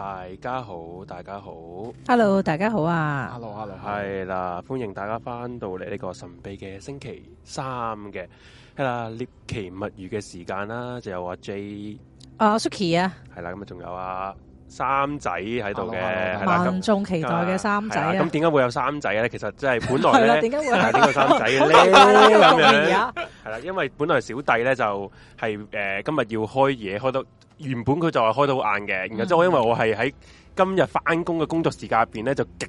大家好，大家好，Hello，大家好啊，Hello，Hello，係啦，歡迎大家返到嚟呢個神秘嘅星期三嘅，係啦，獵奇物語嘅時間啦，就有阿 J，啊 Suki oh 啊，係啦，咁啊仲有啊。三仔喺度嘅，啊嗯、萬眾期待嘅三仔。咁點解會有三仔咧？其實即係本來係點解會有三仔咧？咁 樣係啦、啊，因為本來小弟咧，就係、是、誒、呃、今日要開嘢，開到原本佢就話開到好晏嘅。然之後因為我係喺今日翻工嘅工作時間入邊咧，就勁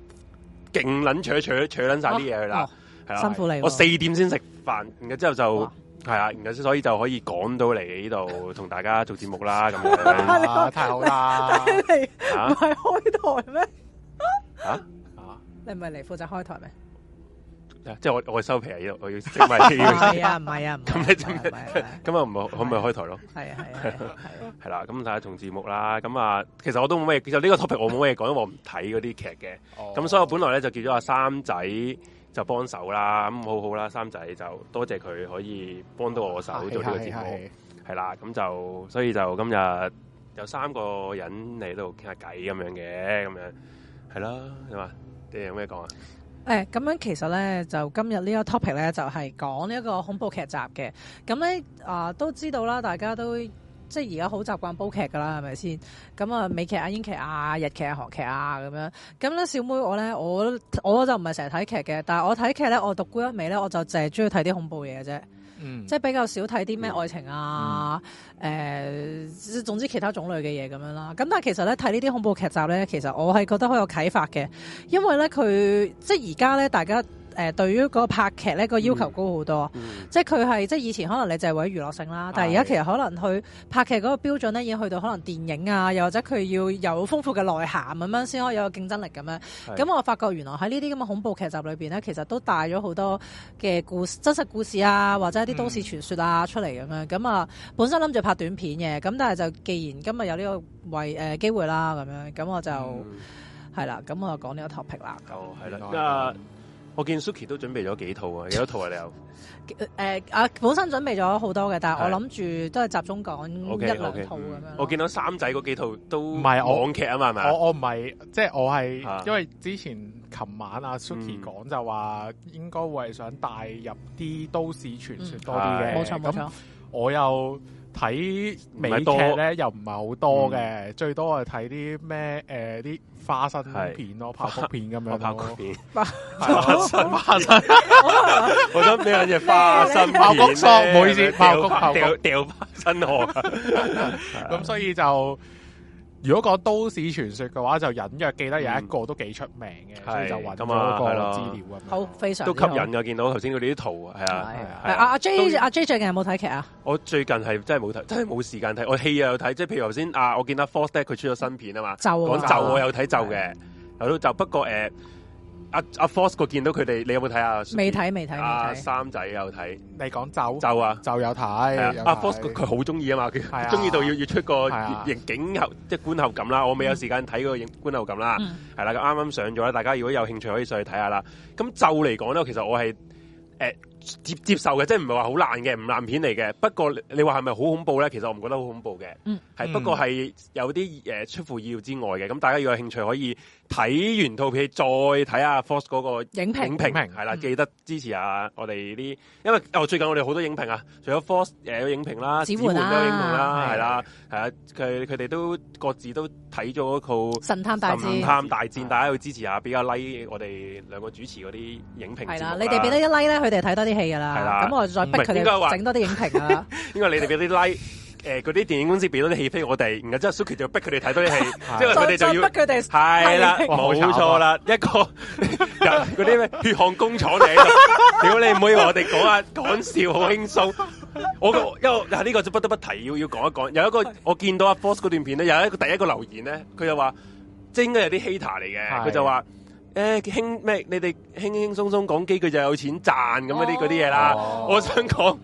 勁捻扯扯扯捻晒啲嘢去啦，係啊，哦、了辛苦你。我四點先食飯，然後之後就。係啊，然後所以就可以趕到嚟,呢度同大家做節目啦咁樣。太好啦！你唔係開台咩？啊啊！你唔係嚟負責開台咩？即係我我收皮啊！我要我要整埋呢個先。係啊唔係啊！咁你就咁啊唔係可唔可以開台咯？係啊係啊係啦！咁睇下同節目啦。咁啊，其實我都冇咩，其實呢個 topic 我冇咩講，因為我唔睇嗰啲劇嘅。咁所以我本來咧就叫咗阿三仔，就幫手啦，咁好好啦。三仔就多謝佢可以幫到我手做呢個節目，係、哦、啦。咁就所以就今日有三個人嚟度傾下偈咁樣嘅，咁樣係咯，係嘛？你哋有咩講啊？誒、哎，咁、嗯、樣其實咧就今日呢個 topic 咧就係講呢一個恐怖劇集嘅。咁咧啊都知道啦，大家都。即係而家好習慣煲劇噶啦，係咪先咁啊？美劇啊、英劇啊、日劇啊、韓劇啊咁樣咁咧。小妹我咧，我我就唔係成日睇劇嘅，但係我睇劇咧，我獨沽一味咧，我就淨係中意睇啲恐怖嘢嘅啫，嗯、即係比較少睇啲咩愛情啊、誒、嗯呃，總之其他種類嘅嘢咁樣啦。咁但係其實咧睇呢啲恐怖劇集咧，其實我係覺得好有啟發嘅，因為咧佢即係而家咧大家。誒、嗯嗯、 對於嗰個拍劇咧，個要求高好多，即係佢係即係以前可能你就為娛樂性啦，但係而家其實可能佢拍劇嗰個標準咧已經去到可能電影啊，又或者佢要有豐富嘅內涵咁樣先可以有競爭力咁樣。咁我發覺原來喺呢啲咁嘅恐怖劇集裏邊咧，其實都帶咗好多嘅故事、真實故事啊，或者一啲都市傳說啊出嚟咁樣。咁啊，本身諗住拍短片嘅，咁但係就既然今日有呢個為誒機會啦，咁樣咁我就係啦，咁我就講呢個 topic 啦。就係啦，我見 Suki 都準備咗幾套啊，有多套啊你有？誒啊，本身準備咗好多嘅，但係我諗住都係集中講一兩套咁樣。我見到三仔嗰幾套都唔係網劇啊嘛，係咪？我我唔係，即係我係，因為之前琴晚阿 Suki 講就話應該會係想帶入啲都市傳説多啲嘅，冇錯冇錯。我又。睇美劇咧，又唔係好多嘅，最多係睇啲咩，誒啲花生片咯，泡谷片咁樣咯，花生花生，我諗咩嘢花生，爆谷爽，唔好意思，爆谷掉掉花生殼，咁所以就。如果講都市傳說嘅話，就隱約記得有一個都幾出名嘅，所以就揾咗個資料咁樣。好，非常都吸引嘅，見到頭先佢哋啲圖，係啊。阿阿 J 阿 J 最近有冇睇劇啊？我最近係真係冇睇，真係冇時間睇。我戲又有睇，即係譬如頭先啊，我見到 Fourstead 佢出咗新片啊嘛，講就我有睇就嘅，有都就不過誒。阿阿 Force 哥見到佢哋，你有冇睇下？未睇未睇。阿、啊、三仔有睇。你講咒？咒啊，就有睇。阿 Force 佢好中意啊，看啊嘛，佢中意到要要出個影、啊、景後即係觀後感啦。我未有時間睇個影觀後感啦，係啦、嗯。咁啱啱上咗，大家如果有興趣可以上去睇下啦。咁咒嚟講咧，其實我係誒。欸接接受嘅，即係唔係話好爛嘅，唔爛片嚟嘅。不過你你話係咪好恐怖咧？其實我唔覺得好恐怖嘅。係不過係有啲誒，出乎意料之外嘅。咁大家如果有興趣，可以睇完套片再睇下 Force 嗰個影評。影評係啦，記得支持下我哋啲，因為最近我哋好多影評啊，除咗 Force 誒影評啦，姊妹都有影評啦，係啦，係啊，佢佢哋都各自都睇咗套神探大神探大戰，大家要支持下，俾個 like 我哋兩個主持嗰啲影評。係啦，你哋俾得一 like 咧，佢哋睇多啲。戲噶啦，咁我再逼佢哋整多啲影評啊，因為你哋俾啲 like，誒，嗰啲電影公司俾多啲戲飛我哋，然後之後 Suki 就逼佢哋睇多啲戲，因為佢哋就要，係啦，冇錯啦，一個嗰啲咩血汗工廠嚟，屌你唔可以！我哋講下講笑好輕鬆。我因喺呢個就不得不提，要要講一講。有一個我見到阿 Fox 嗰段片咧，有一個第一個留言咧，佢就話，即應該有啲 hater 嚟嘅，佢就話。誒，輕咩、欸？你哋輕輕鬆鬆講幾句就有錢賺咁嗰啲啲嘢啦。Oh. 我想講，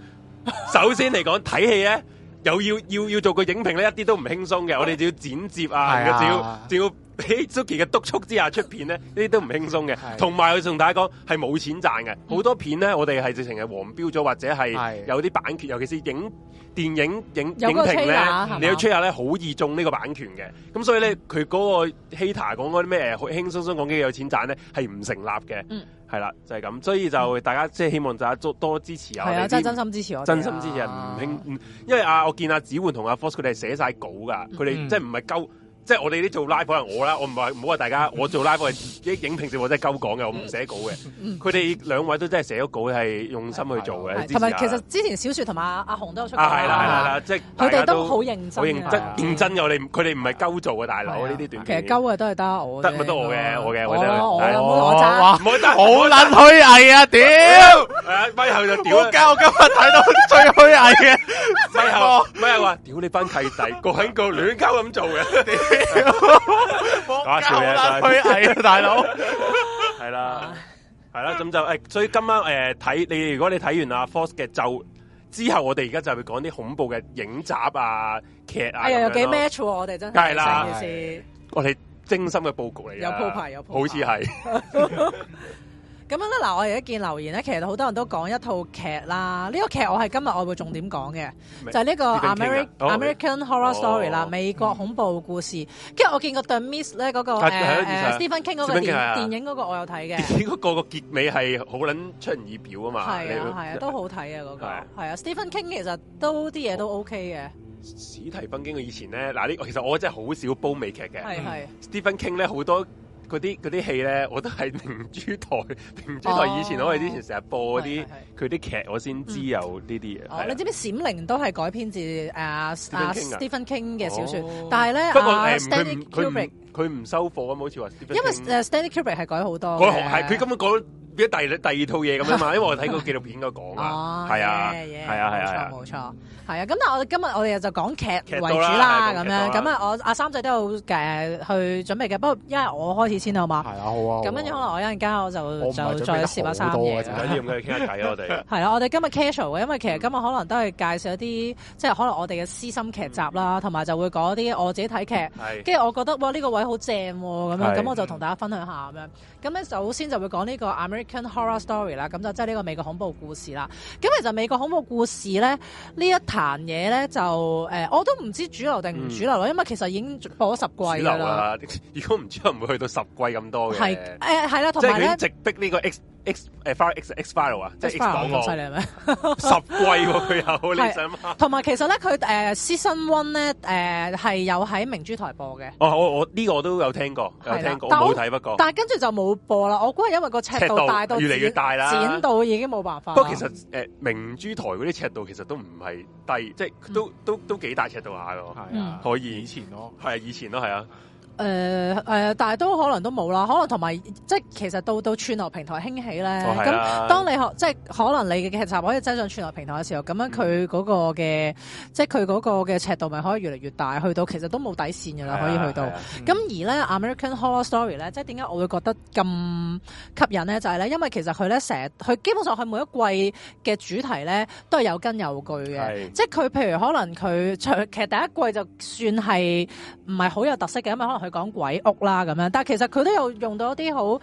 首先嚟講睇戲咧。 又要要要做個影評咧，一啲都唔輕鬆嘅。我哋就要剪接啊，仲是、啊、要仲要喺 Suki 嘅督促之下出片咧，呢啲都唔輕鬆嘅。同埋我同大家講，係冇錢賺嘅。好、嗯、多片咧，我哋係直情係黃標咗，或者係有啲版權，尤其是影電影影影評咧，anger, 你去 check 下咧，好易中呢個版權嘅。咁嗎所以咧，佢嗰個 hater 講嗰啲咩誒，好輕鬆鬆講幾有錢賺咧，係唔成立嘅。嗯係啦，就係、是、咁，所以就大家即係、嗯、希望就多多支持啊！係、啊、真心支持我、啊，真心支持阿吳兄，啊、因為、啊、我見阿子換同阿 Fox 佢哋寫曬稿㗎，佢哋即係唔係夠。即係我哋啲做 live 係我啦，我唔係唔好話大家，我做 live 係啲影評節目真係鳩講嘅，我唔寫稿嘅。佢哋兩位都真係寫咗稿，係用心去做嘅。係咪其實之前小說同埋阿阿雄都有出。啊係啦係啦，即係佢哋都好認真，好認真，認真又嚟，佢哋唔係鳩做嘅大佬，呢啲短劇。其實鳩嘅都係得我，得咪都我嘅，我嘅，我真係。我我揸，唔好揸，好撚虛偽啊！屌，最後就屌鳩，今日睇到最虛偽嘅最後，唔係話屌你班契弟，個肯個亂鳩咁做嘅。搞笑嘢先，太虛偽啦，大佬。係啦，係啦，咁就誒，所以今晚誒睇你，如果你睇完阿 Force 嘅咒之後，我哋而家就會講啲恐怖嘅影集啊、劇啊。哎呀，有幾 match，我哋真係。梗係啦，我哋精心嘅布局嚟。有鋪排，有鋪，好似係。咁樣啦，嗱，我而家見留言咧，其實好多人都講一套劇啦。呢個劇我係今日我會重點講嘅，就係呢個 American Horror Story 啦，美國恐怖故事。跟住我見過對 Miss 咧，嗰個 Stephen King 嗰個電影，嗰個我有睇嘅。電影嗰個個結尾係好撚出人意表啊嘛！係啊係啊，都好睇啊嗰個。係啊，Stephen King 其實都啲嘢都 OK 嘅。史提芬經佢以前咧，嗱，呢個其實我真係好少煲美劇嘅。Stephen King 咧好多。嗰啲啲戲咧，我都喺明珠台，明珠台以前我哋之前成日播嗰啲佢啲劇我、嗯，我先知有呢啲嘢。哦、嗯，是啊、你知唔知閃靈都係改編自啊、uh, Stephen King 嘅、uh, 小説，哦、但係咧，uh, 不過誒佢唔佢唔收貨咁，好似話，因為 Stanley Kubrick 係改好多改，佢學係佢根本改。第第二套嘢咁樣嘛，因為我睇過紀錄片應該講，係啊，係啊，係啊，冇錯冇錯，係啊。咁但係我今日我哋就講劇為主啦咁樣。咁啊，我阿三仔都有誒去準備嘅。不過因為我開始先好嘛，係啊好啊。咁樣可能我一陣間我就就再攝下三仔。緊要嘅傾下偈，我哋係啊，我哋今日 casual 嘅，因為其實今日可能都係介紹一啲即係可能我哋嘅私心劇集啦，同埋就會講一啲我自己睇劇，跟住我覺得哇呢個位好正咁樣，咁我就同大家分享下咁樣。咁咧首先就會講呢個 American Horror Story 啦，咁就即係呢個美國恐怖故事啦。咁其實美國恐怖故事咧呢一壇嘢咧就誒、呃，我都唔知主流定唔主流咯，因為其實已經播咗十季，主流啦、啊。如果唔主流，唔會去到十季咁多嘅。係誒，係、呃、啦，同埋咧，佢直逼呢個 X。X 誒 f i l e X File 啊，即係 X 講我犀利咩？十季喎佢有，你想？同埋其實咧，佢誒 Season One 咧誒係有喺明珠台播嘅。哦，我我呢個我都有聽過，有聽過冇睇不過。但係跟住就冇播啦，我估係因為個尺度大到越嚟越大啦，剪到已經冇辦法。不過其實誒明珠台嗰啲尺度其實都唔係低，即係都都都幾大尺度下咯，可以。以前咯，係以前咯，係啊。誒誒、呃、但係都可能都冇啦，可能同埋即係其實到到串流平台興起咧，咁、哦、當你學即係可能你嘅劇集可以擠上串流平台嘅時候，咁樣佢個嘅即係佢個嘅尺度咪可以越嚟越大，去到其實都冇底綫嘅啦，可以去到。咁而咧 American Horror Story 咧，即係點解我會覺得咁吸引咧？就係咧，因為其實佢咧成日佢基本上佢每一季嘅主題咧都係有根有據嘅，嗯、即係佢譬如可能佢長，其實第一季就算係唔係好有特色嘅，因為可能佢講鬼屋啦咁樣，但係其實佢都有用到一啲好誒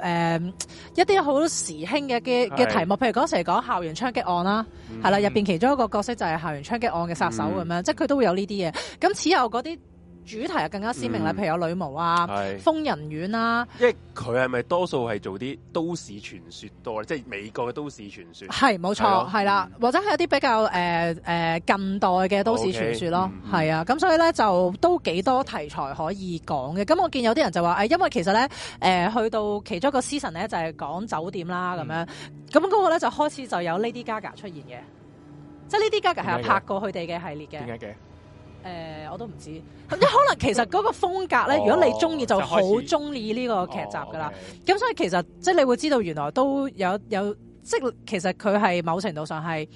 誒一啲好時興嘅嘅嘅題目，譬如嗰時講校園槍擊案啦，係、嗯、啦，入邊其中一個角色就係校園槍擊案嘅殺手咁樣，嗯、即係佢都會有呢啲嘢，咁此後嗰啲。主題又更加鮮明啦，譬、嗯、如有女巫啊、是瘋人院啊，即係佢係咪多數係做啲都市傳說多即係、就是、美國嘅都市傳說。係冇錯，係啦了、嗯，或者係有啲比較誒誒、呃呃、近代嘅都市傳說咯，係、嗯 okay, 嗯、啊。咁所以咧就都幾多題材可以講嘅。咁我見有啲人就話誒、哎，因為其實咧誒、呃、去到其中一個 season 咧就係、是、講酒店啦咁、嗯、樣。咁嗰個咧就開始就有 Lady Gaga 出現嘅，即係 Lady Gaga 係拍過佢哋嘅系列嘅。誒、呃，我都唔知，或可能其實嗰個風格咧，哦、如果你中意就好中意呢個劇集噶啦。咁、哦 okay. 所以其實即係、就是、你會知道原來都有有即其實佢係某程度上係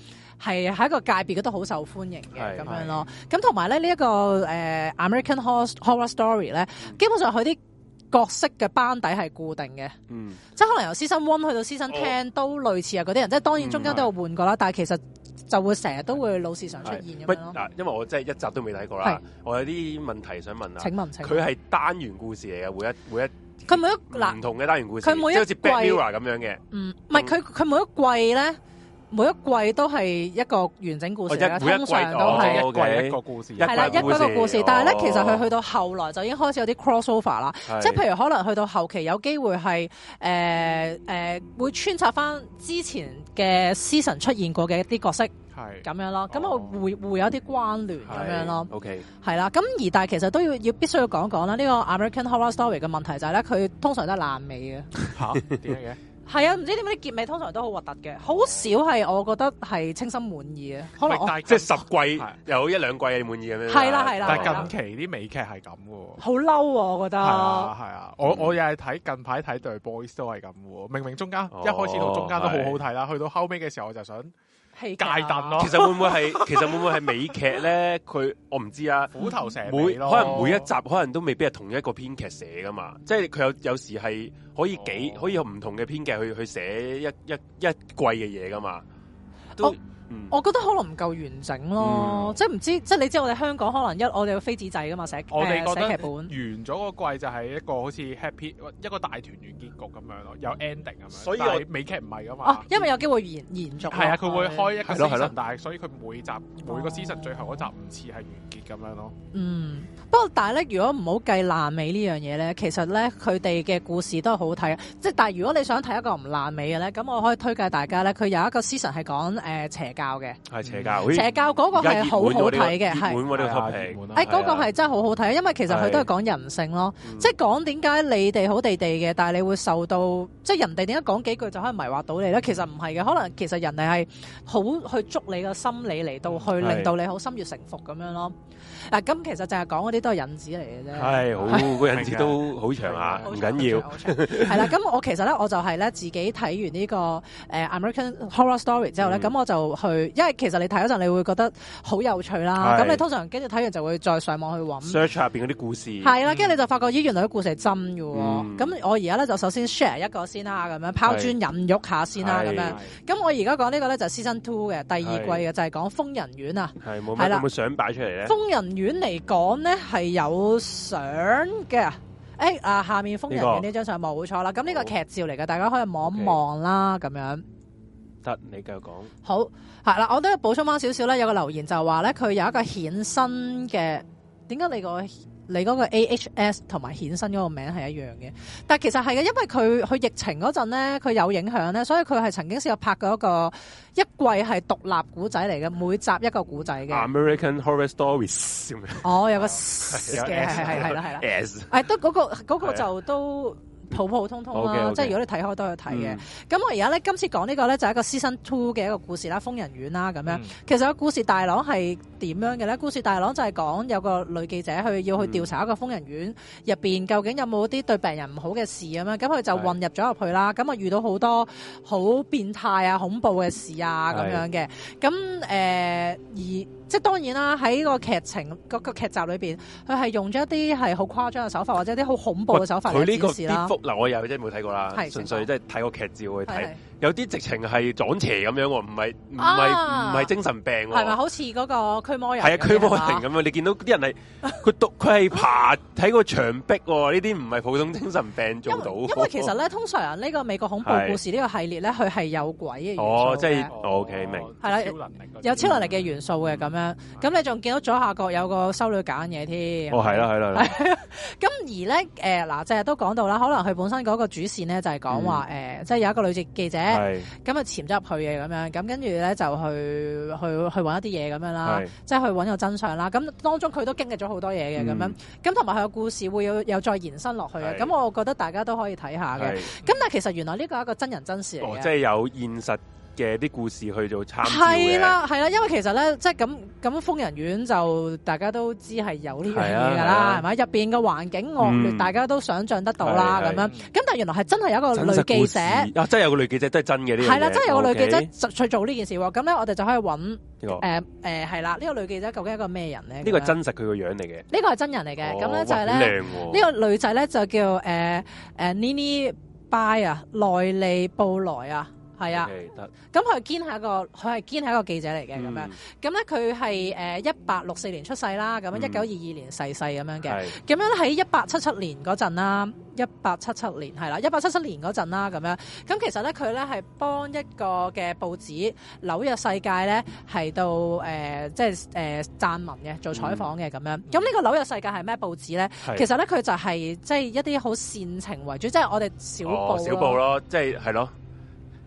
係喺一個界別嗰度好受歡迎嘅咁是樣咯。咁同埋咧呢一、這個誒、呃、American Horror, Horror Story 咧，嗯、基本上佢啲角色嘅班底係固定嘅。嗯、即係可能由 Season One 去到 Season Ten 都類似啊嗰啲人，即係當然中間都有換過啦，但係其實。就會成日都會老時常出現咁。因為我真係一集都未睇過啦，我有啲問題想問下。請問，佢係單元故事嚟嘅？每一每一佢每一嗱唔同嘅單元故事，佢每一 Black Mirror 咁樣嘅。唔係，佢佢每一季咧，每一季都係一個完整故事嘅，一季都係一個故事，係啦一個故事。但係咧，其實佢去到後來就已經開始有啲 crossover 啦，即係譬如可能去到後期有機會係誒誒會穿插翻之前嘅 season 出現過嘅一啲角色。係咁樣咯，咁我會會有啲關聯咁樣咯。O K，係啦。咁而但係其實都要要必須要講講啦。呢個 American Horror Story 嘅問題就係咧，佢通常都係爛尾嘅。吓點解嘅？係啊，唔知點解啲結尾通常都好核突嘅，好少係我覺得係清心滿意嘅。可能我即係十季有一兩季係滿意嘅咩？係啦係啦。但係近期啲美劇係咁嘅，好嬲我覺得。係啊我我又係睇近排睇對 Boys 都係咁嘅，明明中間一開始到中間都好好睇啦，去到後尾嘅時候我就想。界凳咯，其實會唔會係 其實會唔會係美劇咧？佢，我唔知啊，虎頭蛇尾，可能每一集可能都未必係同一個編劇寫噶嘛，即係佢有有時係可以幾、哦、可以有唔同嘅編劇去去寫一一一季嘅嘢噶嘛，都。哦嗯、我覺得可能唔夠完整咯、嗯即，即係唔知，即係你知我哋香港可能一我哋要飛紙仔噶嘛寫，我哋覺得完咗個季就係一個好似 happy 一個大團圓結局咁樣咯，有 ending 咁樣，所以但係美劇唔係噶嘛、啊，因為有機會延延續，係啊，佢會開一個 s 但係所以佢每集每個 season 最後嗰集唔似係完結咁樣咯。嗯，不過但係咧，如果唔好計爛尾呢樣嘢咧，其實咧佢哋嘅故事都係好好睇啊。即係但係如果你想睇一個唔爛尾嘅咧，咁我可以推介大家咧，佢有一個 season 係講、呃呃邪教嘅，係邪教。邪教嗰個係好好睇嘅，係。議會嗰啲黑皮，誒，嗰個係真係好好睇，因為其實佢都係講人性咯，即係講點解你哋好地地嘅，但係你會受到，即係人哋點解講幾句就可以迷惑到你咧？其實唔係嘅，可能其實人哋係好去捉你個心理嚟，到去令到你好心悅誠服咁樣咯。嗱，咁其實就係講嗰啲都係引子嚟嘅啫。係，好個引子都好長呀，唔緊要。係啦，咁我其實咧，我就係咧自己睇完呢個誒 American Horror Story 之後咧，咁我就。因為其實你睇嗰陣，你會覺得好有趣啦。咁你通常跟住睇完就會再上網去揾 search 下邊嗰啲故事。係啦，跟住你就發覺，咦，原來啲故事係真嘅喎。咁我而家咧就首先 share 一個先啦，咁樣拋磚引玉下先啦，咁樣。咁我而家講呢個咧就 Season Two 嘅第二季嘅，就係講瘋人院啊。係冇問題。係啦，有冇相擺出嚟咧？瘋人院嚟講咧係有相嘅。誒啊，下面瘋人院呢張相冇錯啦。咁呢個劇照嚟嘅，大家可以望一望啦，咁樣。得你繼續講好係啦，我都要補充翻少少咧，有個留言就話咧，佢有一個衍生嘅點解你個你嗰個 AHS 同埋衍生嗰個名係一樣嘅？但係其實係嘅，因為佢佢疫情嗰陣咧，佢有影響咧，所以佢係曾經先有拍過一個一季係獨立古仔嚟嘅，每集一個古仔嘅 American Horror Stories。哦，有個嘅係係係啦係啦，As 就都。普普通通啦，okay, okay. 即係如果你睇開都去睇嘅。咁我而家咧今次講呢個咧就係、是、一個 Season Two 嘅一個故事啦，瘋人院啦咁樣。其實個故事大綱係點樣嘅咧？故事大綱就係講有個女記者去要去調查一個瘋人院入邊究竟有冇啲對病人唔好嘅事咁樣。咁佢就混入咗入去啦。咁啊遇到好多好變態啊、恐怖嘅事啊咁樣嘅。咁、嗯、誒、嗯、而。即係當然啦，喺個劇情嗰個劇集裏邊，佢係用咗一啲係好誇張嘅手法，或者啲好恐怖嘅手法嚟展示啦。佢呢個跌伏，嗱，我又真係冇睇過啦，純粹即係睇個劇照去睇。有啲直情係撞邪咁樣喎，唔係唔係唔係精神病喎。係咪好似嗰個驅魔人？係啊，驅魔人咁樣，你見到啲人係佢獨佢係爬睇個牆壁喎，呢啲唔係普通精神病做到。因為其實咧，通常呢個美國恐怖故事呢個系列咧，佢係有鬼嘅元素。哦，即係 OK 明。係啦，有超能力嘅元素嘅咁樣。咁你仲見到左下角有個修女揀嘢添。哦，係啦，係啦。咁而咧，誒嗱，即係都講到啦，可能佢本身嗰個主線咧就係講話誒，即係有一個女記者。係，咁啊潛咗入去嘅咁樣，咁跟住咧就去去去揾一啲嘢咁樣啦，是即係去揾個真相啦。咁當中佢都經歷咗好多嘢嘅咁樣，咁同埋佢個故事會有有再延伸落去啊。咁是我覺得大家都可以睇下嘅。咁是但係其實原來呢個係一個真人真事嚟嘅，哦，即係有現實。嘅啲故事去做參觀，係啦係啦，因為其實咧，即係咁咁瘋人院就大家都知係有呢樣嘢噶啦，係咪入邊嘅環境惡劣，大家都想像得到啦咁樣。咁但係原來係真係有個女記者，真係有個女記者真係真嘅呢樣嘢。係啦，真係有個女記者去做呢件事喎。咁咧，我哋就可以揾誒誒係啦。呢個女記者究竟係一個咩人咧？呢個係真實佢個樣嚟嘅，呢個係真人嚟嘅。咁咧就咧，呢個女仔咧就叫誒誒 Nellie Bly 啊，內利布萊啊。係啊，咁佢係堅係一個佢係堅係一個記者嚟嘅咁樣，咁咧佢係誒一八六四年出世啦，咁樣一九二二年逝世咁樣嘅，咁樣喺一八七七年嗰陣啦，一八七七年係啦，一八七七年嗰陣啦咁樣，咁其實咧佢咧係幫一個嘅報紙《紐約世界》咧係到誒即係誒撰文嘅做採訪嘅咁樣，咁呢個《紐約世界》係咩報紙咧？其實咧佢就係即係一啲好煽情為主，即係我哋小報，哦，小報咯，即係係咯。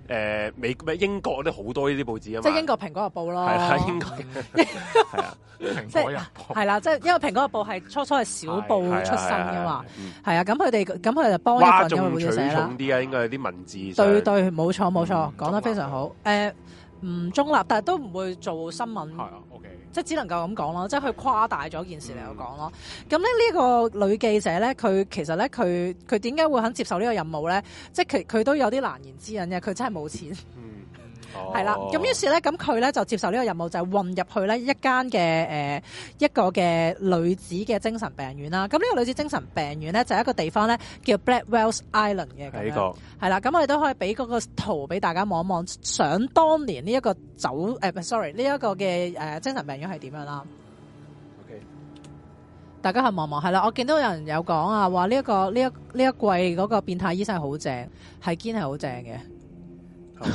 誒、呃、美英國咧好多呢啲報紙啊嘛，即係英國《蘋果日報》咯，係啊，英國，係啊，《蘋果日報》係啦，即係因為《蘋果日報》係初初係小報出身噶嘛，係啊，咁佢哋咁佢就幫一份咁嘅報紙寫啦，啲啊、嗯、da, 應該有啲文字對對，冇錯冇錯，講得非常好，誒、呃、唔中立，但係都唔會做新聞 即只能夠咁講咯，即係佢誇大咗件事嚟講咯。咁咧呢個女記者咧，佢其實咧佢佢點解會肯接受呢個任務咧？即係佢佢都有啲難言之隱嘅，佢真係冇錢。Mm hmm. 係啦，咁於是咧，咁佢咧就接受呢個任務，就係、是、混入去咧一間嘅誒一個嘅女子嘅精神病院啦。咁呢個女子精神病院咧就係一個地方咧叫 Blackwell's Island 嘅。睇過國。係啦，咁我哋都可以俾嗰個圖俾大家望一望，想當年呢一個走誒、哎、，sorry 呢一個嘅誒精神病院係點樣啦 Okay. 大家係望望係啦。我見到有人有講啊、這個，話呢一個呢一呢一季嗰個變態醫生係好正，係堅係好正嘅。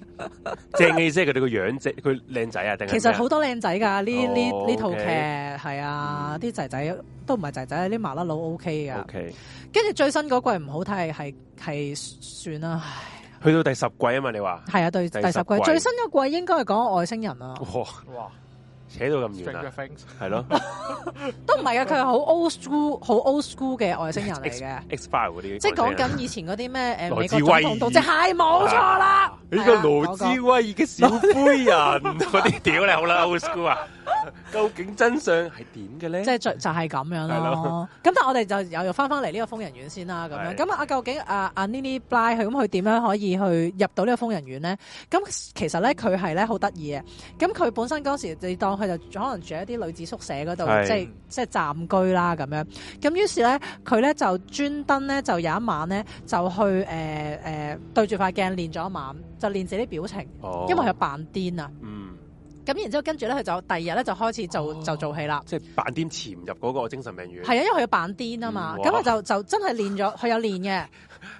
正嘅意思係佢哋個樣，即佢靚仔啊，定係？其實好多靚仔噶，呢呢呢套劇係啊，啲仔仔都唔係仔仔，啲麻甩佬 O K 噶。O K，跟住最新嗰季唔好睇，係係算啦。去到第十季啊嘛，你話？係啊，對第十季，第十季最新嗰季應該係講外星人啊。哇！哇扯到咁遠啦，係咯，都唔係啊！佢係好 old school，好 old school 嘅外星人嚟嘅，X file 啲，即係講緊以前啲咩誒？來自、 呃、威爾，係冇錯啦！呢個來威嘅灰人，啲屌你好啦，old school 啊！究竟真相係點嘅咧？即係就就係、咁樣咯。咁 但係我哋就又翻翻嚟呢個瘋人院先啦。咁樣咁啊！究竟啊啊 Nini Bly 佢咁佢點樣可以去入到呢個瘋人院咧？咁其實咧佢係咧好得意嘅。咁佢本身嗰時你當。佢就可能住喺啲女子宿舍嗰度是，即係即係暫居啦咁樣。咁於是咧，佢咧就專登咧就有一晚咧就去誒誒、呃呃、對住塊鏡練咗一晚，就練自己啲表情，哦、因為佢有扮癲啊。咁、嗯、然之後跟住咧，佢就第二日咧就開始就、哦、就做戲啦。即係扮癲潛入嗰個精神病院。係啊，因為佢要扮癲啊嘛，咁佢、嗯、就就真係練咗，佢有練嘅。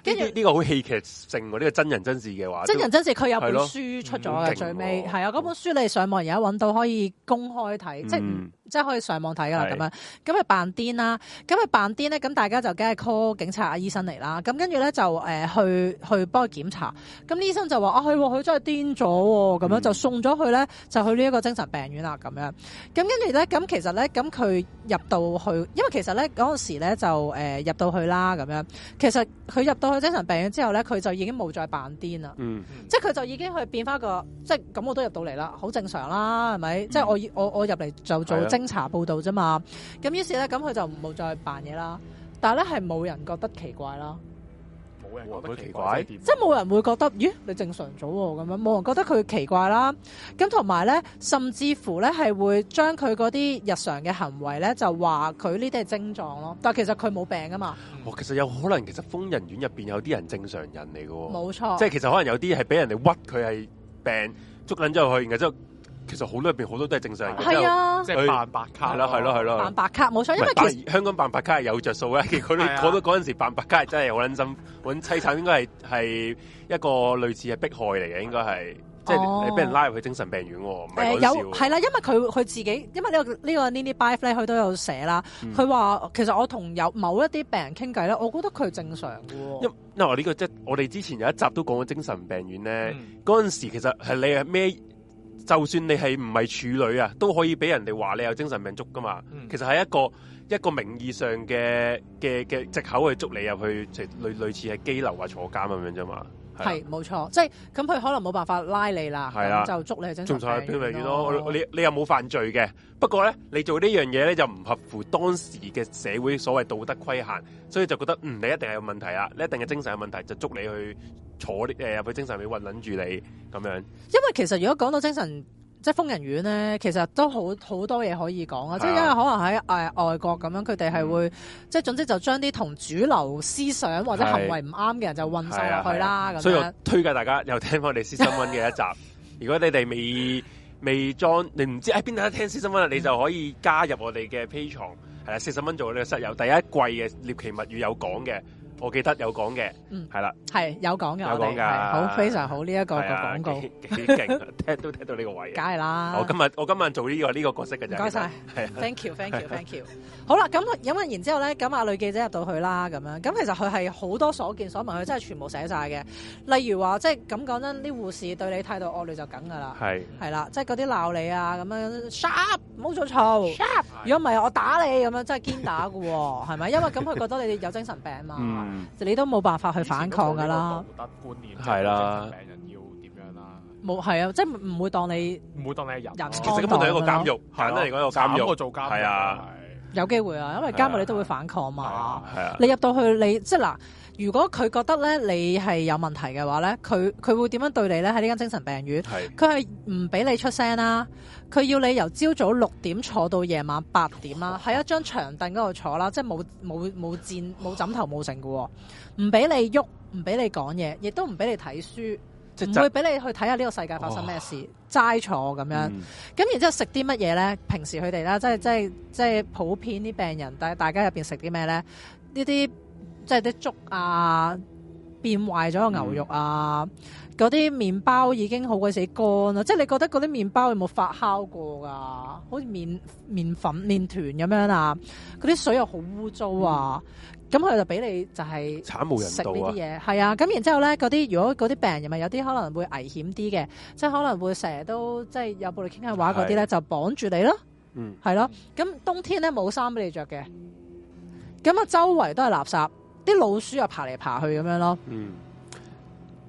跟住呢個好戲劇性喎，呢個真人真事嘅話，真人真事佢有本書出咗嘅的、嗯哦、最尾，係啊嗰本書你上網而家揾到，可以公開睇，嗯、即係即係可以上網睇噶啦咁樣。咁佢扮癲啦，咁佢扮癲咧，咁大家就梗係 call 警察啊醫生嚟啦。咁跟住咧就誒去去幫佢檢查。咁醫生就話啊佢佢真係癲咗喎，咁樣就送咗去咧，就去呢一個精神病院啦咁樣。咁跟住咧，咁其實咧，咁佢入到去，因為其實咧嗰陣時咧就誒入到去啦咁樣。其實佢入到佢精神病院之後咧，佢就已經冇再扮癲啦。嗯、即係佢就已經去變翻個，即係咁我都入到嚟啦，好正常啦，係咪？即係、嗯、我我我入嚟就做偵查報導啫嘛。咁於是咧，咁佢就冇再扮嘢啦。但係咧，係冇人覺得奇怪啦。覺得奇怪，奇怪即係冇人會覺得，咦？你正常咗喎，哦，咁樣冇人覺得佢奇怪啦。咁同埋咧，甚至乎咧係會將佢嗰啲日常嘅行為咧，就話佢呢啲係症狀咯。但係其實佢冇病啊嘛。哦，其實有可能，其實瘋人院入邊有啲人正常人嚟㗎喎。冇錯。即係其實可能有啲係俾人哋屈，佢係病捉撚咗入去，然之後。其實好多入邊好多都係正常人，係啊，即係扮白卡啦，係咯，係咯，扮白卡冇錯，因為其實香港扮白卡係有着數嘅。佢，我，覺得嗰陣時扮白卡係真係好捻心，搵凄慘，應該係係一個類似係迫害嚟嘅，應該係，即係你俾人拉入去精神病院，唔係講笑。有係啦，因為佢佢自己，因為呢個呢個 Nellie Bly 咧，佢都有寫啦。佢話其實我同有某一啲病人傾偈咧，我覺得佢正常嘅。因因為呢個即係我哋之前有一集都講過精神病院咧，嗰陣時其實係你係咩？就算你係唔係處女啊，都可以俾人哋話你有精神病捉㗎嘛。嗯、其實係一個一個名義上嘅嘅嘅借口去捉你入去，即係類類似係拘留啊坐監咁樣啫嘛。係冇錯，即係咁佢可能冇辦法拉你啦，咁是的 就捉你精神，捉你偏離咯。你你又冇犯罪嘅，不過咧你做呢樣嘢咧就唔合乎當時嘅社會所謂道德規限，所以就覺得嗯，你一定係有問題啦，你一定係精神有問題，就捉你去坐啲誒入去精神病院揾住你咁樣。因為其實如果講到精神。即係瘋人院咧，其實都好好多嘢可以講是啊！即係因為可能喺誒、呃、外國咁樣，佢哋係會、嗯、即係總之就將啲同主流思想或者行為唔啱嘅人就運晒落去啦，咁所以我推介大家又聽我哋私心問嘅一集。如果你哋未未裝，你唔知喺邊度聽私心問啦，你就可以加入我哋嘅 Patreon，係啊，四十蚊做呢個室友第一季嘅獵奇物語有講嘅。我記得有講嘅，係啦，係有講嘅，有講㗎，好非常好呢一個個廣告，幾勁，聽都聽到呢個位，梗係啦。我今日我今日做呢個呢個角色嘅啫，唔該晒，thank you，thank you，thank you。好啦，咁咁問完之後咧，咁阿女記者入到去啦，咁樣，咁其實佢係好多所見所聞，佢真係全部寫晒嘅。例如話，即係咁講真，啲護士對你態度惡劣就梗㗎啦，係係啦，即係嗰啲鬧你啊咁樣，sharp，冇做錯，sharp。如果唔係我打你咁樣，真係堅打嘅喎，係咪？因為咁佢覺得你有精神病嘛。你都冇辦法去反抗噶啦，得觀念係啦。係啊、病人要點樣啦、啊？冇係啊，即係唔會當你唔會當你係人，啊。人當當其實根本係一個監獄，簡單嚟講，一個監獄。做監係啊，啊有機會啊，因為監獄你都會反抗嘛。係啊，啊你入到去你即係嗱。如果佢覺得咧你係有問題嘅話咧，佢佢會點樣對你咧？喺呢間精神病院，佢係唔俾你出聲啦，佢要你由朝早六點坐到夜晚八點啦，喺一張長凳嗰度坐啦，即係冇冇冇氈冇枕頭冇剩嘅喎，唔俾、哦、你喐，唔俾你講嘢，亦都唔俾你睇書，唔會俾你去睇下呢個世界發生咩事，齋、哦、坐咁樣。咁、嗯、然之後食啲乜嘢咧？平時佢哋啦，即係即係即係普遍啲病人大大家入邊食啲咩咧？呢啲。即係啲粥啊，變壞咗個牛肉啊，嗰啲麵包已經好鬼死乾啦！即係你覺得嗰啲麵包有冇發酵過噶？好似麵麵粉麵團咁樣啊？嗰啲水又好污糟啊！咁佢就俾你就係慘無人道啊！食呢啲嘢係啊！咁然之後咧，嗰啲如果嗰啲病人咪有啲可能會危險啲嘅，即係可能會成日都即係有暴力傾向嘅話嗰啲咧，就綁住你咯，嗯，係咯。咁冬天咧冇衫俾你着嘅，咁啊周圍都係垃圾。啲老鼠又爬嚟爬去咁樣咯，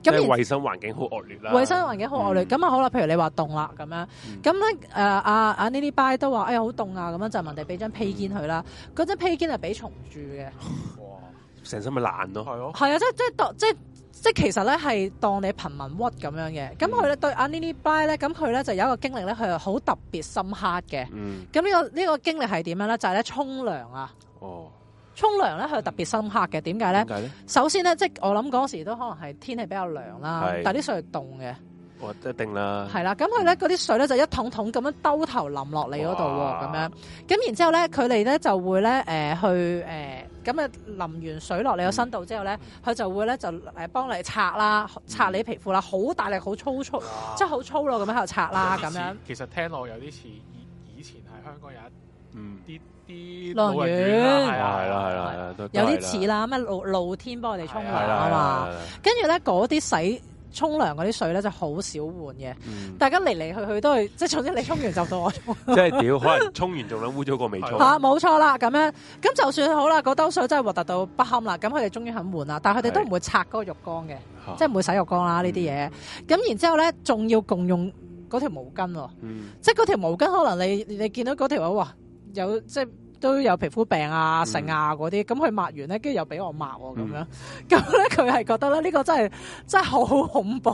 咁衛生環境好惡劣啦，衛生環境好惡劣。咁啊好啦，譬如你話凍啦咁樣，咁咧誒阿阿 Nini Bai 都話哎呀好凍啊，咁樣就問地俾張披肩佢啦。嗰張披肩係俾蟲住嘅，哇！成身咪爛咯，係咯，係啊！即即當即即其實咧係當你貧民窟咁樣嘅。咁佢咧對阿 Nini Bai 咧，咁佢咧就有一個經歷咧，佢係好特別深刻嘅。咁呢個呢個經歷係點樣咧？就係咧沖涼啊。沖涼咧，佢特別深刻嘅。點解咧？首先咧，即係我諗嗰時都可能係天氣比較涼啦，但啲水係凍嘅，我一定啦。係啦，咁佢咧嗰啲水咧就一桶桶咁樣兜頭淋落你嗰度喎，咁樣。咁然之後咧，佢哋咧就會咧誒去誒咁啊淋完水落你個身度之後咧，佢就會咧就誒幫你擦啦，擦你皮膚啦，好大力，好粗粗，即係好粗咯，咁喺度擦啦，咁樣。其實聽落有啲似以以前喺香港有一啲。啲樂園係啦，係啦，係啦，有啲似啦咩露露天幫我哋沖涼啊嘛，跟住咧嗰啲洗沖涼嗰啲水咧就好少換嘅，大家嚟嚟去去都係，即係總之你沖完就到我沖，即係屌可能沖完仲諗污糟過未沖，吓冇錯啦咁樣，咁就算好啦，嗰兜水真係核突到不堪啦，咁佢哋終於肯換啦，但係佢哋都唔會拆嗰個浴缸嘅，即係唔會洗浴缸啦呢啲嘢，咁然之後咧仲要共用嗰條毛巾，即係嗰條毛巾可能你你見到嗰條話哇。有即係都有皮膚病啊、成啊嗰啲，咁佢抹完咧，跟住又俾我抹喎、哦，咁樣，咁咧佢係覺得咧，呢個真係真係好恐怖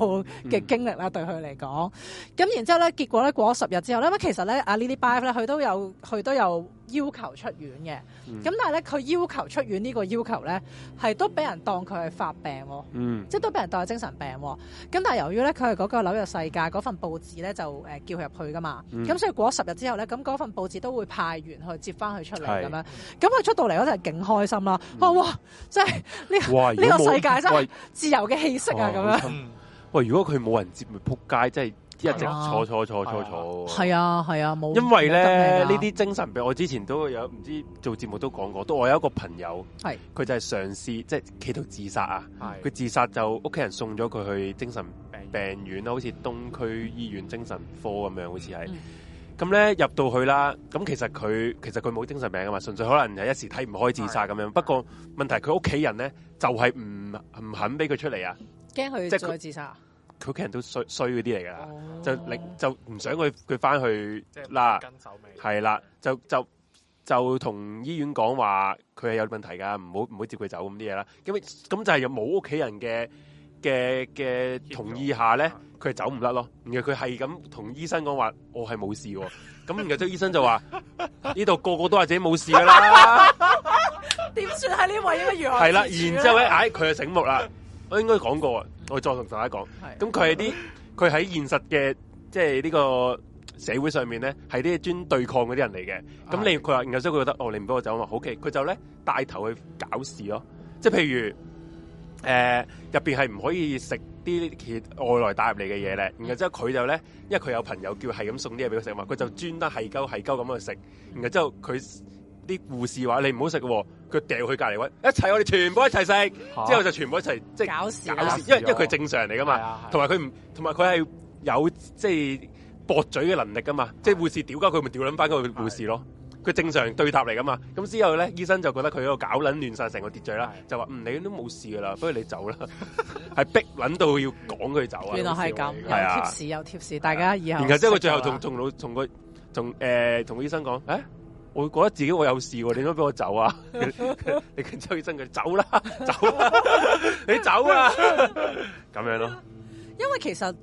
嘅經歷啦，嗯、對佢嚟講。咁然之後咧，結果咧過咗十日之後咧，咁其實咧，阿 Lily Five 咧，佢都有佢都有。要求出院嘅，咁但係咧佢要求出院呢個要求咧，係都俾人當佢係發病，嗯、即係都俾人當係精神病。咁但係由於咧佢係嗰個紐約世界嗰份報紙咧就誒叫佢入去㗎嘛，咁、嗯、所以過咗十日之後咧，咁嗰份報紙都會派員去接翻佢出嚟咁是樣。咁佢出到嚟嗰陣係勁開心啦、啊，嗯、哇！即係呢個呢個世界真係自由嘅氣息啊！咁樣喂、啊。喂，如果佢冇人接，會撲街，即係。一直坐坐坐坐坐吧，係啊，係啊冇錯，因為咧呢啲精神病，我之前都有唔知做節目都講過，都我有一個朋友，佢，是就係嘗試即係企圖自殺啊，佢是自殺就屋企人送咗佢去精神病院啦，好似東區醫院精神科咁樣，好似係咁咧入到去啦，咁其實佢其實佢冇精神病噶嘛，純粹可能係一時睇唔開自殺咁樣，是不過問題佢屋企人咧就係唔唔肯俾佢出嚟啊，驚佢即佢自殺。佢屋企人都衰衰嗰啲嚟噶，就令就唔想佢佢翻去，即係嗱，係啦，就就就同醫院講話，佢係有問題噶，唔好唔好接佢走咁啲嘢啦。咁咁就係有冇屋企人嘅嘅嘅同意下咧，佢係道走唔甩咯。然後佢係咁同醫生講話，我係冇事喎。咁然後即醫生就話呢度個個都話自己冇事噶啦，點 算係呢位一、啊、樣？係啦、啊，然之後咧，哎，佢就醒目啦。我應該講過啊，我再同大家講，咁佢係啲佢喺現實嘅即係呢個社會上面咧，係啲專對抗嗰啲人嚟嘅。咁的、嗯、你佢話，然後之後佢覺得，哦，你唔俾我走嘛、嗯，好嘅，佢就咧帶頭去搞事咯、哦。即係譬如誒入邊係唔可以食啲外來帶入嚟嘅嘢咧，然後之後佢就咧，因為佢有朋友叫係咁送啲嘢俾佢食嘛，佢就專登係鳩係鳩咁去食，然後之後佢。啲護士話你唔好食嘅，佢掉去隔籬位，一齊我哋全部一齊食，之後就全部一齊即係搞事。因為因為佢正常嚟噶嘛同埋佢唔同埋佢係有即係駁嘴嘅能力噶嘛即係護士屌鳩佢咪屌捻翻嗰個護士咯，佢正常對答嚟噶嘛咁之後咧醫生就覺得佢喺度搞捻亂晒成個秩序啦，就話唔你都冇事噶啦，不如你走啦，係逼捻到要趕佢走啊。原來係咁，係啊，貼士有貼士，大家以後然後之後佢最後仲同老同佢同誒同醫生講誒。我會覺得自己我有事喎、啊，你唔好俾我走啊！ 你跟周起身佢走啦，走啦， 你走啦，咁 樣咯、啊。因為其實。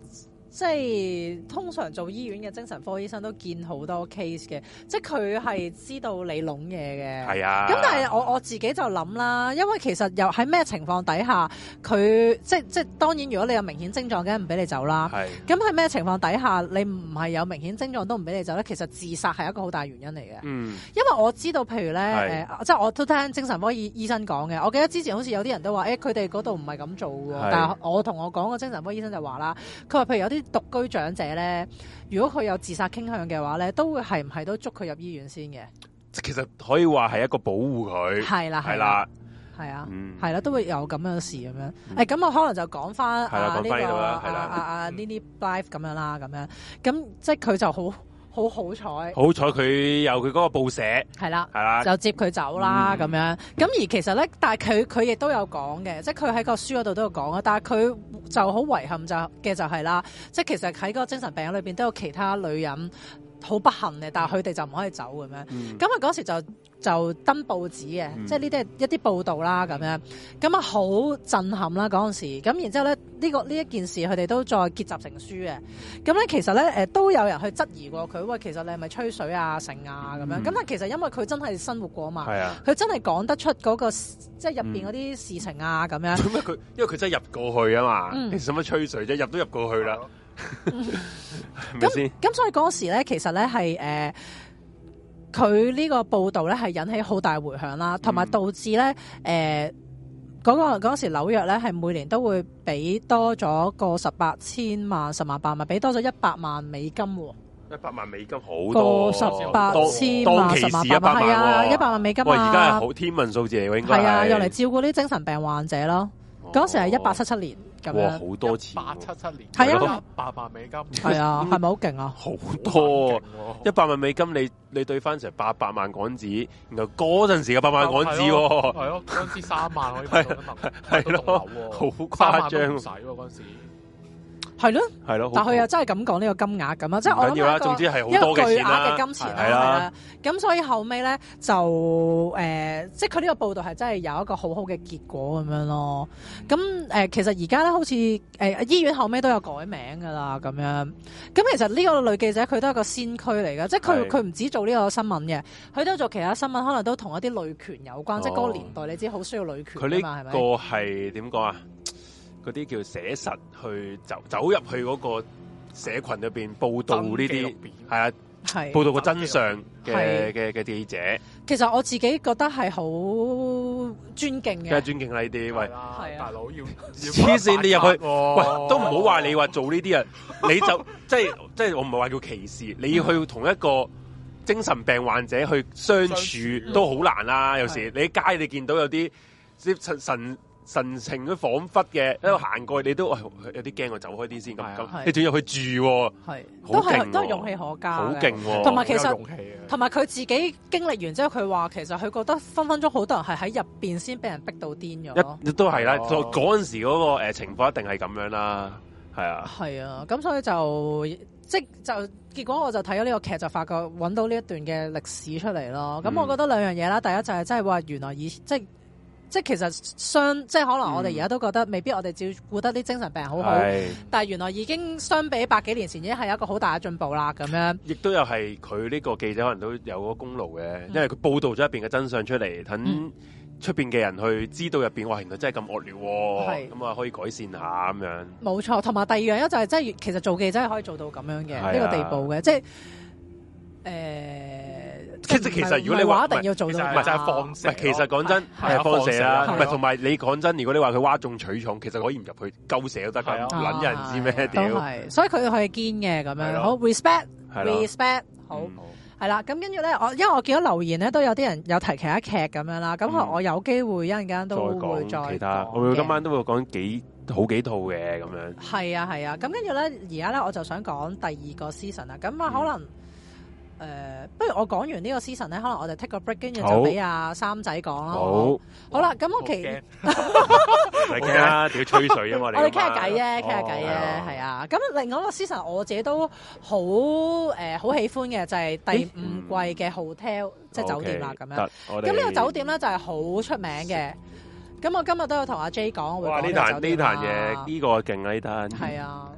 即係通常做醫院嘅精神科醫生都見好多 case 嘅，即係佢係知道你聾嘢嘅。係啊。 咁但係我我自己就諗啦，因為其實又喺咩情況底下，佢即係即係當然，如果你有明顯症狀，梗係唔俾你走啦。咁喺咩情況底下你唔係有明顯症狀都唔俾你走咧？其實自殺係一個好大原因嚟嘅。嗯、因為我知道，譬如咧是、呃，即係我都聽精神科醫醫生講嘅。我記得之前好似有啲人都話，誒、欸，佢哋嗰度唔係咁做喎。是但係我同我講個精神科醫生就話啦，佢話譬如有啲。獨居長者咧，如果佢有自殺傾向嘅話咧，都會係唔係都捉佢入醫院先嘅？其實可以話係一個保護佢，係啦，係啦，係啊，係啦，嗯、啦都會有咁樣事咁樣。誒、嗯，咁、欸、我可能就講翻呢個阿阿阿 Nina Life 咁樣啦，咁樣，咁即係佢就好。好好彩，好彩佢有佢嗰個報社的，係的啦，係啦，就接佢走啦咁樣。咁而其實咧，但係佢佢亦都有講嘅，即係佢喺個書嗰度都有講啊。但係佢就好遺憾就嘅就係啦，即係其實喺個精神病院裏邊都有其他女人好不幸嘅，但係佢哋就唔可以走咁、嗯、樣。咁佢嗰時就。就登報紙嘅，即係呢啲係一啲報道啦咁樣，咁啊好震撼啦嗰陣時，咁然之後咧呢個呢一件事佢哋都再結集成書嘅，咁咧其實咧誒都有人去質疑過佢，喂，其實你係咪吹水啊成啊咁樣，咁但其實因為佢真係生活過嘛，佢真係講得出嗰個即係入邊嗰啲事情啊咁樣。佢因為佢真係入過去啊嘛，其實使乜吹水啫，入都入過去啦。咁咁所以嗰陣時咧，其實咧係誒。佢呢個報道咧係引起好大迴響啦，同埋導致咧誒嗰個嗰時紐約咧係每年都會俾多咗個十八千萬十萬八萬，俾多咗一百萬美金喎、哦，一百萬美金，好多十八千萬十萬八萬係啊，一百萬美金啊，而家係好天文數字嚟喎，應該係啊，用嚟照顧啲精神病患者咯，嗰、哦哦哦、時係一八七七年。哇，好多錢，八七七年係啊，八萬、啊、美金係啊，係咪好勁啊？好多、啊，一百萬美金你你兌翻成八百萬港紙，然後嗰陣時嘅百萬港紙喎，係咯， 嗰陣時三萬可以買一層，係咯對，好、喔、誇張，使嗰陣係咯，係咯。但佢又真係咁講呢個金額咁啊，即係我諗個總之係好多嘅錢啦。係啦，咁所以後尾咧就誒、呃，即係佢呢個報道係真係有一個好好嘅結果咁樣咯。咁誒、呃，其實而家咧好似誒、呃、醫院後尾都有改名噶啦，咁樣。咁其實呢個女記者佢都係一個先驅嚟噶，即係佢佢唔止做呢個新聞嘅，佢都做其他新聞，可能都同一啲女權有關，哦、即係嗰個年代你知好需要女權。呢個係點講啊？嗰啲叫寫實，去走走入去嗰個社群裏邊報導呢啲，係啊，報導個真相嘅嘅嘅記者。其實我自己覺得係好尊敬嘅，尊敬你呢啲，喂，係啊，大佬要黐線，你入去，喂，都唔好話你話做呢啲人。你就即係即係，我唔係話叫歧視，你要去同一個精神病患者去相處都好難啦。有時你喺街你見到有啲神神，神情都恍惚嘅，一度行過，你都有啲驚，我走開啲先咁。你仲要去住，係都係都係勇氣可嘉，好勁喎！同埋其實同埋佢自己經歷完之後，佢話其實佢覺得分分鐘好多人係喺入邊先俾人逼到癲咗。都係啦，嗰陣時嗰個誒情況一定係咁樣啦，係啊。係啊，咁所以就即就結果，我就睇咗呢個劇，就發覺揾到呢一段嘅歷史出嚟咯。咁我覺得兩樣嘢啦，第一就係真係話原來以即。即係其實相即係可能我哋而家都覺得未必我哋照顧得啲精神病好好，是的 但係原來已經相比百幾年前已經係一個好大嘅進步啦咁樣。亦都有係佢呢個記者可能都有個功勞嘅，嗯、因為佢報導咗入邊嘅真相出嚟，等出邊嘅人去知道入邊話原來真係咁惡劣，係咁啊可以改善下咁樣。冇錯，同埋第二樣嘢就係、是、即係其實做記者係可以做到咁樣嘅呢是的 個地步嘅，即係誒。呃即係其實如果你話一定要做到，就係放其實講真係放蛇啦，唔係同埋你講真，如果你話佢嘩眾取寵，其實可以唔入去勾蛇都得嘅，揦人知咩屌。所以佢係堅嘅咁樣。好 respect，respect。好，係啦。咁跟住咧，我因為我見到留言咧，都有啲人有提其他劇咁樣啦。咁我有機會一陣間都會會講其他。我會今晚都會講幾好幾套嘅咁樣。係啊係啊。咁跟住咧，而家咧我就想講第二個 season 啦。咁啊可能。誒，不如我講完呢個 season 咧，可能我哋 take 個 break，跟住就俾阿三仔講啦。好，好啦，咁我其，唔使驚啦，啲吹水啊嘛，我哋傾下偈啫，傾下偈啫，係啊。咁另外一個 season，我自己都好誒，好喜歡嘅就係第五季嘅 Hotel，即係酒店啦，咁樣。咁呢個酒店咧就係好出名嘅。咁我今日都有同阿 J 講，會講呢壇呢壇嘢，呢個勁啊，呢壇係啊。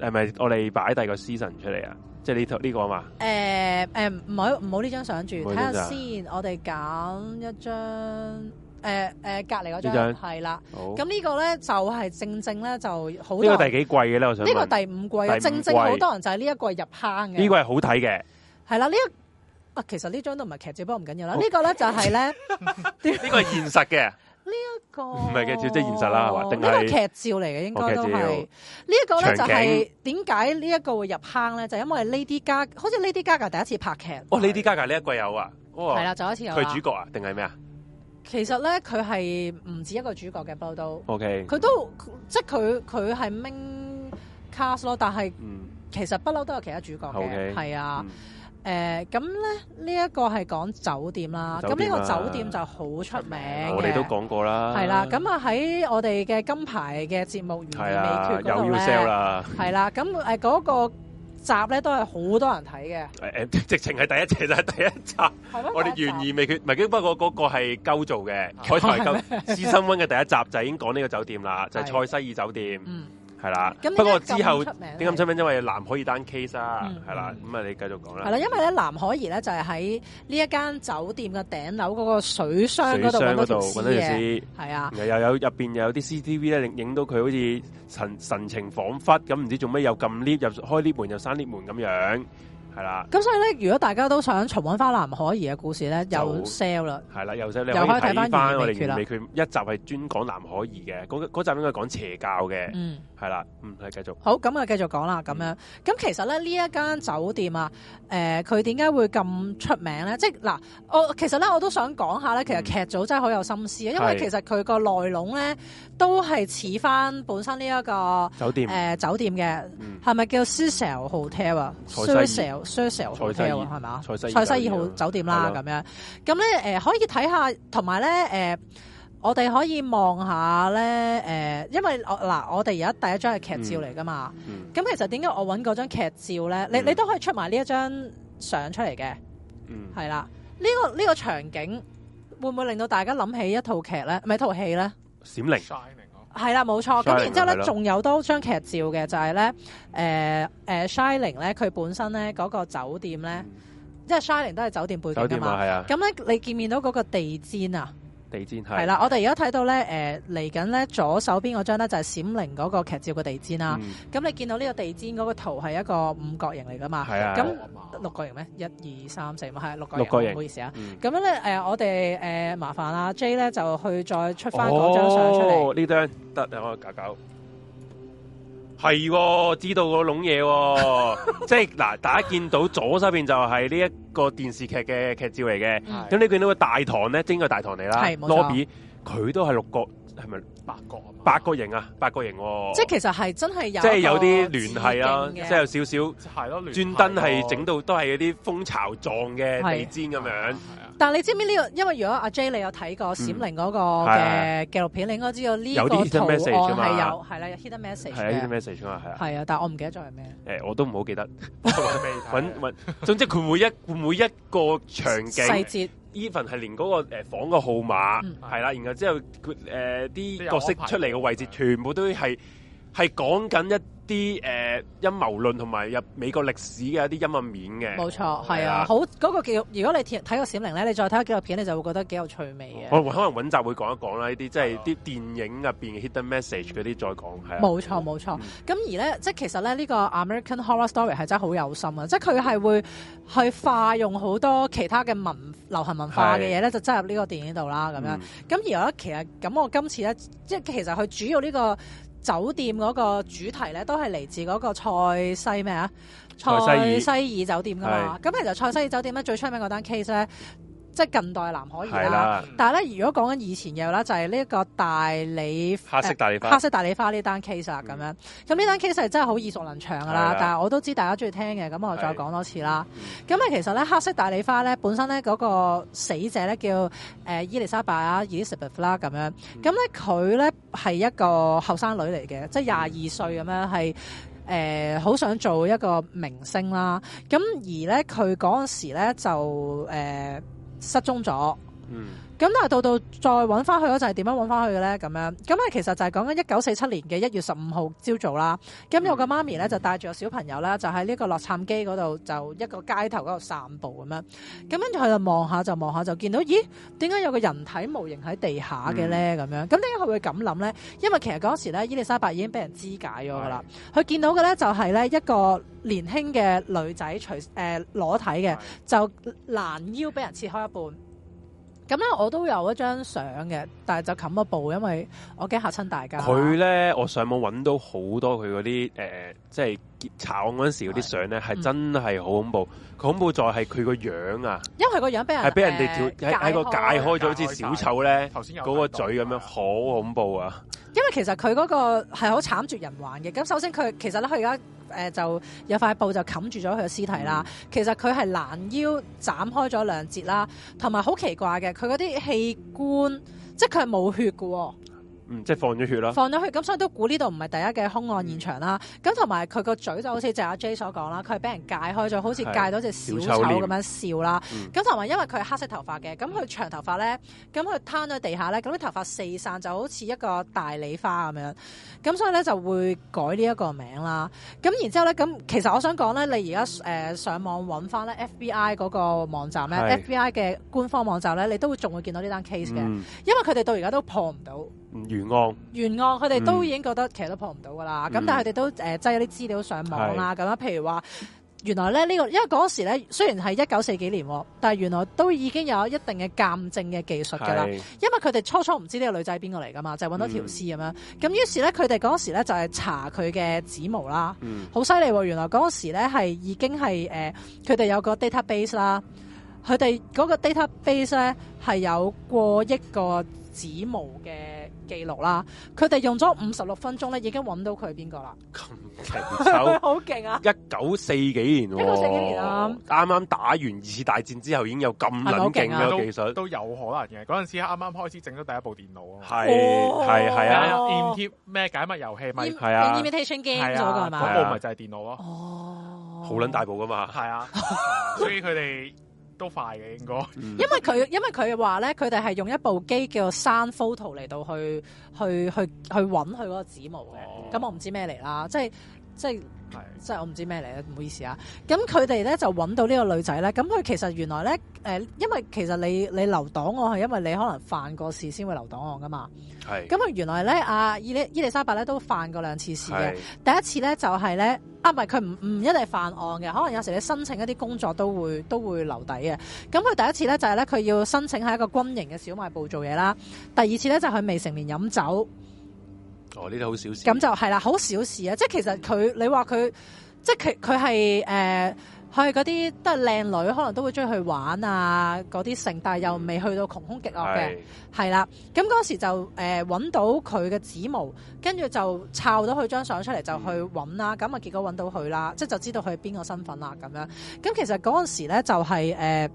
係咪我哋擺第二個 season 出嚟啊？即係呢套呢個啊嘛？誒誒、欸，唔好唔好呢張相住，睇下先。我哋揀一張誒誒，隔籬嗰張係啦。咁呢個咧就係、是、正正咧就好。呢個第幾季嘅咧？我想呢個第五季正正好多人就係呢一個入坑嘅。呢個係好睇嘅。係啦，呢一啊，其實呢張都唔係劇照，不過唔緊要啦。 個呢個咧就係咧，呢個係現實嘅。呢一個唔係嘅，即係現實啦，係話。呢是個劇照嚟嘅，應該都係。呢 Okay, 一個咧期就係點解呢一個會入坑咧？就因為 Lady Gaga 好似 Lady Gaga 第一次拍劇。哦對 Lady Gaga 呢一季有啊？係、哦、啦，就一次有。佢主角啊？定係咩啊？其實咧，佢係唔止一個主角嘅，不嬲都。O Okay . K。佢都即係佢，佢係 main cast 咯，但係其實不嬲都有其他主角嘅，係 Okay. 啊。嗯誒咁咧，呢一、呃這個係講酒店啦。咁呢、啊、個酒店就好出名、啊、我哋都講過啦。係啦、啊，咁啊喺我哋嘅金牌嘅節目《懸疑未決》嗰度咧。係啦、啊，咁誒嗰個集咧都係好多人睇嘅。誒、哎，直情係第一集啦、就係，第一集。我哋《懸疑未決》唔係，不過嗰個係鳩做嘅。《海苔金私心温》嘅第一集就已經講呢個酒店啦，的就係塞西爾酒店。係啦，不過之後點咁出名？因為藍可兒單 case 啊，係啦，咁啊你繼續講啦。係啦，因為咧藍可兒咧就係喺呢一間酒店嘅頂樓嗰個水箱嗰度嗰度揾到條屍，啊，又有入邊又有啲 CCTV 咧，影到佢好似神神情恍惚咁，唔知做咩又撳 lift，又開 lift 門又閂 lift 門咁樣。係啦，咁、嗯、所以咧，如果大家都想重溫翻藍可兒嘅故事咧，有 sell 啦，係啦，有 sell 可又可以睇翻我哋《懸疑未決》啦。我哋《懸疑未決》一集係專講藍可兒嘅，嗰集應該講邪教嘅、嗯，嗯，係啦，嗯，係繼續好，咁啊，繼續講啦，咁樣咁其實咧呢一間酒店啊，誒、呃，佢點解會咁出名咧？即係嗱，我其實咧我都想講下咧，其實劇組真係好有心思，因為其實佢個內籠咧。都係似翻本身呢、這、一個酒店誒、呃、酒店嘅係咪叫 Cecil Hotel 啊 Cecil Cecil Hotel 係嘛？塞西爾號酒店啦咁啦樣，咁咧誒，可以睇下同埋，咧，誒我哋可以望下咧誒、呃、因為、呃、我嗱，我哋而家第一張係劇照嚟噶嘛咁、嗯嗯、其實點解我揾嗰張劇照咧、嗯？你你都可以出埋呢一張相出嚟嘅係啦呢、這個呢、這個場景會唔會令到大家諗起一套劇咧？唔係套戲咧？閃靈係啦，冇錯。咁 Shining，然之後咧，仲有多張劇照嘅，就係咧，Shining 咧，佢、呃呃、本身咧嗰、嗰個酒店咧，嗯、因為 Shining 都係酒店背景㗎嘛。咁咧、啊，你見唔見到嗰個地氈啊！地氈係，係啦，我哋而家睇到咧，誒嚟緊咧，左手邊嗰張咧就係閃靈嗰個劇照嘅地氈啦、啊。咁、嗯、你見到呢個地氈嗰個圖係一個五角形嚟噶嘛？係啊的，咁那六角形咩？一二三四五係六角六角形。唔好意思啊，咁樣咧，誒、呃，我哋誒麻煩啦，J 咧就去再出翻嗰張相出嚟。哦，呢張，得我搞搞。係，知道個窿嘢喎， 即係嗱，大家見到左手邊就係呢一個電視劇嘅劇照嚟嘅。咁的、嗯、你見到個大堂咧，應該大堂嚟啦。lobby 佢都係六角，係咪八角八個形啊，八角形。即係其實係真係有，即係有啲聯繫啊，即係有,有,、啊、有少少。係咯，專登係整到都係嗰啲蜂巢狀嘅地氈咁樣。嗯嗯但係你知唔知呢個？因為如果阿 J 你有睇過閃靈嗰個嘅紀錄片，你應該知道呢個圖案係有，係啦 hidden message 有 hidden message 嘛，係啊，係啊，但係我唔記得咗係咩。誒，我都唔好記得揾揾。總之佢每一每一個場景細節，even 係連嗰個房嘅號碼係啦，然後之後佢啲角色出嚟嘅位置，全部都係。係講緊一啲誒陰謀論同埋入美國歷史嘅一啲陰暗面嘅，冇錯係啊，好嗰個叫如果你睇過個閃靈咧，你再睇下紀錄片，你就會覺得幾有趣味嘅。我可能尹澤會講一講啦，呢啲即係啲電影入邊嘅 hidden message 嗰啲再講係。冇錯冇錯，咁而咧即係其實咧呢個 American Horror Story 係真係好有心啊，即係佢係會去化用好多其他嘅文流行文化嘅嘢咧，就真係入呢個電影度啦咁樣。咁而咧其實咁我今次咧即係其實佢主要呢個。酒店嗰個主題咧，都係嚟自嗰個塞西咩啊？塞西，西爾酒店噶嘛？咁其實塞西爾酒店咧最出名嗰單 case 咧。即係近代藍可兒啦，但係咧，如果講緊以前嘅咧，就係呢一個大理黑色大理花黑色大理花呢單 case 啦，咁樣。咁呢單 case 係真係好耳熟能詳㗎啦，但係我都知大家中意聽嘅，咁我再講多次啦。咁啊，其實咧黑色大理花咧本身咧嗰個死者咧叫誒伊麗莎白啊，Elizabeth 啦，咁樣。咁咧佢咧係一個後生女嚟嘅，即係廿二歲咁樣，係誒好想做一個明星啦。咁而咧佢嗰陣時咧就誒。失蹤咗。嗯。咁但係到到再揾翻去咧，就係點樣揾翻去嘅咧咁樣，咁啊其實就係講緊一九四七年嘅一月十五號朝早啦，咁有個媽咪咧就帶住個小朋友咧就喺呢個洛杉磯嗰度就一個街頭嗰度散步咁樣，咁跟住佢就望下就望下就見到咦，點解有個人體模型喺地下嘅咧咁樣，咁點解佢會咁諗咧？因為其實嗰時咧伊麗莎白已經俾人肢解咗噶啦，佢、嗯、見到嘅咧就係咧一個年輕嘅女仔除誒裸體嘅、嗯、就攔腰俾人切開一半。咁咧我都有一張相嘅，但係就冚個布，因為我驚嚇親大家。佢咧，我上網揾到好多佢嗰啲誒，即係查案嗰陣時嗰啲相咧，係對 真係好恐怖。佢、嗯、恐怖在係佢個樣啊，因為樣、呃、個樣俾人係俾人哋條喺個解開咗好似小丑咧，頭先嗰個嘴咁樣，好的恐怖啊！因為其實佢嗰個係好慘絕人寰嘅。咁首先佢其實咧，佢而家。誒、呃、就有塊布就冚住咗佢嘅屍體啦。嗯、其實佢係攔腰斬開咗兩截啦，同埋好奇怪嘅，佢嗰啲器官，即係佢係冇血㗎、哦。即係放咗血啦，放咗血，咁所以都估呢度唔係第一嘅凶案現場啦。咁同埋佢個嘴就好似就阿 J 所講啦，佢係俾人戒開咗，好似戒到隻小丑咁樣笑啦。咁同埋因為佢係黑色頭髮嘅，咁佢長頭髮咧，咁佢攤咗地下咧，咁啲頭髮四散，就好似一個大理花咁樣。咁所以咧就會改呢一個名啦。咁然之後咧，咁其實我想講咧，你而家誒上網揾翻咧 FBI 嗰個網站咧，FBI 嘅官方網站咧，你都會仲會見到呢單 case 嘅，嗯、因為佢哋到而家都破唔到。懸案，懸案，佢哋、嗯、都已經覺得其實都破唔到噶啦。咁、嗯、但係佢哋都誒擠咗啲資料上網啦。咁啊是，譬如話原來咧呢、這個因為嗰時咧雖然係一九四幾年，但係原來都已經有一定嘅鑑證嘅技術噶啦。是因為佢哋初初唔知呢個女仔邊個嚟噶嘛，就揾、是、到條屍咁、嗯、樣。咁於是咧，佢哋嗰時咧就係、是、查佢嘅指模啦，好犀利喎！原來嗰時咧係已經係誒佢哋有個 database 啦，佢哋嗰個 database 咧係有過億個指模嘅。記錄啦，佢哋用咗五十六分鐘咧，已經揾到佢係邊個啦！咁勁，好勁啊！一九四幾年喎，一九四幾年啱啱打完二次大戰之後已經有咁勁嘅技術，都有可能嘅。嗰陣時啱啱開始整咗第一部電腦啊，係係係啊 m 咩解密遊戲咪係啊，Imitation game 嗰個咪就係電腦咯，好撚大部噶嘛，係啊，所以佢哋。都快嘅，應該、嗯，因為。因為佢因為佢話咧，佢哋係用一部機叫做「Scan Photo 嚟到去去去去揾佢嗰個指模嘅。咁、哦、我唔知咩嚟啦，即係即係。是即係我唔知咩嚟咧，唔好意思啊。咁佢哋咧就揾到呢個女仔咧。咁佢其實原來咧，誒、呃，因為其實你你留檔案係因為你可能犯過事先會留檔案㗎嘛。係是。咁啊，原來咧，啊伊伊麗莎白咧都犯過兩次事嘅。是第一次咧就係、是、咧，啊，唔係佢唔唔一定犯案嘅，可能有時你申請一啲工作都會都會留底嘅。咁佢第一次咧就係咧，佢要申請喺一個軍營嘅小賣部做嘢啦。第二次咧就係、是、佢未成年飲酒。哦，呢啲好小事，咁 就係、是、啦，好小事啊，即係其實佢你話佢即係佢佢係誒，佢係嗰啲都係靚女，可能都會追佢玩啊，嗰啲剩，但又未去到窮凶極惡嘅係啦。咁嗰時就誒、是、揾、呃、到佢嘅指模，跟住就抄到佢張相出嚟就去揾啦。咁啊，結果揾到佢啦，即係就知道佢邊個身份啦。咁樣咁其實嗰陣時咧就係、是、誒。呃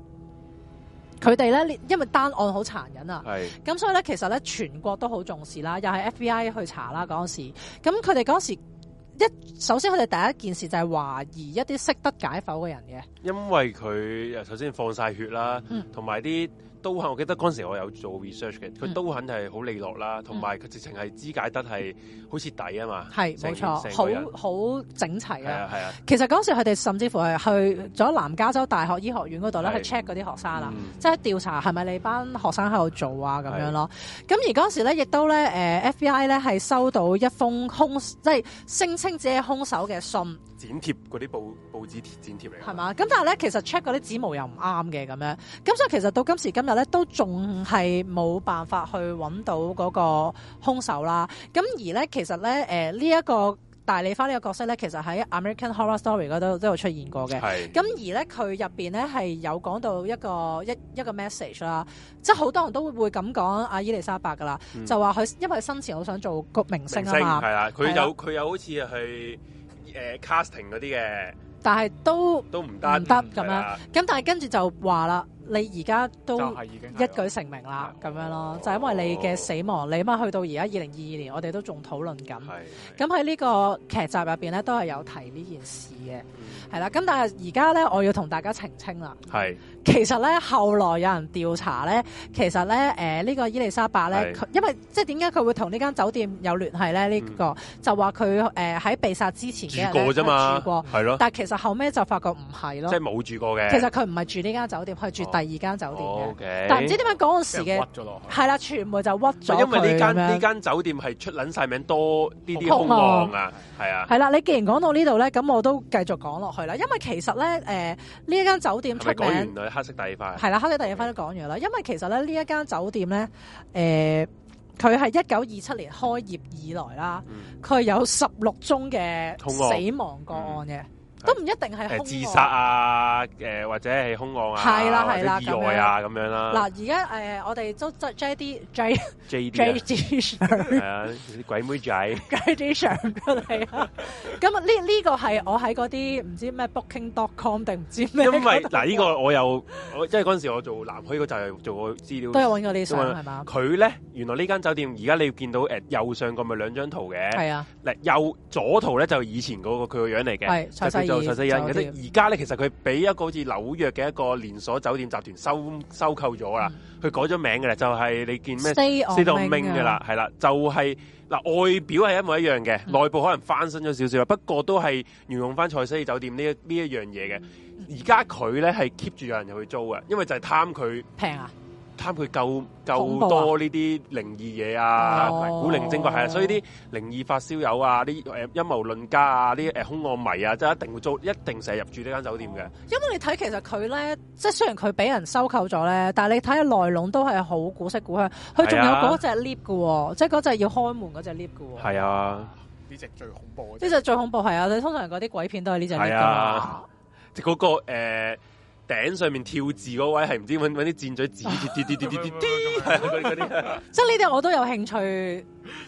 佢哋咧，因為單案好殘忍啊，咁係所以咧，其實咧，全國都好重視啦，又係 FBI 去查啦嗰時。咁佢哋嗰時一首先佢哋第一件事就係懷疑一啲識得解剖嘅人嘅，因為佢首先放晒血啦，同埋啲刀痕，我記得嗰陣時我有做 research 嘅，佢刀痕係好利落啦，同埋佢直情係肢解得係好徹底啊嘛，係冇是個錯，好好整齊啊。其實嗰陣時佢哋甚至乎係去咗南加州大學醫學院嗰度咧，去 check 嗰啲學生啦，的即係調查係咪你班學生喺度做啊咁樣咯。咁的而嗰陣時咧亦都咧誒 FBI 咧係收到一封兇，即係聲稱自己係兇手嘅信。剪貼嗰啲報報紙剪貼嚟，係嘛？咁但係咧，其實 check 嗰啲指模又唔啱嘅咁樣，咁所以其實到今時今日咧，都仲係冇辦法去揾到嗰個兇手啦。咁而咧，其實咧，誒呢一個大理花呢個角色咧，其實喺 American Horror Story 嗰度都有出現過嘅。咁係而咧，佢入邊咧係有講到一個一一個 message 啦，即係好多人都會咁講阿伊麗莎白噶啦，嗯、就話佢因為佢生前好想做個明星啊嘛。係啊，佢有佢又好似係。誒 casting 嗰啲嘅，呃、但係都都唔得唔得咁樣，咁、嗯、但係跟住就話啦，你而家都一舉成名啦咁樣咯，哦、就因為你嘅死亡，你起碼去到而家二零二二年，我哋都仲討論緊，咁喺、哦、呢個劇集入邊咧都係有提呢件事嘅。嗯係啦，咁但係而家咧，我要同大家澄清啦。係是，其實咧，後來有人調查咧，其實咧，誒、呃、呢、這個伊麗莎白咧，是因為即點解佢會同呢間酒店有聯繫咧？呢、這個、嗯、就話佢誒喺被殺之前嘅一個啫嘛，住過，但係其實後尾就發覺唔係咯，即係冇住過嘅。其實佢唔係住呢間酒店，係住第二間酒店嘅。哦 okay、但唔知點解嗰陣時嘅，係啦，全部就屈咗。因為呢間呢間酒店係出撚晒名，多呢啲兇啊，係啊、嗯。係啦，你既然講到呢度咧，咁我都繼續講落去。啦，因為其實咧，誒、呃，呢一間酒店出名，係講黑色大麗花，係啦、啊，黑色大麗花都講完啦。因為其實咧，呢一間酒店咧，誒、呃，佢係一九二七年開業以來啦，佢、嗯、有十六宗嘅死亡個案嘅。都唔一定係誒自殺啊，誒或者係兇案啊，係啦，係啦，意外啊咁樣啦。嗱而家誒我哋都擠啲 J J J 啲啊，鬼妹仔 J 啊。咁啊呢呢個係我喺嗰啲唔知咩 Booking dot com 定唔知咩？因為嗱呢個我又，我即係嗰陣時我做南區，我就係做資料，都係揾嗰啲相嘛。佢咧原來呢間酒店而家你要見到誒右上角咪兩張圖嘅係啊。嗱右左圖咧就以前嗰個佢個樣嚟嘅係。塞西恩，嗰啲而家咧，其實佢俾一個好似紐約嘅一個連鎖酒店集團收收購咗啦，佢、嗯、改咗名嘅啦，就係、是、你見咩？Stay on Main 嘅啦，係啦，就係、是、嗱、呃、外表係一模一樣嘅，嗯、內部可能翻新咗少少，不過都係沿用翻塞西爾酒店一、嗯、呢呢一樣嘢嘅。而家佢咧係 keep 住有人入去租嘅，因為就係貪佢平啊。貪佢夠夠多呢啲靈異嘢啊，啊古靈精怪係啊，所以啲靈異發燒友啊，啲誒陰謀論家啊，啲誒恐怖迷啊，就一定會做，一定成日入住呢間酒店嘅、哦。因為你睇其實佢咧，即係雖然佢俾人收購咗咧，但係你睇內籠都係好古色古香，佢仲有嗰隻 lift 嘅喎，即係嗰隻要開門嗰隻 lift 嘅喎。係啊，呢隻最恐怖。呢隻最恐怖係啊，你通常嗰啲鬼片都係呢隻 lift 即係嗰頂上面跳字嗰位係唔知揾啲箭嘴字。滴即係呢啲我都有興趣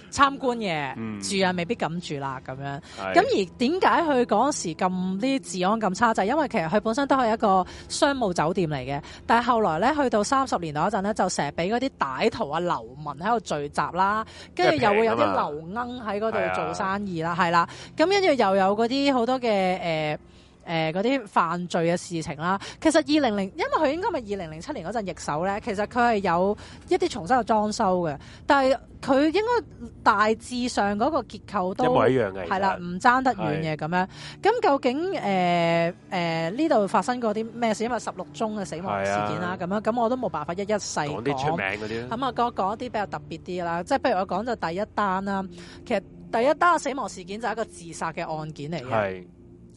參觀嘅，嗯、住啊未必敢住啦、啊、咁樣。咁而點解佢嗰時咁啲治安咁差？就係因為其實佢本身都係一個商務酒店嚟嘅，但係後來咧去到三十年代嗰陣咧，就成日俾嗰啲歹徒啊、流民喺度聚集啦，跟住又會有啲流鶯喺嗰度做生意、啊、啦，係啦。咁跟住又有嗰啲好多嘅誒。嗯誒嗰啲犯罪嘅事情啦，其實二零零，因為佢應該咪二零零七年嗰陣易手咧，其實佢係有一啲重新嘅裝修嘅，但係佢應該大致上嗰個結構都係一樣嘅啦，唔爭係得遠嘅咁樣。咁究竟誒誒呢度發生過啲咩事？因為十六宗嘅死亡事件啦，咁係樣咁我都冇辦法一一細講啲出名嗰啲，咁啊講講一啲比較特別啲啦，即係不如我講就第一單啦。其實第一單嘅死亡事件就係一個自殺嘅案件嚟嘅。係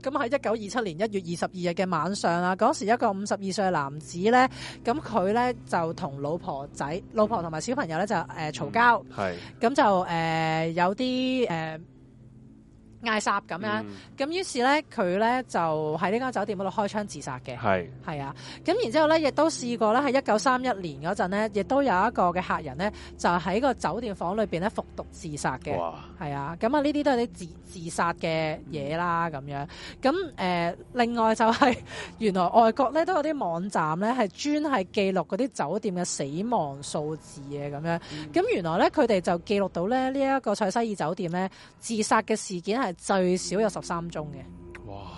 咁喺一九二七年一月二十二日嘅晚上啦，嗰時一個五十二歲嘅男子咧，咁佢咧就同老婆仔、老婆同埋小朋友咧就誒嘈交，係、呃、咁、嗯、就誒、呃、有啲誒。呃嗌殺咁樣，咁、嗯、於是咧，佢咧就喺呢間酒店嗰度開槍自殺嘅。係係是啊，咁然之後咧，亦都試過咧，喺一九三一年嗰陣咧，亦都有一個嘅客人咧，就喺個酒店房裏邊咧服毒自殺嘅。係哇啊，咁啊，呢啲都係啲自自殺嘅嘢啦，咁、嗯、樣。咁、呃、誒，另外就係、是、原來外國咧都有啲網站咧係專係記錄嗰啲酒店嘅死亡數字嘅咁、嗯、樣。咁原來咧，佢哋就記錄到咧呢一個塞西爾酒店咧自殺嘅事件係，最少有十三宗嘅，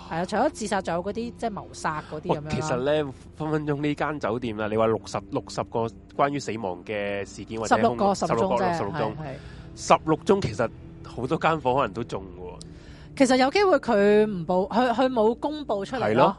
係啊哇！除咗自殺，仲有嗰啲即係謀殺嗰啲咁樣。其實咧，分分鐘呢間酒店啦，你話六十六十個關於死亡嘅事件或者十六個十六個十六宗，十六宗其實好多間房間可能都中嘅。其實有機會佢唔報，佢佢冇公布出嚟咯。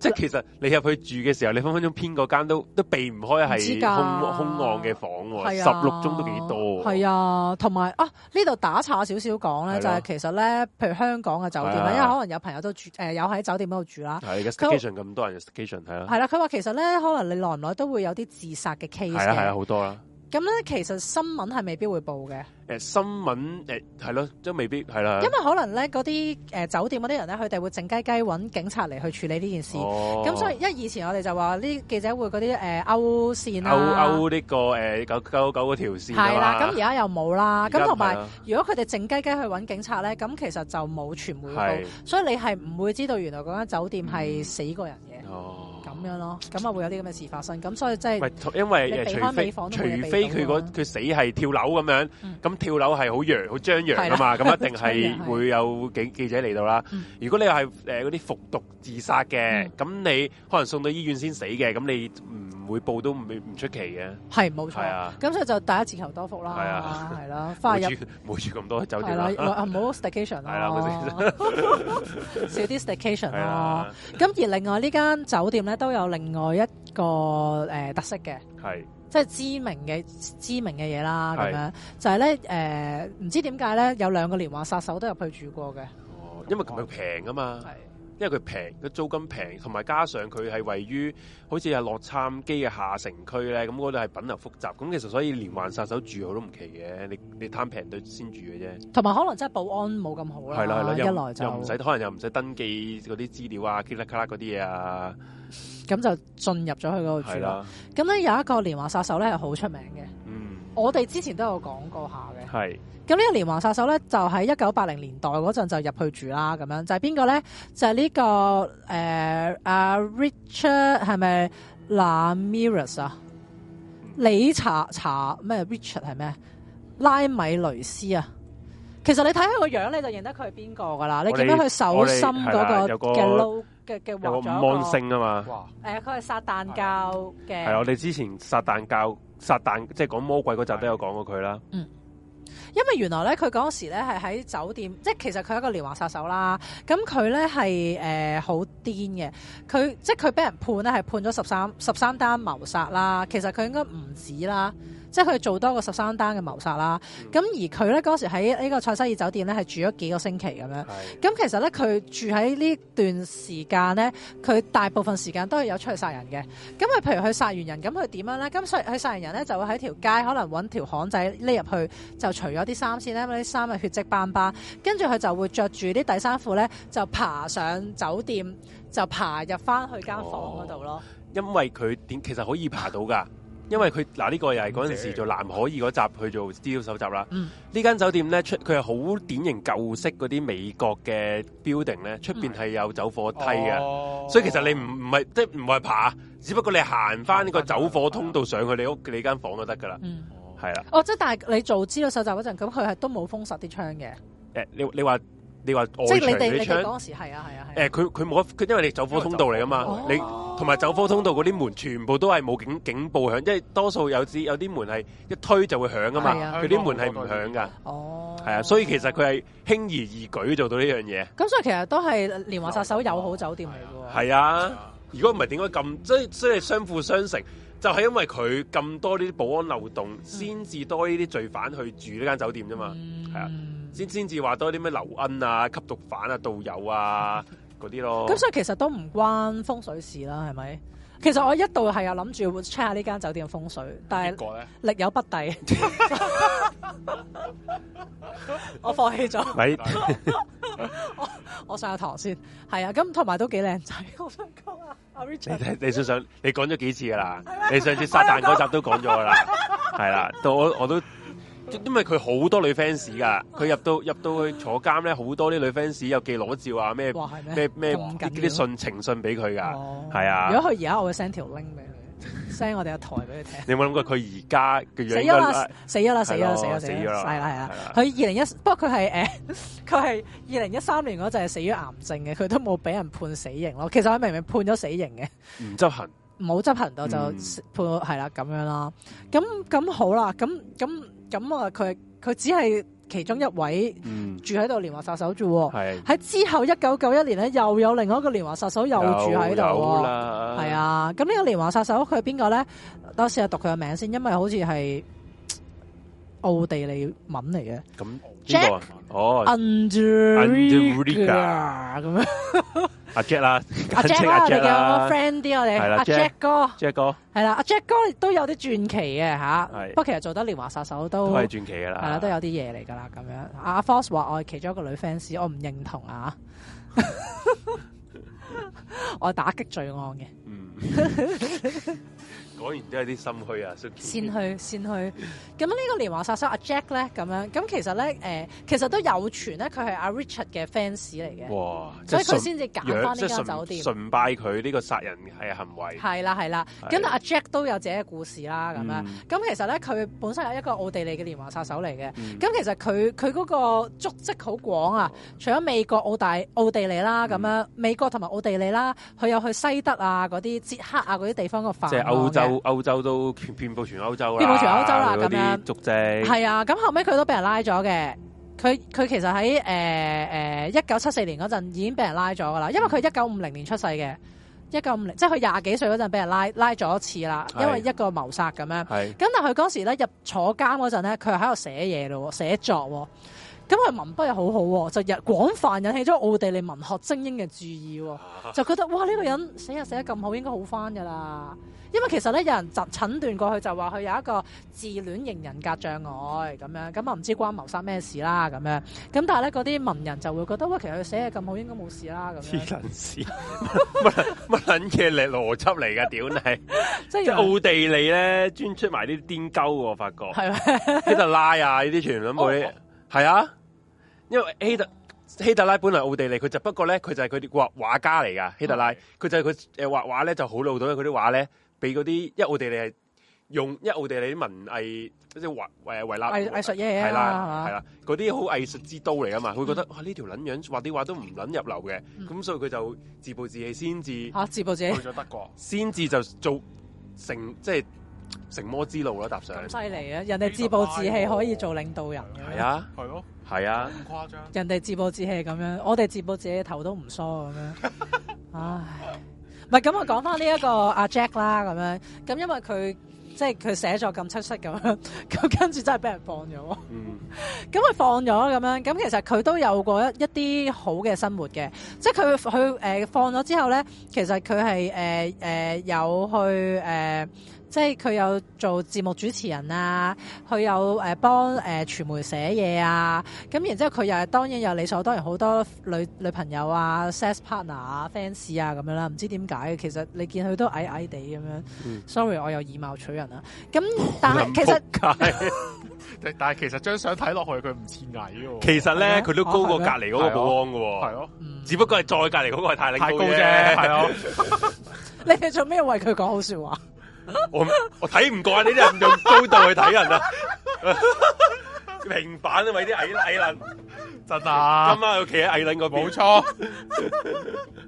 即係其實你入去住嘅時候，你分分鐘偏嗰間都都避唔開係空空案嘅房喎，十六宗都幾多。係啊，同埋啊，呢度打岔少少講咧，就係其實咧，譬如香港嘅酒店咧，因為可能有朋友都住誒，有喺酒店嗰度住啦。係嘅，station 咁多人，station 係啦。係啦，佢話其實咧，可能你耐唔耐都會有啲自殺嘅 case 嘅。係係啊，好多啦。咁咧，其實新聞係未必會報嘅、呃。誒新聞誒係咯，即、呃、未必係啦。因為可能咧，嗰啲誒酒店嗰啲人咧，佢哋會靜雞雞揾警察嚟去處理呢件事。咁、哦、所以，因為以前我哋就話呢記者會嗰啲誒勾線，線啦，勾勾呢個誒九九九個條線啦。係啦，咁而家又冇啦。咁同埋，如果佢哋靜雞雞去揾警察咧，咁其實就冇傳媒報，的所以你係唔會知道原來嗰間酒店係死過人嘅。嗯哦咁樣咯，咁啊會有啲咁嘅事發生，咁所以即、就、係、是，因為除非除非佢佢、嗰個啊、死係跳樓咁樣，咁、嗯、跳樓係好揚好張揚啊嘛，咁的一定係會有記記者嚟到啦。嗯、如果你係誒嗰啲服毒自殺嘅，咁、嗯、你可能送到醫院先死嘅，咁你唔。嗯嗯每部都唔唔出奇嘅，係冇錯，咁所以就大家自求多福啦，係啦，花入唔好住咁多酒店啦，好 staycation，少啲 staycation 咯。咁而另外呢間酒店咧都有另外一個誒特色嘅，係即係知名嘅知名嘅嘢啦。咁樣就係咧誒，唔知點解咧有兩個連環殺手都入去住過嘅，哦，因為咁樣平啊嘛。因為佢平，個租金平，同埋加上佢係位於好似係洛杉磯嘅下城區咧，咁嗰度係品流複雜，咁其實所以連環殺手住好都唔奇嘅，你你貪平都先住嘅啫。同埋可能真係保安冇咁好啦、係啦、係啦，一來就唔使，可能又唔使登記嗰啲資料啊 click click 嗰啲嘢啊，咁就進入咗去嗰度住啦。咁咧的有一個連環殺手咧係好出名嘅，嗯，我哋之前都有講過下嘅，係。咁呢個連環殺手咧，就喺一九八零年代嗰陣就入去住啦。咁樣就係邊個咧？就係呢個誒、呃、啊，Richard 係咪拉米雷斯啊？李查查咩？Richard 係咩？拉米雷斯啊？其實你睇佢個樣，你就認得佢係邊個噶啦。你見到佢手心嗰個嘅窿嘅嘅畫咗個五芒星啊嘛！誒、呃，佢係撒旦教嘅。係啊，我哋之前撒旦教撒旦，即係講魔鬼嗰陣都有講過佢啦。的嗯。因為原來咧，佢嗰時咧係喺酒店，即係其實佢係一個連環殺手啦。咁佢咧係誒好癲嘅，佢、呃、即係佢俾人判咧係判咗十三十三單謀殺啦。其實佢應該唔止啦。即係佢做多個十三單嘅謀殺啦，咁、嗯、而佢咧嗰時喺呢個塞西爾酒店咧係住咗幾個星期咁樣，咁是的、嗯、其實咧佢住喺呢段時間咧，佢大部分時間都係有出去殺人嘅。咁啊，譬如佢殺完人，咁佢點樣咧？咁佢殺完人咧，就會喺條街可能揾條巷仔匿入去，就除咗啲衫先啦，因為啲衫係血跡斑斑。跟住佢就會着住啲底衫褲咧，就爬上酒店，就爬入翻去間房嗰度咯。哦、因為佢點其實可以爬到㗎。 因為佢嗱呢個又係嗰陣時做藍可兒嗰集去做資料搜集啦。呢間、嗯、酒店咧出佢係好典型舊式嗰啲美國嘅 building 咧，出邊係有走火梯嘅，嗯、所以其實你唔唔係即係唔係爬，只不過你行翻呢個走火通道上去你屋你間房就得噶、嗯、啦，係啦、哦嗯。哦，即係但係你做資料搜集嗰陣，咁佢係都冇封實啲窗嘅。誒， 你你話。你話外牆，你窗，當時係啊，係啊，係，誒，佢佢冇，因為你走火通道嚟㗎嘛。你同埋走火通道嗰啲門全部都係冇警警報響，即係多數有啲有啲門係一推就會響㗎嘛，佢啲門係唔響㗎。哦，係啊，所以其實佢係輕而易舉做到呢樣嘢。咁所以其實都係連環殺手友好酒店嚟㗎喎。係啊，如果唔係點解咁即即係相輔相成？就係因為佢咁多呢啲保安漏洞，先至多呢啲罪犯去住呢間酒店啫嘛。係啊。先先至話多啲咩流恩啊、吸毒犯啊、導遊啊嗰啲咯。咁 所以其實都唔關風水事啦，係咪？其實我一度係有諗住 check 下呢間酒店嘅風水，但係力有不逮， 我放棄咗。 我上個堂先，係啊，咁同埋都幾靚仔，我想講啊，阿 Richard 你想想，你講咗幾次噶啦？嗎你上次撒旦嗰集都講咗噶啦，係啦、 啊，到我我都。因為佢好多女 fans 噶，佢入到入到去坐監咧，好多啲女 fans 有寄裸照啊，咩咩咩啲啲信情信俾佢噶，係啊。如果佢而家，我會 send 條 link 俾佢，send 我哋個台俾佢聽。你有冇諗過佢而家嘅樣？死咗啦！死咗啦！死咗死咗死咗，係啦係啦。佢二零一不過佢係誒佢係二零一三年嗰陣係死於癌症嘅，佢都冇俾人判死刑咯。其實佢明明判咗死刑嘅，唔執行唔好執行到就判，係啦咁樣啦。咁咁好啦，咁咁。咁啊，佢佢只係其中一位住喺度連環殺手住啫，喺、嗯、之後一九九一年咧，又有另外一個連環殺手又住喺度，係啊，咁呢個連環殺手佢係邊個咧？等我試下讀佢個名先，因為好似係。奧地利文嚟嘅。咁 Jack 哦，Andrej 咁樣，阿 Jack 啦，阿 Jack 我哋叫 friend 啲我哋，阿 Jack 哥，Jack 哥係啦，阿 Jack 哥都有啲傳奇嘅吓，不過其實做得連環殺手都係傳奇噶啦，係啦，都有啲嘢嚟噶啦咁樣。阿 Force 話我係其中一個女 fans，我唔認同啊，我係打擊罪案嘅。果然都係啲心虛啊！先去先去，咁呢個連環殺手阿 Jack 咧咁樣，咁其實咧誒，其實都有傳咧，佢係阿 Richard 嘅 fans 嚟嘅。哇！所以佢先至揀翻呢間酒店，崇拜佢呢個殺人係行為。係啦係啦，咁阿 Jack 都有自己嘅故事啦，咁樣。咁其實咧，佢本身係一個奧地利嘅連環殺手嚟嘅。咁其實佢佢嗰個足跡好廣啊！除咗美國、澳大、奧地利啦，咁樣美國同埋奧地利啦，佢有去西德啊、嗰啲捷克啊、嗰啲地方嘅犯。即係歐洲。到歐洲都遍布全歐洲啦，啲足跡係啊，咁後尾佢都俾人拉咗嘅。佢佢其實喺誒誒一九七四年嗰陣已經俾人拉咗噶啦，因為佢一九五零年出世嘅，一九五零即係佢廿幾歲嗰陣俾人拉拉咗一次啦，是因為一個謀殺咁樣。係咁是但係佢當時咧入坐監嗰陣咧，佢係喺度寫嘢咯，寫作咁、啊、佢、啊、文筆又好好、啊，就引廣泛引起咗奧地利文學精英嘅注意、啊，就覺得哇呢、這個人寫啊寫得咁好，應該好翻噶啦。因為其實咧，有人診診斷過去就話佢有一個自戀型人格障礙咁樣，咁啊唔知關謀殺咩事啦咁樣。咁但係咧，嗰啲文人就會覺得，喂，其實佢寫嘢咁好，應該冇事啦咁樣。黐撚線，乜撚嘢嚟？邏輯嚟㗎，屌你！ 即係是 奧地利咧，專出埋啲癲鳩喎，發覺。係咩是嗎？ 希特拉呀、啊，呢啲全、哦、全部都係。係、哦、啊，因為希特希特拉本嚟奧地利，佢就不過咧，佢就係佢啲畫畫家嚟㗎。希特拉，佢就係佢誒畫畫咧就好老到，佢啲畫咧。俾嗰啲，一奧地利係用，一奧地利啲文藝，即係圍誒圍欄，藝藝術嘢啊，係啦，係啦，嗰啲好藝術之都嚟啊嘛，佢覺得呢條撚樣畫啲畫都唔撚入流嘅，咁所以佢就自暴自棄，先至嚇自暴自棄去咗德國，先至就做成即係成魔之路啦，踏上。咁犀利啊！人哋自暴自棄可以做領導人，係啊，係咯，係啊，咁誇張。人哋自暴自棄咁樣，我哋自暴自棄頭都唔梳咁樣，唉。唔係咁，我講翻呢一個阿 Jack 啦，咁樣咁，因為佢即係佢寫作咁出色咁樣，咁跟住真係俾人放咗。咁佢放咗咁樣，咁其實佢都有過一一啲好嘅生活嘅，即係佢佢誒放咗之後咧，其實佢係誒誒有去誒。即係佢有做節目主持人啊，佢有誒、呃、幫誒、呃、傳媒寫嘢啊，咁、嗯、然之後佢又係當然有理所當然好多女女朋友啊、sex partner 啊、fans 啊咁樣啦，唔知點解其實你見佢都矮矮地咁樣。sorry，我又以貌取人啊。咁但係其實但係其實張相睇落去佢唔似矮喎。其實咧佢都高過隔離嗰個保安嘅喎。係咯、啊，啊嗯、只不過係再隔離嗰個係太高啫。係咯、啊。 你哋做咩為佢講好説話？我我睇唔慣呢啲人用高度去睇人 啊！平反，啊，為啲矮矮楞，得唔得？今晚要企喺矮楞嗰邊冇錯。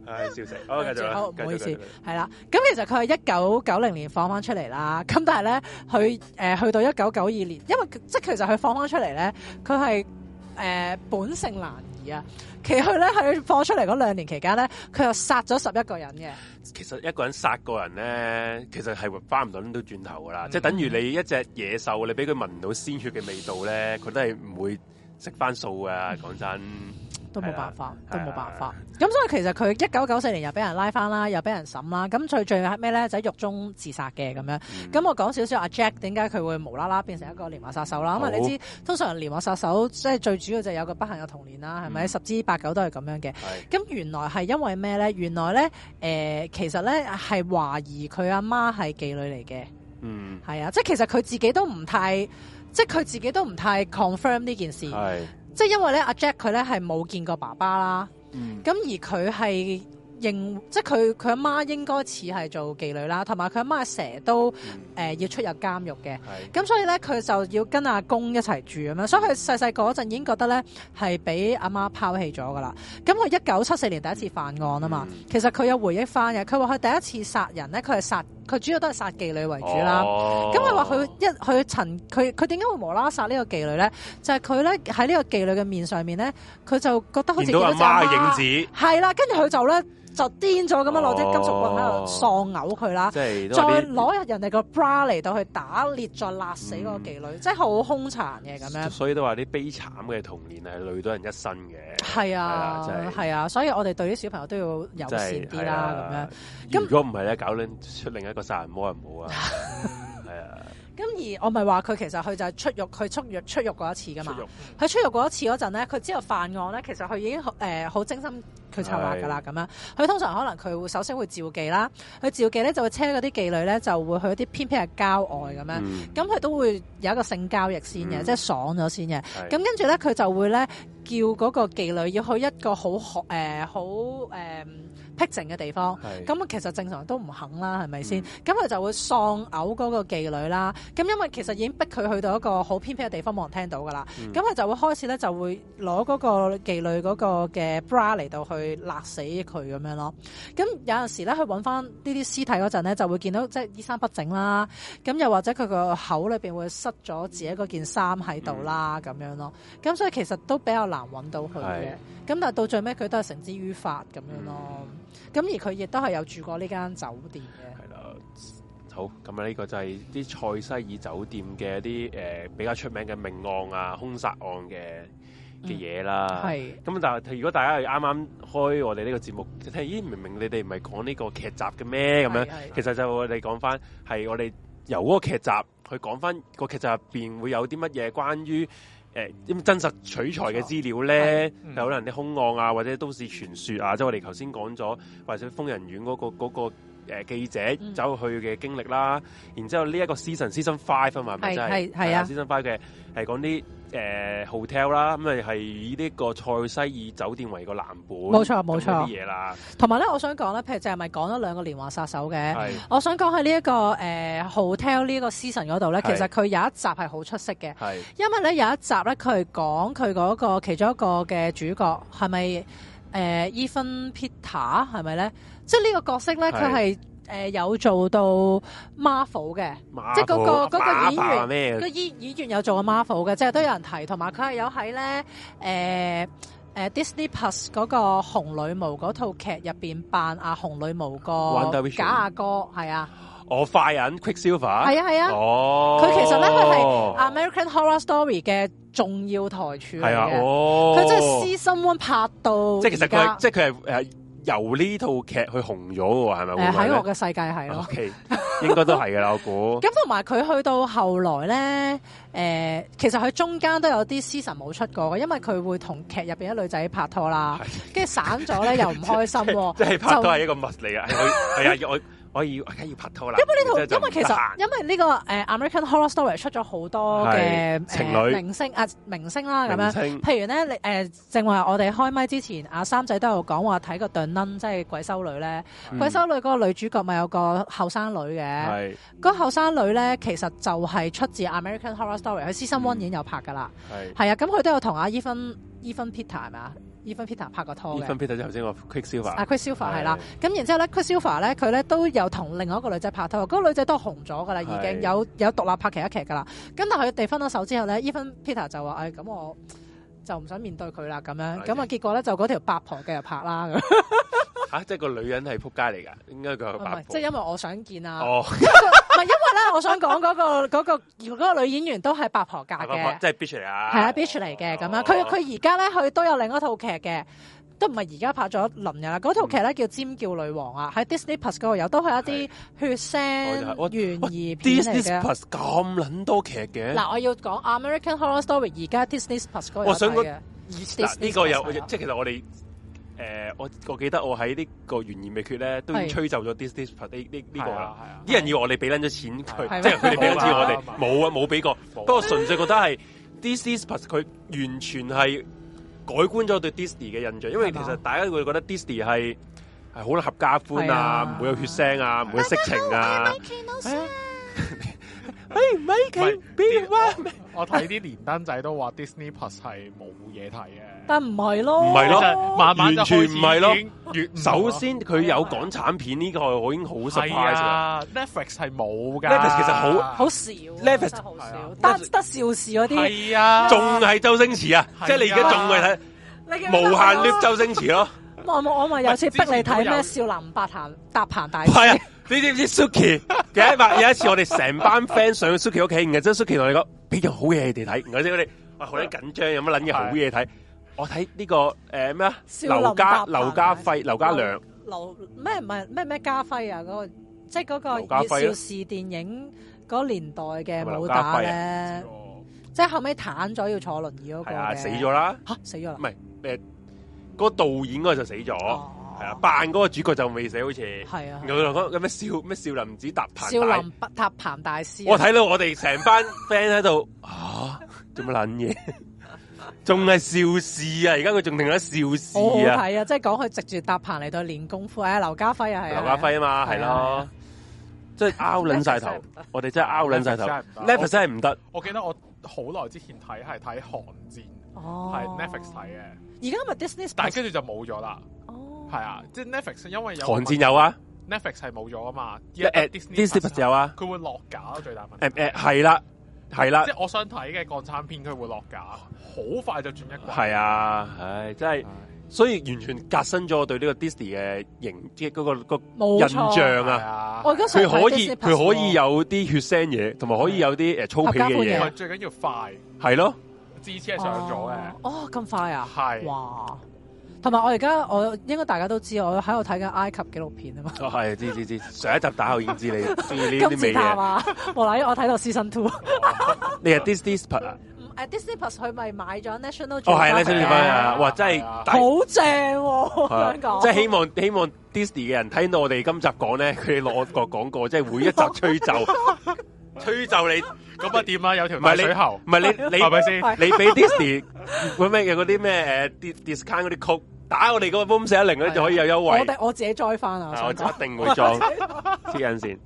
係，笑死，好繼、嗯、續，好唔、哦、好意思。係啦，咁、嗯、其實佢係一九九零年放翻出嚟啦，咁但係咧，佢誒、呃、去到一九九二年，因為即係其實佢放翻出嚟咧，佢係誒本性難移啊，其實佢咧佢放出嚟嗰兩年期間咧，佢又殺咗十一個人嘅。其實一個人殺個人咧，其實係翻唔到都轉頭㗎喇，嗯、即係等於你一隻野獸，你俾佢聞到鮮血嘅味道咧，佢都係唔會食翻素嘅，講、嗯、真。都冇辦法，啊、都冇辦法。咁、啊嗯、所以其實佢一九九四年又俾人拉翻啦，又俾人審啦。咁最最後係咩咧？就喺、是、獄中自殺嘅咁樣。咁、嗯嗯、我講少少阿、啊、Jack 點解佢會無啦啦變成一個連環殺手啦？咁啊好，因為你知通常連環殺手即係最主要就有個不幸嘅童年啦，係咪？嗯、十之八九都係咁樣嘅。咁是原來係因為咩咧？原來咧，誒、呃，其實咧係懷疑佢阿媽係妓女嚟嘅。嗯，係啊，即係其實佢自己都唔太，即係佢自己都唔太 confirm 呢件事。的即係因為咧，阿 Jack 佢咧係冇見過爸爸啦，咁、嗯、而佢係認，即係佢佢阿媽應該似係做妓女啦，同埋佢阿媽成日都誒、嗯呃、要出入監獄嘅，咁是所以咧佢就要跟阿公一齊住咁樣，所以佢細細個嗰陣已經覺得咧係俾阿媽拋棄咗噶啦。咁佢一九七四年第一次犯案啊嘛，嗯、其實佢有回憶翻嘅，佢話佢第一次殺人咧，佢係殺。佢主要都係殺妓女為主啦，哦。咁佢話佢一佢陳佢佢點解會無啦殺呢個妓女咧？就係佢咧喺呢個妓女嘅面上面咧，佢就覺得好似有個影子。係啦，跟住佢就咧就癲咗咁樣攞啲金屬棍喺度喪嘔佢啦，再攞入人哋個 bra 嚟到去打裂再勒死個妓女，即係好兇殘嘅咁樣。所以都話啲悲慘嘅童年係累到人一生嘅。係啊，係啊，啊所以我哋對啲小朋友都要友善啲啦咁樣。咁如果唔係咧，搞到出另一個。殺人魔又唔好啊，係啊。咁而我咪話佢其實佢就係出獄，佢出獄出獄過一次噶嘛。佢出獄過一次嗰陣咧，佢之後犯案咧，其實佢已經誒好、呃、精心佢策劃噶啦咁樣。佢通常可能佢會首先會召妓啦，佢召妓咧就會車嗰啲妓女咧就會去一啲偏僻嘅郊外咁樣，咁佢、嗯嗯、都會有一個性交易先嘅，嗯、即係爽咗先嘅。咁的、嗯、跟住咧佢就會咧叫嗰個妓女要去一個好好好誒。呃呃呃嗯嗯嗯僻靜嘅地方，咁是其實正常都唔肯啦，係咪先？咁佢，嗯，就會喪毆嗰個妓女啦。咁因為其實已經逼佢去到一個好偏僻嘅地方，冇人聽到噶啦。咁佢，嗯，就會開始咧，就會攞嗰個妓女嗰個嘅 bra 嚟到去勒死佢咁樣咯。咁，嗯，有陣時咧，去揾翻呢啲屍體嗰陣咧，就會見到即係衣衫不整啦。咁又或者佢個口裏邊會塞咗自己嗰件衫喺度啦，咁，嗯，樣咯。咁所以其實都比較難揾到佢嘅。咁是但係到最尾，佢都係繩之於法咁樣咯。嗯嗯咁而佢亦都係有住過呢間酒店嘅。係啦，好，咁啊呢個就係啲塞西爾酒店嘅一啲誒、呃、比較出名嘅命案啊、兇殺案嘅嘅嘢啦。係、嗯，咁但係如果大家係啱啱開我哋呢個節目，就聽咦，明明你哋唔係講呢個劇集嘅咩？咁樣，其實就我哋講翻係我哋由嗰個劇集去講翻個劇集入邊會有啲乜嘢關於。誒，啲真實取材嘅資料咧，有、哦、可能啲兇案啊，或者都市傳說啊，即係、嗯、我哋頭先講咗，或者瘋人院嗰、那個嗰、那個那個記者走去嘅經歷啦、啊，嗯、然之後呢、啊嗯、一個《Season Season Five》啊嘛，咪就係《Season Five》嘅係講啲。誒、呃、Hotel 啦，咁咪係以呢個塞西爾酒店為個藍本，冇錯冇錯啲嘢啦。同埋咧，我想講咧，譬如就係咪講咗兩個連環殺手嘅？是我想講喺呢一個誒、呃、Hotel 呢一個 season 嗰度咧，其實佢有一集係好出色嘅，是因為咧有一集咧，佢講佢嗰個其中一個嘅主角係咪 Evan Peters 係咪咧？即係、呃、呢、就是、個角色咧，佢係是。誒、呃、有做到 Marvel 嘅，Mar vel? 即係、那、嗰、個那個演員，Mar vel? 個演員、那個、演員有做過 Marvel 嘅，即係都有人提，同埋佢係有喺咧誒 Disney Plus 嗰、那個《紅女巫》嗰套劇入邊扮阿紅女巫個假阿哥，係啊，我快人、oh, Quicksilver，係啊係啊，哦、啊，佢、oh, 其實咧佢係 American Horror Story 嘅重要台柱嚟嘅，佢真係 season one 拍到即，即係其實佢即係佢係誒。呃由呢套劇佢紅咗喎，係咪？喺、嗯、嗎我嘅世界係咯，應該都係嘅，我估。咁同埋佢去到後來咧，誒、呃，其實佢中間都有啲 season 神冇出過嘅，因為佢會同劇入邊一女仔拍拖啦，跟住散咗咧又唔開心， 即係拍拖係就 一個物嚟啊，係啊， 我。哎 可以要我要拍拖啦。因為呢、這、套、個，因為其實因為呢、這個誒、呃、American Horror Story 出咗好多嘅情侶、呃、明星啊明星啦咁樣。譬如咧誒、呃，正話我哋開麥之前，阿三仔都有講話睇個 The Nun，即係鬼修女咧。鬼修女嗰個女主角咪有個後生女嘅。係是。嗰後生女咧，其實就係出自 American Horror Story，喺、嗯《屍心瘟》演有拍噶啦。係是。啊是，咁佢都有同阿 Even 伊芬伊芬 Peter 係咪啊？Evan Peters 拍過拖嘅。Evan Peters 就頭先我 Quicksilver、ah, Quicksilver 的。啊，Quicksilver 係啦，咁然之後咧 Quicksilver 咧，佢咧都有同另外一個女仔拍拖，嗰、那個女仔都紅咗㗎啦，的已經有有獨立拍其一劇㗎啦。咁但係佢哋分咗手之後咧，Evan Peters 就話：，誒、哎，咁我。就唔想面對佢啦，咁樣咁啊！明白 結果咧就嗰條八婆繼續拍啦，咁、啊、即係個女人係仆街嚟㗎，應該佢係八婆，啊、即係因為我想見啊，唔係、哦、 因為咧，我想講嗰、嗰個嗰、嗰個嗰個嗰個、女演員都係八婆嫁嘅、啊，即係 Bitch 嚟啊，係對啊 Bitch 嚟嘅咁樣，佢佢而家咧佢都有另一套劇嘅。都唔係而家拍咗林嘅啦，嗰套劇咧叫《尖叫女王》啊，喺 Disney Plus 嗰個有，都係一啲血腥懸疑片嚟嘅。Disney Plus 咁撚多劇嘅？嗱，我要講《American Horror Story》，而家 Disney Plus 嗰個有啊。我想講呢個有，即係其實我哋誒，我記得我喺呢個懸疑未決咧，都吹奏咗 Disney Plus 呢呢呢個啦。啲人以為我哋俾撚咗錢佢，即係佢哋俾撚錢我哋冇啊，冇俾過。不過純粹覺得係 Disney Plus，佢完全係，改觀咗對 Disney 嘅印象，因為其實大家會覺得 Disney 係係好合家歡啊，唔、啊、會有血腥啊，唔、啊、會有色情啊。誒，Make b One。我睇啲連登仔都話 Disney Plus 係冇嘢睇嘅，但唔係咯，完全唔係咯，慢慢就開始。首先佢有港產片呢個我已經好熟悉。Netflix 係冇噶，Netflix 其實好好少，Netflix 好少，得得邵氏嗰啲。係啊，仲係周星馳啊，即係你而家仲係睇無限 lift 周星馳咯。我我咪有次逼你睇咩《少林八藤搭棚大師》？係 啊，你知唔知 Suki？有一有一次我，我哋成班 friend 上咗 Suki 屋企，然後真 Suki 同你講：俾件好嘢你哋睇。然後先我哋喂好緊張，有乜撚嘢好嘢睇？對我睇呢、呢個誒咩啊？欸、少劉家劉家輝、劉家良。劉咩唔係咩咩家輝啊？嗰、那個即係嗰個、啊、邵氏電影嗰年代嘅武打誒，即係、啊、後尾攤咗要坐輪椅嗰個、啊。死咗啦！嚇、啊、死咗啦！唔係咩？個導演嗰個就死咗，係啊，扮嗰個主角就未死，好似係啊。又又講咩少咩少林寺搭棚少林不搭棚大師。我睇到我哋成班 friend 喺度，啊，做乜撚嘢？仲係邵氏啊！而家佢仲定咗邵氏啊！好啊！即係講佢直住搭棚嚟到練功夫，啊。劉家輝啊，係劉家輝啊嘛，係咯，即係拗捻晒頭，我哋真係拗捻晒頭。Netflix 係唔得。我記得我好耐之前睇係睇《寒戰》，係 Netflix 睇嘅。而家咪 Disney，但係跟住就冇咗啦。哦，係啊，即係 Netflix，因為有。寒戰有啊，Netflix 係冇咗啊嘛。誒誒，Disney 有啊，佢會落架最大問題。誒誒，係啦，係啦。即係我想睇嘅港產片，佢會落架，好快就轉一個。係啊，唉，真係，所以完全革新咗我對呢個 Disney 嘅形即嗰個個印象啊。我而家佢可以，佢可以有啲血腥嘢，同埋可以有啲誒粗鄙嘅嘢。最緊要快。係咯。支持上咗嘅？哦，咁快啊！係哇，同埋我而家我應該大家都知，我喺度睇緊埃及紀錄片啊嘛。係，知知知，上一集打後言知你中意呢啲咩嘢？咁前頭啊，無啦啦，我睇到《獅身 two》你係 Disney Plus？誒，Disney Plus 佢咪買咗 National？哦，係啦，先生翻啊！哇，真係好正喎！香即係希望希望 Disney 嘅人聽到我哋今集講咧，佢攞個廣告，即係每一集吹奏。推就你咁不掂啊！有條賣水喉，唔係你你係咪先？你俾 Disney 搵咩嘅嗰啲咩誒 discount 嗰啲曲打我哋個 Room 四一零咧就可以有優惠。我哋，我自己栽翻啊！我一定會栽黐緊線。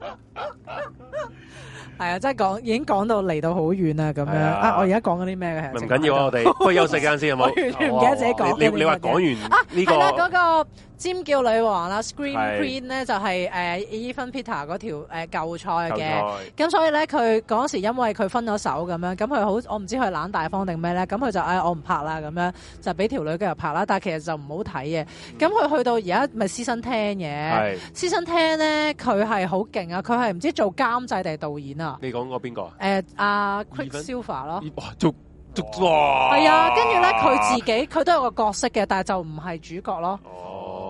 係啊，真係講已經講到嚟到好遠啦，咁樣啊！我而家講緊啲咩嘅？唔緊要，啊。我哋不休息間先，好完全唔記得自己講。你話講完啊？呢個嗰個。尖叫女王啦，Scream Queen 咧就係 Evan Peters 嗰條誒舊菜嘅，咁所以咧佢嗰時因為佢分咗手咁樣，咁佢好我唔知佢懶大方定咩咧，咁佢就誒我唔拍啦咁樣，就俾條女跟住拍啦，但係其實就唔好睇嘅。咁佢去到而家咪 Season 10嘅，Season 10咧佢係好勁啊，佢係唔知做監製定係導演啊？你講過邊個？誒阿 Chris Silva 咯，哇，足足係啊，跟住咧佢自己佢都有個角色嘅，但係就唔係主角咯。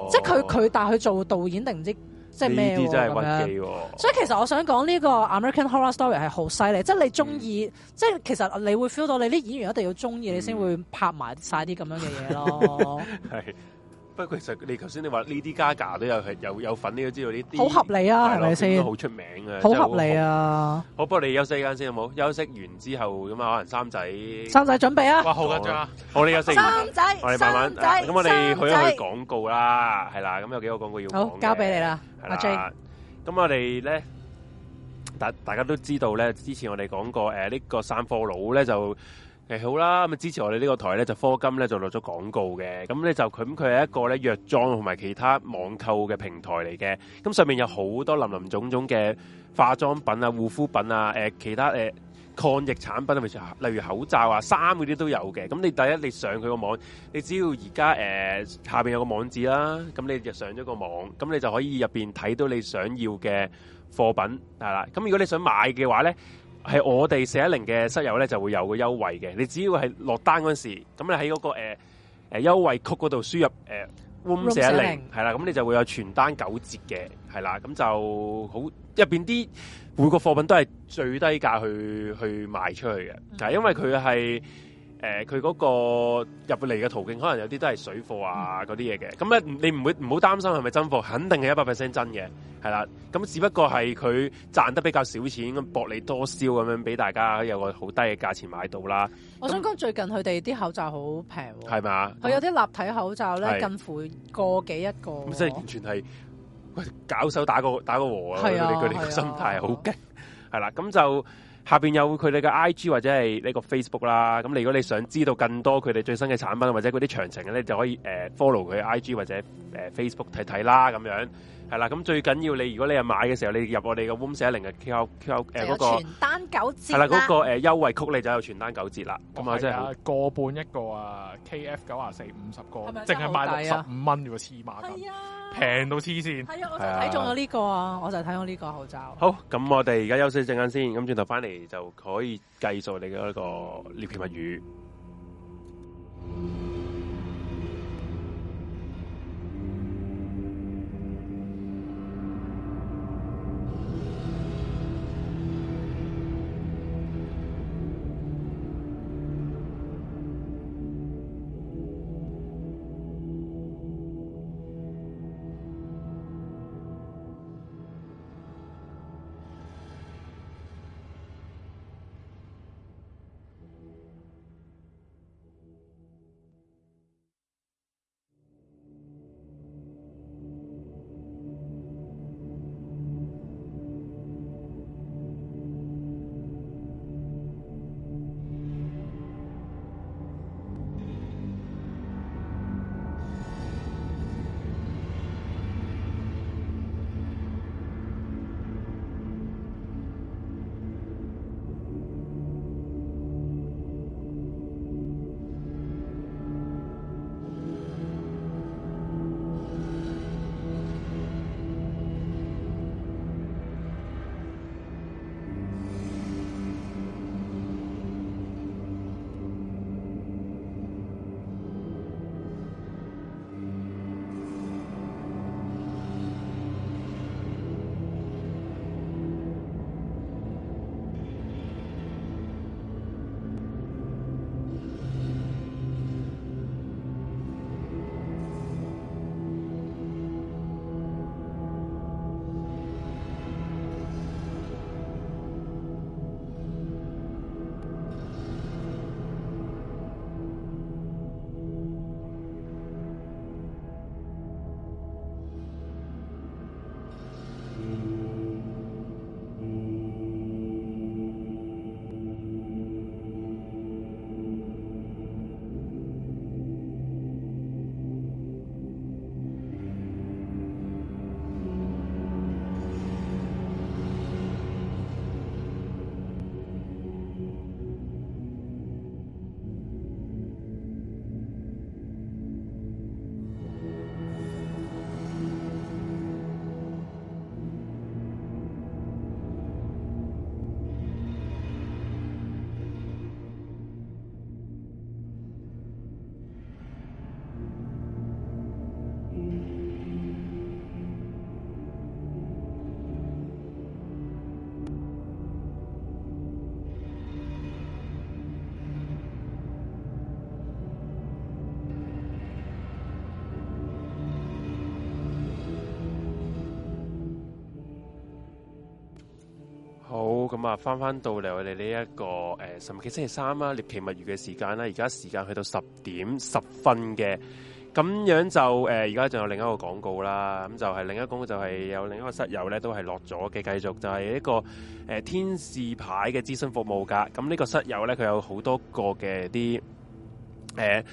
即係佢，佢但係佢做導演定，唔知即係咩喎？咁、哦、所以其實我想講呢個《American Horror Story》係好犀利，即係你中意，嗯、即係其實你會 feel 到你啲演員一定要中意、嗯、你先會拍埋晒啲咁樣嘅嘢咯。 係。不過其實你頭先你話 Lady Gaga 都有係有有份，你都知道呢啲好合理啊，係咪先？好出名啊！好合理啊！好，不過你休息一間先，有好冇好休息完之後咁啊？可能三仔三仔準備啊！哇，好緊張、啊！好，你休息。三仔，我哋慢慢。咁仔、啊、我哋仔去一去廣告啦，係啦。咁有幾個廣告要交俾你啦，阿 J。咁我哋咧，大大家都知道咧，之前我哋講過誒，呢、呃呢個三貨佬咧就。誒好啦，咁、嗯、啊支持我哋呢個台咧，就課金咧就落咗廣告嘅，咁咧就佢咁佢係一個咧藥妝同埋其他網購嘅平台嚟嘅，咁上面有好多林林總總嘅化妝品啊、護膚品啊、誒、呃、其他誒、呃、抗疫產品啊，例如例如口罩啊、衫嗰啲都有嘅。咁你第一你上佢個網，你只要而家誒下邊有個網址啦，咁你就上咗個網，咁你就可以入邊睇到你想要嘅貨品係啦。咁如果你想買嘅話咧。係我哋四一零嘅室友咧，就會有個優惠嘅。你只要係落單嗰時，咁你喺嗰、嗰個誒誒優惠曲嗰度輸入誒四一零，係啦，咁你就會有全單九折嘅，係啦，咁就好入邊啲每個貨品都係最低價去去賣出去嘅，就係、mm hmm. 因為佢係。誒，佢嗰、呃、個入嚟嘅途徑，可能有啲都係水貨啊，嗰啲嘢嘅。咁、嗯、咧，嗯、你唔會唔好擔心係咪真貨？肯定係一百 percent 真嘅，係啦。咁、嗯、只不過係佢賺得比較少錢，咁薄利多銷咁樣，俾大家有個好低嘅價錢買到啦。我想講、嗯、最近佢哋啲口罩好平，係嘛吧？佢有啲立體口罩咧，的近乎個幾一個。咁真係完全係喂，搞手打個打個和啊！佢哋佢哋個心態好勁，係啦，咁就。下邊有佢哋嘅 I G 或者係呢個 Facebook 啦，咁、嗯、你如果你想知道更多佢哋最新嘅產品或者嗰啲詳情嘅咧，你就可以誒、呃、follow 佢 I G 或者誒、呃、Facebook 睇睇啦，咁樣係啦。咁、嗯、最緊要你如果你係買嘅時候，你入我哋嘅 w o m s t e 零嘅 Q Q 誒嗰個全單九折係啦，嗰、嗯那個誒優惠曲你就有全單九折啦。咁啊真係個、哦、半一個啊 K F 九廿四五十個，淨係賣到十五蚊，如果黐孖筋。 平到黐線，係啊！我就睇中咗呢、呢個，Yeah. 我就睇中呢個口罩。好，咁我哋而家休息一陣間先，咁轉頭翻嚟就可以繼續你嘅一個獵奇物語。咁啊，翻翻到嚟我哋呢一個誒，神秘、呃、星期三啦、啊，獵奇物語嘅時間啦、啊，而家時間去到十點十分嘅，咁樣就誒，而家仲有另一個廣告啦，咁就係另一個公就係有另一個室友咧，都係落咗嘅，繼續就係、是、一個誒、呃、天使牌嘅諮詢服務噶，咁呢個室友咧，佢有好多個嘅啲誒。呃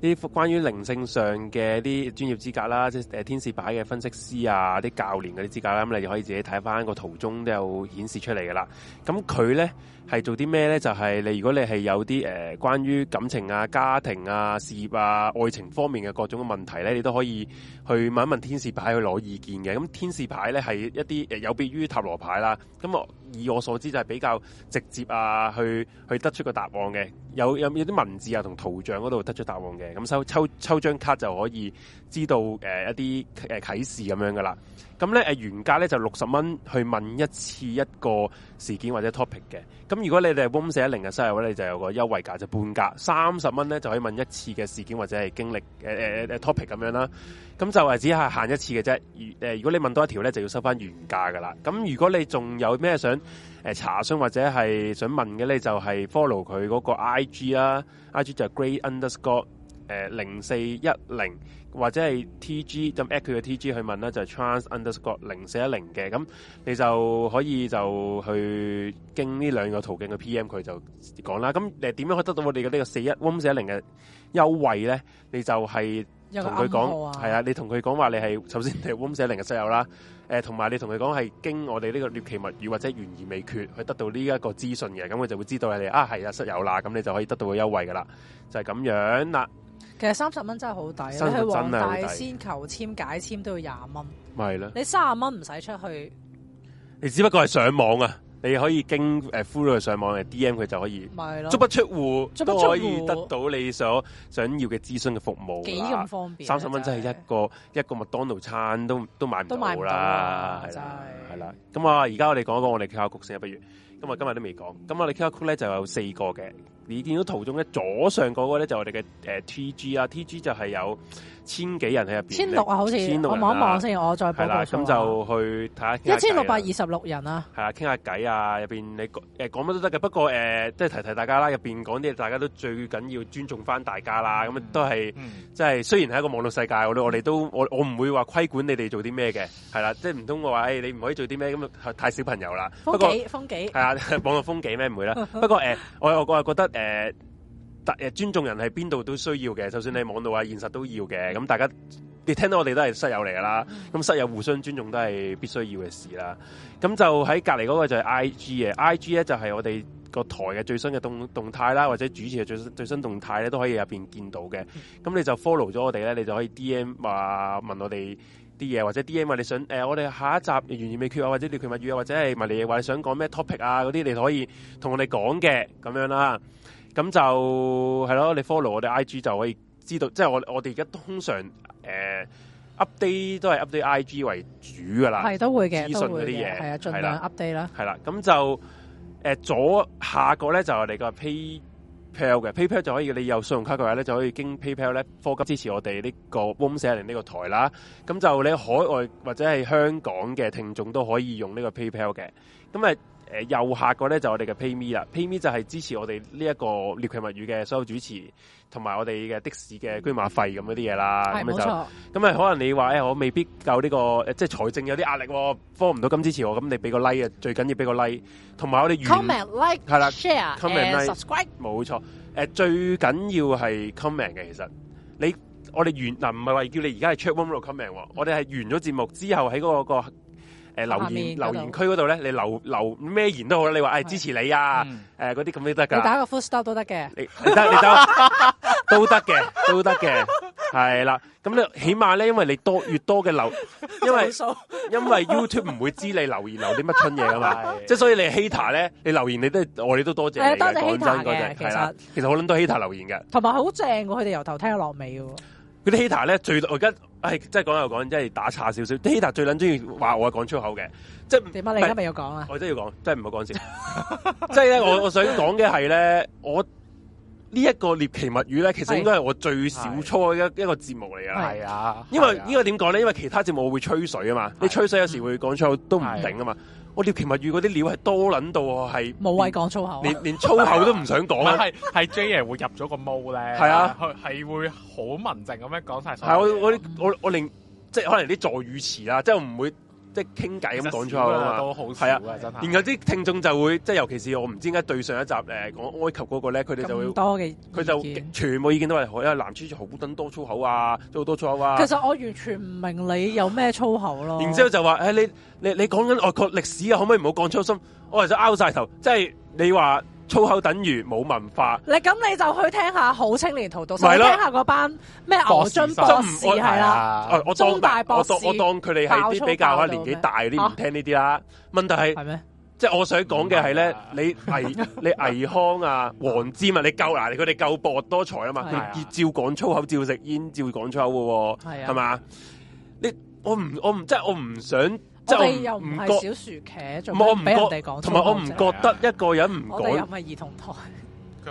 啲關於靈性上嘅啲專業資格啦，即係天使牌嘅分析師啊，啲教練嗰啲資格啦，咁你就可以自己睇返個圖中都有顯示出嚟㗎喇。咁佢呢。係做啲咩呢？就係、是、你，如果你係有啲誒、呃、關於感情啊、家庭啊、事業啊、愛情方面嘅各種嘅問題呢，你都可以去問一問天使牌去攞意見嘅。咁天使牌呢，係一啲誒有別於塔羅牌啦。咁我以我所知就係比較直接啊，去去得出個答案嘅。有有有啲文字啊同圖像嗰度得出答案嘅。咁抽抽抽張卡就可以。知道誒、呃、一啲誒、呃、啟示咁樣噶啦，咁咧誒原價咧就六十蚊去問一次一個事件或者 topic 嘅，咁、嗯、如果你哋係 warm 寫零嘅收入咧，你就有個優惠價就半價，三十蚊咧就可以問一次嘅事件或者係經歷誒誒誒 topic 咁樣啦。咁、嗯、就係只係限一次嘅啫，誒、呃、如果你問多一條咧就要收翻原價噶啦。咁、嗯、如果你仲有咩想誒、呃、查詢或者係想問嘅咧，就係 follow 佢嗰個 IG 啦、啊。i g 就係 great underscore 誒零四一零。或者係 T.G. 就 at 佢嘅 T.G. 去問啦，就係、是、trans underscore 零四一零嘅咁，你就可以就去經呢兩個途徑嘅 P.M. 佢就講啦。咁你點樣可以得到我哋嘅呢個四一 one 四一零嘅優惠咧？你就係同佢講，係啊，啊，你同佢講話你係首先你係 one 四一零嘅室友啦。誒、呃，同埋你同佢講係經我哋呢個獵奇物語或者懸疑未決去得到呢一個資訊嘅，咁佢就會知道你啊係啊室友啦。咁你就可以得到個優惠噶啦，就係、是、咁樣啦。其實三十蚊真係好抵，你去黃大仙求簽解簽都要廿蚊，係啦。你三十蚊唔使出去，你只不過係上網啊，你可以經誒呼去上網，嘅 D M 佢就可以，係咯，足不出戶都可以得到你所想要嘅諮詢嘅服務，幾咁方便。三十蚊真係一個一個麥當勞餐都都買唔到啦，係啦，係啦，咁啊，而家我哋講一講我哋 Kaka Club 先不如，今日今日都未講，咁我哋 Kaka Club 咧就有四個嘅。你見到圖中咧，左上嗰個咧就係、我哋嘅誒、呃、TG 啊，TG 就係有千幾人喺入邊？千六啊，好似。千六、啊、我望一望先，我再補補數咁就去睇、啊、下。一千六百二十六人啦。係啊，傾下偈啊，入邊你誒、呃、講乜都得嘅。不過誒、呃，即係提提大家啦，入邊講啲大家都最緊要尊重翻大家啦。咁都係，即係、嗯、雖然係一個網絡世界，我我哋都我我唔會話規管你哋做啲咩嘅。係啦，即係唔通我話誒、欸，你唔可以做啲咩咁啊？太小朋友啦。風紀，不過風紀。係啊是的， 網絡風紀咩唔會啦。 不過誒、呃，我我我係覺得誒。呃誒，尊重人喺邊度都需要嘅，就算你網度啊、現實都要嘅。咁大家你聽到我哋都係室友嚟噶啦，咁室友互相尊重都係必須要嘅事啦。咁、嗯、就喺隔籬嗰個就係 I G 嘅，I G 咧就係我哋個台嘅最新嘅動動態啦，或者主持嘅最新最新動態咧都可以入邊見到嘅。咁、嗯、你就 follow 咗我哋咧，你就可以 D M 話、啊、問我哋啲嘢，或者 D M 話你想誒、呃，我哋下一集完未？缺啊，或者你缺乜嘢，或者係咪嚟，或者問你話你想講咩 topic 啊嗰啲，你可以同我哋講嘅咁樣啦。咁就係囉，你 follow 我哋 IG 就可以知道，即係我我哋而家通常誒 update、呃、都係 update IG 為主噶啦，係都會嘅，資訊嗰啲嘢係啊，了盡量 update 啦。係啦，咁就誒、呃、左下角咧就係、是、我哋個 PayPal 嘅 PayPal 就可以你有信用卡嘅話咧就可以經 PayPal 咧，課金支持我哋呢個 Room 410呢個台啦。咁就你海外或者係香港嘅聽眾都可以用呢個 PayPal 嘅。咁誒。誒右下角咧就係、我哋嘅 PayMe 啦，PayMe 就係支持我哋呢一個獵奇物語嘅所有主持，同埋我哋嘅的，的士嘅車馬費咁嗰啲嘢啦。咁咪、嗯、就，咁啊沒錯、嗯，可能你話誒、哎，我未必有呢、呢個即係財政有啲壓力、哦，課唔到金支持我，咁、哦、你俾個 like 啊，最緊要俾個 like，同埋我哋 comment like 係啦，share comment like 冇錯。誒、呃、最緊要係 comment 嘅其實，你我哋完嗱唔係話叫你而家係 check one 六 comment 喎， 我哋係完咗節目之後喺嗰個個。誒，留言留言區嗰度咧，你留留咩言都好啦，你話誒支持你啊，誒嗰啲咁都得噶。你打個 footstop 都得嘅。你得你得，都得嘅，都得嘅，係啦。咁你起碼咧，因為你多越多嘅留，因為因為 YouTube 唔會知你留言留啲乜春嘢啊嘛。即係所以你 hater 咧，你留言你都我哋都多謝。多謝 hater 其實其實我諗都 hater 留言嘅。同埋好正噶，佢哋由頭聽落尾噶。嗰啲 hater 咧，最我而家。係、哎，即係講又講，即係打岔少少。希達最捻中意話我係講粗口嘅，即係點啊？不你而家咪要講啊？我真係要講，真係唔好講笑。 即係咧，我 我想講嘅係咧，我呢一、這個獵奇物語咧，其實應該係我最少粗嘅一一個節目嚟噶。係啊，因為、啊、個呢個點講咧？因為其他節目我會吹水啊嘛，啊你吹水有時會講粗口，都唔定啊嘛。我哋獵奇物語嗰啲料係多撚到喎，係冇謂講粗口，連連粗口都唔想講啦、啊。 係係 J 人會入咗個毛咧，係啊， 係會好文靜咁樣講晒。係我我我我令即係可能啲助語詞啦，即我唔會。即係傾偈咁講粗口都好，係啊，然後啲聽眾就會即係尤其是我唔知點解對上一集誒講埃及嗰個咧，佢哋就會多嘅意見，佢就全部意見都係好啊，男主持好等多粗口啊，都多粗口啊。其實我完全唔明你有咩粗口咯。 然之後就話誒、哎、你你你講緊外國歷史啊，可唔可以唔好講粗心？我係想拗晒頭，即係你話。粗口等於冇文化，你咁你就去聽下好青年荼毒，聽下嗰班咩牛津博士係啦，中大博士，我當佢哋係啲比較年紀大啲，唔聽呢啲啦。問題係，即係我想講嘅係咧，你倪你倪匡啊、黃霑啊，你夠嗱佢哋夠博多才啊嘛，佢照講粗口，照食煙，照講粗口嘅喎，係嘛？你我唔我唔即係我唔想。就我哋又唔係小薯茄，仲俾人哋講同埋我唔覺,、啊、覺得一個人唔。我哋又唔係兒童台。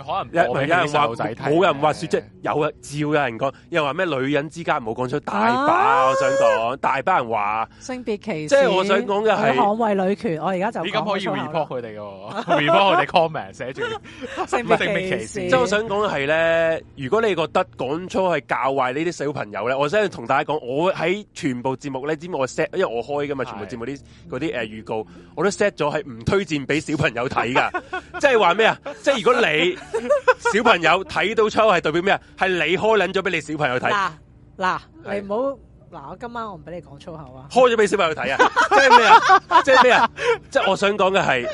可能有人話冇人話說啫，有啊，照有人講，又話咩女人之間唔好講出大把，我想講大把人話性別歧視，即係我想講嘅係捍衛女權。我而家就依家可以 report 佢哋嘅 report 我哋 comment 寫住性別歧視。即係我想講係咧，如果你覺得講出去教壞呢啲小朋友咧，我想要同大家講，我喺全部節目咧，知我 set，因為我開噶嘛，全部節目啲嗰啲誒預告，我都 set 咗係唔推薦俾小朋友睇噶。即係話咩啊？即係如果你小朋友睇到粗口係代表咩啊？係你開捻咗俾你小朋友睇，嗱，你唔好嗱，我今晚我唔俾你講粗口啊！開咗俾小朋友睇啊？即係咩啊？即係咩啊？即係我想講嘅係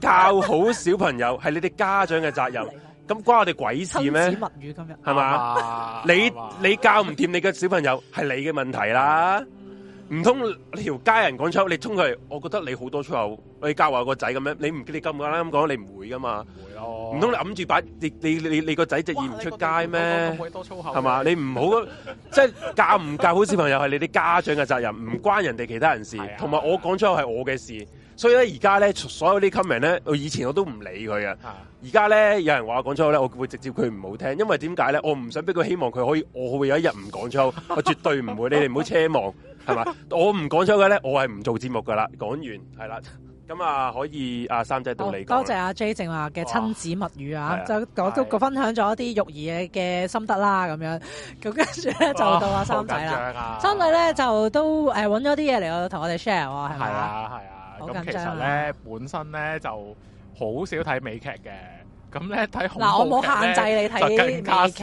教好小朋友係你哋家長嘅責任，咁關我哋鬼事咩？親子物語今日係嘛？你，你教唔掂你嘅小朋友係你嘅問題啦。唔通條街人講粗口，你沖佢？我覺得你好多粗口。你教壞個仔咁樣，你唔你咁啱啱講，你唔會㗎嘛？唔通你揞住把你你你你個仔，直唔出街咩？係嘛？你唔好 即係教唔教好小朋友，係你啲家長嘅責任，唔 關人哋其他人士。同埋我講粗口係我嘅事，所以咧而家咧，所有啲 comment 咧，以前我都唔理佢嘅。而家咧有人話我講粗口咧，我會直接佢唔好聽，因為點解咧？我唔想俾佢希望佢可以，我會有一日唔講粗口， 我絕對唔會。你哋唔好奢望，係嘛？ 我唔講粗口咧，我係唔做節目噶啦。講完係啦。 咁啊、嗯，可以阿三仔到你，多、哦、謝阿 J 正話嘅親子物語哇啊，啊就講都、啊、分享咗啲育兒嘅心得啦，咁樣咁跟住咧就到阿三仔啦。三仔咧就都誒揾咗啲嘢嚟我同我哋 share 啊，係啊係啊，好緊張啊。其實咧本身咧就好少睇美劇嘅。咁咧睇，嗱我冇限制你睇啲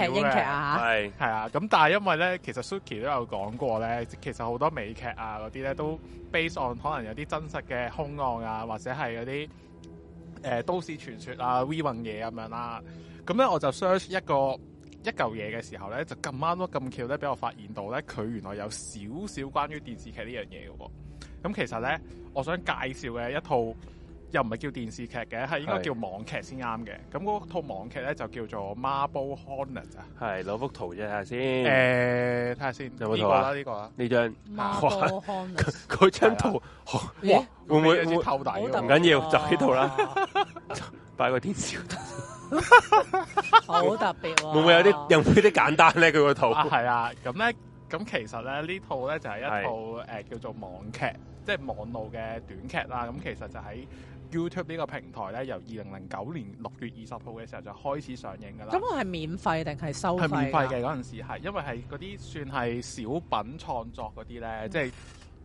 美劇、英劇啊嚇，係是啊咁，但係因為咧，其實 Suki 都有講過咧，其實好多美劇啊嗰啲咧都 based on 可能有啲真實嘅兇案啊，或者係嗰啲誒都市傳說啊、we run 嘢咁樣啦、啊。咁咧我就 search 一個一嚿嘢嘅時候咧，就咁啱都咁巧咧，俾我發現到咧，佢原來有少少關於電視劇呢樣嘢嘅喎。咁其實咧，我想介紹嘅一套。又唔係叫電視劇嘅，係應該叫網劇先啱嘅。咁嗰套網劇咧就叫做《Marble Hornets》啊。係攞幅圖睇下先。誒，睇下先有冇圖啊？呢個啊，呢張《Marble Hornets》嗰張圖，哇！會唔會？一啲透底，唔緊要，就呢套啦。拜個天少得，好特別喎。會唔會有啲有冇啲簡單咧？佢個圖係啊。咁咧，咁其實咧呢套咧就係一套誒叫做網劇，即係網路嘅短劇啦。咁其實就喺 YouTube 呢個平台咧，由二零零九年六月二十號嘅時候就開始上映噶啦。咁佢係免費定係收費？係免費嘅嗰陣時係，因為係嗰啲算係小品創作嗰啲咧，嗯、即係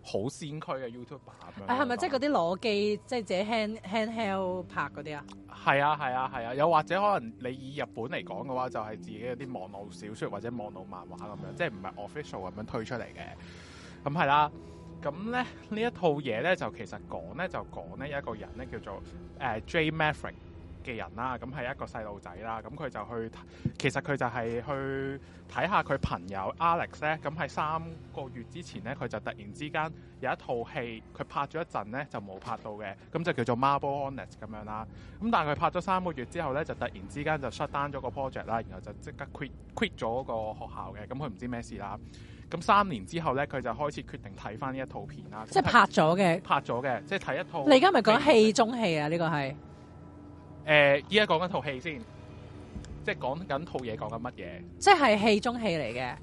好先驅嘅 YouTuber 咁樣、係咪、啊、即係嗰啲裸機，即係自己 hand hand held 拍嗰啲啊？係啊，係啊，係啊！又或者可能你以日本嚟講嘅話，就係、係、自己有啲網路小說或者網路漫畫咁樣，嗯、即係唔係 official 咁樣推出嚟嘅。咁係啦。咁咧呢一套嘢咧就其實講咧就講咧一個人咧叫做誒、uh, Jay Mather 嘅人啦，咁係一個細路仔啦，咁、嗯、佢就去其實佢就係去睇下佢朋友 Alex 咧、嗯，咁喺三個月之前咧佢就突然之間有一套戲佢拍咗一陣咧就冇拍到嘅，咁就叫做 Marble Honest 咁樣啦，咁、嗯、但係佢拍咗三個月之後咧就突然之間就 shut down 咗個 project 啦，然後就即刻 quick, quit quit 咗個學校嘅，咁佢唔知咩事啦。咁三年之後咧，佢就開始決定睇翻呢一套片啦。即係拍咗嘅，拍咗嘅，即係睇一套。你而家咪講戲中戲啊？呢個係誒依家講緊套戲先，即係講緊套嘢講緊乜嘢？即係戲中戲嚟嘅。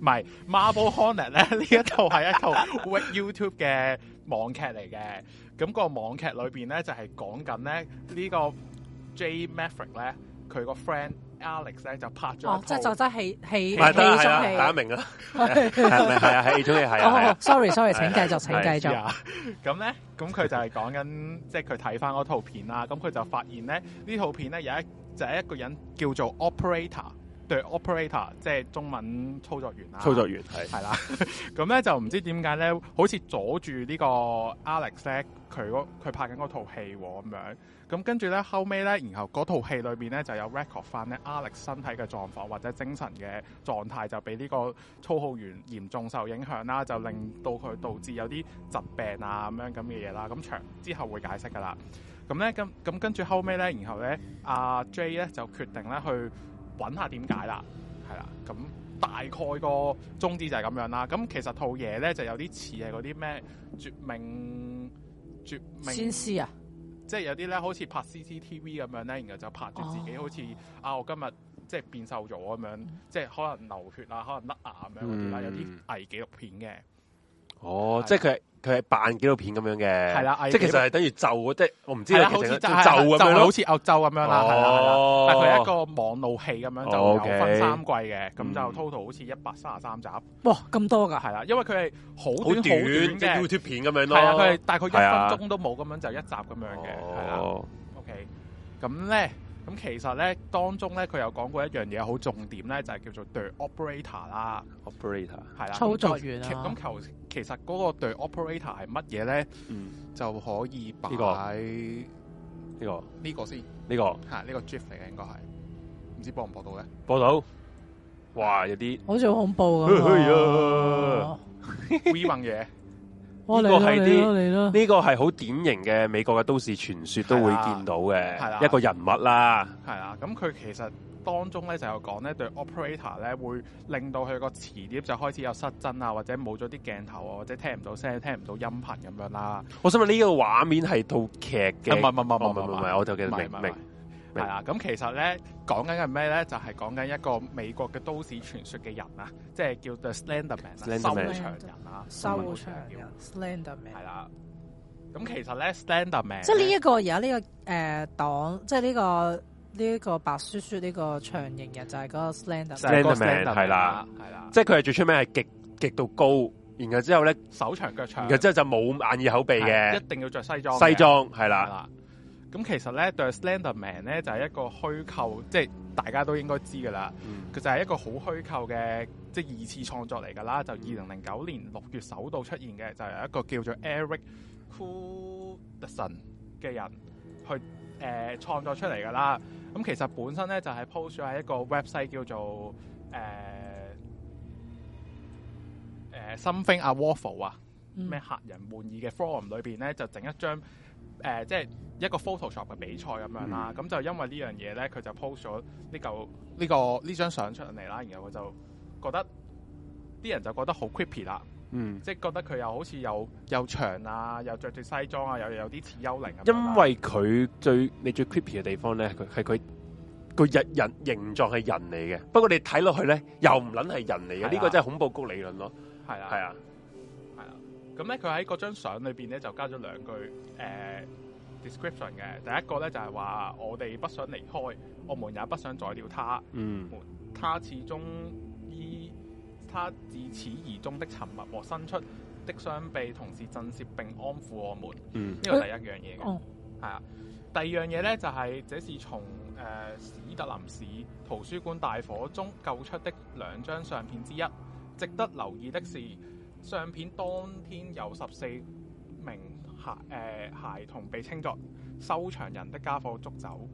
唔係《Marble Hornets》咧，呢 一套係一套 We YouTube 嘅網劇嚟嘅。咁個網劇裏邊咧就係講緊咧呢個 Jay Merrick 咧佢個 friend。Alex 咧就拍咗哦，即係就即係戲戲戲第一名啊，係係啊，戲中嘅係。啊 sorry sorry，請繼續，請繼續。咁咧，咁佢就係講緊，即係佢睇翻嗰套片啦。咁佢就發現咧，呢套片咧有一就係一個人叫做 operator，對 operator，即係中文操作員啊。操作員係係啦，咁咧就唔知點解咧，好似阻住呢個 Alex 咧，佢佢拍緊嗰套戲咁樣。咁跟住咧，後尾咧，然後套戲裏邊咧，就有 record 翻咧 Alex 身體嘅狀況或者精神嘅狀態就俾呢個操控員嚴重受影響啦，就令到佢導致有啲疾病啊咁樣咁嘅嘢啦。咁長之後會解釋噶啦。咁咧，咁咁跟住後尾咧，然後咧，阿 Jay 咧就決定咧去揾下點解啦，係啦。咁大概個宗旨就係咁樣啦。咁其實套嘢咧就有啲似係啲咩絕命絕命先師啊。即係有啲咧，好似拍 CCTV 咁樣咧，然後就拍住自己，oh. 好似啊，我今日即係變瘦咗咁樣，即係可能流血啊，可能甩牙咁樣嗰啲，mm. 有啲偽紀錄片嘅。哦、oh, 的，即係佢。佢係扮紀錄片咁樣嘅，係啦，即係其實係等於就，即係我唔知啊，好似就好似歐洲咁樣啦，係啦，但係佢一個網路戲咁樣，就有分三季嘅，咁就 total 好似一百三十三集，哇，咁多噶，係啦，因為佢係好短，即係 YouTube 片咁樣咯，係啦，佢係大概一分鐘都冇，咁樣就一集咁樣嘅，係啦，OK，咁咧。咁、嗯、其實咧，當中咧，佢有講過一樣嘢好重點咧，就係、係、叫做對 operator 啦，operator 係啦，operator, 的操作員啊。咁求其實嗰個對 operator 係乜嘢咧？嗯，就可以擺呢、呢個呢個先呢、呢個嚇呢、啊呢個 GIF 嚟嘅應該係，唔知播唔播到嘅，播到哇，有啲好似好恐怖嘅、啊，威猛嘢。呢個係啲呢個係好典型嘅美國嘅都市傳說都會見到嘅一個人物啦。係啦，咁佢其實當中咧就有講呢對 operator 咧會令到佢個磁碟就開始有失真啊，或者冇咗啲鏡頭啊，或者聽唔到聲，聽唔到音頻咁樣啦。我想問呢個畫面係套劇嘅？唔係唔係唔唔唔係，我就記得明明。係啦，咁其實咧講緊係咩咧？就係講緊一個美國嘅都市傳說嘅人啊，即係叫做 Slenderman 修長人啊，修長人 Slenderman 係啦。咁其實咧 Slenderman 即係呢一個而家呢個誒黨，即係呢個呢個白叔叔呢個長形嘅就係嗰個 Slenderman 係啦，係啦。即係佢係最出名係極極度高，然後之後咧手長腳長，然後之後就冇眼耳口鼻嘅，一定要着西裝，西裝係啦。咁其實咧，對 Sl《Slender Man》咧就係、是、一個虛構，即係大家都應該知噶啦。佢、嗯、就係一個好虛構嘅即係二次創作嚟噶啦。就二零零九年六月首度出現嘅，就有一個叫做 Eric Knudsen 嘅人去誒、呃、創作出嚟噶啦。咁、嗯、其實本身咧就係、是、post 咗喺一個 website 叫做 s o m 誒誒 Something Awful 啊，咩、嗯、客人滿意嘅 forum 裏邊咧就整一張。誒、呃，即係一個 Photoshop 嘅比賽咁樣啦，咁、嗯、就因為呢樣嘢咧，佢就 post 咗呢嚿呢個呢張相出嚟啦，然後我就覺得啲人就覺得好 creepy 啦，嗯，即係覺得佢又好似又又長啊，又着住西裝啊，又有啲似幽靈咁。因為佢最你最 creepy 嘅地方咧，佢係佢個人形狀人形狀係人嚟嘅，不過你睇落去咧又唔捻係人嚟嘅，呢、啊、個真係恐怖谷理論咯，係啊，係啊。咁咧，佢喺嗰張相裏邊咧，就加咗兩句誒、呃、description 嘅。第一個咧就係、是、話我哋不想離開，我們也不想宰掉他。嗯，他始終以他自始而終的沉默和伸出的雙臂，同時震懾並安撫我們。嗯，呢個第一樣嘢嘅，係、哦、啊。第二樣嘢咧就係、是，這是從誒、呃、史特林市圖書館大火中救出的兩張相片之一。值得留意的是。相片當天有十四名孩誒孩童被稱作收場人的家伙捉走，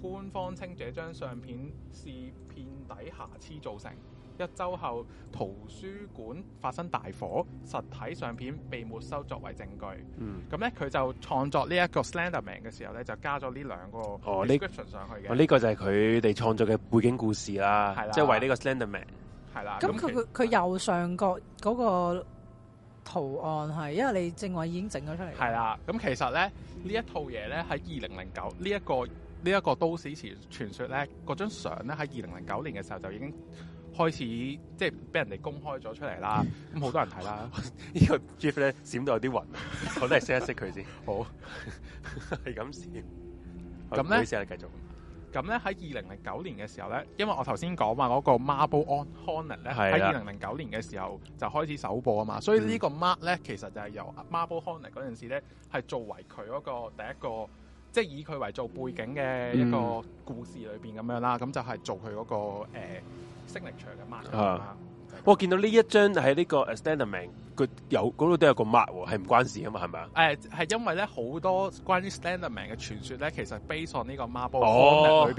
官方稱這張相片是片底瑕疵造成。一周後圖書館發生大火，實體相片被沒收作為證據。咁咧，佢就創作呢一個 Slenderman 嘅時候咧，就加咗呢兩個 description 上去嘅、哦。哦，呢、呢個就係佢哋創作嘅背景故事啦，即係係啦為呢個 Slenderman。係啦，咁佢佢右上角嗰個圖案係，因為你正話已經整咗出嚟。係啦、嗯，咁其實咧呢一套嘢咧喺二零零九呢 9, 一,一個呢一,一個都市傳說咧，嗰張相咧喺二零零九年嘅時候就已經開始即係俾人哋公開咗出嚟啦。咁好 多人睇啦， 個 G 呢個 GIF 咧，閃到有啲暈，我都係熄一熄佢先。好，係咁閃。咁咧，李 Sir 你繼續。咁咧喺二零零九年嘅時候咧，因為我頭先講話嗰個 Marble Hornets 咧，喺二零零九年嘅時候就開始首播啊嘛，嗯、所以呢個 Mark 咧其實就係由 Marble Hornets 嗰陣時咧係作為佢嗰個第一個，即係以佢為做背景嘅一個故事裏邊咁樣啦，咁、嗯、就係做佢嗰、那個誒 signature 嘅 Mark 啊、嗯。嗯。我見、哦、到呢一張喺呢個 Slender Man 佢有嗰度都有個 mark，係唔關事噶嘛，係咪？誒、欸，係因為咧好多關於 Slender Man 嘅傳說咧，其實 based on 呢個 Marble Hornets 裏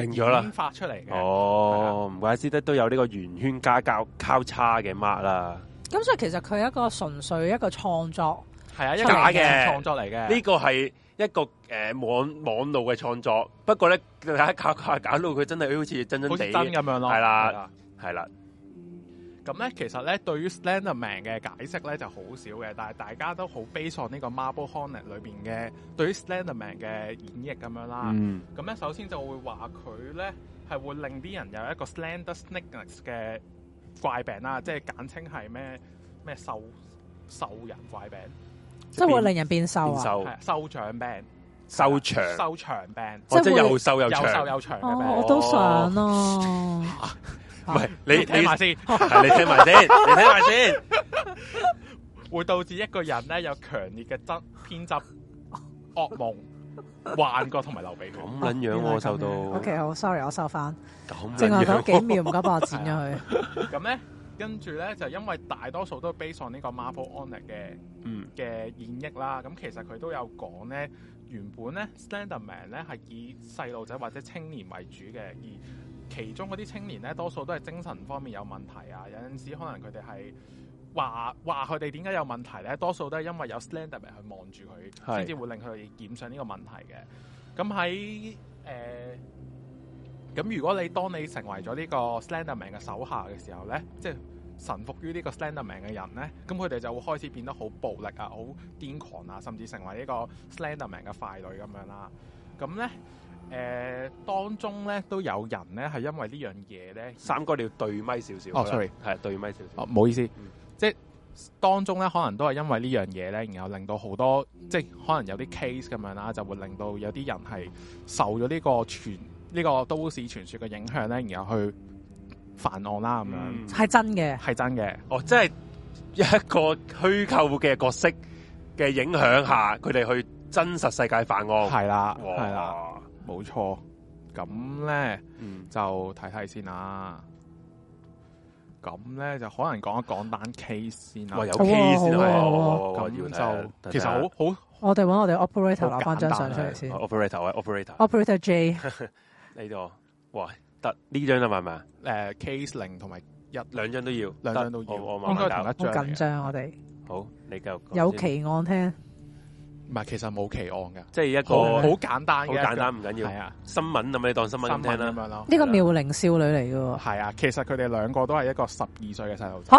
邊去演化出嚟嘅。哦，唔了怪之得都有呢個圓圈加交交叉嘅 mark 啦。咁所以其實佢一個純粹一個創作，係啊，一假嘅創作嚟嘅。呢個係一個誒、呃、網網路嘅創作，不過咧大家搞搞搞到佢真係好似真真哋咁樣咯，係啦，係啦。咁咧，其實咧對於 Slenderman 嘅解釋咧就好少嘅，但係大家都好悲喪呢個 Marble Hornet 裏邊嘅對於 Slenderman 嘅演繹咁樣啦。咁咧、嗯，首先就會話佢咧係會令啲人有一個 Slender Snickers 嘅怪病啦，即係簡稱係咩咩瘦瘦人怪病，即係會令人變瘦啊，瘦長病、瘦長、瘦長病，即係又瘦又長又長嘅病。我都想啊！ 唔係，你睇埋先，先，你聽埋先，你睇埋先，會導致一個人咧有強烈嘅執偏執惡夢幻覺同埋流鼻血咁樣這樣喎、啊，我收到。OK，好，sorry，我收翻。咁正話講幾秒唔該，幫我剪咗佢。咁咧對、啊， 跟住咧就因為大多數都 base on 呢個 Marble Hornets 嘅，嗯嘅演繹啦。咁其實佢都有講咧，原本咧 Slender Man 咧係以細路仔或者青年為主嘅，而其中嗰啲青年咧，多數都係精神方面有問題啊！有陣時可能佢哋係話話佢哋點解有問題咧，多數都係因為有 Slenderman 去望住佢，先至是會令佢哋染上呢個問題嘅。咁喺誒，咁、呃、如果你當你成為咗呢個 Slenderman 嘅手下嘅時候咧，即、就、係、是、臣服於個呢個 Slenderman 嘅人咧，咁佢哋就會開始變得好暴力啊、好癲狂啊，甚至成為個、啊、呢個 Slenderman 嘅傀儡咁樣啦。咁咧。誒，當中咧都有人咧，係因為呢樣嘢咧。三哥你要對咪少少。哦，sorry，係對咪少少。哦，唔好意思，即係當中咧，可能都係因為呢樣嘢咧，然後令到好多，即係可能有啲 case 咁樣啦，就會令到有啲人係受咗呢個傳，呢個都市傳說嘅影響咧，然後去犯案啦，咁樣係真嘅，係真嘅。哦，即係一個虛構嘅角色嘅影響下，佢哋去真實世界犯案。係啦，係啦。冇錯，咁咧就睇睇先啦。咁咧就可能講一講單 case 先啦，有 case 要就，其實好好，我哋揾我哋 operator 攞翻張相出嚟先。Operator，Operator，Operator J。你度，喂，得呢張啦，係咪？誒，case 零同埋一，兩張都要，兩張都要，應該大家好緊張，我哋好，你就有奇案聽。唔係，其實冇奇案嘅，即係一個好簡單好簡單，唔緊要。係啊，新聞咁你當新聞聽啦。呢個妙齡少女嚟嘅，係啊，其實佢哋兩個都係一個十二歲嘅細路仔。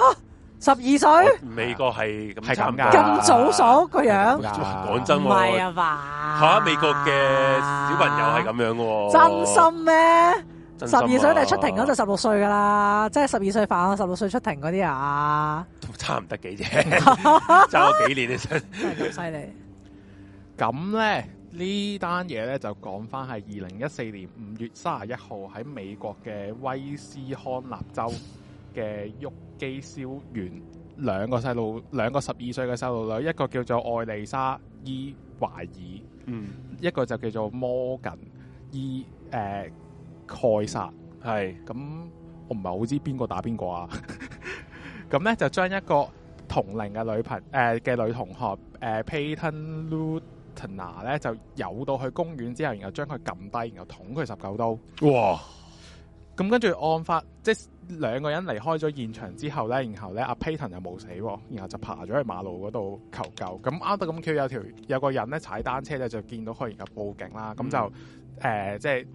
十二歲？美國係咁，咁早熟個樣。講真，唔係啊吧？吓，美國嘅小朋友係咁樣嘅。真心咩？十二歲定係出庭嗰陣十六歲噶啦，即係十二歲犯十六歲出庭嗰啲啊，差唔得幾啫，差咗幾年你真真係好犀利。咁咧呢單嘢咧就講返係二零一四年五月三十一號喺美國嘅威斯康納州嘅沃基肖縣兩個細路兩個十二歲嘅細路女，一個叫做愛麗莎伊懷爾，嗯，一個就叫做摩根伊誒蓋薩，係、呃、咁是、嗯、我唔係好知邊個打邊個啊？咁 咧就將一個同齡嘅女朋誒嘅、呃、女同學誒 Payton Leutner。呃 Tena 咧就游到去公園之後，然後將佢撳低，然後捅佢十九刀。哇！咁跟住案發，即、就、係、是、兩個人離開咗現場之後咧，然後咧阿 p a t o n 又冇死，然後就爬咗去馬路嗰度求救。咁啱得咁，佢有條有個人咧踩單車咧就見到佢，然後報警啦。咁就誒、嗯呃，即係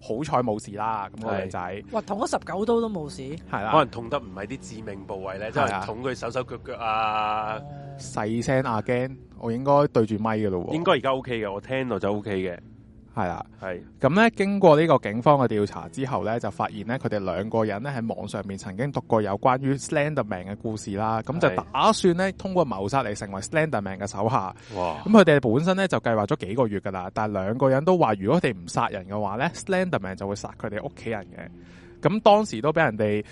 好彩冇事啦。咁個仔，哇，捅咗十九刀都冇事，係啦的。可能痛得唔係啲致命部位咧，即係捅佢手手腳腳啊，細聲啊驚。我應該對住咪噶咯喎，應該而家 OK 嘅，我聽到就 OK 嘅，係啦的，係的。咁咧，經過呢個警方嘅調查之後咧，就發現咧，佢哋兩個人咧喺網上面曾經讀過有關於 Slenderman 嘅故事啦，咁就打算咧的通過謀殺嚟成為 Slenderman 嘅手下。哇！咁佢哋本身咧就計劃咗幾個月噶啦，但係兩個人都話，如果佢哋唔殺人嘅話咧，Slenderman 就會殺佢哋屋企人嘅。咁當時都俾人哋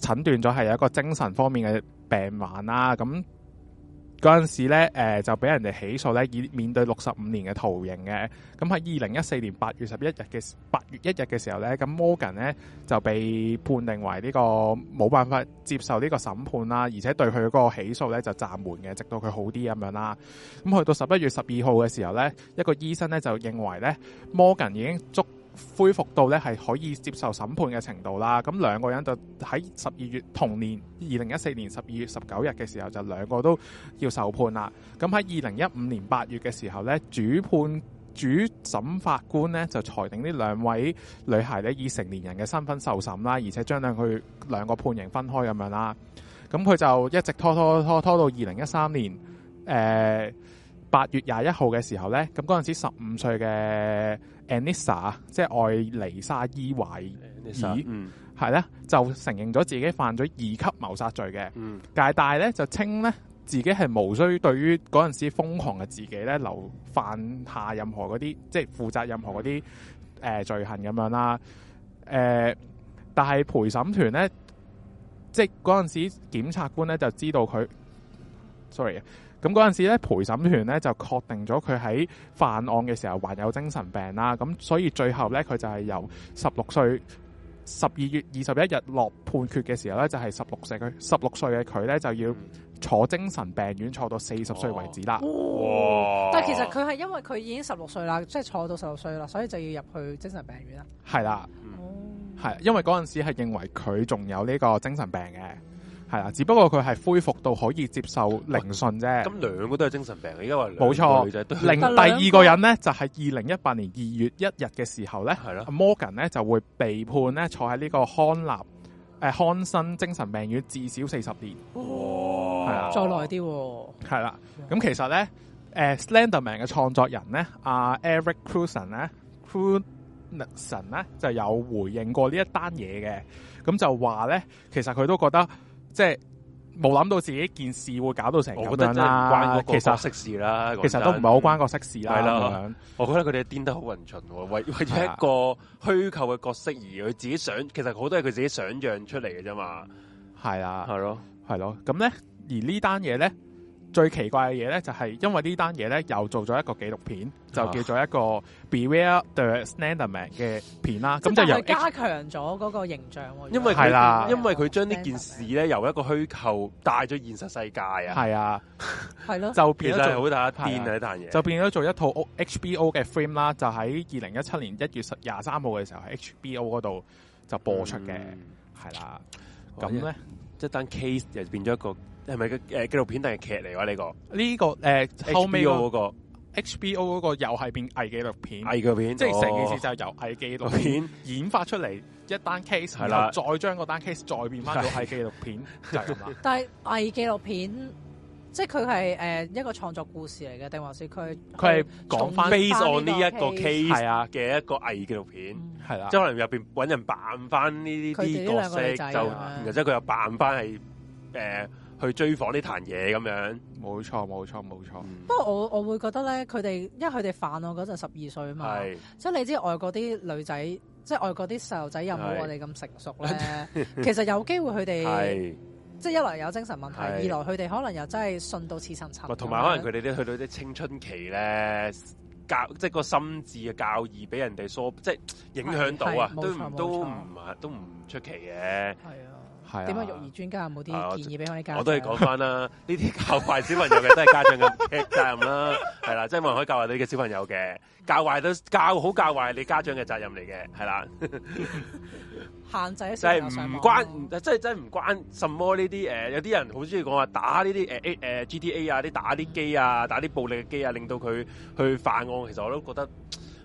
診斷咗係有一個精神方面嘅病患啦、啊，咁。嗰陣時咧，誒、呃、就俾人哋起訴咧，以面對六十五年嘅徒刑嘅。咁喺二零一四年八月十一日嘅八月一日嘅時候咧，咁摩根呢就被判定為呢、這個冇辦法接受呢個審判啦，而且對佢嗰個起訴咧就暫緩嘅，直到佢好啲咁樣啦。咁去到十一月十二號嘅時候咧，一個醫生咧就認為咧摩根已經捉。恢復到咧係可以接受審判嘅程度啦，咁兩個人就喺十二月同年二零一四年十二月十九日嘅時候就兩個都要受判啦。咁喺二零一五年八月嘅時候咧，主判主審法官咧就裁定呢兩位女孩咧以成年人嘅身份受審啦，而且將兩佢兩個判刑分開咁樣啦。咁佢就一直拖拖拖拖到二零一三年誒呃八月廿一號嘅時候咧，咁嗰陣時十五歲嘅。Anissa，即係愛尼莎伊維爾，issa，嗯，係咧就承認咗自己犯咗二級謀殺罪嘅，嗯，但係咧就稱咧自己係無需對於嗰陣時瘋狂嘅自己咧留犯下任何嗰啲即係負責任何嗰啲誒罪行咁樣啦，誒、呃，但係陪審團咧，即係嗰陣時檢察官咧就知道佢，sorry。咁嗰陣時咧，陪審團咧就確定咗佢喺犯案嘅時候患有精神病啦。咁所以最後咧，佢就係由十六歲十二月二十一日落判決嘅時候咧，就係十六歲。佢十六歲嘅佢咧就要坐精神病院坐到四十歲為止啦。哇哇，但係其實佢係因為佢已經十六歲啦，即係坐到十六歲啦，所以就要入去精神病院啦。係啦，係、嗯、因為嗰陣時係認為佢仲有呢個精神病嘅。係啦，只不過佢係恢復到可以接受聆訊啫。咁兩個都係精神病啊，因為冇錯，另錯第二個人咧，就係二零一八年二月一日嘅時候咧，係咯了。Morgan 咧就會被判咧坐喺呢個康納誒、呃、康辛精神病院至少四十年。哇的哦，係啊，再耐啲。係啦，咁其實咧，誒、呃、Slenderman 嘅創作人咧，阿、呃、Eric Clason 咧，Clason 咧就有回應過呢一單嘢嘅。咁就話咧，其實佢都覺得。即係冇諗到自己件事會搞到成咁樣啦，啊,那個，其實色事啦，其實都唔係好關個色事啦。咁樣，我覺得佢哋癲得好混純，為為咗一個虛構嘅角色而佢自己想，其實好多係佢自己想象出嚟嘅啫嘛。係啊，係咯，係咯。咁咧，而呢單嘢咧。最奇怪嘅嘢咧，就係因為呢單嘢咧，又做咗一個紀錄片，就叫做一個《Beware the Slenderman》嘅片啦。咁就又加強咗嗰個形象。因為係啦，因為佢將呢件事咧由一個虛構帶咗現實世界啊。係啊，係咯，就變咗做好大一變！呢單嘢就變咗做一套 HBO 嘅 Frame 啦，就喺二零一七年一月十廿三號嘅時候喺 HBO 嗰度就播出嘅。係啦，咁咧一單 case 就變咗一個。係咪個誒紀錄片定係劇嚟嘅呢個？呢個誒後尾個 HBO 嗰個，HBO 嗰個又係變偽紀錄片，偽紀錄片，即係成件事就由偽紀錄片演化出嚟一單 case，係啦，再將嗰單 case 再變翻到係紀錄片就係嘛？但係偽紀錄片，即係佢係誒一個創作故事嚟嘅，定還是佢？佢係講翻 base on 呢一個 case 係啊嘅一個偽紀錄片係啦，即係可能入邊揾人扮翻呢啲角色，就然後即係佢又扮翻係誒。去追訪呢壇嘢咁樣，冇錯冇錯冇錯。不過我我會覺得咧，佢哋因為佢哋犯案嗰陣十二歲啊嘛，即係你知外國啲女仔，即係外國啲細路仔有冇我哋咁成熟咧？其實有機會佢哋，即係一來有精神問題，二來佢哋可能又真係信到似層層。同埋可能佢哋啲去到啲青春期咧，教即係個心智嘅教義俾人哋疏，即係影響到啊，都唔都唔都唔出奇嘅。係啊。點解育兒專家有冇啲建議俾我哋教？我都係講翻啦，呢啲、啊、 教壞小朋友嘅都係家長嘅責 任啦。係啦，即係冇人可以教壞你嘅小朋友嘅，教壞都教好教壞，你家長嘅責任嚟嘅，係啦。 限制即係唔關，即係真係唔關什麼呢啲誒。有啲人好中意講話打呢啲誒 GTA 啊，啲打啲機啊，打啲暴力嘅機啊，令到佢去犯案。其實我都覺得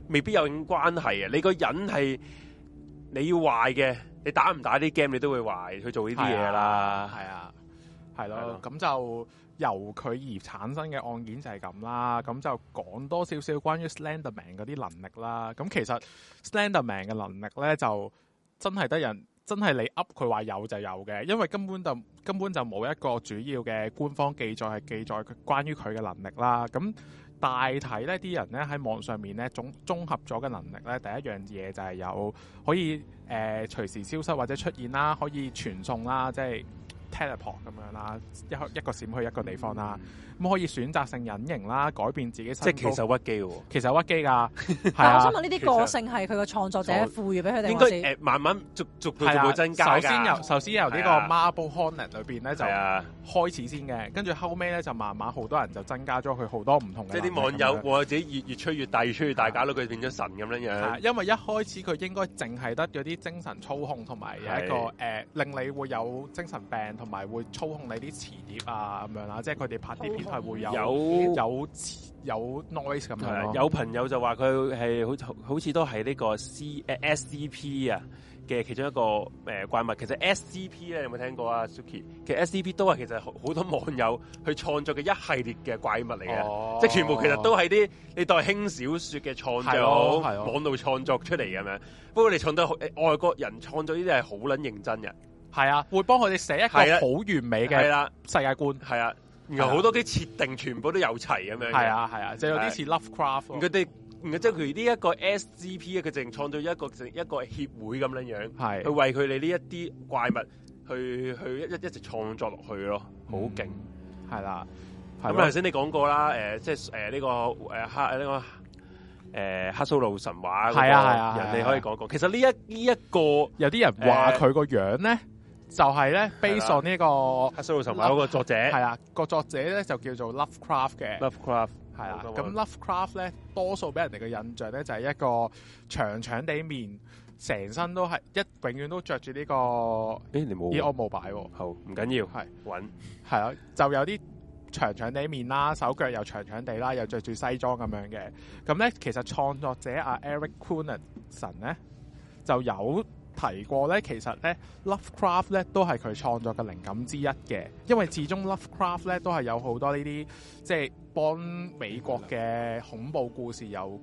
未必有咁關係啊。你個人係你要壞嘅。你打唔打啲 game，你都會懷疑佢做呢啲嘢啦。係啊，係咯、啊。咁就由佢而產生嘅案件就係咁啦。咁就講多少少關於 Slenderman 嗰啲能力啦。咁其實 Slenderman 嘅能力咧，就真係得人真係你噏佢話有就有嘅，因為根本就根本就冇一個主要嘅官方記載係記載關於佢嘅能力啦。咁。大體呢啲人呢，喺網上面呢，總綜合咗嘅能力呢，第一樣嘢就係有可以誒、呃、隨時消失或者出現啦，可以傳送啦，即係 teleport 咁樣啦，一一個閃去一個地方啦。Mm hmm. 咁可以選擇性隱形啦，改變自己身，即係其實屈機喎，其實屈機㗎。但我想問呢啲個性係佢個創作者賦予俾佢哋先。應該、呃、慢慢逐逐，逐步就會增加。首先由首先由呢個 Marble Hornet 裏邊咧就開始先嘅，跟住後尾咧就慢慢好多人就增加咗佢好多唔同。嘅。即係啲網友話吧自己越越吹越大，吹越，越大，搞到佢變咗神咁樣樣、啊。因為一開始佢應該淨係得嗰啲精神操控同埋有一個誒是、呃，令你會有精神病同埋會操控你啲磁碟啊咁樣啦，即係佢哋拍啲片。係會有有有,有 noise 咁樣，有朋友就話佢係好好似都係呢個 C 誒 SCP 啊嘅其中一個誒怪物。其實 SCP 咧你有冇聽過啊？Suki，其實 SCP 都係其實好多網友去創作嘅一系列嘅怪物嚟嘅，哦、即係全部其實都係啲你代輕小說嘅創作，係咯，係網絡創作出嚟咁樣。不過你創作外國人創作呢啲係好捻認真嘅，係啊，會幫佢哋寫一個好完美嘅世界觀，係啊。而好多啲設定全部都有齊咁樣。係啊，係啊，即係有啲似 Lovecraft、嗯。佢哋，即係譬如呢一個 SCP，佢淨創造一個一個協會咁樣樣，係去為佢哋呢一啲怪物去去一一，一直創作落去咯，好勁、嗯，係啦、啊。咁頭先你講過啦，誒、呃，即係誒呢個誒克呢個誒克蘇魯神話。係啊，係啊，人哋可以講過。其實呢一呢一個有啲人話佢個樣咧。就係咧，Based on 呢吧、這個有、啊啊那個作者，係啦，個作者咧就叫做 Lovecraft 嘅。Lovecraft 係啦、啊，咁 Lovecraft 咧多數俾人哋嘅印象咧就係、是、一個長長地面，成身都係一永遠都着住呢個，哎、欸、你冇啲惡霧擺喎、啊，唔緊要，係揾係啊，就有啲長長地面啦，手腳又長長地啦，又着住西裝咁樣嘅。咁咧其實創作者阿 Eric Connerton 咧就有。提過咧，其實咧，Lovecraft 咧都係佢創作嘅靈感之一嘅，因為始終 Lovecraft 咧都係有好多呢啲，即係幫美國嘅恐怖故事又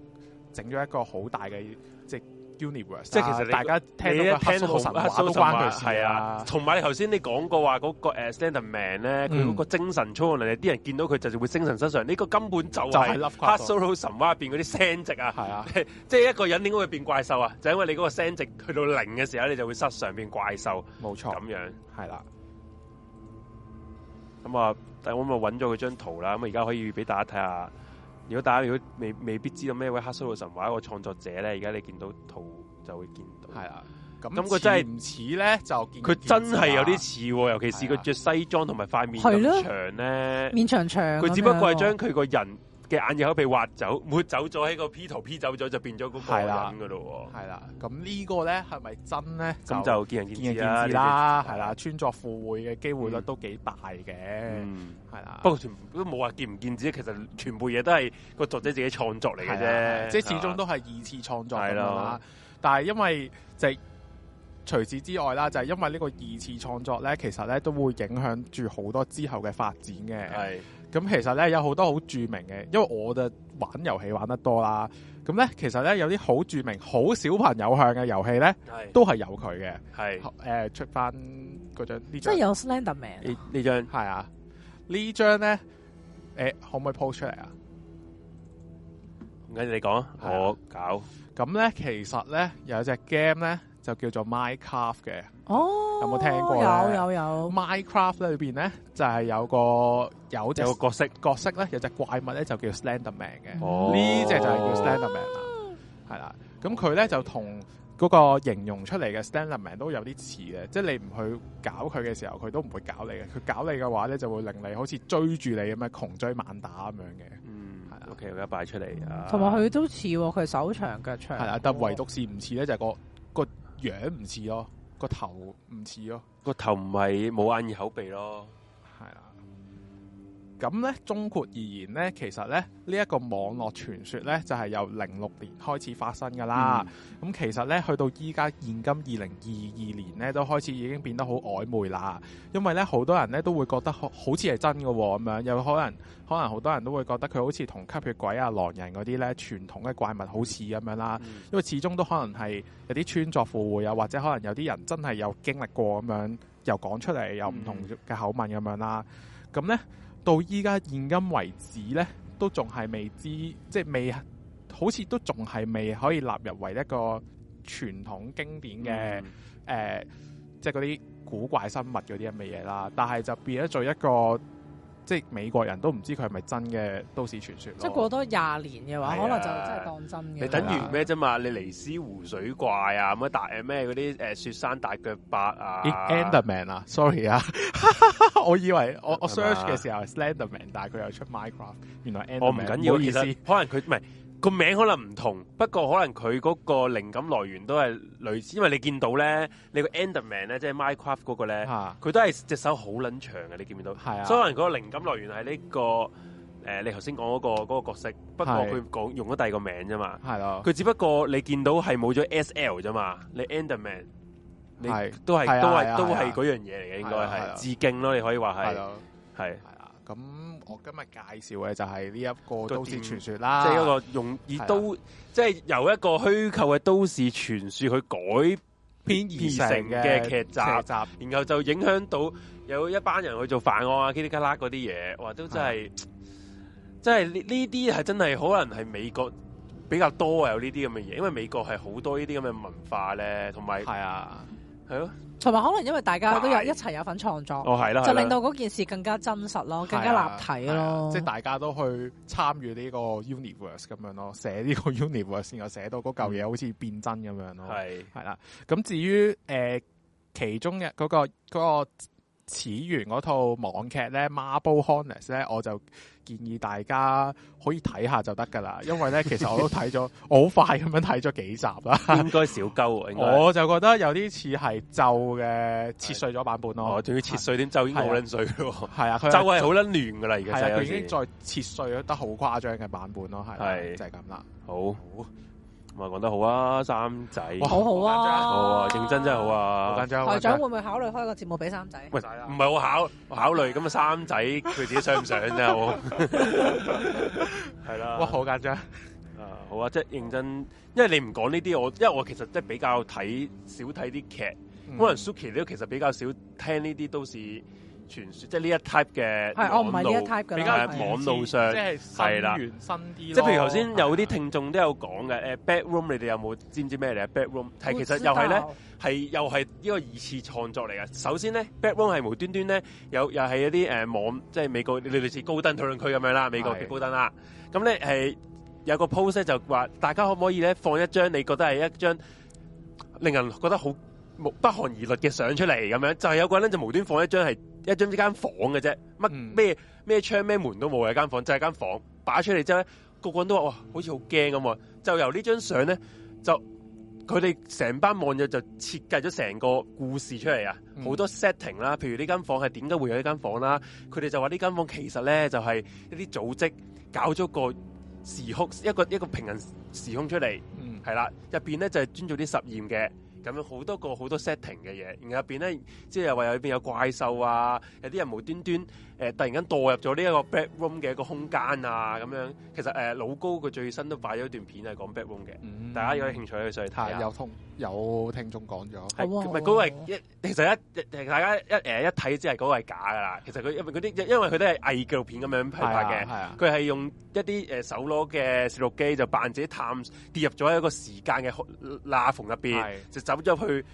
整咗一個好大嘅。Universe, 即係其實大家你一聽，到個黑神聽《黑神 Solo 神話》了，係啊，同埋你頭先你講過話嗰個誒、uh,，Stand Man 咧，佢嗰、嗯、個精神操控能力，啲人見到佢就就會精神失常。呢、這個根本就係《黑 Solo 神話》入面嗰啲聲值啊！係是啊，即係一個人點解會變怪獸啊？就因為你嗰個聲值去到零嘅時候，你就會失常變怪獸。冇錯錯，咁樣係啦。咁啊的，我咪搵咗佢張圖啦。咁而家可以俾大家睇下。如果大家如果未未必知道咩位黑手神話一個創作者咧，而家你見到圖就會見到。係啊，咁咁佢真係唔似咧，就見，見，佢真係有啲似、哦、尤其是佢着西裝同埋塊面咁長咧、啊，面長長，佢只不過係將佢個人。啊嘅眼耳口被挖走，抹走咗，喺個 P 圖 P 走咗，就變咗嗰個人噶咯。係啦，咁呢個咧係咪真咧？咁就見仁見智啦。係啦，穿鑿附會嘅機會率都幾大嘅。係啦，不過全部都冇話見唔見智，其實全部嘢都係個作者自己創作嚟嘅啫。即係始終都係二次創作咁啊。的但係因為就係、除此之外啦，就係、是、因為呢個二次創作咧，其實咧都會影響住好多之後嘅發展嘅。係的。咁其實咧有好多好著名嘅，因為我就玩遊戲玩得多啦。咁咧其實咧有啲好著名、好小朋友向嘅遊戲咧，是都係是、呃、有佢嘅。係誒出翻嗰張呢張，即係有 Slender Man 呢呢張係啊？呢張咧誒可唔可以 post 出嚟啊？唔緊要，你講啊，我搞。咁咧其實咧有隻 game 咧。就叫做 Minecraft 嘅，哦、oh，有冇聽過？有有有 Minecraft 咧裏邊咧就係、是、有個有有個角色角色咧有隻怪物咧就叫 Slenderman 嘅，呢隻、oh. 就係叫 Slenderman 啦，係啦、oh.，咁佢咧就同嗰個形容出嚟嘅 Slenderman 都有啲似嘅，即、就、係、是、你唔去搞佢嘅時候，佢都唔會搞你嘅，佢搞你嘅話咧就會令你好似追住你咁樣窮追猛打咁樣嘅，擺嗯，OK，而家擺出嚟，同埋佢都似、哦，佢係手長腳長，係啊，但唯獨是唔似咧就係、是、個個。個個樣唔似咯，個頭唔似咯，個頭唔係冇眼耳口鼻咯。咁咧，總括而言咧，嗯、其實咧，呢一個網絡傳說咧，就係由零六年開始發生噶啦。咁其實咧，去到依家現今二零二二年咧，都開始已經變得好曖昧啦。因為咧，好多人咧都會覺得好似係真嘅咁、啊、樣，有可能可能好多人都會覺得佢好似同吸血鬼啊、狼人嗰啲咧傳統嘅怪物好似咁樣啦。因為始終都可能係有啲穿鑿附會啊，或者可能有啲人真係有經歷過咁樣，又講出嚟又唔同嘅口吻咁樣啦。咁咧。到依家現今為止呢，都仲係未知，即係未，好似都仲係未可以納入為一個傳統經典嘅誒、嗯嗯呃，即係嗰啲古怪生物嗰啲咁嘅嘢啦。但係就變咗做一個。即係美國人都唔知佢係咪真嘅都市傳說。即係過多廿年嘅話，啊、可能就真係當真嘅。你等於咩啫嘛？啊、你尼斯湖水怪啊，咁啊大誒咩嗰啲誒雪山大腳八啊？Enderman 啊，sorry 啊， 我以為我吧我 search 嘅時候，Slenderman，但係佢又出 Minecraft，原來 erman, 我唔緊要，意思。可能佢唔係。個名可能唔同，不過可能佢個靈感來源都係類似，因為你見到咧，你個 Enderman 咧，即係 Minecraft 個咧，佢都係隻手好捻長嘅，你見唔見到？係啊，所以可能個靈感來源係呢個誒，你頭先講個個角色，不過佢講用咗第二個名啫嘛，係咯，佢只不過你見到係冇咗 SL 啫嘛，你 Enderman，你都係都係都係樣嘢嚟嘅，應該係致敬咯，你可以話係係係啊咁。今日介紹嘅就係呢一個都市傳說啦，即係、就是、一個用以都、啊、即係由一個虛構嘅都市傳說去改編而成嘅劇集，集，然後就影響到有一班人去做犯案啊、嘰里卡啦嗰啲嘢，哇！都真係，即係呢呢啲係真係可能係美國比較多啊，有呢啲咁嘅嘢，因為美國係好多呢啲咁嘅文化咧，同埋係啊。係咯，同埋可能因為大家都有一齊有份創作，係啦就令到嗰件事更加真實咯，更加立體咯。即係、就是、大家都去參與呢個 universe 咁樣咯，寫呢個 universe 先有寫到嗰嚿嘢好似變真咁樣咯。係係啦，咁至於誒、呃、其中嘅嗰、嗰個嗰個始源嗰套網劇咧，《Marble Hornets》咧，我就。建議大家可以睇下就得噶啦，因為呢其實我都睇咗， 我好快咁樣睇咗幾集啦。應該少鳩我就覺得有啲似係就嘅切碎咗版本咯。的哦，仲要切碎添，就已經好撚碎嘅喎。係啊，就係好撚亂噶啦，而家佢已經再切碎得好誇張嘅版本咯，係就係咁啦。好。同埋講得好啊，三仔好好啊，好，好，好啊，認真真係好啊，啊好緊張。台長會唔會考慮開個節目俾三仔？喂，唔係我考 我考慮，咁啊，三仔佢自己想唔想真係，係啦。哇，好緊張啊！好啊，即係認真，因為你唔講呢啲，我因為我其實即係比較睇少睇啲劇，嗯、可能 Suki 都其實比較少聽呢啲，都是。傳説即係呢一 type 嘅，我唔呢一 type 網路，誒、哦、是網路上，即係新原新啲。的即係譬如頭先有啲聽眾都有講嘅，誒的、呃、Backroom，你哋有冇知唔知咩嚟啊？Backroom 係其實又係咧，係道又係呢個二次創作嚟嘅。首先咧，Backroom 係無端端咧，有又係一啲誒、呃、網，即係美國類似高登討論區咁樣啦，美國嘅高登啦。咁咧係有個 post 就話，大家可唔可以咧放一張你覺得係一張令人覺得好不寒而栗嘅相出嚟咁樣？就係、是、有個人咧就無端放一張係。一張呢間房嘅啫，乜咩咩窗咩門都冇嘅，間房就係間房擺出嚟之後咧，個個人都話，哇，好似好驚咁。就由呢張相咧，就佢哋成班網友就設計咗成個故事出嚟啊，好多 setting 啦，譬如呢間房係點解會有呢間房啦，佢哋就話呢間房其實咧就係一啲組織搞咗個時空，一個一個平行時空出嚟，係啦，嗯，入邊咧就係專做啲實驗嘅。咁樣好多個好多 setting 嘅嘢，然後入邊咧，即係又話入邊有怪獸啊，有啲人無端端。誒，突然間墮入咗呢一個 back room 嘅一個空間啊，咁樣其實誒、呃、老高佢最新都擺咗一段片係講 back room 嘅，嗯、大家有興趣去上去睇有通有聽眾講咗，唔係嗰個一其實一大家一誒一睇知係嗰個係假㗎啦。其實佢因為啲因為佢都係偽紀錄片咁樣拍嘅，佢係、啊啊、用一啲誒手攞嘅攝錄機就扮自己探跌入咗一個時間嘅罅縫入邊，是就走咗去誒，好、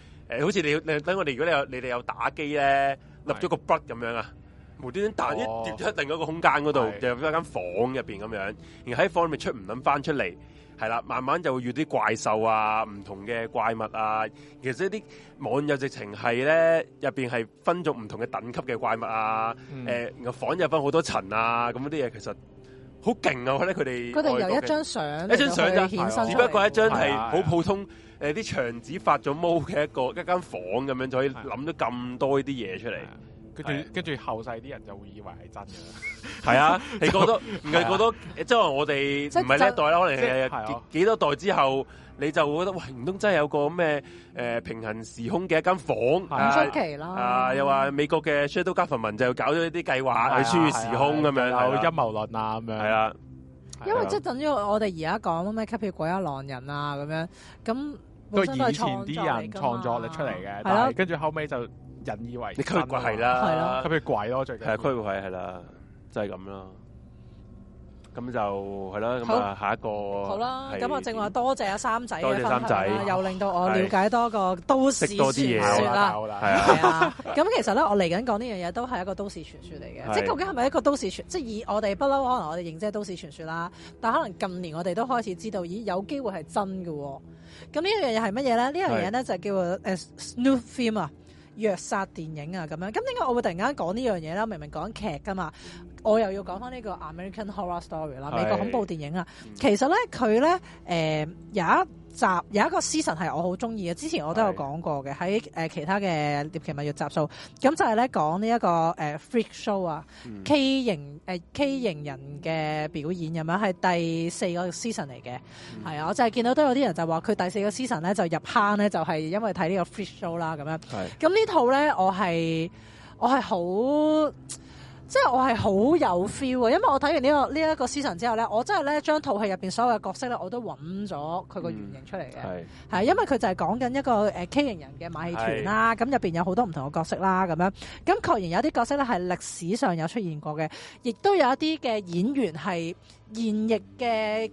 呃、似你你等我哋，如果你有你哋有，有打機咧，立咗個筆咁樣啊。無端端彈一跌咗喺另一個空間嗰度，是的 入咗間房入邊咁樣，然後喺房裏面出唔諗翻出嚟，係啦，慢慢就會遇啲怪獸啊，唔同嘅怪物啊，其實呢啲網友直情係咧，入邊係分咗唔同嘅等級嘅怪物啊，誒、嗯欸，個房又分好多層啊，咁嗰啲嘢其實好勁啊！我覺得佢哋佢哋由一張相一張相就現身，只不過一張係好普通，誒，啲牆紙發咗毛嘅一個一間房咁樣，就可以諗到咁多呢啲嘢出嚟。跟住跟住後世啲人就會以為係真嘅啦。係啊，你覺得唔係覺得即係我哋唔係呢一代啦，可能係幾多代之後，你就會覺得喂，唔通真係有個咩誒平衡時空嘅一間房？出奇啦！啊，又話美國嘅 Shadow Government 就搞咗啲計劃去穿越時空咁樣，有陰謀論啊咁樣。係啊，因為即係等於我哋而家講咩《吸血鬼》啊、《狼人》啊咁樣，咁都以前啲人創作力出嚟嘅。跟住後尾就。人以為你吸血鬼係啦，吸血鬼咯，最緊係區別係係啦，就係咁咯。咁就係咯，咁啊，下一個好啦。咁我正話多謝阿三仔嘅分享啦，又令到我了解多個都市多傳說啦。係啊，咁其實咧，我嚟緊講呢樣嘢都係一個都市傳說嚟嘅，即究竟係咪一個都市傳？即以我哋不嬲，可能我哋認真都市傳說啦。但可能近年我哋都開始知道，咦，有機會係真嘅。咁呢樣嘢係乜嘢咧？呢樣嘢咧就叫做誒 Snuff Film 啊。虐殺電影啊咁樣。咁點解我會突然間講呢樣嘢啦？明明講劇㗎嘛，我又要講返呢個 American Horror Story 啦，是美國恐怖電影啊，其實咧佢咧誒有一。集有一個 season 係我好中意嘅，之前我都有講過嘅，喺誒是的 其他嘅《獵奇物語》集數，咁就係咧講呢一、這個誒、uh, freak show 啊、嗯，K 型誒、uh, K 型人嘅表演咁樣，係第四個 season 嚟嘅，係啊、嗯，我就係見到都有啲人就話佢第四個 season 咧就入坑咧，就係、是、因為睇呢個 freak show 啦咁樣，係是的，咁呢套咧我係我係好。即係我係好有 feel 啊，因為我睇完呢個呢一個 season 之後咧，我真係咧張套戲入邊所有嘅角色咧，我都揾咗佢個原型出嚟嘅。係、嗯，係因為佢就係講緊一個畸形人嘅馬戲團啦，咁入邊有好多唔同嘅角色啦，咁樣，咁確然有啲角色咧係歷史上有出現過嘅，亦都有一啲嘅演員係現役嘅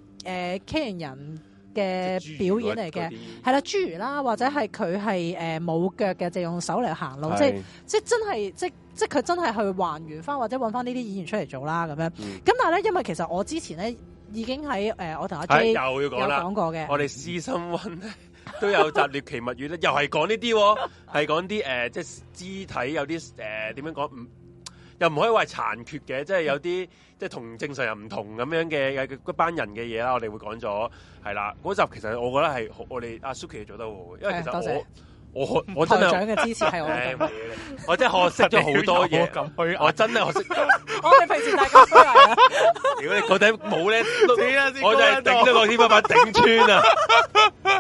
畸形人。嘅表演嚟嘅，係 啦樂，侏儒啦，或者係佢係誒冇腳嘅，就用手嚟行路，即係即係真係，即即佢真係去還原翻，或者揾翻呢啲演員出嚟做啦咁樣。咁、嗯、但係咧，因為其實我之前咧已經喺誒、呃，我同阿 J 又要講啦，講過嘅，我哋私心温都有集《獵奇物語》咧、 啊，又係講呢啲，係講啲誒，即係肢體有啲誒點樣講唔？呃呃呃呃呃呃又唔可以話殘缺嘅，即係有啲即係同正常人唔同咁樣嘅班人嘅嘢啦。我哋會講咗係啦，嗰集其實我覺得係我哋阿、啊、Suki 做得好，因為其實我、哎、我我真係，我真係學識咗好多嘢。我真係學識咗。我哋平時大家輸啊，如果你覺得冇咧，我真係頂咗個天花板頂穿啊！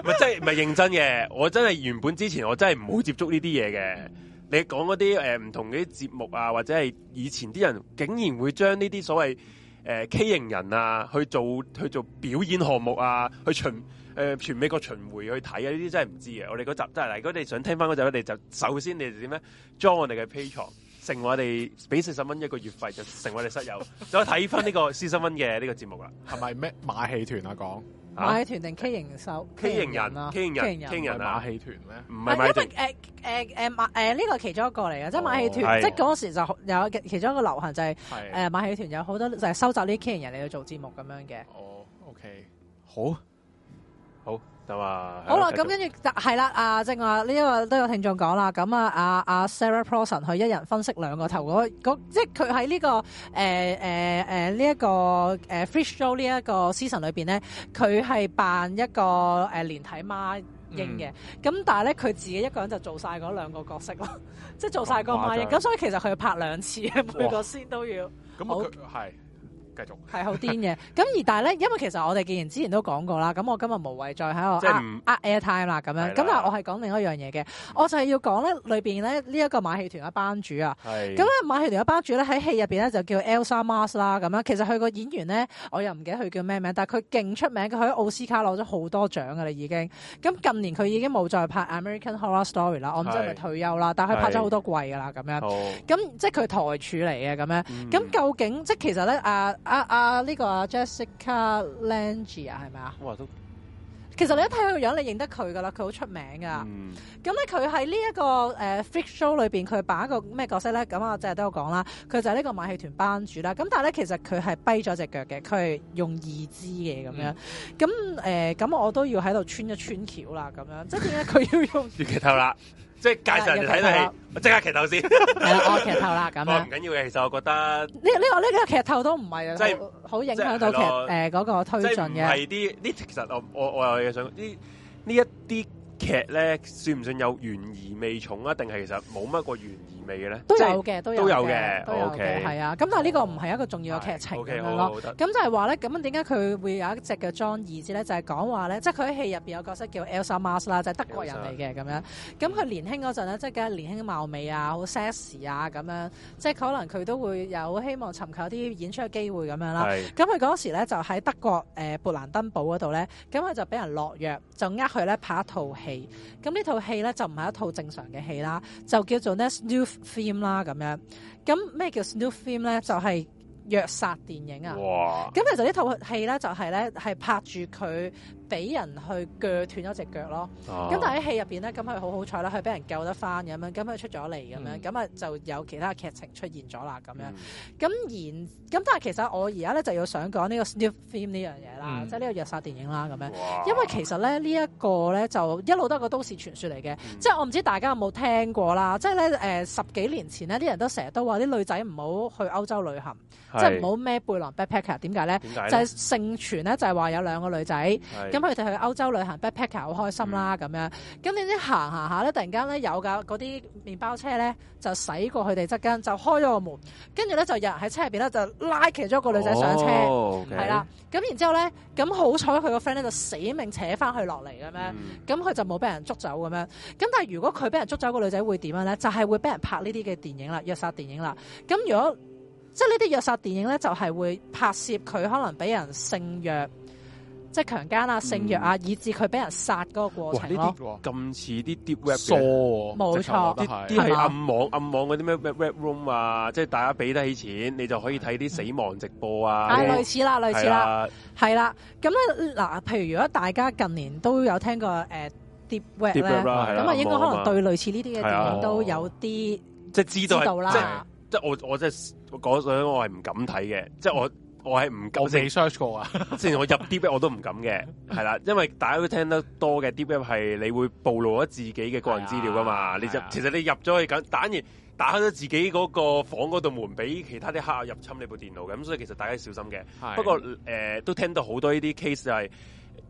咪真係咪認真嘅？我真係原本之前我真係唔會接觸呢啲嘢嘅。你講嗰啲誒唔同嘅啲節目啊，或者係以前啲人竟然會將呢啲所謂誒畸形人啊，去做去做表演項目啊，去巡誒、呃、全美國巡迴去睇啊，呢啲真係唔知嘅。我哋嗰集真係，如果你想聽翻嗰集咧，你就首先你哋點咧裝我哋嘅 Patreon，成我哋俾四十蚊一個月費 就成為你室友，就睇翻呢個四十蚊嘅呢個節目啦。係咪咩馬戲團啊講？馬戲團定畸形秀畸形人啊，畸形人、畸形人、馬戲團咧，唔係因為誒誒誒誒呢個係其中一個嚟嘅，即係馬戲團，即係嗰時就有其中一個流行就係、是、誒、oh. 呃、馬戲團有好多就係收集呢啲畸形人嚟去做節目咁樣嘅。哦，OK，好，好。 好啦，咁跟住就係啦，阿正話呢 個都有聽眾講啦。咁啊，阿、啊、阿 Sarah Paulson 佢一人分析兩個頭，即係佢喺呢個誒誒誒呢一個誒、呃、Freak Show 呢一個 season 裏邊咧，佢係扮一個誒、呃、連體孖嬰嘅。咁、嗯、但係咧，佢自己一個人就做晒嗰兩個角色咯， 即係做晒個孖嬰。咁、嗯、所以其實佢要拍兩次，每個先都要、嗯、好。係好癲嘅，咁而但係咧，因為其實我哋既然之前都講過啦，咁我今日無謂再喺度呃 airtime 啦，咁樣。咁但係我係講另一樣嘢嘅，我就係要講咧，裏邊咧呢一個馬戲團嘅班主啊。咁咧馬戲團嘅班主咧喺戲入邊咧就叫 Elsa Mars 啦，咁樣。其實佢個演員咧，我又唔記得佢叫咩名，但係佢勁出名，佢喺奧斯卡攞咗好多獎㗎啦，已經。咁近年佢已經冇再拍 American Horror Story 啦，我唔知係咪退休啦，但佢拍咗好多季㗎啦，咁樣。咁即係佢台柱嚟嘅咁樣。咁究竟即係其實咧，阿。阿阿呢個阿 Jessica Lange 啊，係咪啊？這個、ange, 哇，都，其實你一睇佢個樣，你認得佢噶啦，佢好出名噶。咁咧、嗯，佢喺呢一個誒 Freak Show 裏邊，佢扮一個咩角色咧？咁我即係都有講啦，佢就係呢個馬戲團班主啦。咁但係咧，其實佢係跛咗隻腳嘅，佢係用義肢嘅咁樣。咁、嗯、誒，咁、嗯、我都要喺度穿一穿橋啦，咁樣。即係點解佢要用 頭？脫啦！即係介紹人睇戲，即刻劇透先。係啦，我劇透啦咁。唔緊要嘅，其實我覺得呢呢、呢個呢、呢個劇、呢個、透都唔係啊，即係好影響到劇誒了、呃嗰個推進嘅。係啲呢，其實我我我有嘢想呢呢一啲劇咧，算唔算有懸疑味重啊？定係其實冇乜個懸疑？都有嘅都是有嘅都有嘅係啊，咁 Okay, 但係呢個唔係一個重要嘅劇情咁、okay, 好就係話咧，咁樣點解佢會有一隻嘅裝義肢咧？就係講話咧，即係佢喺戲入邊有角色叫 Elsa Mars 啦，就係、是、德國人嚟嘅咁樣。咁佢 Elsa. 年輕嗰陣咧，即係嘅年輕貌美啊，好 sexy 啊咁樣，即係可能佢都會有希望尋求啲演出嘅機會咁樣啦。咁佢嗰時咧就喺德國誒勃、呃、蘭登堡嗰度咧，咁佢就俾人落藥，就呃佢咧拍一套戲。咁呢套戲咧就唔係一套正常嘅戲啦，就叫做 Theme 啦咁樣，咁咩叫 new theme 咧？就係、是、虐殺電影啊！哇！咁其實呢套戲咧就係咧係拍住佢。俾人去鋸斷咗隻腳咯，咁但喺戲入邊咧，咁佢好好彩啦，佢俾人救得翻咁樣，咁佢出咗嚟咁樣，咁啊就有其他劇情出現咗啦咁樣，咁然咁但係其實我而家咧就要想講呢個 snuff film 呢樣嘢啦，即係呢個虐殺電影啦咁樣，因為其實咧呢一個咧就一路都係個都市傳說嚟嘅，即係我唔知大家有冇聽過啦，即係咧誒十幾年前呢，啲人都成日都話啲女仔唔好去歐洲旅行，即係唔好孭背囊 backpacker，點解咧？點解咧？就係盛傳咧就係話有兩個女仔佢哋去歐洲旅行 backpacker 好、er、開心啦，咁、嗯、樣。咁點知行行下咧，突然間咧有架嗰啲麪包車咧，就駛過佢哋側邊，就開咗個門，跟住咧就有人喺車入邊咧，就拉其中一個女仔上車，係、哦 okay. 啦。咁然之後咧，咁好彩佢個 friend 咧就死命扯翻去落嚟咁樣。咁佢、嗯、就冇俾人捉走咁樣。咁但係如果佢俾人捉走，個女仔會點樣咧？就係、是、會俾人拍呢啲嘅電影啦，虐殺電影啦。咁如果即係呢啲虐殺電影咧，就係、是、會拍攝佢可能俾人性虐。即係強姦啊、性虐啊，以至佢俾人殺嗰個過程呢啲咁似啲 deep web 嘅，冇錯，啲啲係暗網，暗網嗰啲咩咩 Red Room 啊，即係大家俾得起錢，你就可以睇啲死亡直播啊。係類似啦，類似啦，係啦。咁咧嗱，譬如如果大家近年都有聽過誒 deep web 咧，咁啊應該可能對類似呢啲嘅電影都有啲即係知道啦。即係我我即係講咗，我係唔敢睇嘅。即係我。我係唔夠正，你 search 過啊？之前我入 DeepWeb 我都唔敢嘅，係啦，因為大家都聽得多嘅 DeepWeb 係你會暴露咗自己嘅個人資料㗎嘛，你入其實你入咗去緊，當然打開咗自己嗰個房嗰度門，俾其他啲黑客入侵你部電腦嘅，咁所以其實大家小心嘅。是的 不過誒、呃，都聽到好多呢啲 case 就係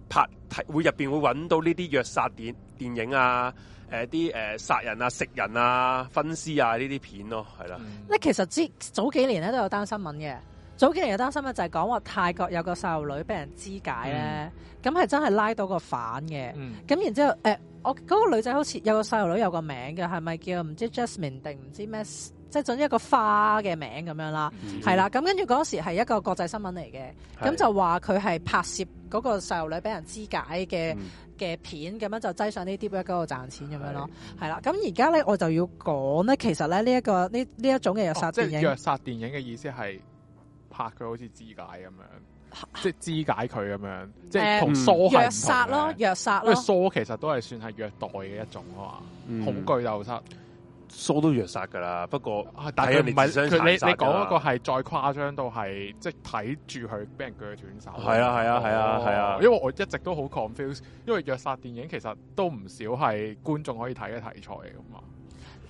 拍睇，會入邊會揾到呢啲虐殺電電影啊，誒啲誒殺人啊、食人啊、分屍啊呢啲片咯，係啦。嗱其實早幾年咧都有單新聞嘅。早幾日有單新聞就係講話泰國有個細路女俾人肢解咧，咁係真係拉到個犯嘅。咁然之後，誒我嗰個女仔好似有個細路女有個名嘅，係咪叫唔知 Jasmine 定唔知咩？即係做一個花嘅名咁樣啦，係啦。咁跟住嗰時係一個國際新聞嚟嘅，咁就話佢係拍攝嗰個細路女俾人肢解嘅嘅片，咁樣就擠上呢啲嗰度賺錢咁樣咯。係啦，咁而家咧我就要講咧，其實咧呢一個呢呢一種嘅殺，即係虐殺電影嘅意思係。拍佢好似肢解咁樣， 樣，即係肢解佢咁樣，即係同疏係虐殺咯，虐殺咯。疏其實都係算係虐待嘅一種啊嘛，恐懼誘殺。疏都虐殺噶啦，不過係、啊、但係唔係，你你講嗰個係再誇張到係，即係睇住佢俾人鋸斷手。係啊係啊係啊係啊，因為我一直都好 confused，因為虐殺電影其實都唔少係觀眾可以睇嘅題材嚟噶嘛。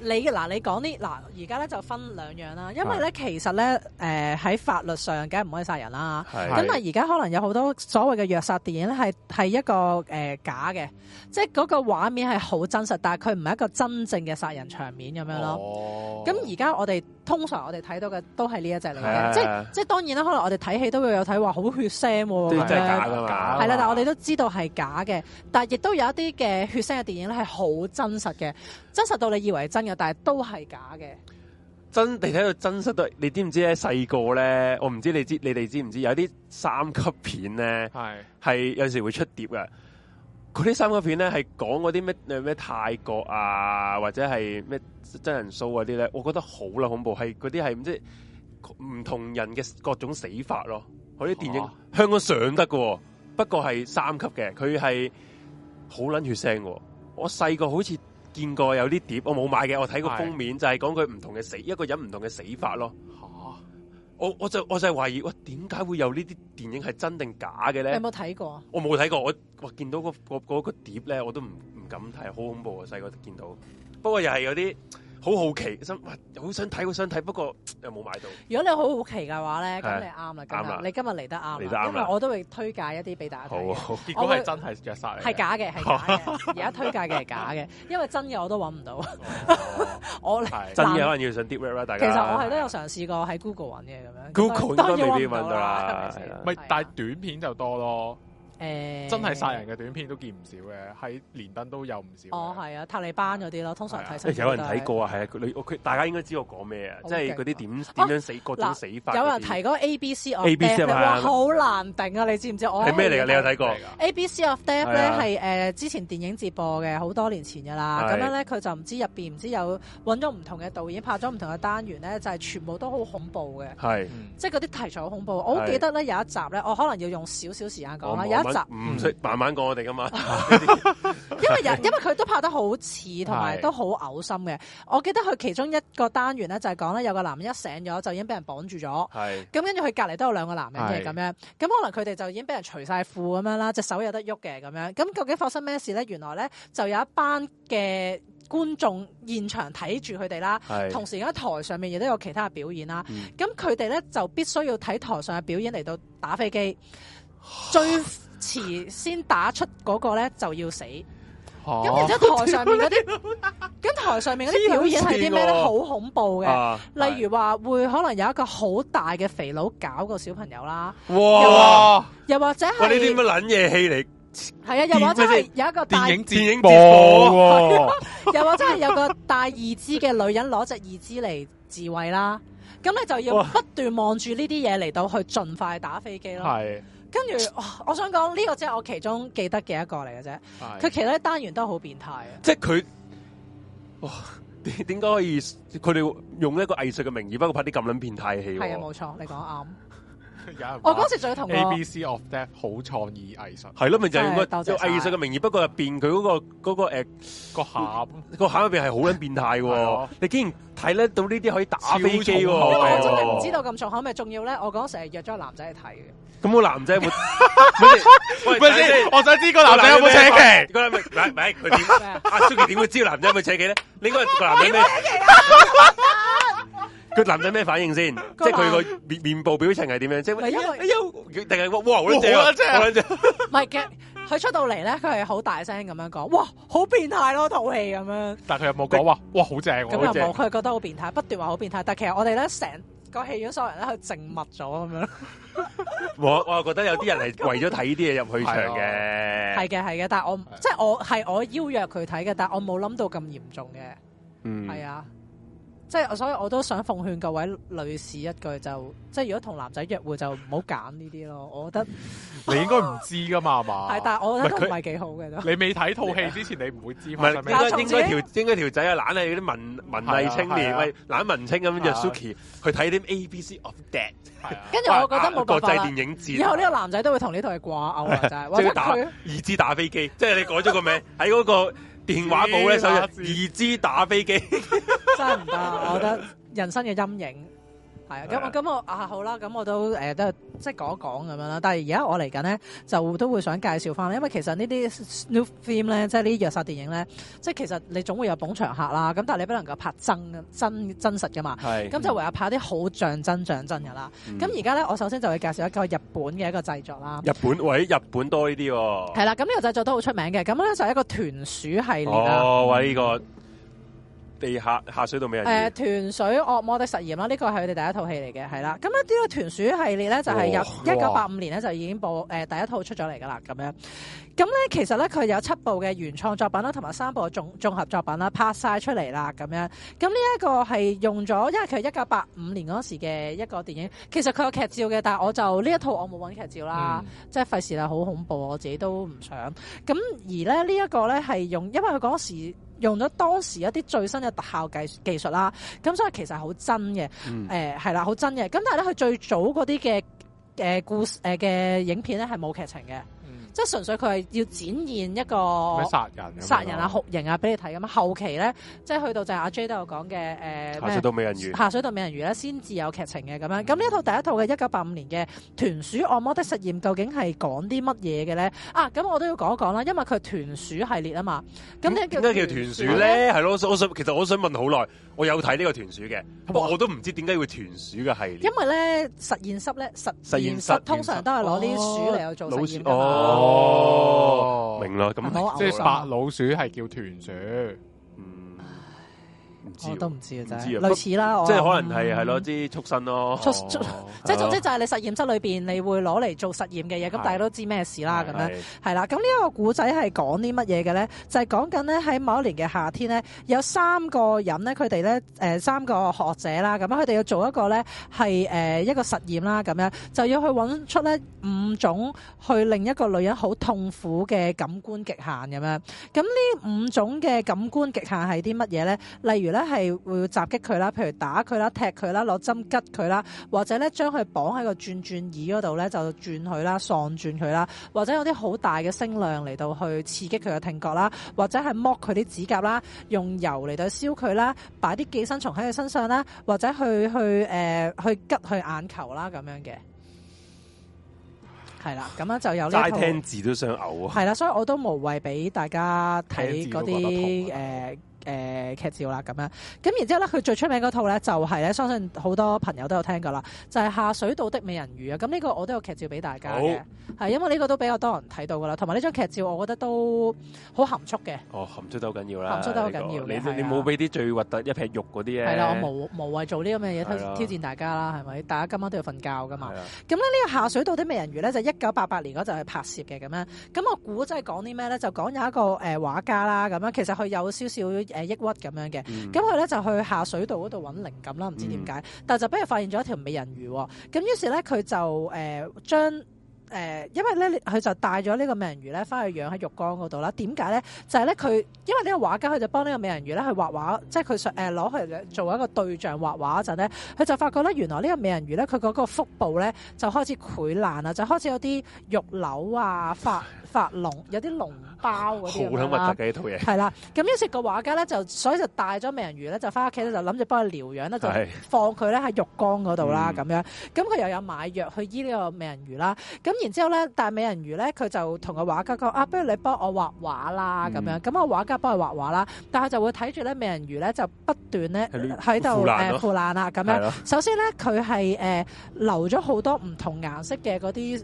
你嗱，你講啲嗱，而家咧就分兩樣啦，因為咧其實咧，誒、呃、喺法律上梗係唔可以殺人啦。咁是但係而家可能有好多所謂嘅虐殺電影咧，係係一個誒、呃、假嘅，即係嗰個畫面係好真實，但係佢唔係一個真正嘅殺人場面咁樣咯。咁而家我哋。通常我哋睇到嘅都係呢一隻嚟嘅，是啊、即是、啊、即，即當然啦。可能我哋睇戲都會有睇話好血腥、啊，啲真嘅假啊嘛對，係的啦。但係我哋都知道係假嘅，但係亦都有一啲嘅血腥嘅電影咧係好真實嘅，真實到你以為係真嘅，但係都係假嘅。真，你睇到真實到，你知唔知咧？細個咧，我唔知你知，你哋知唔知有啲三級片咧係係有時會出碟嘅。佢啲三級片咧係講嗰啲咩咩泰國啊或者係咩真人 show 嗰啲咧，我覺得好啦恐怖，係嗰啲係唔知唔同人嘅各種死法咯。嗰啲電影、啊、香港上得㗎、哦，不過係三級嘅，佢係好捻血腥嘅。我細個好似見過有啲碟，我冇買嘅，我睇過封面是的 就係講佢唔同嘅死，一個人唔同嘅死法咯。我我就我就係懷疑，我點解會有呢啲電影係真定假嘅咧？你有冇睇過啊？我冇睇過，我我見到、個個碟咧，我都唔唔敢睇，好恐怖啊！細個見到，不過又係有啲。好好奇，想好想睇，好想睇，不過又冇買到。如果你好好奇嘅話咧，咁你啱啦，你今日嚟得啱，因為我都會推介一啲俾大家睇。結果係真係着晒，你。係假嘅，係假嘅。而家推介嘅係假嘅，因為真嘅我都揾唔到。我真嘅可能要上 Dread 啦，大家。其實我係都有嘗試過喺 Google 揾嘢咁樣，Google 都未必揾到啦。係，但係短片就多咯。誒，真係殺人嘅短片都見唔少嘅，喺連登都有唔少。哦，係啊，塔利班嗰啲咯，通常睇有人睇過啊，係啊，大家應該知我講咩啊，即係嗰啲點點樣死、各種死法。有人提嗰個 ABC of Death，好難頂啊！你知唔知我係咩嚟㗎？你有睇過 ABC of Death 咧，係，誒之前電影節播嘅好多年前㗎啦，咁樣咧佢就唔知入邊唔知有揾咗唔同嘅導演拍咗唔同嘅單元咧，就係全部都好恐怖嘅。係，即係嗰啲題材好恐怖。我好記得咧有一集咧，我可能要用少少時間講啦。有一唔識、嗯、慢慢講我哋噶嘛 因，因為因為佢都拍得好似，同埋都好嘔心嘅。是我記得佢其中一個單元咧，就係講咧有個男人一醒咗就已經俾人綁住咗。係咁是跟住佢隔離都有兩個男人嘅咁是樣。咁可能佢哋就已經俾人除晒褲咁樣啦，隻手有得喐嘅咁樣。咁究竟發生咩事咧？原來咧就有一班嘅觀眾現場睇住佢哋啦。是同時而家台上面亦都有其他嘅表演啦。咁佢哋咧就必須要睇台上嘅表演嚟到打飛機 最。詞先打出嗰個咧就要死，咁然之後台上面嗰啲，咁台上面啲表演係啲咩咧？好恐怖嘅，例如話會可能有一個好大嘅肥佬搞個小朋友啦，哇！又或者係呢啲乜捻嘢戲嚟？係啊，又或者係有一個電影電影節又或者係有個帶義肢嘅女人攞隻義肢嚟自衛啦。咁你就要不斷望住呢啲嘢嚟到去盡快打飛機咯。係。跟住、哦，我想講呢、呢個即係我其中記得嘅一個嚟嘅啫。佢是其他啲單元都好變態嘅。即係佢，哇！點點解可以佢哋用一個藝術嘅名義，不過拍啲咁撚變態嘅戲？係啊，冇錯，你講啱。 我嗰時仲要同 ABC of Death 好創意藝術係咯，咪就係用個叫藝術嘅名義，不過入邊佢嗰個嗰個誒個盒個盒入邊係好鬼變態喎！你竟然睇得到呢啲可以打飛機，我真係唔知道咁重口味。仲要咧？我嗰成日約咗個男仔去睇嘅。咁個男仔有冇？先，我想知個男仔有冇扯旗？唔係唔係，佢點阿 Suki 點會知男仔有冇扯旗咧？你個男仔個男仔咩反應先？ 即係佢個面面部表情係點樣？即係因為定係哇好正，好正。唔係嘅，佢出到嚟咧，佢係好大聲咁樣講，哇好 變態咯，套戲咁樣。但係佢又冇講，但哇哇好正。咁又冇，佢棒覺得好變態，不斷話好變態。但係其實我哋咧成個戲院所有人咧，佢靜默咗咁樣。 我我又覺得有啲人係為咗睇呢啲嘢入去場嘅。係嘅、 嗯，係 嘅。但係我即係我係我邀約佢睇嘅，但係我冇諗到咁嚴重嘅。嗯，係啊。即係，所以我都想奉勸各位女士一句，就即係如果同男仔約會就唔好揀呢啲咯。我覺得你應該唔知噶嘛，係嘛？係，但係我覺得佢唔係幾好嘅。你未睇套戲之前，你唔會知。唔係應該應該應該條條仔啊，懶你嗰啲文文藝青年，喂，懶文青咁樣，Suki 去睇啲 ABC of Death 跟住我覺得冇辦法啦。國際電影節，以後呢個男仔都會同呢套嘢掛鈎，嘅就係。即係打二支打飛機，即係你改咗個名喺嗰個電話簿咧，就係二支打飛機， 真係唔得啊，我覺得人生嘅陰影。咁我咁我啊好啦，咁我都誒、呃、都、呃、即係講一講咁樣啦。但係而家我嚟緊咧，就都會想介紹翻，因為其實、no、呢啲 snuff film 咧，即係呢啲虐殺電影咧，即係其實你總會有捧場客啦。咁但係你不能夠拍真真真實噶嘛。咁的就唯有拍啲好像真像真噶啦。咁而家咧，我首先就會介紹一個日本嘅一個製作啦。日本喂日本多呢啲喎。係啦，咁呢個製作都好出名嘅。咁咧就係一個豚鼠系列啦。哦，喂，呢、呢個。地下下水到咩啊、呃？誒，豚鼠惡魔的實驗啦，呢個係佢哋第一套戲嚟嘅，係啦。咁呢個咧豚鼠系列咧，就係由一九八五年咧，就已經播誒、呃、第一套出咗嚟噶啦，咁樣。咁咧其實咧，佢有七部嘅原創作品啦，同埋三部嘅綜綜合作品啦，拍晒出嚟啦，咁樣。咁呢一個係用咗，因為佢係一九八五年嗰時嘅一個電影，其實佢有劇照嘅，但係我就呢一套我冇揾劇照啦，嗯、即係費事啦，好恐怖，我自己都唔想。咁而咧呢一個咧係用，因為佢嗰時。用咗當時一啲最新嘅特效技技術啦，咁所以其實好真嘅，誒係啦，好、呃、真嘅。咁但係咧，佢最早嗰啲嘅誒故事誒嘅、呃、影片咧係冇劇情嘅。嗯即係純粹佢係要展現一個殺人、殺人啊、酷刑啊，俾你睇咁啊。後期咧，即係去到就係阿 J 都有講嘅誒，呃、下水道美人魚，下水道美人魚咧先至有劇情嘅咁樣。咁呢、嗯、一套第一套嘅一九八五年嘅《豚鼠按摩的實驗》究竟係講啲乜嘢嘅咧？啊，咁我都要講一講啦，因為佢係豚鼠系列啊嘛。咁點解叫豚鼠咧？係咯，我想其實我想問好耐，我有睇呢個豚鼠嘅，哇不過我都唔知點解會豚鼠嘅系列。因為咧，實驗室咧，實實驗室通常都係攞啲鼠嚟做實驗。哦，oh，明啦，咁即係白老鼠係叫豚鼠。啊、我都唔知，啊、知啊，真係類似啦，即係不說可能係係咯啲畜生咯，畜生、哦、畜，即係總之就係你實驗室裏邊你會攞嚟做實驗嘅嘢，咁的大家都知咩事啦，咁的樣，係啦的。咁呢一個故仔係講啲乜嘢嘅咧？就係講緊咧喺某一年嘅夏天咧，有三個人咧，佢哋咧誒三個學者啦，咁樣佢哋要做一個咧係誒一個實驗啦，咁樣就要去揾出咧五種去令一個女人好痛苦嘅感官極限咁樣，咁呢五種嘅感官極限係啲乜嘢咧？例如咧。係會襲擊佢啦，譬如打佢啦、踢佢啦、攞針吉佢啦，或者咧將佢綁喺個轉轉椅嗰度咧，就轉佢啦、喪轉佢啦，或者有啲好大嘅聲量嚟到去刺激佢嘅聽覺啦，或者係剝佢啲指甲啦，用油嚟到燒佢啦，擺啲寄生蟲喺佢身上啦，或者去去誒、呃、去吉佢眼球啦，咁樣嘅係啦，咁樣就有齋聽字都想嘔啊！係啦，所以我都無謂俾大家睇嗰啲誒。誒，劇照啦，咁樣，咁然之後咧，佢最出名嗰套咧，就係、是、咧，相信好多朋友都有聽過啦，就係、是、下水道的美人魚啊！咁呢、這個我都有劇照俾大家嘅，係好因為呢個都比較多人睇到噶啦，同埋呢張劇照，我覺得都好含蓄嘅。哦，含蓄得好緊要啦，含蓄得好緊要嘅、這個。你冇俾啲最核突一劈肉嗰啲啊？係啦、啊，我無無謂做呢咁嘅嘢挑挑戰大家啦，係咪、啊？大家今晚都要瞓覺噶嘛？咁呢、啊這個下水道的美人魚咧，就一九八八年嗰陣係拍攝嘅咁樣。咁我估即係講啲咩咧？就講有一個誒畫家啦，咁樣，其實佢有少少。誒、啊、抑鬱咁樣嘅，咁佢咧就去下水道嗰度揾靈感啦，唔知點解，嗯、但係就畀佢發現咗一條美人魚，咁、啊、於是咧佢就誒、呃、將。誒，因為咧，佢就帶咗呢個美人魚咧，翻去養喺浴缸嗰度啦。點解咧？就係咧，佢因為呢個畫家，佢就幫呢個美人魚咧去畫畫，即係佢想誒攞佢做一個對象畫畫嗰陣咧，佢就發覺咧，原來呢個美人魚咧，佢嗰個腹部咧就開始潰爛啦，就開始有啲肉瘤啊、發發膿、有啲膿包嗰啲好咁核突嘅呢套嘢。係啦，咁於是個畫家咧就所以就帶咗美人魚咧就翻屋企咧就諗住幫佢療養啦，就放佢咧喺浴缸嗰度啦咁樣。咁佢又有買藥去醫呢個美人魚啦。咁然之後咧，但係美人魚咧，佢就同個畫家講啊，不如你幫我畫畫啦，咁、嗯、樣，咁個畫家幫佢畫畫啦，但係就會睇住咧，美人魚咧，就不斷咧喺度誒腐爛啊，咁、呃啊、樣。的首先咧，佢係誒留咗好多唔同顏色嘅嗰啲。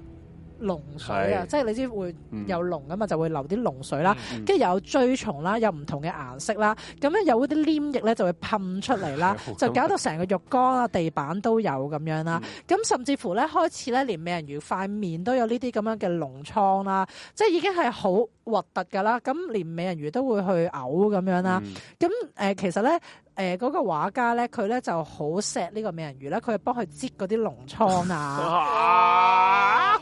膿水啊，的即係你知會有膿㗎嘛，嗯、就會流啲膿水啦，跟住、嗯嗯、有蛆蟲啦，有唔同嘅顏色啦，咁咧有啲黏液咧就會噴出嚟啦， 就搞到成個浴缸啊、地板都有咁樣啦，咁、嗯、甚至乎咧開始咧連美人魚塊面都有呢啲咁樣嘅膿瘡啦，即係已經係好。核突㗎啦，咁連美人魚都會去嘔咁樣啦。咁誒、嗯呃，其實咧，誒、呃、嗰、那個畫家咧，佢咧就好錫呢個美人魚啦。佢幫佢擠嗰啲膿瘡啊。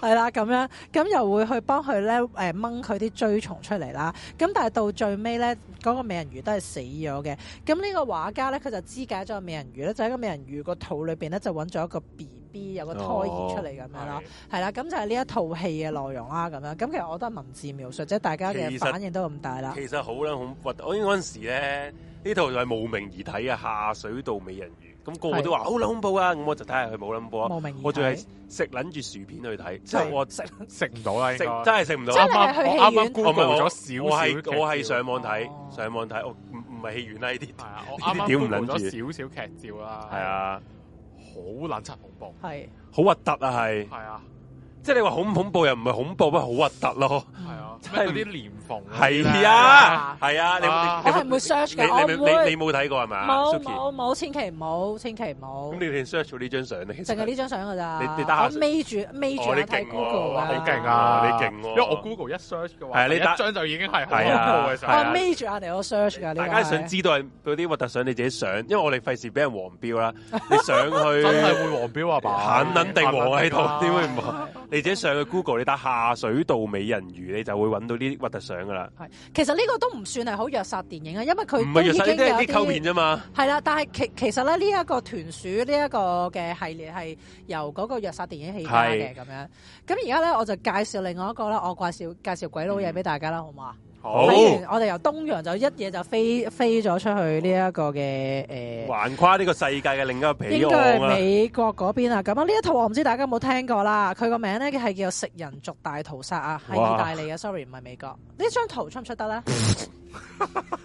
係啦，咁樣，咁又會去幫佢咧誒掹佢啲蛆蟲出嚟啦。咁但係到最尾咧，嗰、那個美人魚都係死咗嘅。咁呢個畫家咧，佢就肢解咗美人魚咧，就喺個美人魚個肚裏邊咧，就揾咗一個 B 有個胎兒出嚟咁樣啦，係啦，咁就係呢一套戲嘅內容啦，咁樣咁其實我覺得文字描述，即係大家嘅反應都咁大啦。其實好撚恐怖，我嗰陣時咧，呢套就係無名而睇嘅《下水道美人魚》，咁個個都話好恐怖啊！咁我就睇下佢冇撚恐怖，我仲係食撚住薯片去睇，即係我食食唔到啦，食真係食唔到。啱啱我冇咗少我係上網睇上網睇，我唔唔係戲院啦呢啲，呢啲點唔撚住？少少劇照啦，係啊。好難測，磅磅，係好核突啊！係。即係你話恐唔恐怖又唔係恐怖，咪好核突咯。係啊，嗰啲連縫。係啊，係啊，你你係唔會 search 噶？你你冇睇過係嘛？冇冇冇，千祈唔好，千祈唔好。咁你點 search 到呢張相咧？淨係呢張相噶咋？你打下。眯住眯住睇 Google 啊！好勁啊！你勁，因為我 Google 一 search 嘅話，你打張就已經係好嘅相。我眯住啊，嚟我 search 噶。大家想知道係嗰啲核突相，你自己上，因為我哋費事俾人黃標啦。你上去真係會黃標啊，爸！肯定黃喺度，點會唔？你自己上去 Google，你打下水道美人魚，你就會揾到呢啲核突相噶啦。係，其實呢、呢個都唔算係好虐殺電影啊，因為佢唔已經有啲溝連啫嘛。係啦，但係其其實咧呢一個豚鼠呢一個嘅系列係由嗰個虐殺電影起家嘅咁樣。咁而家咧我就介紹另外一個啦，我介紹介紹鬼佬嘢俾大家啦，嗯、好唔好啊？好，我哋由東洋就一夜就飛飛咗出去呢一個嘅誒，橫跨呢個世界嘅另一個彼岸啦。應該係美國嗰邊啊，咁啊呢一套我唔知大家有冇聽過啦。佢個名咧係叫《食人族大屠殺》啊，喺意大利啊 Sorry，唔係美國。呢張圖出唔出得咧？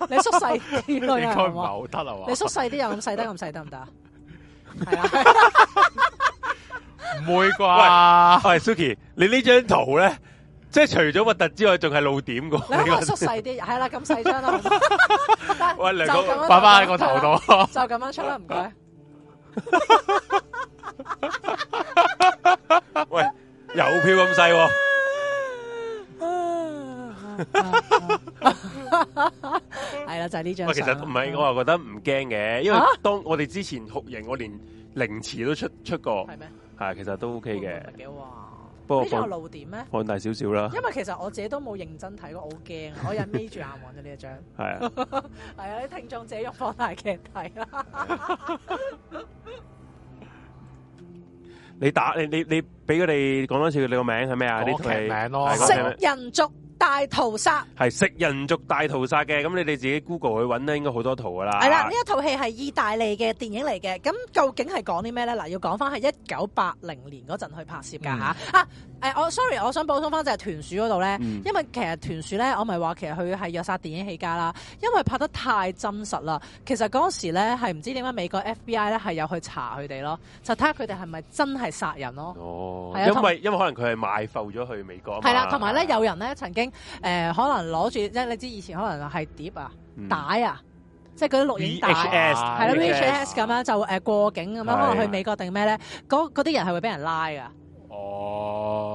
你縮細啲，得你縮細啲又咁細得，咁細得唔得？唔會啩？喂，Suki，你呢張圖咧？即係除咗核突之外，仲係露點嘅，縮細啲，係啦，咁細張啦，就咁樣擺翻喺個頭度，就咁樣出啦，唔該。喂，郵票咁細，係啦，就係呢張。其實唔係，我係覺得唔驚嘅，因為當我哋之前酷刑，我連凌遲都出出過，係咩？係其實都 OK 嘅。呢張露點咩？放大少少啦。因為其實我自己都冇認真睇過，好驚。我又眯住眼望咗呢一張。係啊，係啊，啲聽眾自己用放大鏡睇啦。你打你你你俾佢哋講多次佢，你個名係咩啊？你名咯，食人族。大屠殺，係食人族大屠殺嘅。咁你哋自己 Google 去揾咧，應該好多圖噶啦。係啦，呢一套戲係意大利嘅電影嚟嘅，咁究竟係講啲咩咧？嗱，要講翻係一九八零年嗰陣去拍攝噶嚇、嗯、啊！誒、哎，我 sorry，我想補充翻就係、是、豚鼠嗰度咧，嗯、因為其實豚鼠咧，我咪話其實佢係虐殺電影起家啦，因為拍得太真實啦。其實嗰時咧係唔知點解美國 FBI 咧係有去查佢哋咯，就睇下佢哋係咪真係殺人咯。哦、啊，因為因為可能佢係賣埠咗去美國。係啦、啊，同埋咧有人咧曾經誒、呃、可能攞住即你知以前可能係碟啊、嗯、帶啊，即係嗰啲錄影帶啊，係啦 VHS 咁樣就誒過境咁樣、啊，可能去美國定咩咧？嗰啲人係會俾人拉噶。哦。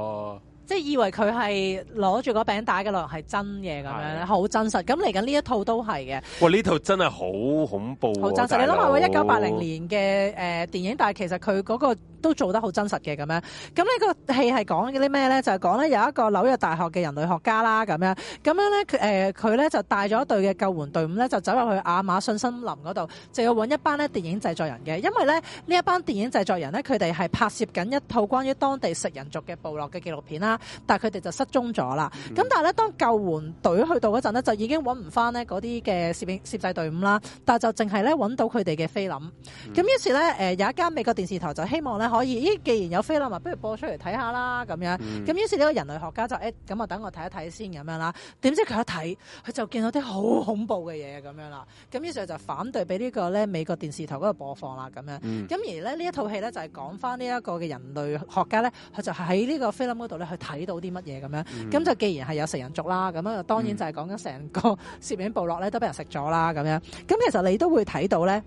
即係以為佢係攞住個餅帶嘅內容係真嘢咁樣咧，好的真實。咁嚟緊呢一套都係嘅。喂，呢套真係好恐怖、啊。好真實，哥你諗下喎，一九八零年嘅誒電影，但係其實佢嗰個都做得好真實嘅咁樣。咁呢個戲係講啲咩咧？就係講咧有一個紐約大學嘅人類學家啦，咁樣咁樣咧誒，佢、呃、咧就帶咗一隊嘅救援隊伍咧，就走入去亞馬遜森林嗰度，就要揾一班咧電影製作人嘅，因為咧呢一班電影製作人咧，佢哋係拍攝緊一套關於當地食人族嘅部落嘅紀錄片啦。但係佢哋就失蹤咗啦。咁、嗯、但係咧，當救援隊去到嗰陣咧，就已經揾唔翻呢嗰啲嘅攝影攝製隊伍啦。但係就淨係咧揾到佢哋嘅菲林。咁、嗯、於是咧，誒、呃、有一間美國電視台就希望咧可以，咦，既然有菲林，咪不如播出嚟睇下啦咁樣。咁、嗯、於是呢個人類學家就誒，咁、欸、啊等我睇一睇先咁樣啦。點知佢一睇，佢就見到啲好恐怖嘅嘢咁樣啦。咁於是就反對俾呢個咧美國電視台嗰度播放啦咁樣。咁、嗯、而咧呢一套戲咧就係講翻呢一個嘅人類學家咧，佢就喺呢個菲林嗰度咧去。睇到啲乜嘢咁樣，咁就、嗯、既然係有食人族啦，咁啊當然就係講緊成個攝影部落咧都俾人食咗啦咁樣。咁其實你都會睇到咧，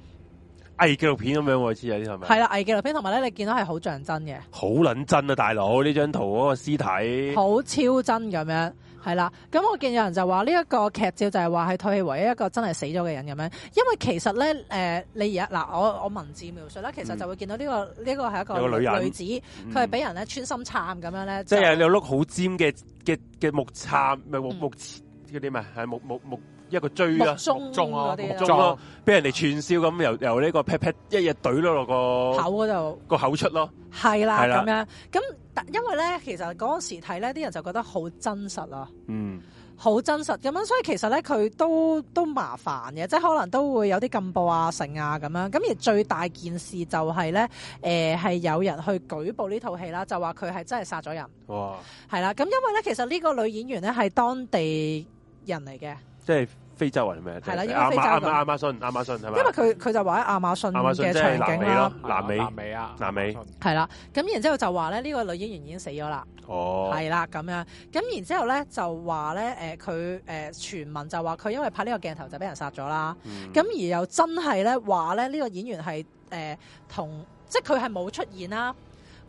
偽紀錄片咁樣喎似係啲係咪？係啦，偽紀錄片同埋咧，你見到係好像真嘅，好撚真啊大佬！呢張圖嗰個屍體好超真咁樣。係啦，咁我見有人就話呢一個劇照就係話係土耳其唯一一個真係死咗嘅人咁樣，因為其實咧誒、呃，你而家嗱，我我文字描述咧，其實就會見到呢、這個呢、嗯、個係一個女人。女子，佢係俾人咧穿心斬咁樣咧，嗯、就即係有碌好尖嘅嘅嘅木柵咪木木嗰啲嘛，係木木木。木嗯一個追啊，中樁嗰啲啦，俾人哋串燒咁，由由呢個劈 a 一日懟咗落個口嗰度，個口出咯，係啦，咁樣咁，因為咧，其實嗰時睇咧，啲人就覺得好真實啦，嗯，好真實咁樣，所以其實咧，佢都都麻煩嘅，即係可能都會有啲禁播啊、成啊咁樣，咁而最大件事就係咧，誒，係有人去舉報呢套戲啦，就話佢係真係殺咗人，哇，係啦，咁因為咧，其實呢個女演員咧係當地人嚟嘅，即係。非洲人咩？係啦，應該非洲人。亞亞亞馬遜，亞馬遜係咪？因為佢佢就話喺亞馬遜嘅場景啦，南美、南美啊，南美。係美啦，咁然之後就話咧，呢個女演員已經死咗、哦、啦。哦，係啦，咁樣。咁然之後咧就話咧，誒佢誒傳聞就話佢因為拍呢個鏡頭就俾人殺咗啦。咁、嗯、而又真係咧話咧呢個演員係誒同，即係佢係冇出現啦。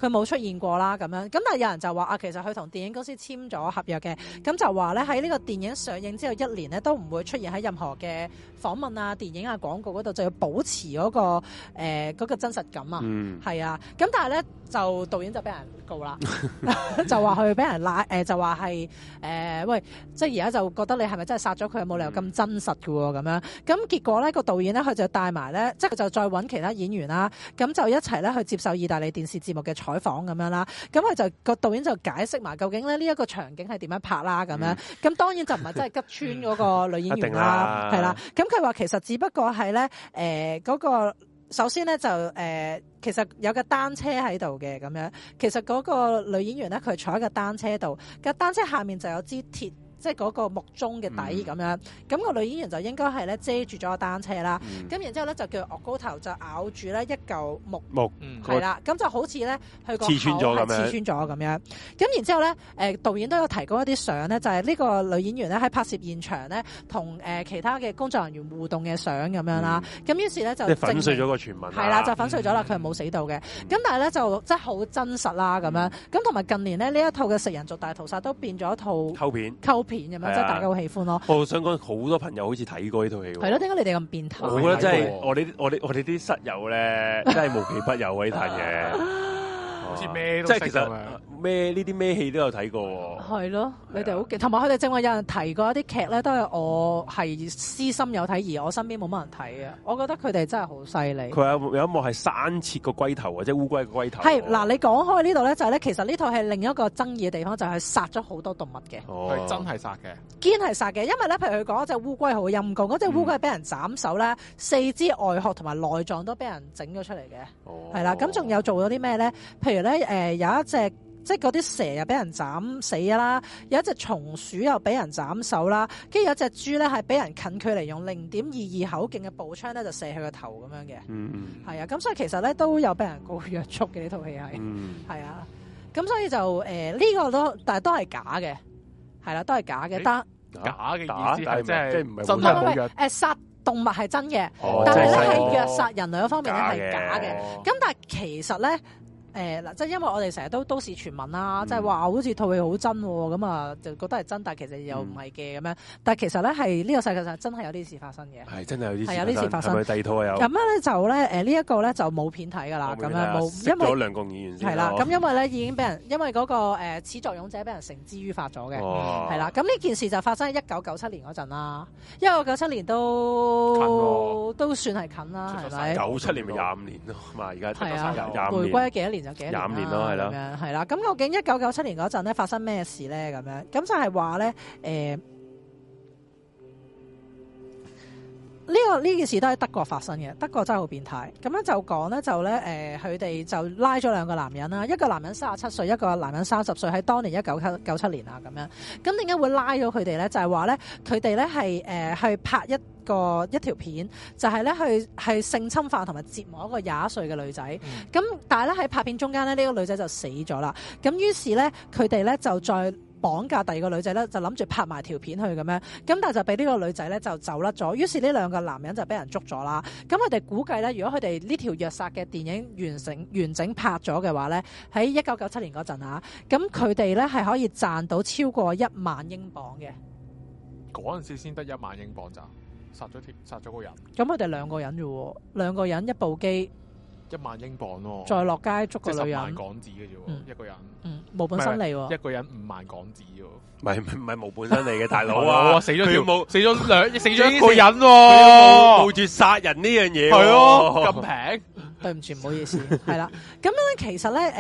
佢冇出現過啦，咁樣咁，但係有人就話啊，其實佢同電影公司簽咗合約嘅，咁就話咧喺呢個電影上映之後一年呢，都唔會出現喺任何嘅訪問啊、電影啊、廣告嗰度，就要保持嗰個誒嗰個真實感啊，係啊，咁但係咧就導演就俾人告啦，就話佢俾人拉誒，就話係誒喂，即係而家就覺得你係咪真係殺咗佢？冇理由咁真實㗎喎，咁樣咁結果呢個導演呢，佢就帶埋咧，即係佢就再揾其他演員啦，咁就一齊咧去接受意大利電視節目嘅採採訪咁樣啦，咁佢就個導演就解釋埋究竟咧呢一個場景係點樣拍啦咁樣。咁、嗯、當然就唔係真係吉川嗰個女演員，啊、啦，係啦，咁佢話其實只不過係咧，誒、呃、嗰、嗰個首先咧就誒、呃、其實有個單車喺度嘅咁樣，其實嗰個女演員咧佢坐喺個單車度，個單車下面就有支鐵。即係嗰個木鐘嘅底咁樣，咁個女演員就應該係咧遮住咗個單車啦。咁然之後咧就叫惡高頭就咬住咧一嚿木，木。係啦，咁就好似咧佢個頭係刺穿咗咁樣。咁然之後咧，誒導演都有提供一啲相咧，就係呢個女演員咧喺拍攝現場咧同誒其他嘅工作人員互動嘅相咁樣啦。咁於是咧就粉碎咗個傳聞，係啦，就粉碎咗啦，佢係冇死到嘅。咁但係咧就即係好真實啦咁樣。咁同埋近年呢，呢一套嘅食人族大屠殺都變咗一套片咁樣，即係大家好喜歡咯。我想講，好多朋友好似睇過呢套戲喎。係咯，點解你哋咁變態？我覺得真係過我哋我哋我哋啲室友咧， 真係無奇不有偉大嘅。 咩？哦、即係其實咩呢啲咩戲都有睇過喎。係咯的，的你哋好同埋佢哋正話有人提過一啲劇咧，都係我係私心有睇，而我身邊冇乜人睇嘅。我覺得佢哋真係好犀利。佢有有一幕係生切個龜頭或者烏龜嘅龜頭。係嗱，的哦、你講開呢度咧，就係、是、咧，其實呢套係另一個爭議嘅地方，就係、是、殺咗好多動物嘅。哦，真係殺嘅，堅係殺嘅，因為咧，譬如佢講一隻烏龜好陰功，嗰隻烏龜係俾人斬手咧，嗯、四肢外殼同埋內臟都俾人整咗出嚟嘅。哦，係啦，咁仲有做咗啲咩咧？譬如咧，誒有一隻即係嗰啲蛇又俾人斬死㗎啦，有一隻松鼠又俾人斬手啦，跟住有隻豬咧係俾人近距離用零點二二口徑嘅步槍咧就射佢個頭咁樣嘅。嗯，係啊，咁所以其實咧都有俾人告約束嘅呢套戲係，係啊，咁所以就誒呢個都，但係都係假嘅，係啦，都係假嘅，得假嘅意思係即係唔係真係冇約誒殺動物係真嘅，但係咧係虐殺人類方面咧係假嘅，咁但係其實咧。誒嗱，即係因為我哋成日都都市傳聞啦，即係話好似套戲好真喎，咁啊就覺得係真，但其實又唔係嘅咁樣。但係其實咧係呢個世界上真係有啲事發生嘅，係真係有啲，事發生。係咁樣咧就咧呢一個咧就冇片睇㗎啦，咁樣冇，因為兩個演員係啦。咁因為咧已經俾人，因為嗰個始作俑者俾人繩之於法咗嘅，係啦。咁呢件事就發生喺一九九七年嗰陣啦。一九九七年都都算係近啦，係咪？九七年咪廿五年咯嘛，而家係廿五年，迴歸幾多年？廿年咯，係咯、啊，係啦吧。咁究竟一九九七年嗰陣呢發生咩事呢？咁樣咁就係話呢，誒、呃，呢、這個呢件、這個、事都喺德國發生嘅。德國真係好變態。咁樣就講呢，就呢，誒、呃，佢哋就拉咗兩個男人啦，一個男人三十七歲，一個男人三十歲，喺當年一九九七年啊，咁樣。咁點解會拉咗佢哋呢？就係、是、話呢，佢哋呢係誒、呃、去拍一。一個一條片就係、是、咧，佢係性侵犯同埋折磨一個廿一歲嘅女仔。咁、嗯、但係咧喺拍片中間呢，呢、這個女仔就死咗啦。咁於是咧，佢哋咧就再綁架第二個女仔咧，就諗住拍埋條片去咁樣。咁但係就俾呢個女仔咧就走甩咗。於是呢兩個男人就俾人捉咗啦。咁我哋估計咧，如果佢哋呢條虐殺嘅電影完成完整拍咗嘅話咧，喺一九九七年嗰陣吓，咁佢哋咧係可以賺到超過一萬英鎊嘅。嗰陣時先得一萬英鎊咋？殺咗條，殺咗個人，咁佢哋兩個人啫喎，兩個人一部機，一萬英鎊咯，再落街捉個女人，十萬港紙嘅啫，一個人，嗯，無本生利，一個人五萬港紙，唔係唔係無本生利嘅大佬啊，死咗條冇，死咗兩死咗一個人，佢孭住殺人呢樣嘢，係咯，咁平。 說笑對唔住，唔好意思，係啦。咁樣咧，其實咧，誒、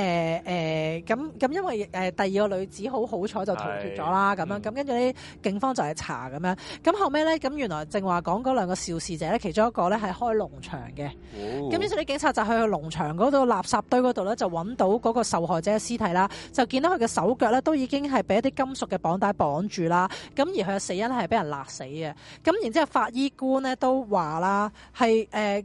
呃、誒，咁、呃、咁，因為誒第二個女子好好彩就逃脫咗啦。咁樣咁，跟住咧，警方就係查咁樣。咁後尾咧，咁原來正話講嗰兩個肇事者咧，其中一個咧係開農場嘅。咁、喔、於是咧，警察就去去農場嗰個垃圾堆嗰度咧，就揾到嗰個受害者嘅屍體啦。就見到佢嘅手腳咧，都已經係俾一啲金屬嘅綁帶綁住啦。咁而佢嘅死因係俾人勒死嘅。咁然之後法醫官咧都話啦，係誒。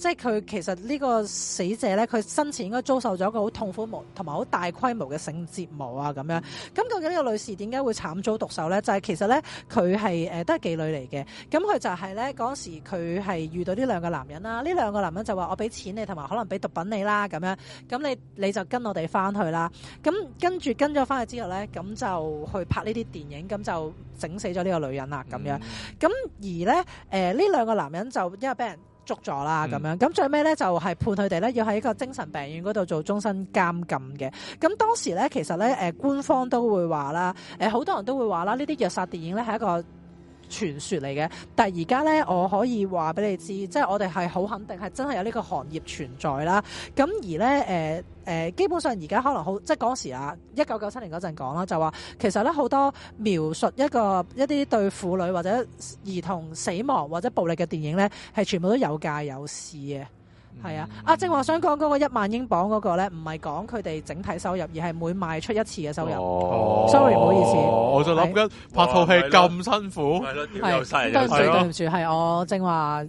即係佢其實呢個死者咧，佢生前應該遭受咗一個好痛苦同埋好大規模嘅性折磨啊咁樣。咁究竟呢個女士點解會慘遭毒手咧？就係、是、其實咧，佢係誒都係妓女嚟嘅。咁佢就係咧嗰陣時，佢係遇到呢兩個男人啦。呢兩個男人就話：我俾錢你，同埋可能俾毒品你啦咁樣。咁你你就跟我哋翻去啦。咁跟住跟咗翻去之後咧，咁就去拍呢啲電影，咁就整死咗呢個女人啦咁樣。咁、嗯、而咧誒呢、呃、兩個男人就因為俾人。捉咗啦，咁樣、嗯，咁最尾咧就係判佢哋咧要喺一個精神病院嗰度做終身監禁嘅。咁當時咧，其實咧，誒、呃，官方都會話啦，誒、呃，好多人都會話啦，呢啲虐殺電影咧係一個。傳說嚟嘅，但係而家呢，我可以話俾你知，即係我哋係好肯定係真係有呢個行業存在啦。咁而呢，誒、呃、誒、呃，基本上而家可能好，即係嗰時啊，一九九七年嗰陣講啦，就話其實呢，好多描述一個一啲對婦女或者兒童死亡或者暴力嘅電影呢，係全部都有價有市嘅。係啊，阿、啊、正話想講嗰個一萬英鎊嗰個咧，唔係講佢哋整體收入，而係每賣出一次嘅收入。哦，sorry，唔好意思。我就諗緊拍套戲咁辛苦。係咯，又細。對唔住，對唔住，係是我正話誒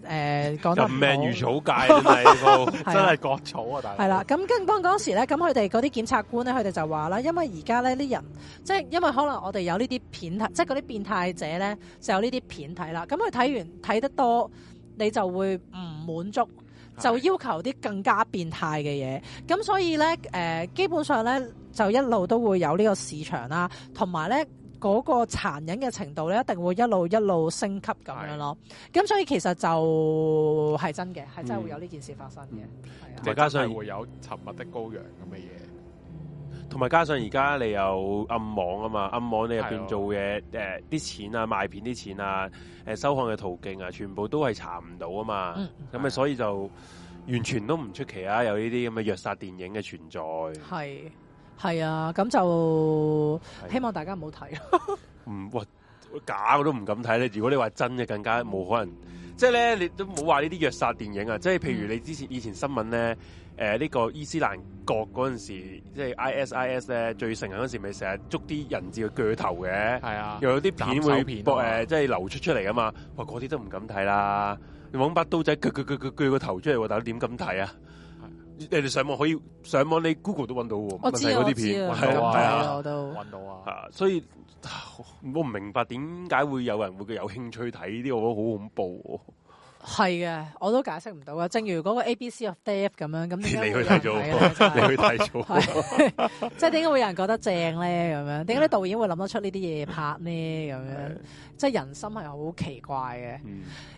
講、呃、得。人命如草芥， 真係割草啊！大佬。係啦，咁跟住嗰陣時咧，咁佢哋嗰啲檢察官咧，佢哋就話啦，因為而家咧啲人，即係因為可能我哋有呢啲片，即係嗰啲變態者咧就有呢啲片睇啦。咁佢睇完睇得多，你就會唔滿足。就要求啲更加變態嘅嘢，咁所以咧，誒、呃、基本上咧，就一路都會有呢個市場啦，同埋咧，嗰個殘忍嘅程度咧，一定會一路一路升級咁樣咯。咁是所以其實就係真嘅，係真係會有呢件事發生嘅，係啊，再加上會有沉默的羔羊咁嘅嘢。嗯同埋加上而家你有暗網啊嘛，暗網你入面做嘢，誒啲錢啊賣片啲錢啊，誒、呃、收看嘅途徑啊，全部都係查唔到啊嘛，咁咪、嗯、所以就完全都唔出奇啊，有呢啲咁嘅虐殺電影嘅存在。係係啊，咁就希望大家唔好睇。唔、啊， 哇，假我都唔敢睇咧。如果你話真嘅，更加冇可能。即係咧，你都冇話呢啲虐殺電影啊！即係譬如你之前以前新聞咧，誒呢個伊斯蘭國嗰陣時，即係 ISIS 咧最盛行嗰時，咪成日捉啲人質嘅鋸頭嘅，係啊，又有啲片會播誒，即係流出出嚟啊嘛，哇嗰啲都唔敢睇啦！你搵把刀仔鋸鋸鋸鋸個頭出嚟，大家點敢睇啊？你哋上網可以上網，你 Google 都搵到喎，唔係嗰啲片，係啊，我都搵到啊，所以。我唔明白點解會有人會有興趣睇呢啲，我覺得好恐怖啊。係嘅，我都解釋唔到啊。正如嗰個 ABC of Death 咁樣，咁你嚟去睇咗，你去睇咗，即係點解會有人覺得正咧？咁樣點解啲導演會諗得出呢啲嘢拍呢？咁樣的即係人心係好奇怪嘅。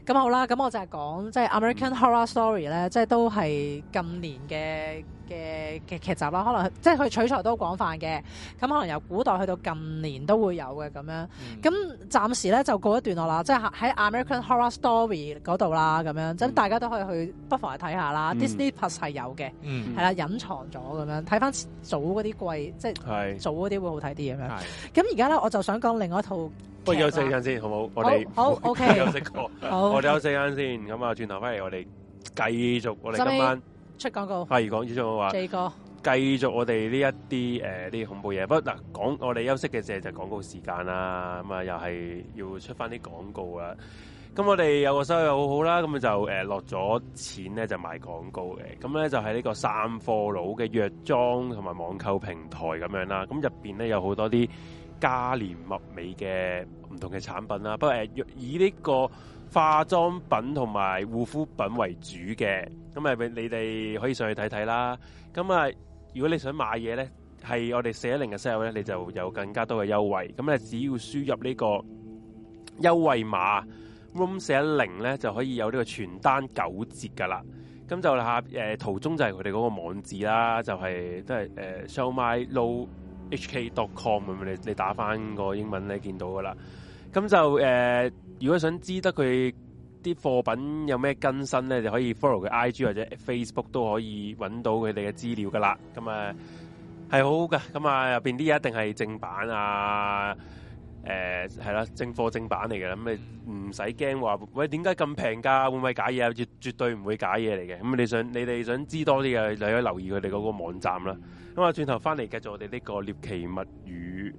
咁、嗯、好啦，咁我就係講即係 American Horror Story 咧，即係都係近年嘅嘅嘅劇集啦。可能即係佢取材都廣泛嘅，咁可能由古代去到近年都會有嘅咁樣。咁、嗯、暫時咧就過一段落啦，即係喺 American Horror Story 度。啦咁樣，咁大家都可以去，不妨去睇下啦，嗯。Disney+ 係有嘅，係啦，隱藏咗咁樣，睇翻早嗰啲貴，即係早嗰啲會好睇啲咁樣。咁而家咧，我就想講另外一套。不如休息陣先，好唔好？我哋好、oh, oh, OK。休息個，okay. 我哋休息陣先。咁啊，轉頭翻嚟我哋繼續。我哋今晚出廣告。係講之中嘅話，四個繼續我哋呢一啲誒、啲、呃、恐怖嘢。不過嗱，講、呃、我哋休息嘅時就係廣告時間啦。咁啊，又、啊、係要，要，要出翻啲廣告啊。咁我哋有個收入好好啦，咁就誒落咗錢咧，就賣廣告嘅。咁咧就係呢個散貨佬嘅藥妝同埋網購平台咁樣啦。咁入邊咧有好多啲價廉物美嘅唔同嘅產品啦。不過以呢個化妝品同埋護膚品為主嘅，咁啊，你哋可以上去睇睇啦。咁啊，如果你想買嘢咧，係我哋四一零嘅收入咧，你就有更加多嘅優惠。咁咧，只要輸入呢個優惠碼。Room 四一零咧就可以有呢個傳單九折噶啦，咁就下誒、途、呃、中就係佢哋嗰個網址啦，就係、是、都係、呃、誒，showmylowhk.com 咁你你打翻個英文你見到噶啦，咁就誒、呃，如果想知得佢啲貨品有咩更新咧，就可以 follow 佢 IG 或者 Facebook 都可以揾到佢哋嘅資料噶啦，咁啊係好噶，咁啊入邊啲嘢一定係正版啊！誒係啦，正貨正版嚟嘅，咁、嗯、你唔使驚話，喂，點解咁平㗎？會唔會假嘢啊？絕絕對唔會假嘢嚟嘅。咁、嗯、你想你哋想知多啲嘅，你可以留意佢哋嗰個網站啦。咁、嗯、啊，轉頭翻嚟繼續我哋呢個獵奇物語。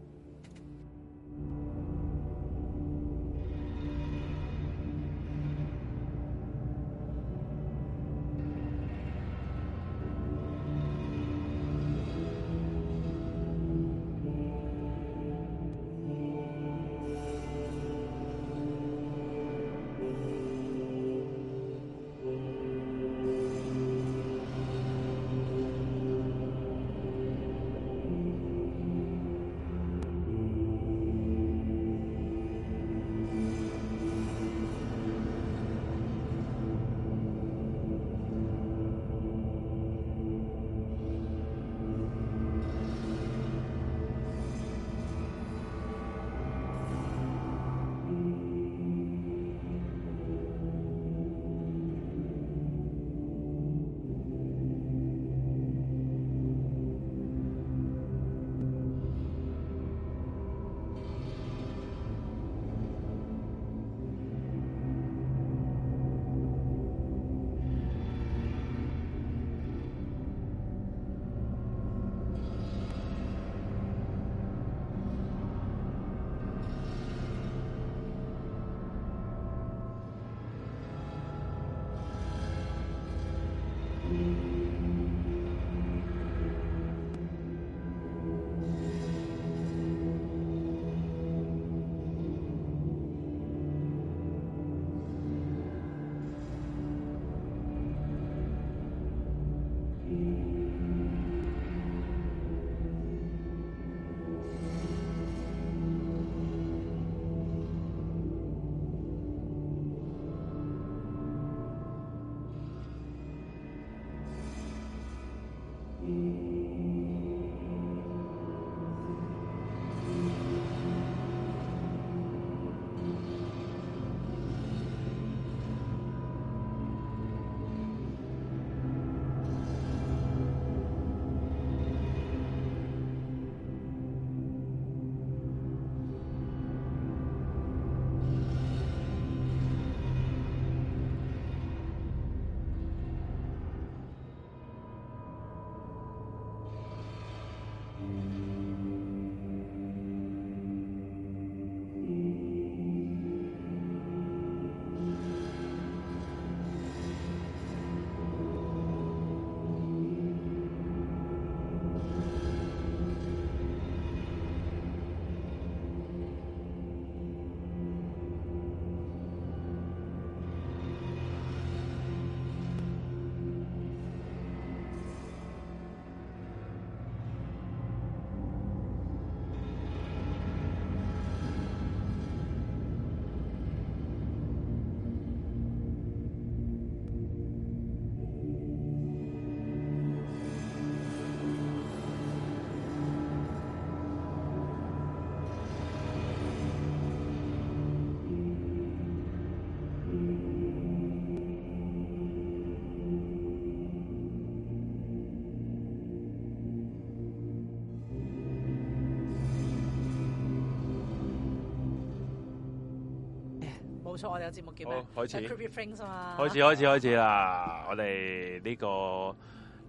我有個節目叫咩 s 啊嘛、oh！creepy things，開始開始開始啦、 這個！我哋呢個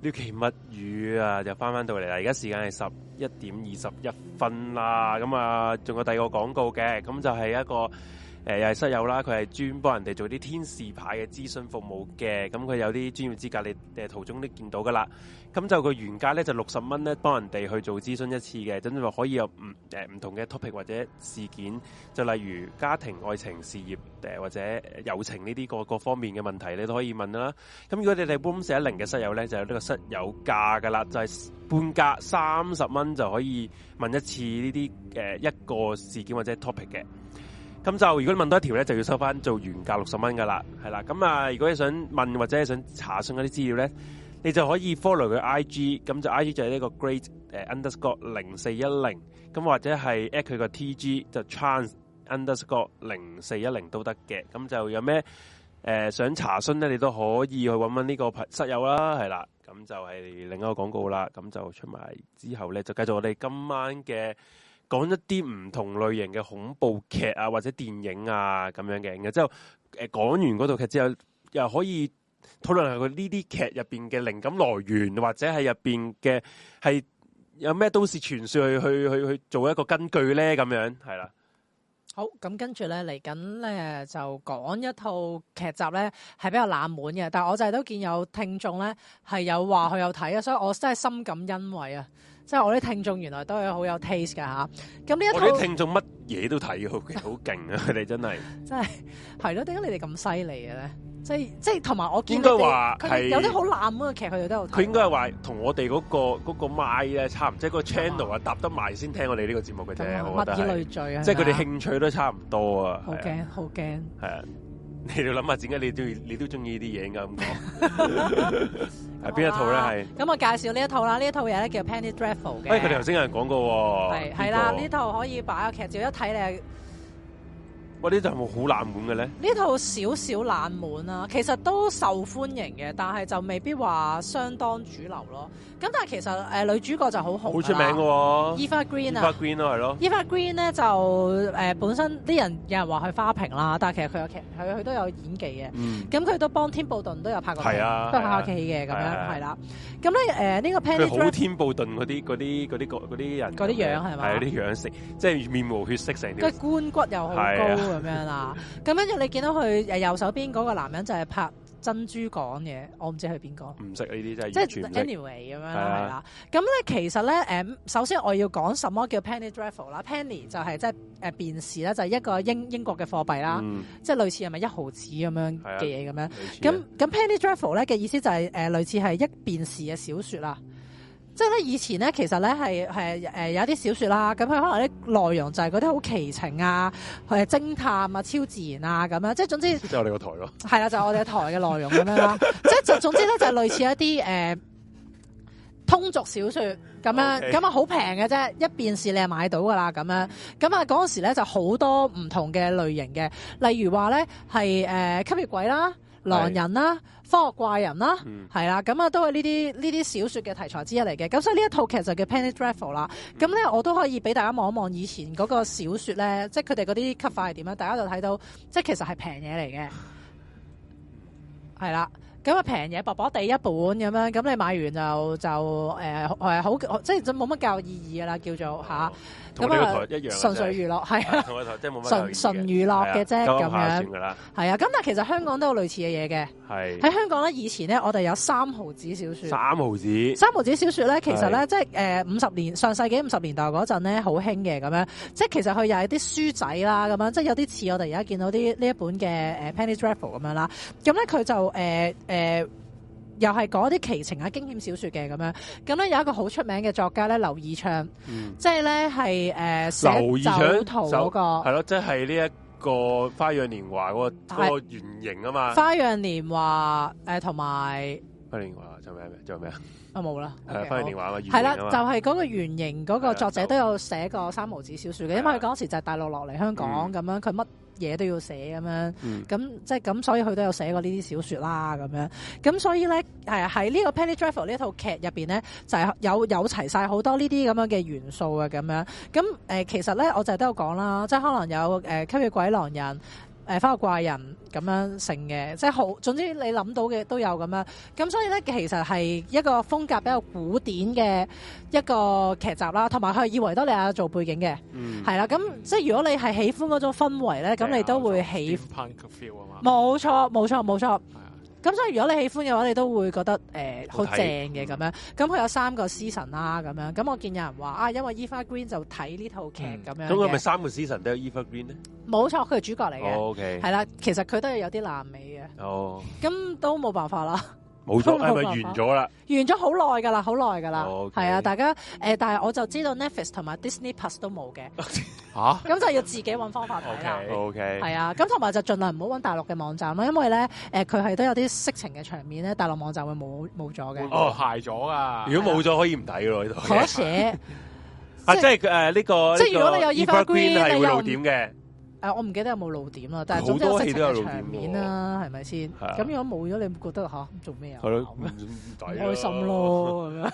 獵奇物語啊，就翻翻到嚟啦！而家時間係十一點二十一分啦，咁啊仲有第二個廣告嘅，咁就係一個。誒又係室友啦，佢係專幫人哋做啲天使牌嘅諮詢服務嘅，咁佢有啲專業資格，你誒途中都見到噶啦。咁就佢原價咧就六十蚊咧，幫人哋去做諮詢一次嘅，真正話可以有唔誒唔同嘅 topic 或者事件，就例如家庭、愛情、事業誒或者友情呢啲各各方面嘅問題，你都可以問啦。咁如果你哋 room 四一零嘅室友咧，就有呢個室友價噶啦，就係半價三十蚊就可以問一次呢啲誒一個事件或者 topic 嘅。咁就如果你問多一條咧，就要收翻做原價六十蚊噶啦，係啦。咁啊，如果你想問或者係想查詢嗰啲資料咧，你就可以 follow 佢 IG，咁就 IG 就係呢個 great 誒 underscore 零四一零，咁或者係 at 佢個 TG 就 trans underscore 零四一零都得嘅。咁就有咩誒想查詢咧，你都可以,、呃、可以去搵搵呢個朋室友啦，係啦。咁就係另一個廣告啦。咁就出埋之後咧，就繼續我哋今晚嘅。講一啲唔同類型嘅恐怖劇啊，或者電影啊咁樣嘅，然之後誒講完嗰套劇之後，又可以討論下佢呢啲劇入邊嘅靈感來源，或者係入邊嘅係有咩都市傳說去去去去做一個根據咧，咁樣係啦。好，咁跟住咧嚟緊咧就講一套劇集咧係比較冷門嘅，但係我就係都見有聽眾咧係有話佢有睇啊，所以我真係深感欣慰啊！即係我啲聽眾原來都係好有 taste 噶吓、啊，咁呢一套我。我啲聽眾乜嘢都睇嘅，好勁啊！佢哋真係， 真係係咯，點解你哋咁犀利嘅咧？即係即係同埋我見應該。應該話佢有啲好爛嘅劇，佢哋都有。佢應該係話同我哋嗰、嗰個嗰、嗰個麥咧差唔，即係個 channel 啊搭得埋先聽我哋呢個節目嘅啫。物以、嗯、類聚啊，即係佢哋興趣都差唔多啊。好驚，好驚，係啊。你哋諗下點解你都你都中意呢啲嘢㗎咁？係 邊 一套咧？係咁吧是我介紹呢一套啦，呢 一套嘢咧叫 Penny Dreadful 嘅。喂、哎，佢哋頭先有人講過喎。係係啦，呢、這個、套可以擺個劇照一睇咧。嗰啲就係冇好冷門嘅咧？呢套少少冷門啊，其實都受歡迎嘅，但係就未必話相當主流咯。咁但係其實誒女主角就好紅好出名嘅 e Eva Green 啊，Eva Green 咯係咯，Eva Green 咧就誒本身啲人有人話佢花瓶啦，但係其實佢有佢佢都有演技嘅。嗯，咁佢都幫天布頓都有拍過，係啊，都拍過戲嘅咁樣，係啦。咁咧誒呢個 Penny Dreadful，好天布頓嗰啲嗰啲嗰啲啲人，啲樣係咪？係嗰啲樣式，即係面無血色成，跟住顴骨又好高。咁 樣啦，咁跟住你見到佢誒右手邊嗰個男人就係拍珍珠港嘅，我唔知佢邊個。唔識呢啲即係即係 anyway 咁樣啦，咁咧的的其實咧誒，首先我要講什麼叫 Penny Dreadful 啦？Penny 就係即係誒便士咧，就係、是就是、一個英英國嘅貨幣啦，即係、嗯、類似係咪一毫子咁樣嘅嘢咁樣。咁咁 Penny Dreadful 咧嘅意思就係、是、誒、呃、類似係一便士嘅小説啦。即係咧，以前咧，其實咧係係誒有啲小説啦，咁佢可能啲內容就係嗰啲好奇情啊，係偵探啊、超自然啊咁樣，即係總之就係我哋個台。咯。係啦，就係我哋個台嘅內容咁樣啦，即係就總之咧就係類似一啲誒通俗小説咁樣，咁啊好平嘅啫，一邊是你係買到噶啦咁樣，咁啊嗰陣時咧就好多唔同嘅類型嘅，例如話咧係誒吸血鬼啦。狼人啦、啊，科學怪人啦、啊，係啦、嗯，咁啊都係呢啲呢啲小説嘅題材之一嚟嘅。咁所以呢一套劇就叫《Penny Dreadful、嗯》啦。咁咧我都可以俾大家望一望以前嗰個小説咧，即係佢哋嗰啲 cut 法係點啊？大家就睇到，即係其實係平嘢嚟嘅，係啦。咁啊平嘢薄薄地一本咁樣，咁你買完就就誒誒、呃、好，好即係就冇乜教育意義啦，叫做吓，咁啊純粹娛樂係啊，啊純純娛樂嘅啫咁樣係啊，咁但係其實香港都有類似嘅嘢嘅，喺是香港咧以前呢，我哋有三毫子小説，三毫子三毫子小説咧其實咧即係誒五十年是上世紀五十年代嗰陣咧好興嘅咁樣，即係其實佢又係啲書仔啦咁樣，即係有啲似我哋而家見到啲呢一本嘅誒 Penny Dreadful 咁樣啦，咁咧佢就誒誒、呃，又係講啲奇情啊、驚險小說嘅咁樣，咁咧有一個好出名嘅作家咧，劉以鬯，即係咧係誒，劉以鬯嗰個係咯，即係呢一個《就是、個花樣年華、那個》嗰是個原型啊嘛，《花樣年華》誒同埋《花樣年華》仲有咩？仲有咩啊？啊冇啦，《花樣年華》嘛，係啦，就係、是、嗰個原型嗰個作者都有寫過三毛子小說嘅，了因為佢嗰時就係大陸落嚟香港咁樣，佢乜了。嗯嘢都要寫咁樣，咁、嗯、即係咁，所以佢都有寫過呢啲小説啦咁樣。咁所以咧，係喺呢個《Penny Dreadful》呢套劇入邊咧，就係、是、有有齊晒好多呢啲咁樣嘅元素啊。咁樣。咁誒、呃，其實咧，我就係都有講啦，即係可能有誒、呃、吸血鬼狼人、誒、花花怪人咁樣成嘅，即係好，總之你諗到嘅都有咁樣。咁所以咧，其實係一個風格比較古典嘅一個劇集啦，同埋佢以維多利亞做背景嘅，係啦，嗯。咁即係如果你係喜歡嗰種氛圍咧，咁、嗯、你都會喜 p 冇錯，冇錯，冇錯。咁所以如果你喜歡嘅話，你都會覺得誒、呃、好看正嘅咁樣。咁、嗯、佢有三個 season 啦，咁樣。咁我見有人話啊，因為 Eva Green 就睇呢套劇咁樣。咁佢咪三個 season 都有 Eva Green 咧？冇錯，佢係主角嚟嘅。OK。係啦，其實佢都係有啲爛尾嘅。哦、oh。咁都冇辦法啦。冇錯，係咪完咗啦？完咗好耐噶啦，好耐噶啦。係啊，大家，誒，但係我就知道 Netflix 同埋 Disney Plus 都冇嘅。吓，咁就要自己搵方法睇啦。OK，係啊。咁同埋就盡量唔好搵大陸嘅網站啦，因為咧，誒，佢係都有啲色情嘅場面咧，大陸網站會冇冇咗嘅。哦，閪咗啊！如果冇咗，可以唔睇噶呢度。可惜啊！即係誒，呢個即係如果你有 Eva Green 係會露點嘅。誒、啊，我唔記得有冇露點啦，但係總之有色情嘅場面啦、啊，係咪先？咁係、啊、如果冇咗，你覺得嚇做咩啊？開心咯，咁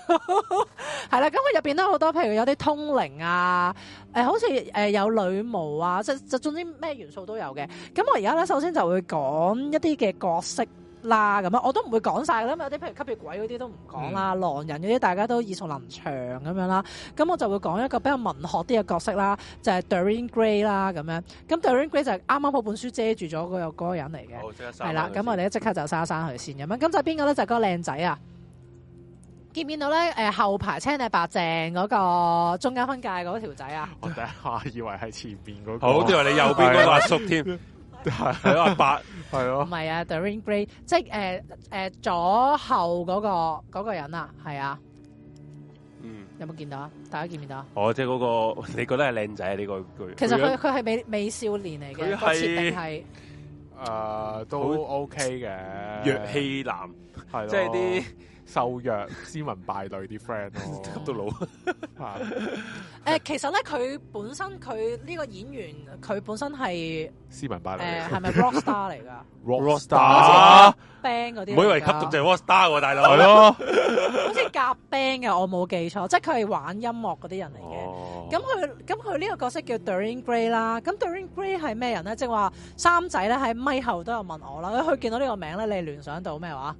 係啦。咁佢入邊咧好多，譬如有啲通靈啊，誒、呃，好似誒、呃、有女巫啊，即係就總之咩元素都有嘅。咁我而家咧首先就會講一啲嘅角色。啦咁啊，我都唔會講晒。噶啦有啲譬如吸血鬼嗰啲都唔講啦，狼人嗰啲大家都耳熟能詳咁樣啦。咁我就會講一個比較文學啲嘅角色啦，就係、是、Dorian Gray 啦咁樣。咁 Dorian Gray 就係啱啱嗰本書遮住咗嗰個人嚟嘅，係啦。咁 我哋即刻就沙生佢先咁樣。咁就邊個咧？就個靚仔啊！見面到咧，誒後排青定白淨嗰個，中間分界嗰條仔啊！我第一下以為係前邊嗰、那個，好以為你右邊嗰個阿叔添。 係阿八，係咯、 啊，唔係啊 Darren Gray，即係誒誒左後嗰、那個嗰、那個人啊，係啊，嗯，有冇見到啊？大家見唔見到啊？哦，即係嗰、那個你覺得係靚仔呢、這個佢，其實佢佢係美美少年嚟嘅，設定係，啊、呃、都 OK 嘅，弱氣男，係即係啲。 受弱斯文敗類啲 friend 咯，到老啊！誒，其實咧，佢本身佢呢個演員，佢本身係斯文敗類，誒係咪 rock star 嚟噶？rock star rock band 嗰啲，咪以為吸毒就 rock star 喎，大佬係 咯，好似夾 band 嘅，我冇記錯，即係佢係玩音樂嗰啲人嚟嘅。咁佢咁佢呢個角色叫 Dorian Gray 啦。咁 Dorian Gray 係咩人咧？即係話三仔咧喺咪後都有問我啦。佢見到呢個名咧，你聯想到咩話？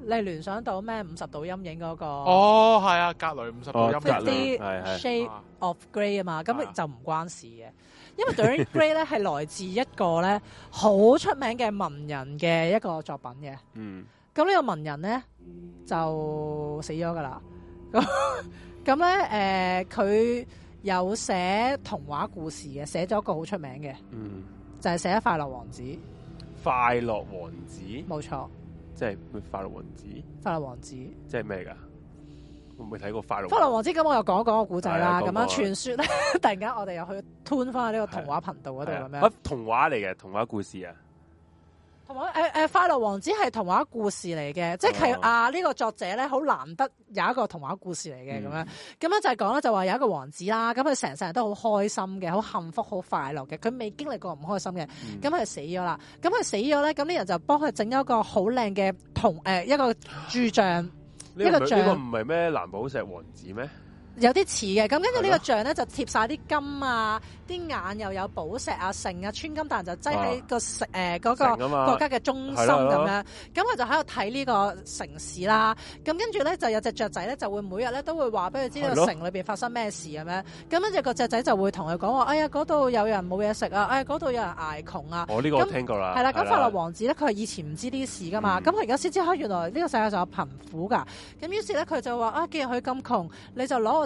你聯想到咩？五十度陰影嗰個哦，係啊，格雷五十度陰影，three shape of grey 啊嘛，咁就唔關事嘅，因為 during grey 咧係來自一個咧好出名嘅文人嘅一個作品嘅。嗯，咁呢個文人咧就死咗噶啦。咁咁咧誒，佢有寫童話故事嘅，寫咗一個好出名嘅，嗯，就係寫《快樂王子》。快樂王子，冇錯。即係《法樂王子》律王子，《法樂王子》即係咩噶？我未睇過《快樂法樂王子》，咁我又講一講個故仔啦。咁樣傳說咧，突然間我哋又去吞翻喺呢個童話頻道嗰度咁樣。乜童話嚟嘅童話故事啊！同埋，誒誒、哎哎，快樂王子係童話故事嚟嘅，即係、哦、啊呢、這個作者咧，好難得有一個童話故事嚟嘅咁樣。咁、嗯、樣就係講咧，就話有一個王子啦，咁佢成成日都好開心嘅，好幸福，好快樂嘅，佢未經歷過唔開心嘅。咁佢、嗯、死咗啦，咁佢死咗咧，咁啲人就幫佢整一個好靚嘅銅誒一個鑄像，呢是個像。呢個唔係咩藍寶石王子咩？有啲似嘅，咁跟住呢個像咧就貼晒啲金啊，啲眼又有寶石啊、城啊、穿金，但就擠喺個城誒嗰個國家嘅中心咁樣。咁佢就喺度睇呢個城市啦。咁跟住咧就有隻雀仔咧就會每日咧都會話俾佢知呢個城裏邊發生咩事咁樣。咁跟住個雀仔就會同佢講話，哎呀，嗰度有人冇嘢食啊！哎呀，嗰度有人挨窮啊！我呢個聽過啦。係啦。咁法老王子咧，佢係以前唔知啲事噶嘛。咁佢而家先知原來呢個世界上有貧苦㗎。咁於是咧，佢就話，啊，既然佢咁窮，你就攞我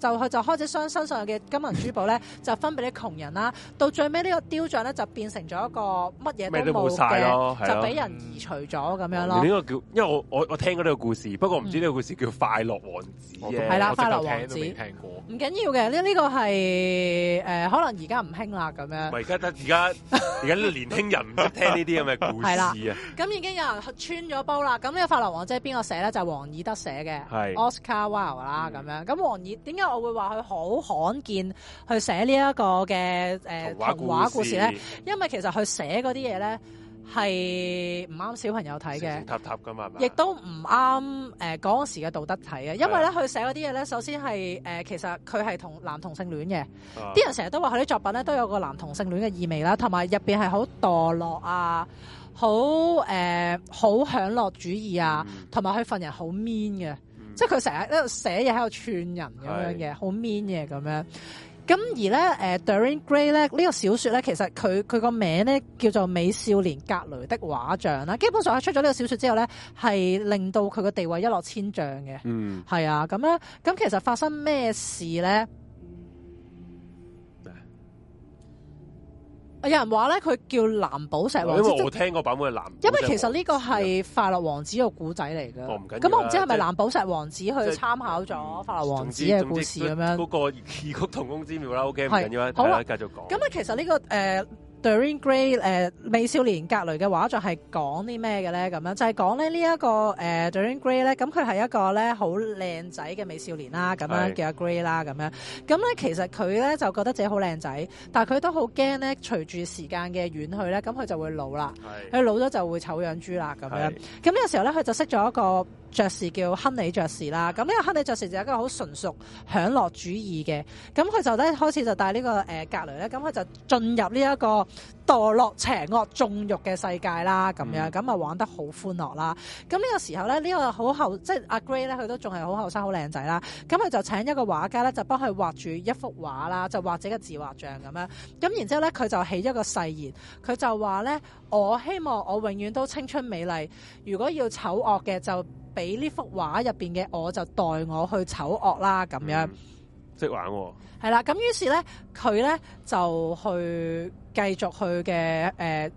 就佢就開始將身上嘅金銀珠寶咧，就分俾啲窮人啦、啊。到最尾呢個雕像咧，就變成咗一個乜嘢都冇嘅，就俾人移除咗咁、嗯、樣咯。呢個叫因為我我我聽過呢個故事，不過唔知呢個故事叫《快樂王子、啊》嘅、嗯。啦，《快樂王子》。唔緊要嘅，呢、這、呢個係誒、呃，可能而家唔興啦咁樣。而家得而家而家年輕人唔識聽呢啲咁嘅故事啊。咁 已經有人穿咗煲啦。咁呢個《快樂王子》邊個寫咧？就王爾德寫嘅。對 Oscar Wilde 啦、e，咁樣。咁王爾點解？我會話佢好罕見去寫呢一個嘅誒、呃、童話故事咧，因為其實佢寫嗰啲嘢咧係唔啱小朋友睇嘅，沓沓噶嘛，亦都唔啱誒嗰時嘅道德睇嘅。因為咧佢寫嗰啲嘢咧，首先係誒、呃、其實佢係同男同性戀嘅，啲、啊、人成日都話佢啲作品咧都有個男同性戀嘅意味啦，同埋入邊係好墮落啊，好誒好享樂主義啊，同埋佢份人好 mean 嘅。即係佢成日喺度寫嘢，喺度串人咁樣嘅，好 mean 嘅咁樣。咁而咧，誒 Dorian Gray 咧呢個小説咧，其實佢佢個名咧叫做《美少年格雷的畫像》啦。基本上佢出咗呢個小説之後咧，係令到佢個地位一落千丈嘅。嗯，係啊，咁啦，咁其實發生咩事咧？有人話咧，佢叫藍寶石王子。因為我冇聽過版本係藍。因為其實呢個係快樂王子個故仔嚟嘅。哦，唔緊要，咁我唔知係咪藍寶石王子去參考咗快樂王子嘅故事咁、嗯、樣。嗰個異曲同工之妙啦，OK，唔緊要啦，大家、啊啊、繼續講。咁啊、嗯，其實呢、呢個誒。呃 Dorian Gray 誒、呃、美少年格雷嘅畫作係講啲咩嘅咧？咁樣就係講咧呢一個誒 Dorian Gray 咧，咁佢係一個咧好靚仔嘅美少年啦，咁是樣叫阿 Gray 啦，咁樣咁咧其實佢咧就覺得自己好靚仔，但係佢都好驚咧，隨住時間嘅遠去咧，咁佢就會老啦，佢是老咗就會醜豬樣豬啦，咁樣咁呢個時候咧佢就識咗一個。爵士叫亨利爵士啦，咁呢個亨利爵士就係一個好純熟享樂主義嘅，咁佢就咧開始就帶呢、呢個誒格、呃、雷咧，咁佢就進入呢一個墮落邪惡縱欲嘅世界啦，咁樣咁啊玩得好歡樂啦。咁、呢、呢個時候咧，呢、呢個好後即係阿 Grey 咧，佢都仲係好後生好靚仔啦。咁佢就請一個畫家咧，就幫佢畫住一幅畫啦，就畫一個自畫像咁樣。咁然之後咧，佢就起一個誓言，佢就話咧：我希望我永遠都青春美麗。如果要醜惡嘅就。俾呢幅畫入邊嘅我，就代我去醜惡啦，咁樣。識、嗯、玩喎、哦。係啦，咁於是咧，佢咧就去繼續去嘅，誒、呃、誒、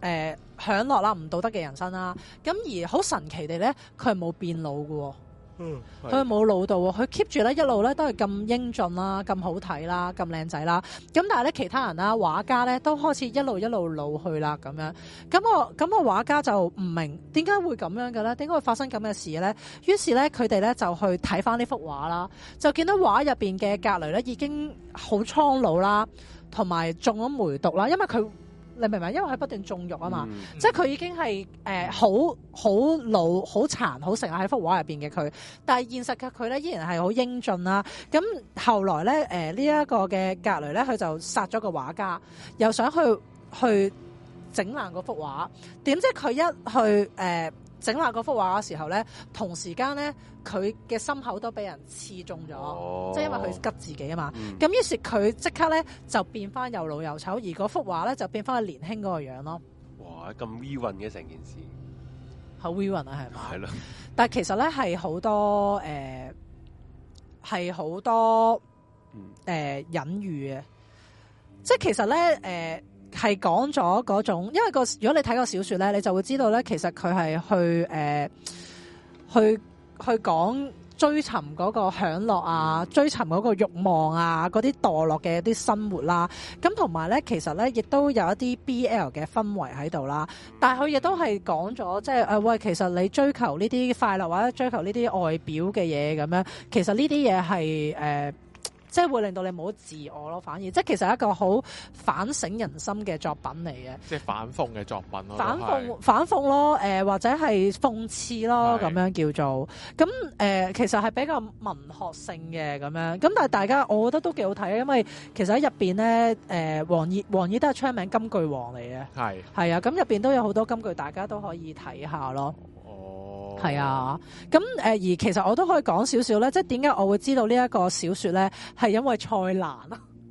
呃、享樂啦，唔道德嘅人生啦。咁而好神奇地咧，佢係冇變老嘅、哦。嗯，佢冇老到，佢 keep 住咧一路咧都係咁英俊啦，咁好睇啦，咁靚仔啦。咁但係咧其他人啦，畫家咧都開始一路一路老去啦，咁樣。咁個咁個畫家就唔明點解會咁樣嘅咧？點解會發生咁嘅事咧？於是咧，佢哋咧就去睇翻呢幅畫啦，就見到畫入邊嘅格雷咧已經好蒼老啦，同埋中咗梅毒啦，因為佢。你明唔明？因為佢不斷縱慾啊嘛，嗯、即係佢已經係誒好好老、好殘、好成日喺幅畫入邊嘅佢。但係現實嘅佢咧，依然係好英俊啦、啊。咁、嗯、後來咧，誒、呃這個、呢一個嘅格雷咧，佢就殺咗個畫家，又想去去整爛嗰幅畫。點知佢一去誒，呃整下嗰幅畫嘅時候咧，同時間咧，佢嘅心口都俾人刺中咗，哦、即係因為佢拮自己啊嘛。咁、嗯、於是佢即刻咧就變返又老又醜，而嗰幅畫咧就變返佢年輕嗰個樣咯。哇！咁 weave 嘅成件事係 weave 啊，係嘛？係啦。但係其實咧係好多誒係好多誒、嗯呃、隱喻嘅，即係其實咧誒。呃係講咗嗰種，因為個如果你睇個小說咧，你就會知道咧，其實佢係去誒、呃，去去講追尋嗰個享樂啊，追尋嗰個慾望啊，嗰啲墮落嘅一啲生活啦、啊。咁同埋咧，其實咧亦都有一啲 BL 嘅氛圍喺度啦。但係佢亦都係講咗，即係誒，喂，其實你追求呢啲快樂或者追求呢啲外表嘅嘢咁樣，其實呢啲嘢係誒。呃即係會令到你冇自我咯，反而即係其實一個好反省人心嘅作品嚟嘅。即係反諷嘅作品咯，反諷反諷咯，誒、呃、或者係諷刺咯，咁是樣叫做。咁誒、呃、其實係比較文學性嘅咁樣。咁但係大家我覺得都幾好睇，因為其實喺入邊咧，誒黃義黃義都係出名金句王嚟嘅，係係是啊。咁入邊都有好多金句，大家都可以睇下咯。係啊，咁誒而其實我都可以講少少咧，即係點解我會知道呢一個小說咧，係因為蔡瀾啊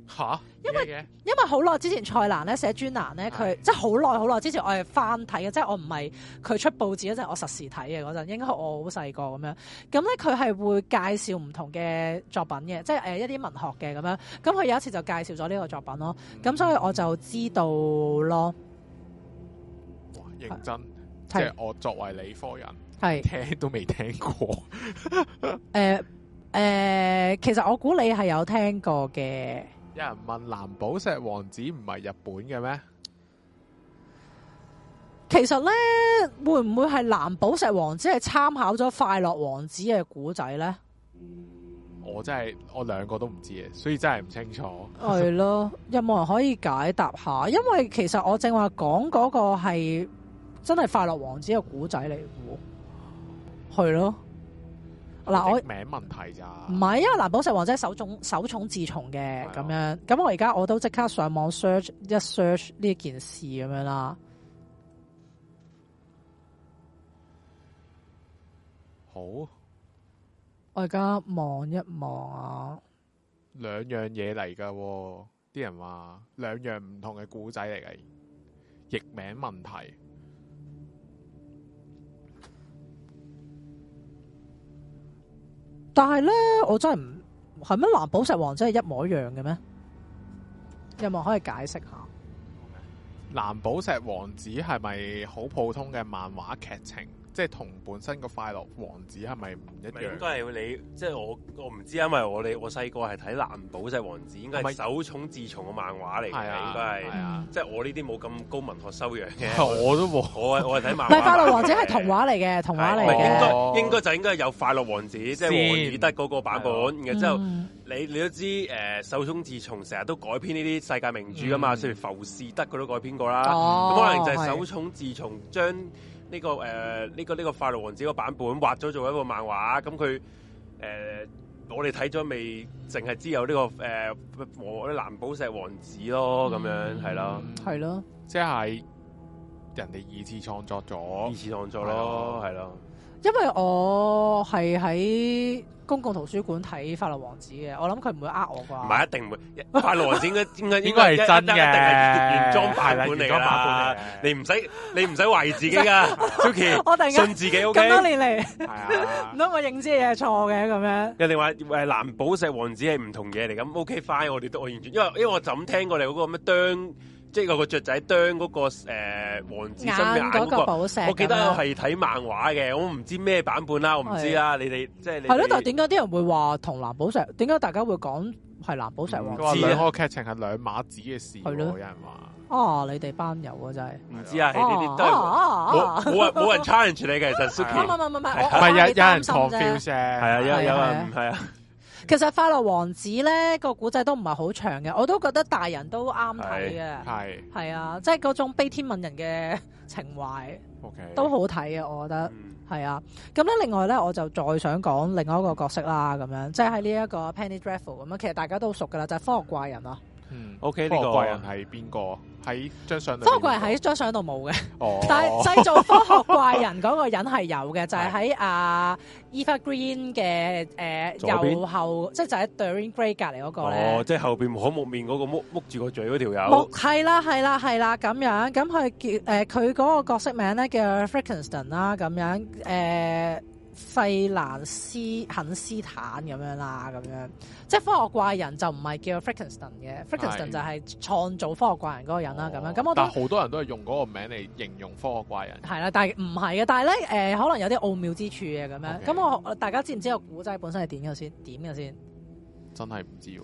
吓？哈因為麼因為好耐之前蔡瀾咧寫專欄咧，佢的即係好耐好耐之前我係翻睇嘅，即係我唔係佢出報紙嗰陣，我實時睇嘅嗰陣，應該我好細個咁樣。咁咧佢係會介紹唔同嘅作品嘅，即係誒一啲文學嘅咁樣。咁佢有一次就介紹咗呢個作品咯。咁、嗯、所以我就知道咯。哇，認真！即係我作為理科人。係是聽都未聽過、 呃。誒、呃、誒，其實我估你係有聽過嘅。有人問藍寶石王子唔係日本嘅咩？其實呢，會唔會係藍寶石王子係參考咗快樂王子嘅古仔呢？我真係我兩個都唔知嘅，所以真係唔清楚。係 咯，有冇人可以解答下？因為其實我正話講嗰個係真係快樂王子嘅古仔嚟去咯！嗱，我譯名問題咋？唔係，因為《藍寶石王者》首重首重自重嘅咁樣。咁的我而家我都即刻上網 search，一 search 呢件事咁樣啦。好，我而家望一望啊。兩樣嘢嚟噶，啲人話兩樣唔同嘅故仔嚟嘅，譯名問題。但係咧，我真係唔係咩藍寶石王子真係一模一樣嘅咩？有冇可以解釋下？藍寶石王子係咪好普通嘅漫畫劇情？即係同本身個快樂王子係咪唔一樣？應該係你即係我，我唔知，因為我你我細個係睇《藍寶石王子》，應該係手冢治蟲嘅漫畫嚟嘅。應該係即係我呢啲冇咁高文學修養嘅，我都我係我係睇漫。咪快樂王子係童話嚟嘅，童話嚟嘅。應該應該就應該係有快樂王子，即係王爾德嗰個版本。然之後你你都知誒，手冢治蟲成日都改編呢啲世界名著噶嘛，所以浮士德佢都改編過啦。可能就係手冢治蟲將。呢、這個誒，呢、呃這個呢、這個法羅王子個版本畫咗做一個漫畫，咁佢誒，我哋睇咗未？淨係知有呢個誒，和藍寶石王子咯，咁樣係、嗯、啦，係咯，即係人哋二次創作咗，二次創作咯，係咯、哦，啦因為我係喺。公共圖書館睇《快樂王子》嘅，我諗佢唔會呃我啩。唔係一定唔會，《快樂王子》應該 應該應該係真嘅。定係原裝版本嚟啦，你唔使你唔使懷疑自己噶，Suki。我突然間信自己，OK。咁多年嚟，唔 通我認知嘢係錯嘅咁樣。人哋話誒藍寶石王子係唔同嘢嚟，咁 OK fine，我哋都我完全，因為因為我就咁聽過你嗰、那個咩即係個雀仔啄嗰個誒王子身嘅眼嗰個寶石嗰個我記得係睇漫畫嘅，我唔知咩版本啦，我唔知啦，你哋即係你係咯？但係點解啲人會話同藍寶石？點解大家會講係藍寶石？唔知啊！個劇情係兩碼子嘅事，係咯？有人話哦，你哋班友啊，真係唔知啊，你哋啲都冇人冇人 challenge 你嘅，其實。唔係唔係唔係，係啊！有人狂飆聲，係啊！有有啊！其實《快樂王子》咧個古仔都唔係好長嘅，我都覺得大人都啱睇嘅，係係啊，即係嗰種悲天憫人嘅情懷，Okay. 都好睇嘅，我覺得係啊。咁咧，另外咧，我就再想講另外一個角色啦，咁樣即係喺呢一個 Penny Dreadful 咁啊，其實大家都熟噶啦，就係、是、科學怪人啊。嗯，OK，呢個怪人係邊個？喺張相度？科學怪人喺張相度冇嘅，哦、但係製造科學怪人嗰個人係有嘅， 就係喺阿 Eva Green 嘅誒、uh, 邊右後，即係就喺、是、Dorian Gray 隔籬嗰個咧，即係、哦就是、後邊可木面嗰、那個矇矇住個嘴嗰條友。係啦，係啦，係啦，咁樣咁佢叫誒，佢嗰、呃、個角色名咧叫 Frankenstein 啦，咁樣誒。費蘭斯肯斯坦咁樣啦，咁樣即係科學怪人就唔係叫 Frankenstein 嘅是，Frankenstein 就係創造科學怪人嗰個人啦，咁、哦、樣咁我都好多人都係用嗰個名嚟形容科學怪人，係啦，但係唔係嘅，但係咧誒，可能有啲奧妙之處嘅咁樣，咁 Okay. 我大家知唔知個古仔本身係點嘅先？點嘅先？真係唔知。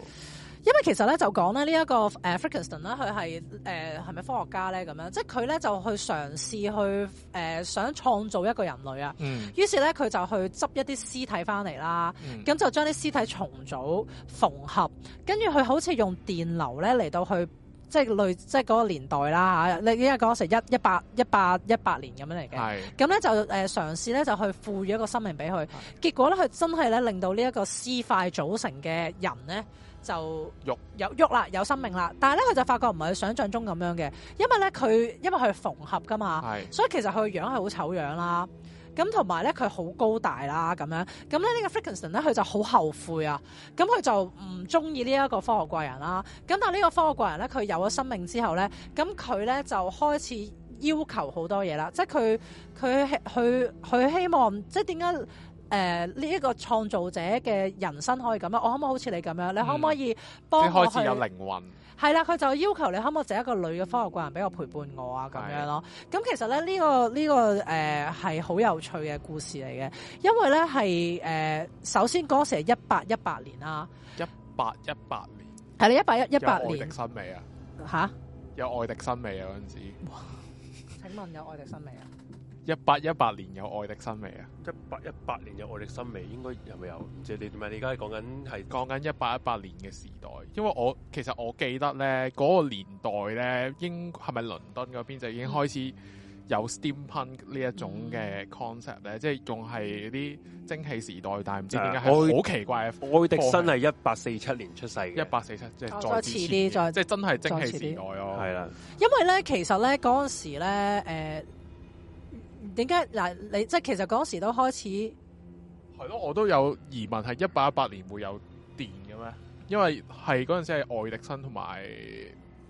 因為其實咧就講咧呢一個誒 Frankenstein 咧，佢係誒係咪科學家咧咁樣？即係佢咧就去嘗試去誒、呃、想創造一個人類啊。嗯。於是咧佢就去執一啲屍體翻嚟啦，咁、嗯、就將啲屍體重組縫合，跟住佢好似用電流咧嚟到去即係類即係嗰個年代啦嚇。你因為講成一一百一百一百年咁樣嚟嘅。咁咧是的 就誒嘗試咧就去賦予一個生命俾佢，是的 嗯、結果咧佢真係咧令到呢一個屍塊組成嘅人咧。就喐有喐啦，有生命啦。但係咧，佢就發覺唔係佢想象中咁樣嘅，因為咧佢因為佢係縫合噶嘛，是所以其實佢樣係好醜樣啦。咁同埋咧，佢好高大啦，咁樣。咁咧呢個 Frankenstein 咧，佢就好後悔啊。咁佢就唔中意呢一個科學怪人啦。咁但係呢個科學怪人咧，佢有咗生命之後咧，咁佢咧就開始要求好多嘢啦。即係佢佢希佢佢希望，即係點解？誒呢一個創造者嘅人生可以咁樣？我可唔可以好似你咁樣？嗯、你可唔可以幫我？你開始有靈魂係啦，佢就要求你可唔可以借一個女嘅科學怪人俾我陪伴我啊？咁樣咯。咁的其實咧呢、這個呢、這個誒係好有趣嘅故事嚟嘅，因為咧係誒首先嗰時係一八一八年啦，一八一八年係你「一八一一八年有愛迪生未」啊？嚇有愛迪生未啊」哈生未啊嗰陣時？請問有愛迪生未」啊？ 一八一八年有愛迪生未啊？一八一八年有愛迪生未？應該有冇有？即係你點解？你而家講緊係講緊一八一八年嘅時代，因為我其實我記得咧，嗰、嗰個年代咧，應係咪倫敦嗰邊就已經開始有 steam punk 呢一種嘅 concept 咧，嗯、即係仲係啲蒸汽時代，嗯、但係唔知點解。好奇怪啊，愛迪生係一八四七年出世嘅，一八四七即係再遲啲再，即係真係蒸汽時代咯，係啦。因為咧，其實咧嗰陣時咧，誒、呃。點解嗱？你即係其實嗰時都開始係咯，我都有疑問，係一八一八年會有電嘅咩？因為係嗰陣時係愛迪生同埋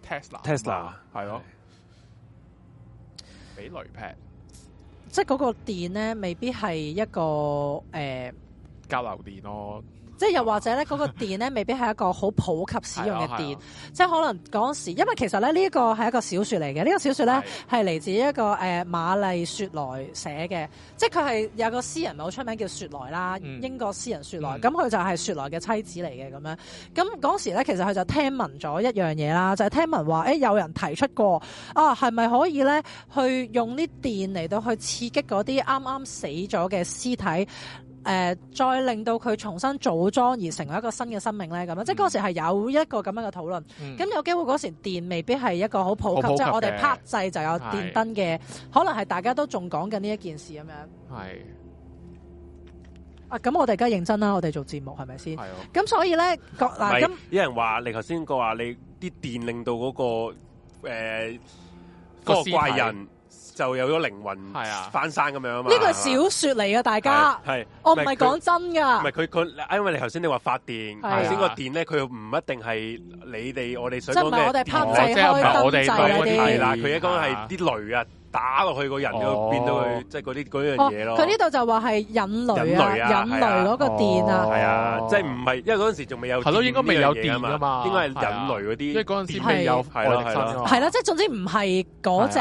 Tesla，Tesla 係咯，俾的雷劈。即係嗰個電咧，未必係一個誒、呃、交流電咯。即係又或者咧，嗰個電咧未必係一個好普及使用嘅電。 即係可能嗰時，因為其實咧呢一個係一個小説嚟嘅。呢、呢個小説咧係嚟自一個誒馬、呃、麗雪萊寫嘅。即係佢係有個詩人，咪好出名叫雪萊啦，英國詩人雪萊。咁佢 就係雪萊嘅妻子嚟嘅咁樣。咁嗰時咧，其實佢就聽聞咗一樣嘢啦，就係、係、聽聞話誒有人提出過，啊係咪可以咧去用啲電嚟到去刺激嗰啲啱啱死咗嘅屍體？誒、呃，再令到佢重新組裝而成為一個新嘅生命咧，咁樣即係嗰時係有一個咁樣嘅討論。咁、嗯、有機會嗰時電未必係一個好普及，普及即係我哋啪掣就有電燈嘅，的可能係大家都仲講緊呢一件事咁樣。係。啊，咁我哋而家認真啦，我哋做節目係咪先？係。咁所以咧，嗱，咁有人話你頭先講話你啲電令到嗰、那個誒、呃、那個怪人。就有咗靈魂係啊，翻山咁樣啊嘛？呢個小說嚟啊，大家係，我唔係講真㗎。唔係佢佢，因為你頭先你話發電，頭先個電咧，佢又唔一定係你哋我哋想講咩？即係我哋拍掣開燈掣嗰啲。嗱，佢一講係啲雷啊。打落去個人，要變到去，即係嗰啲嗰樣嘢咯。佢呢度就話係引雷啊，引雷嗰個電啊。係啊，即係唔係因為嗰陣時仲未有係咯，應該未有電啊嘛。應該係引雷嗰啲，即係嗰陣時未有外係啦，即係總之唔係嗰隻，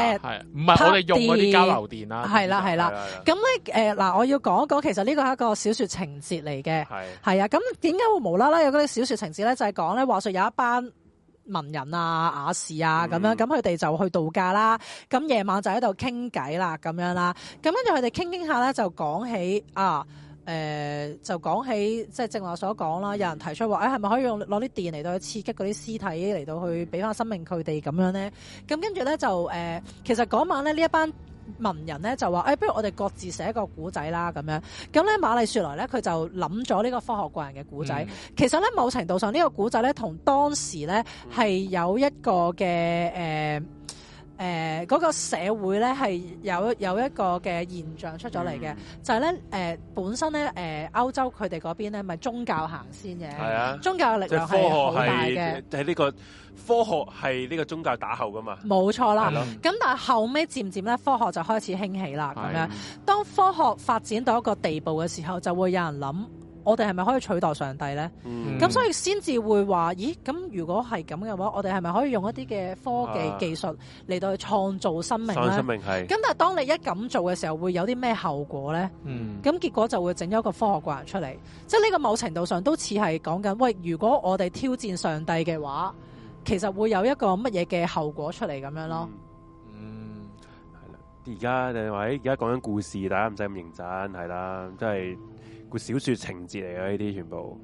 唔係我哋用嘅交流電啦。係啦係啦。咁咧誒嗱，我要講一講，其實呢個係一個小説情節嚟嘅。係啊，咁點解會無啦啦有嗰啲小説情節咧？就係講咧，話說有一班。文人啊、雅士啊，咁樣咁佢哋就去度假啦。咁夜晚就喺度傾偈啦，咁樣啦。咁跟住佢哋傾傾下咧，就講起啊，誒、呃、就講起，即係正話所講啦。有人提出話，誒係咪可以用攞啲電嚟到去刺激嗰啲屍體嚟到去俾翻生命佢哋咁樣咧？咁跟住咧就誒、呃，其實嗰晚咧呢一班。文人咧就話：誒、哎，不如我哋各自寫一個古仔啦，咁樣。咁咧，瑪麗雪萊咧，佢就諗咗呢個科學怪人嘅古仔。嗯、其實咧，某程度上、這個、呢個古仔咧，同當時咧係有一個嘅誒。呃誒嗰，呃嗰個社會咧係有有一個嘅現象出咗嚟嘅。嗯、就係咧誒本身咧誒、呃、歐洲佢哋嗰邊咧咪宗教行先嘅，啊、宗教力量係好大嘅，喺呢個科學係呢、呢個、個宗教打後噶嘛，冇錯啦。咁的但係後尾，漸漸咧科學就開始興起啦，咁樣的當科學發展到一個地步嘅時候，就會有人諗。我哋係咪可以取代上帝呢？咁、嗯、所以先至會話，咦？咁如果係咁嘅話，我哋係咪可以用一啲嘅科技技術嚟到去創造生命呢？創造、啊、生命係。咁但係當你一咁做嘅時候，會有啲咩後果呢？咁、嗯、結果就會整咗個科學怪人出嚟。即係呢個某程度上都似係講緊，喂！如果我哋挑戰上帝嘅話，其實會有一個乜嘢嘅後果出嚟咁樣咯、嗯？嗯，而家你話，而家講緊故事，大家唔使咁認真係啦，即係。就是個小說情節嚟嘅呢啲全部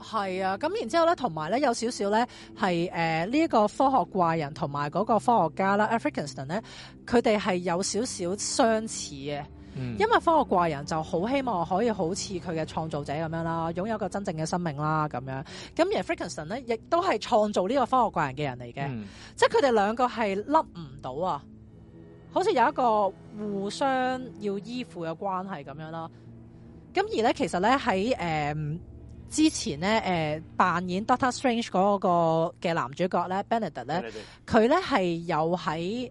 係啊，咁然之後咧，同埋咧有少少咧係誒呢個科學怪人同埋嗰個科學家啦 Frankenstein 咧，佢哋係有少少相似嘅，嗯、因為科學怪人就好希望可以好似佢嘅創造者咁樣啦，擁有一個真正嘅生命啦咁樣，咁而 Frankenstein 咧亦都係創造呢個科學怪人嘅人嚟嘅，嗯、即係佢哋兩個係甩唔到啊，好似有一個互相要依附嘅關係咁樣啦。咁而咧，其實咧喺誒之前咧，誒、呃、扮演 Doctor Strange 嗰個嘅男主角咧，Benedict 咧 Benedict.，佢咧係有喺誒，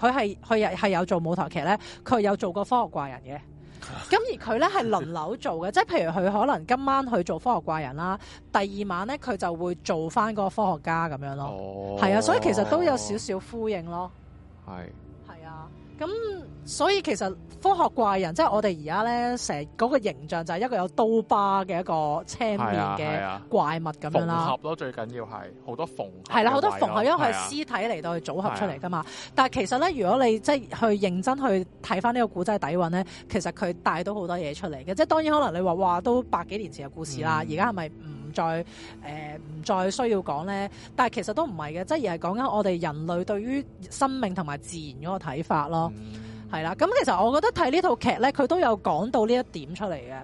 佢係佢係有做舞台劇咧，佢有做過科學怪人嘅。咁 而佢咧係輪流做嘅，即係譬如佢可能今晚去做科學怪人啦，第二晚咧佢就會做翻嗰個科學家咁樣咯。係、oh. 啊，所以其實都有少少呼應咯。係。Oh. 咁所以其實科學怪人即係、就是、我哋而家咧成嗰個形象就係一個有刀疤嘅一個青面嘅怪物咁、啊啊、樣啦。縫合咯，最緊要係好多縫，係啦，好多縫合，因為佢屍體嚟到去組合出嚟㗎嘛。但係其實咧，如果你即係去認真去睇返呢個古仔底蘊咧，其實佢帶到好多嘢出嚟嘅。即係當然可能你話哇都百幾年前嘅故事啦，而家係咪唔再誒唔、呃、再需要講咧，但係其實都唔係嘅，即係而係講緊我哋人類對於生命同埋自然嗰個睇法咯，係啦、嗯。咁其實我覺得睇呢套劇咧，佢都有講到呢一點出嚟嘅。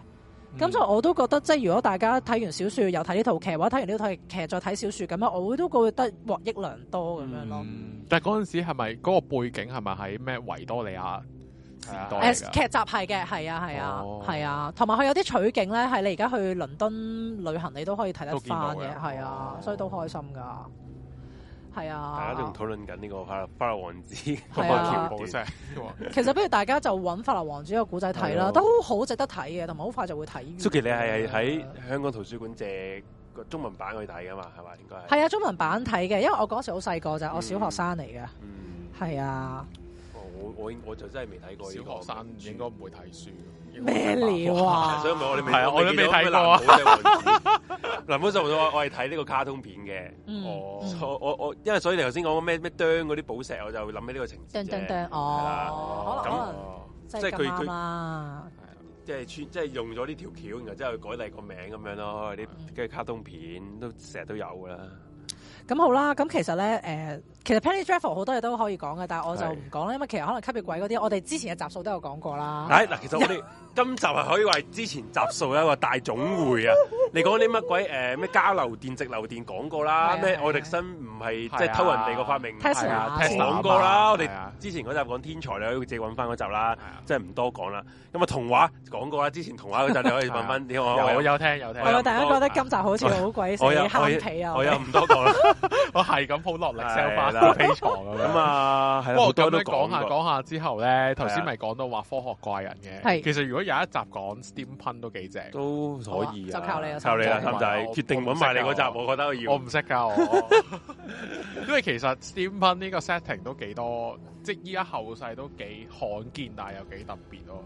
咁、嗯、所以我都覺得，即係如果大家睇完小説又睇呢套劇，或者睇完呢套劇再睇小説咁樣，我都覺得，得獲益良多咁樣咯。嗯、但係嗰陣時係咪嗰個背景係咪喺咩維多利亞？誒劇集係嘅，係啊，係啊，係啊，同埋佢有啲取景咧，係你而家去倫敦旅行，你都可以睇得翻嘅，係啊，所以都開心噶，係啊。大家都討論緊呢個《法，法羅王子》其實不如大家就揾《法羅王子》嘅古仔睇啦，都好值得睇嘅，同埋好快就會睇完。Suki，你係喺香港圖書館借個中文版去睇噶嘛？係咪？應該係。係啊，中文版睇嘅，因為我嗰時好細個就，我小學生嚟嘅，嗯，係啊。我我就真係未睇過。小學生應該唔會睇書。咩料啊？所以我哋未睇。係啊，我都未睇過。林峰就我我係睇呢個卡通片嘅。哦。我我因為所以你頭先講咩咩鐮嗰啲寶石，我就諗起呢個情節。鐮鐮鐮哦。咁即係佢佢，即係即係用咗呢條橋，然後之後改嚟個名咁樣咯。啲嘅卡通片都成日都有㗎啦。咁好啦，咁其實咧，誒、呃，其實 Penny Jaffel 好多嘢都可以講嘅，但係我就唔講啦，因為其實可能吸血鬼嗰啲，我哋之前嘅集數都有講過啦。係嗱，其實我哋。 今集係可以話之前集數一個大總匯啊！你講啲乜鬼誒咩交流電、直流電講過啦？咩愛迪生唔係即係偷人哋個發明係啊講過啦！我哋之前嗰集講天才你可以借揾翻嗰集啦，即係唔多講啦。咁啊童話講過啦，之前童話嗰集你可以揾翻啲我我有聽有聽。我突然間覺得今集好似好鬼死我有唔多講啦，我係咁鋪落嚟成塊咁啊！不過講下講下之後咧，頭先咪講到話科學怪人嘅，其實如果。有一集講 steampunk 都幾正，都可以啊！就靠你啦，靠你啦，三仔！決定搵埋你嗰集，我覺得要。我唔識噶，因為其實 steampunk 呢個 setting 都幾多，即係依家後世都幾罕見，但係又幾特別咯。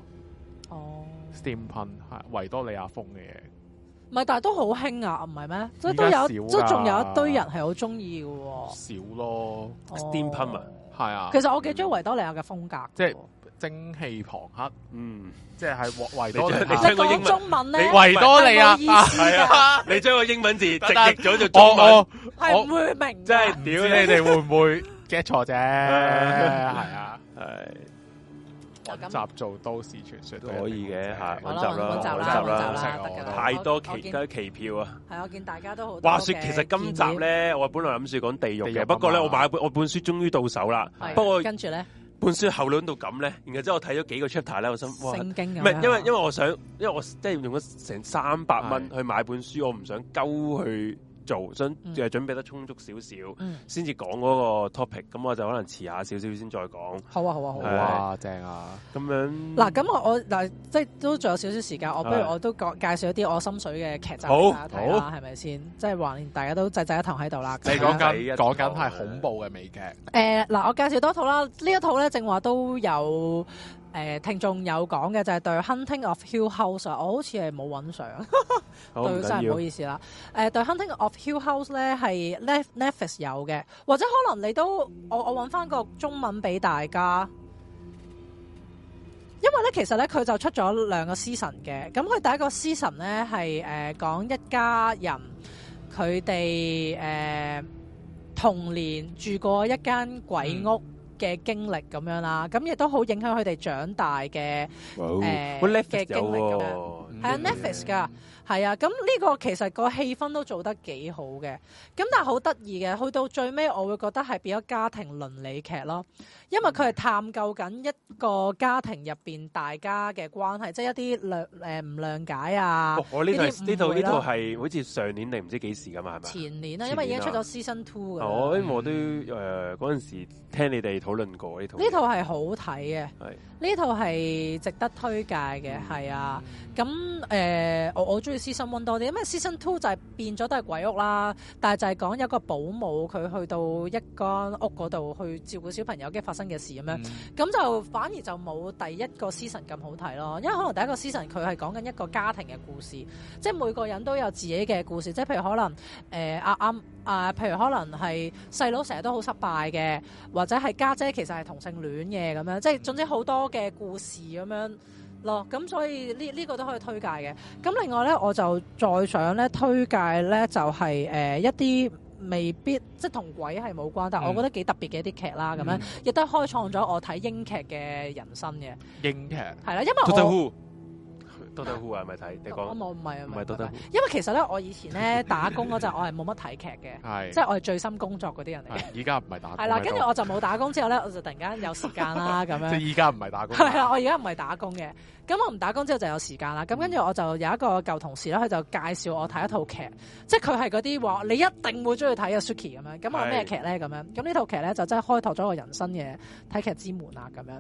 哦，steampunk 係維多利亞風嘅嘢，唔係，但係都好興啊，唔係咩？即係都有，即係仲有一堆人係好中意嘅。少咯，steampunk 啊，係啊。其實我幾中意維多利亞嘅風格，即係。蒸汽龐克，嗯，即係維多，你將個英文，維多利亞，係啊，你將個英文字直譯咗就哦，係唔會明，即係屌你哋會唔會 get 錯啫？係啊，搵集做都市傳說都可以嘅，吓，穩集啦，穩集啦，穩集啦，太多奇多奇票啊！係我見大家都好。話說，其實今集咧，我本來諗住講地獄嘅，不過咧，我買一本我本書終於到手啦。不過跟住咧。本書後輪到咁咧，然後之後我睇咗幾個 chapter 咧，我心諗，哇，唔係因為因為我想，因為我真係用咗成三百蚊去買本書，我唔想鳩去。做想誒準備得充足少少，先至、嗯、講嗰個 topic，咁我就可能遲下少少先再講好、啊。好啊好啊好啊是，正啊！咁樣嗱，咁我我嗱，即係都仲有少少時間，我不如我都介紹一啲我心水嘅劇集一好，俾大家睇啦，係咪先？即係話大家都濟濟一堂喺度啦。即嚟講緊講緊係恐怖嘅美劇。誒嗱、呃，我介紹多套啦，一呢一套咧正話都有。誒、呃、聽眾有講嘅就係對《Hunting of Hill House》，我好似係冇揾上，對、 oh, 真係唔好意思啦。誒對《 uh, Hunting of Hill House》咧係 Netflix 有嘅，或者可能你都我我揾返個中文俾大家，因為咧其實咧佢就出咗兩個 season 嘅，咁佢第一個 season 咧係誒講一家人佢哋誒童年住過一間鬼屋。嗯嘅經歷咁樣啦，咁亦都好影響佢哋長大嘅誒嘅經歷咁樣係啊，Netflix 㗎係啊，咁呢、嗯啊、個其實個氣氛都做得幾好嘅。咁但係好得意嘅，去到最尾我會覺得係變咗家庭倫理劇咯。因為佢係探究緊一個家庭入邊大家嘅關係，即係一啲諒誒唔諒解啊！我呢、哦、套呢套呢套係好似上年定唔知幾時㗎嘛，係咪？前年啊，年因為已經出咗 Season Two 嘅。哦、我都誒嗰陣時聽你哋討論過呢套、嗯。呢套係好睇嘅，呢是套係值得推介嘅，係、嗯、啊。咁誒、呃，我我中意 Season One 多啲，因為 Season Two 就係變咗都係鬼屋啦，但係就係講有個保姆佢去到一間屋嗰度去，去照顧小朋友，嘅。新嘅事咁樣，咁、嗯、就反而就冇第一個 season 咁好睇咯。因為可能第一個 season 佢係講緊一個家庭嘅故事，即係每個人都有自己嘅故事。即係譬如可能誒阿阿阿，譬如可能係細佬成日都好失敗嘅，或者係家姐，姐其實係同性戀嘅咁樣。即係總之好多嘅故事咁樣咯。咁所以呢呢、呢個都可以推介嘅。咁另外咧，我就再想咧推介咧，就係、是、誒、呃、一啲。未必即係同鬼係冇關，但係我覺得幾特別嘅一啲劇啦，咁、嗯、樣亦都係開創咗我睇英劇嘅人生嘅英劇係啦，因為我《Doctor Who》係咪睇？你講，唔係《Doctor Who》，因為其實咧，我以前咧 打工嗰陣， 是我係冇乜睇劇嘅，即係我係最深工作嗰啲人嚟嘅。依家唔係打工，係 啦，跟住我就冇打工之後咧，我就突然間有時間啦，咁樣。即係依家唔係打工。係 啦，我而家唔係打工嘅，咁我唔打工之後就有時間啦。咁跟住我就有一個舊同事咧，佢就介紹我睇一套劇，即係佢係嗰啲話你一定會中意睇啊，Suki 咁樣。咁 我咩劇咧？咁樣，咁呢套劇咧就真係開拓咗我人生嘅睇劇之門啊！咁樣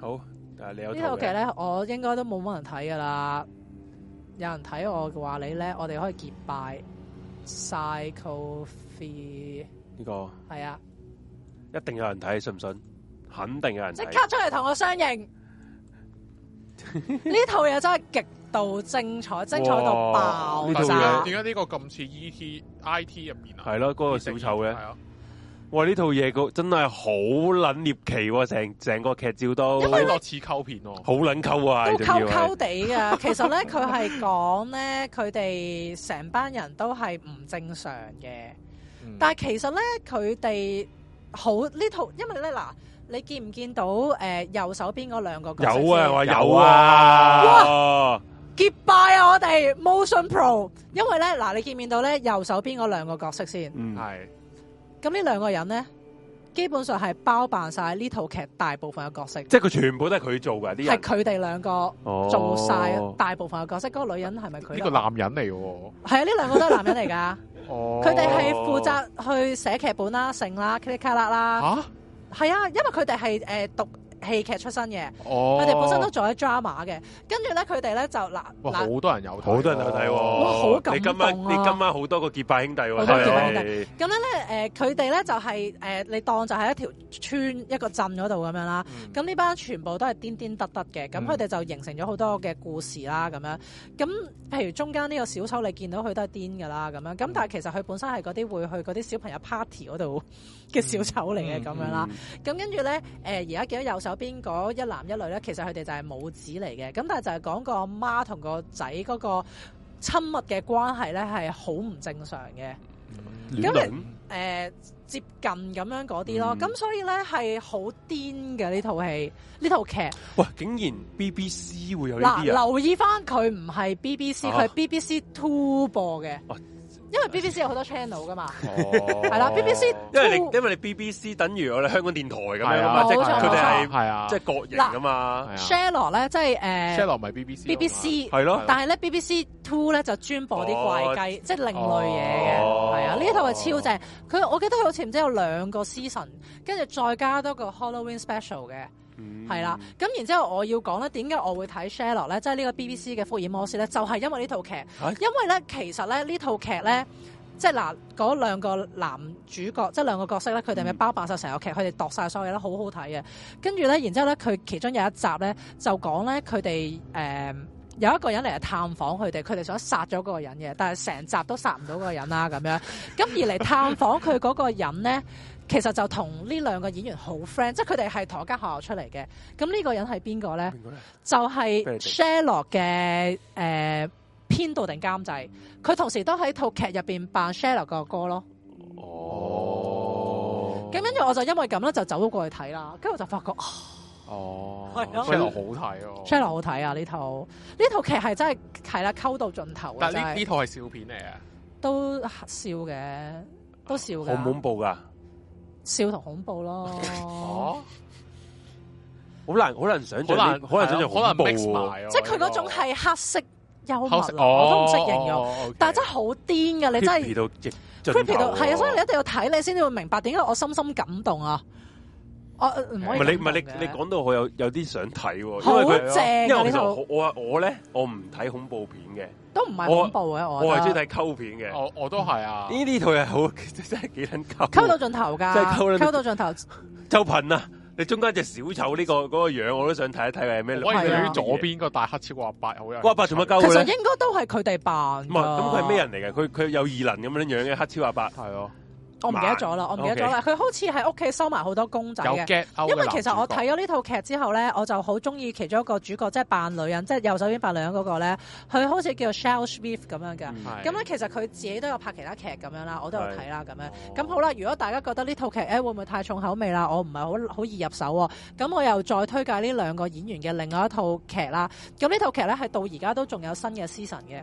好。呢套劇咧，我應該都冇乜人睇噶啦。有人睇我嘅話你咧，我哋可以結拜。Psycho Free 呢個係啊，一定有人睇，信唔信？肯定有人即刻出嚟同我相認。呢 套嘢真係極度精彩，精彩到爆！點解呢個咁似 E T I T 入面啊？係咯，嗰、嗰個小丑嘅。喂，呢套嘢真係好捻獵奇，成成個劇照都好多次溝片，好捻溝啊，都溝溝地啊。其實咧，佢係講咧，佢哋成班人都係唔正常嘅。但係其實咧，佢哋好呢套，因為咧嗱，你見唔見到誒右手邊嗰兩個角色？有啊，我有啊，哇！結拜啊，我哋 Motion Pro。因為咧嗱，你見唔見到咧右手邊嗰兩個角色先，嗯係。咁呢兩個人咧，基本上係包辦晒呢套劇大部分嘅角色。即係佢全部都係佢做㗎，啲人係佢哋兩個做晒大部分嘅角色。嗰、哦、個女人係咪佢？呢個男人嚟喎。係啊，呢兩個都係男人嚟㗎。 哦，佢哋係負責去寫劇本啦、成啦、click c l i c 啦。嚇、啊，係啊，因為佢哋係誒讀戲劇出身嘅，佢哋本身都做咗 drama 嘅，跟住咧佢哋咧就嗱，哇好多人有睇，好多人有睇喎，哇好感動啊！你今晚你今晚好多個結拜兄弟喎，好多結拜兄弟。咁樣咧誒，佢哋咧就係誒，你當就係一條村一個鎮嗰度咁樣啦。咁呢班全部都係癲癲得得嘅，咁佢哋就形成咗好多嘅故事啦咁樣。咁譬如中間呢個小丑，你見到佢都係癲㗎啦，咁樣。咁但係其實佢本身係嗰啲會去嗰啲小朋友 party 嗰度嘅小丑嚟嘅咁樣啦。咁跟住咧誒，而家幾多有有邊嗰一男一女咧，其實佢哋就係母子嚟嘅。咁但係就係講個媽同個仔嗰個親密嘅關係咧，係好唔正常嘅，咁嚟誒接近咁樣嗰啲咯，咁、嗯、所以咧係好癲嘅呢套戲，呢套劇，哇竟然 B B C 會有呢啲啊，啊！留意翻佢唔係 B B C，啊、B C，佢係 B B C Two 播嘅。啊因為 BBC 有好多 channel 噶嘛，係啦，BBC 因為你因為你 BBC 等於我哋香港電台咁樣，即係佢哋係啊，即係國營噶嘛。Sherlock 咧即係誒，Sherlock 唔係 BBC，BBC 係咯，但係咧 BBC Two 咧就專播啲怪雞，即係另類嘢嘅，係啊，呢一套係超正。佢我記得佢好似唔知有兩個 season，跟住再加多個 Halloween special 嘅。係啦，咁、嗯、然之後我要講咧，點解我會睇 Sherlock 咧？即係呢個 BBC 嘅福爾摩斯咧，就係、是因、啊、因為呢套劇，因為咧其實咧呢套劇咧，即係嗱嗰兩個男主角，即係兩個角色咧，佢哋咪包辦晒成個劇，佢哋度晒所有嘢咧，好好睇嘅。跟住咧，然之後咧，佢其中有一集咧，就講咧佢哋誒有一個人嚟探訪佢哋，佢哋想殺咗嗰個人嘅，但係成集都殺唔到嗰個人啦咁樣。咁而嚟探訪佢嗰個人咧。 其實就同呢兩個演員好 friend，即係佢哋係同一間學校出嚟嘅。咁呢個人係邊個咧？麼就係 Sherlock 嘅、呃、誒編導定監製，佢同時都喺套劇入邊扮 Sherlock 個哥咯。哦，咁跟住我就因為咁啦，就走咗過去睇啦。跟住我就發覺，哦 Sherlock 好睇喎。Sherlock 好睇啊！呢套呢套劇係真係係啦，溝到盡頭。但呢呢套係笑片嚟啊？都笑嘅，都笑嘅。好恐怖㗎！ 啊笑同恐怖咯 、哦，好難好難想象，好難，難，難想象恐怖喎，啊、即係佢嗰種係黑色幽默咯，哦、我都唔識形容嘅。哦哦 okay、但係真係好癲嘅，你真係到係啊，所以你一定要睇，你先至會明白點解我深深感動啊！唔可係你，唔係你，你講到我有有啲想睇喎，因為佢，正，因為其實我話我咧，我唔睇恐怖片嘅，都唔係恐怖嘅我。我係中意睇溝片嘅，我我都係啊。呢啲套又好真係幾撚溝，溝到盡頭㗎，溝到盡頭。周品啊，你中間隻小丑呢個嗰個樣我都想睇一睇係咩？你喺左邊個大黑超阿伯好呀，阿伯做乜溝咧？其實應該都係佢哋扮。唔係，咁佢係咩人嚟嘅？佢佢有異能咁樣樣嘅黑超阿伯。係哦。我唔記得咗啦，我唔記得咗啦。佢 Okay. 好似喺屋企收埋好多公仔嘅，get 因為其實我睇咗呢套劇之後咧，我就好中意其中一個主角，即係扮女人，即係右手邊扮女人嗰個咧，佢好似叫 Shel Smith 咁樣嘅。咁咧，其實佢自己都有拍其他劇咁樣啦，我都有睇啦咁樣。咁是好啦，如果大家覺得呢套劇咧會唔會太重口味啦？我唔係好好易入手喎，啊。咁我又再推介呢兩個演員嘅另外一套劇啦。咁呢套劇咧係到而家都仲有新嘅師神嘅。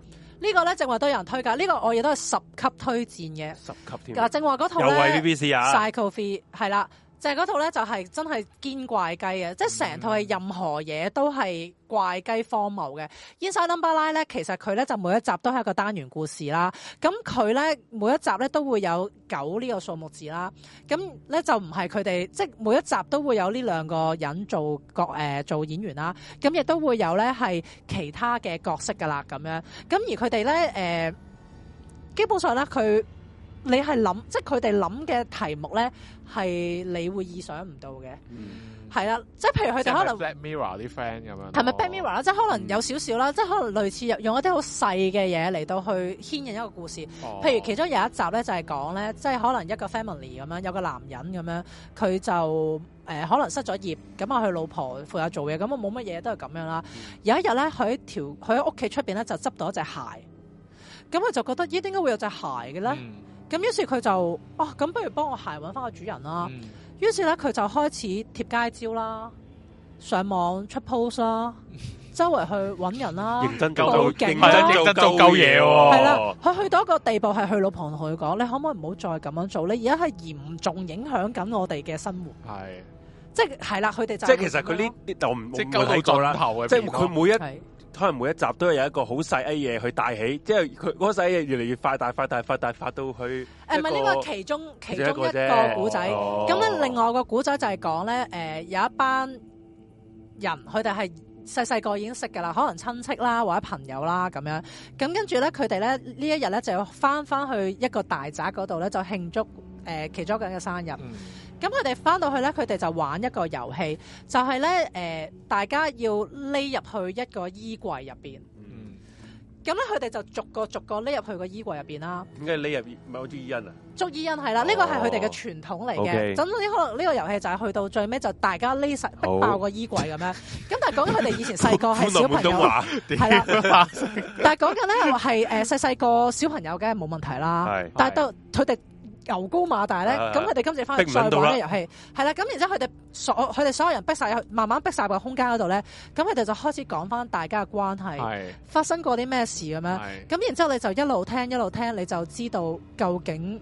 個呢個咧正話都有人推介。呢、這個我亦都係十級推薦嘅。十級添，嗱正話嗰套咧，Cycle Free 係啦。就係嗰套咧，就係真係堅怪雞啊！即係成套嘅任何嘢都係怪雞荒謬嘅。Inside No. 9咧，其實佢咧就每一集都係一個單元故事啦。咁佢咧每一集咧都會有九呢個數目字啦。咁咧就唔係佢哋，即係每一集都會有呢兩個人做角誒、呃、做演員啦。咁亦都會有咧係其他嘅角色噶啦咁樣。咁而佢哋咧誒，基本上咧佢。你係諗，即係佢哋諗嘅題目咧，係你會意想唔到嘅。係啦、嗯啊，即係譬如佢哋可能。Flat Mirror 啲 friend 咁樣。係咪 Flat Mirror？即係可能有少少啦，嗯、即係可能類似用一啲好細嘅嘢嚟到去牽引一個故事。哦、譬如其中有一集咧，就係、是、講咧，即係可能一個 family 咁樣，有個男人咁樣，佢就誒、呃、可能失咗業，咁啊佢老婆負責做嘢，咁我冇乜嘢都係咁樣啦。嗯、有一日咧，佢條佢喺屋企出邊咧就執到一隻鞋，咁佢就覺得咦？點解會有隻鞋嘅咧？嗯咁於是佢就啊，咁、哦、不如幫我鞋揾翻個主人啦。於、嗯、是咧佢就開始貼街招啦，上網出 post 啦，周圍去揾人啦、啊。認真夠勁，啊、認真認真做夠嘢喎，係啦，佢去到一個地步，係去老婆同佢講，你可唔可以唔好再咁樣做咧？而家係嚴重影響緊我哋嘅生活。係的，即係啦，佢哋就，即係其實佢呢啲就唔即係夠滯後嘅，即係是佢每一。的可能每一集都係有一個好細 A 嘢去帶起，即係佢嗰個細嘢越嚟越快大、快大、快大，發到去。誒、欸。唔係呢個其中其中一個古仔。咁咧、哦哦、另外個古仔就係講咧誒有一班人，佢哋係細細個已經識噶啦，可能親戚啦或者朋友啦咁樣。咁跟住咧，佢哋咧呢一日咧就要翻翻去一個大宅嗰度咧，就慶祝誒、呃、其中一個人嘅生日。嗯。咁佢哋翻到去咧，佢哋就玩一個遊戲，就係咧誒，大家要匿入去一個衣櫃入邊。嗯。咁咧，佢哋就逐個逐個匿入去個衣櫃入邊啦。點解匿入唔係好似伊人啊？捉伊人係啦，呢個係佢哋嘅傳統嚟嘅。咁可能呢個遊戲就係去到最尾，就大家匿實逼爆個衣櫃咁樣。咁但係講緊佢哋以前細個係小朋友，係但係講緊咧係誒細細個小朋友，梗係冇問題啦。但係到佢哋。牛高馬大咧，咁佢哋今次翻去再玩呢個遊戲，係啦、啊，咁然之後佢哋所佢哋所有人逼晒，慢慢逼晒個空間嗰度咧，咁佢哋就開始講翻大家嘅關係，係發生過啲咩事咁樣，咁的然之後你就一路聽一路聽，你就知道究竟。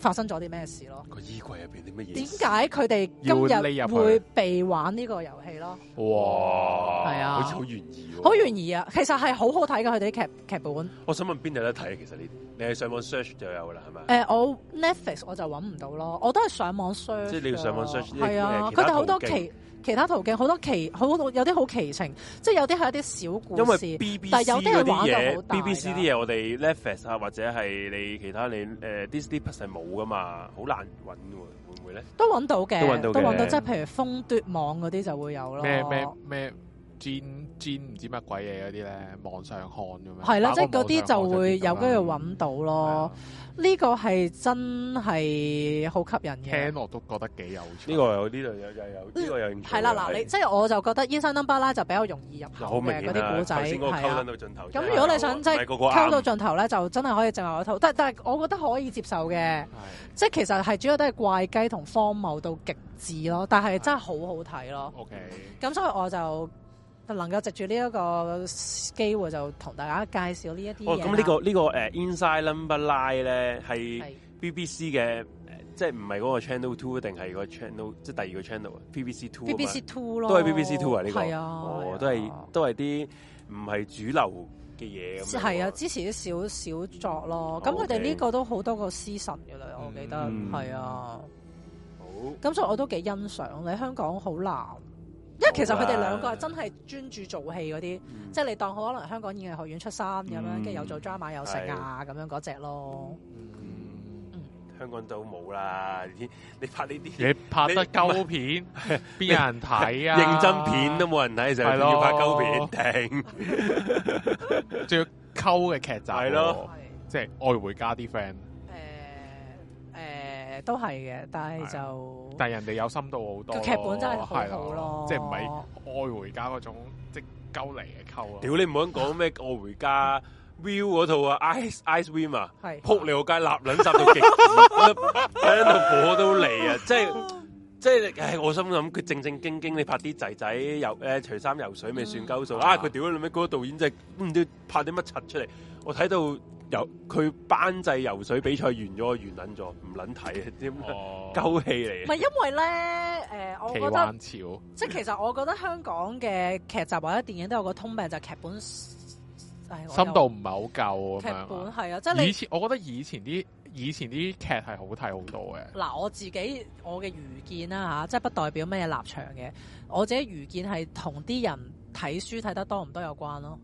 發生咗啲咩事咯？個衣櫃入邊啲乜嘢？點解佢哋今日會被玩呢個遊戲咯 哇！係啊，好似、啊、好懸疑好懸疑啊！其實係好好睇嘅佢哋啲劇劇本 。我想問邊度有得睇其實呢，你係上網 search 就有啦，係咪？誒、呃，我 Netflix 我就揾唔到咯，我都係上網 search。即係你要上網 search 係啊，佢哋好多期。其他途徑好多奇，好有啲好奇情，即係有啲係一啲小故事。因為但係有啲嘢，B B C 啲嘢，我哋 Netflix 啊，或者係你其他你誒、呃、Disney Plus 係冇㗎嘛，好難揾喎，會唔會咧？都揾到嘅，都揾到，到，即係譬如風奪網嗰啲就會有咯。咩咩咩？煎煎唔知乜鬼嘢嗰啲咧，網上看咁樣。係啦，即係嗰啲就會有機會揾到咯。呢個係真係好吸引嘅。聽落都覺得幾有趣。呢個有呢度有有有呢個有。係啦，嗱你即係我就覺得《伊莎嫩巴拉》就比較容易入坑嘅嗰啲古仔。係啊。先溝到盡頭。咁如果你想即係溝到盡頭咧，就真係可以剩下一套。但但係我覺得可以接受嘅。即係其實係主要都係怪雞同荒謬到極致咯，但係真係好好睇咯。OK。咁所以我就。能夠藉住呢一個機會，就同大家介紹、哦這個這個 uh, 呢一啲咁呢個呢個誒 Inside Number Nine 咧係 BBC 嘅，即係唔係嗰個 Channel Two 定係個 Channel 即係第二個 Channel？BBC Two。BBC Two 咯。都係 BBC Two 啊！呢個係啊，都係都係啲唔係主流嘅嘢。係啊，支持啲少少作咯。咁佢哋呢個都好多個 season 嘅啦，我記得係、嗯、啊。好。咁所以我都幾欣賞。喺香港好難。因為其實佢哋兩個係真係專注做戲嗰啲，嗯、即係你當好可能香港演藝學院出身咁樣，跟住、嗯、又做 drama 又對食啊咁樣嗰隻咯。嗯嗯、香港就冇啦，你拍呢啲，你拍，你拍得膠片，邊有人睇啊？認真片都冇人睇就係咯，拍膠片頂仲要膠嘅劇集，係咯，即係愛回家啲 friend。都係嘅，但係就但係人哋有深度好多，個劇本真係好好咯的，即係唔係《愛回家》嗰種即係溝嚟嘅溝。屌你唔好講咩《愛回家》 Viu 嗰套啊，Ice Ice Cream 啊，扑你個街，立卵雜到極，喺度 火都嚟啊！即係即係，唉，我心諗佢正正經經你拍啲仔仔游誒除衫游水，咪算鳩數啊！佢屌你咩？嗰、嗰個導演真係唔知拍啲乜柒出嚟，我睇到。游佢班制游水比賽完咗，我完捻咗，唔捻睇啊！點鳩氣嚟？唔係、oh. 因為咧，誒、呃，我覺得灣潮即係其實我覺得香港嘅劇集或者電影都有個通病，就劇，就劇、啊、本深度唔係好夠。劇本係啊，即係你以前我覺得以前啲以前啲劇係好睇好多嘅。嗱、啊，我自己我嘅愚見啦吓，即係不代表咩立場嘅，我自己愚見係同啲人睇書睇得多唔多有關咯。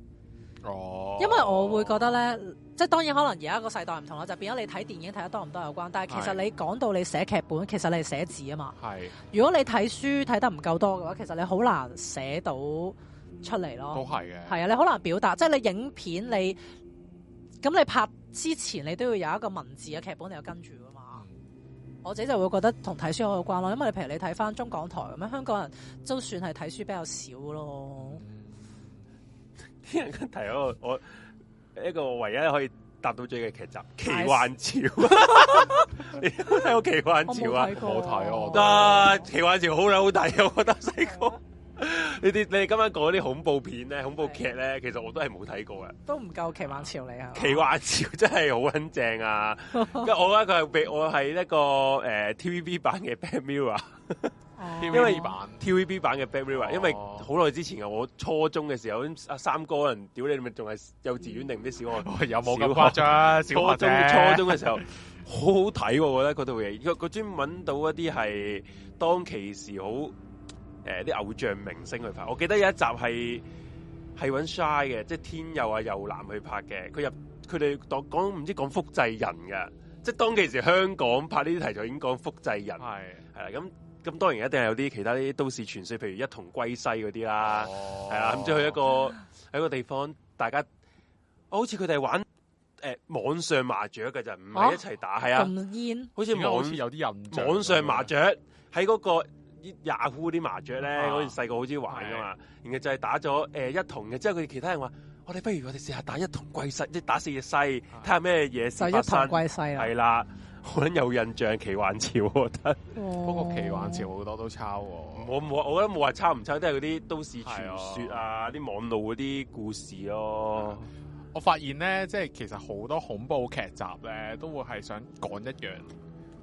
因為我會覺得咧，即係當然可能而家個世代唔同啦，就變咗你睇電影睇得多唔多有關。但係其實你講到你寫劇本，其實你係寫字啊嘛。係是。如果你睇書睇得唔夠多嘅話，其實你好難寫到出嚟咯。都係嘅。係啊，你好難表達，即係你影片你咁你拍之前你都要有一個文字嘅劇本你有跟住啊嘛。我自己就會覺得同睇書有關咯，因為你譬如你睇翻中港台咁樣，香港人都算係睇書比較少咯。啲人提我，我一個我唯一可以答到最嘅劇集《奇幻潮》 你睇過奇幻潮啊，你睇、 啊《奇幻潮》啊？我睇啊，得《奇幻潮》好睇，好睇，我覺得細個呢啲你哋今晚講啲恐怖片咧、恐怖劇咧，其實我都係冇睇過嘅，都唔夠《奇幻潮》嚟啊！《奇幻潮》真係好撚正啊！ 我覺得佢係我係一個誒、呃、TVB 版嘅《Bad Mirror》。TV 因為、oh. T V B 版嘅《b a m i l y 因為好耐之前啊，我初中嘅時候，阿三哥可能屌你，咪仲係幼稚園定啲小學，嗯、小學有冇咁誇張？初中小學初中嘅時候 好好睇，我覺得嗰套嘢，佢佢專門揾到一啲係當其時好誒啲偶像明星去拍。我記得有一集係係揾 Shine 嘅，即係天佑啊、又南去拍嘅。佢入佢哋講講唔知講複製人嘅，即係當其時香港拍呢啲題材已經講複製人係係啦咁。的對咁當然一定係有啲其他啲都市傳說，譬如一同歸西嗰啲啦，係啊，咁即係去一個喺個地方，大家好似佢哋玩誒網上麻雀嘅就唔係一齊打係啊，咁好似網有啲印象。網上麻雀喺嗰個 Yahoo 嗰啲麻雀咧，好似前細個好似玩噶嘛，然後就係打咗誒一同嘅。之後佢其他人話：我哋不如我哋試下打一同歸西，即打四隻西，睇下咩嘢嘢發生。一同歸西係啦。我有印象《奇幻潮》，我覺得、嗯， 不過《奇幻潮》好多都抄、哦、我冇，我覺得冇話抄唔抄，都係啲都市傳說啊，啲、啊、網路啲故事咯、哦嗯。我發現咧，即係其實好多恐怖劇集咧，都會係想講一樣，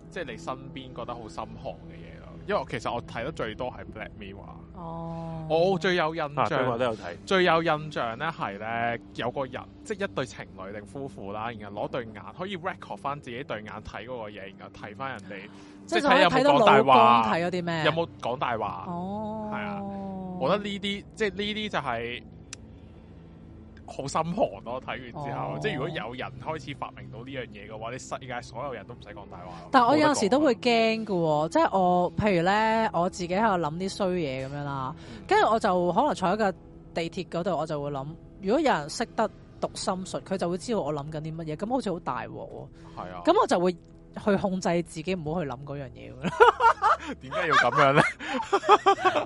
即係你身邊覺得好心寒嘅嘢。因為其實我睇得最多係 Black Mirror。哦。Oh，我最有印象，都、啊、有睇。最有印象咧係咧，有個人即係、即係、一對情侶定夫婦啦，然後攞對眼可以 record 翻自己對眼睇嗰個嘢，然後睇翻人哋，即係是睇有冇講大話，睇啲咩，有冇講大話。哦。係啊。我覺得呢啲即係呢啲就係、是就是。好心寒咯！睇完之後，哦、即係如果有人開始發明到呢樣嘢嘅話，你世界所有人都唔使講大話。但係我有時都會驚㗎喎，嗯、即係我譬如咧，我自己喺度諗啲衰嘢咁樣啦，跟住我就可能坐喺個地鐵嗰度，我就會諗，如果有人識得讀心術，佢就會知道我諗緊啲乜嘢，咁好似好大鑊喎。係啊，咁我就會，去控制自己，唔好去諗嗰樣嘢。點解 要咁樣咧？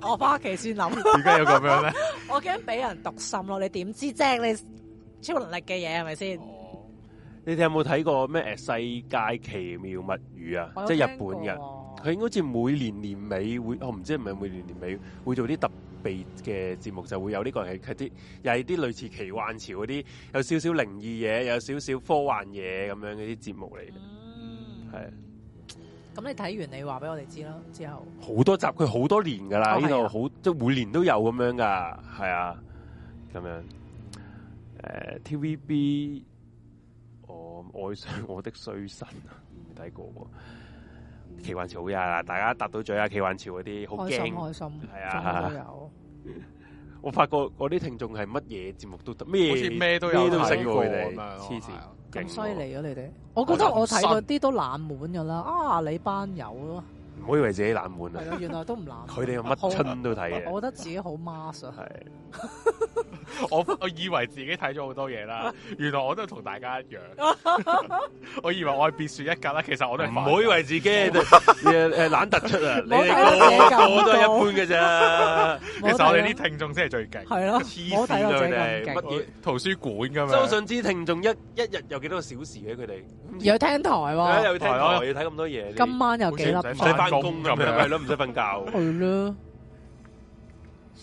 我返屋企先諗。點解要咁樣咧？我驚俾人讀心咯。你點知啫？你超能力嘅嘢係咪先？你哋有冇睇過咩？誒，世界奇妙物語啊，即係日本嘅。佢應該好似每年年尾會，我、哦、唔知係咪每年年尾會，會做啲特別嘅節目，就會有呢個係啲又係啲類似奇幻潮嗰啲，有少少靈異嘢，有少少科幻嘢咁樣嗰啲節目嚟嘅。嗯係，咁、啊、你睇完你話俾我哋知咯。之後好多集佢好多年噶啦，呢度好即係每年都有咁樣噶，係啊，咁樣。誒、uh，TVB，我、oh, 愛上我的衰神啊，未睇過。奇幻潮好呀、啊，大家搭到嘴啊！奇幻潮嗰啲好驚，開心係啊，都有、啊。 我發覺我啲聽眾係乜嘢節目都得，咩咩都有都過，都辛苦你黐線。咁犀利啊，你哋，我覺得我睇嗰啲都冷門嘅啦。啊，你班友囉，唔好以為自己冷門啊！ 原來都唔冷門。佢哋乜春都睇嘅。 我覺得自己好 mask 啊。係。 我我以為自己睇咗好多嘢啦，原來我都同大家一樣。我以為我係別樹一格啦，其實我都唔好以為自己誒誒懶突出啊。個個都一般嘅啫，其實我哋啲聽眾先係最勁。係咯，黐綫佢哋。乜？圖書館㗎咩？周信之聽眾一一日有幾多個小時嘅？佢哋有聽台喎，有聽台要睇咁多嘢。今晚有幾粒？唔使返工咁，係咯，唔使瞓覺。去啦。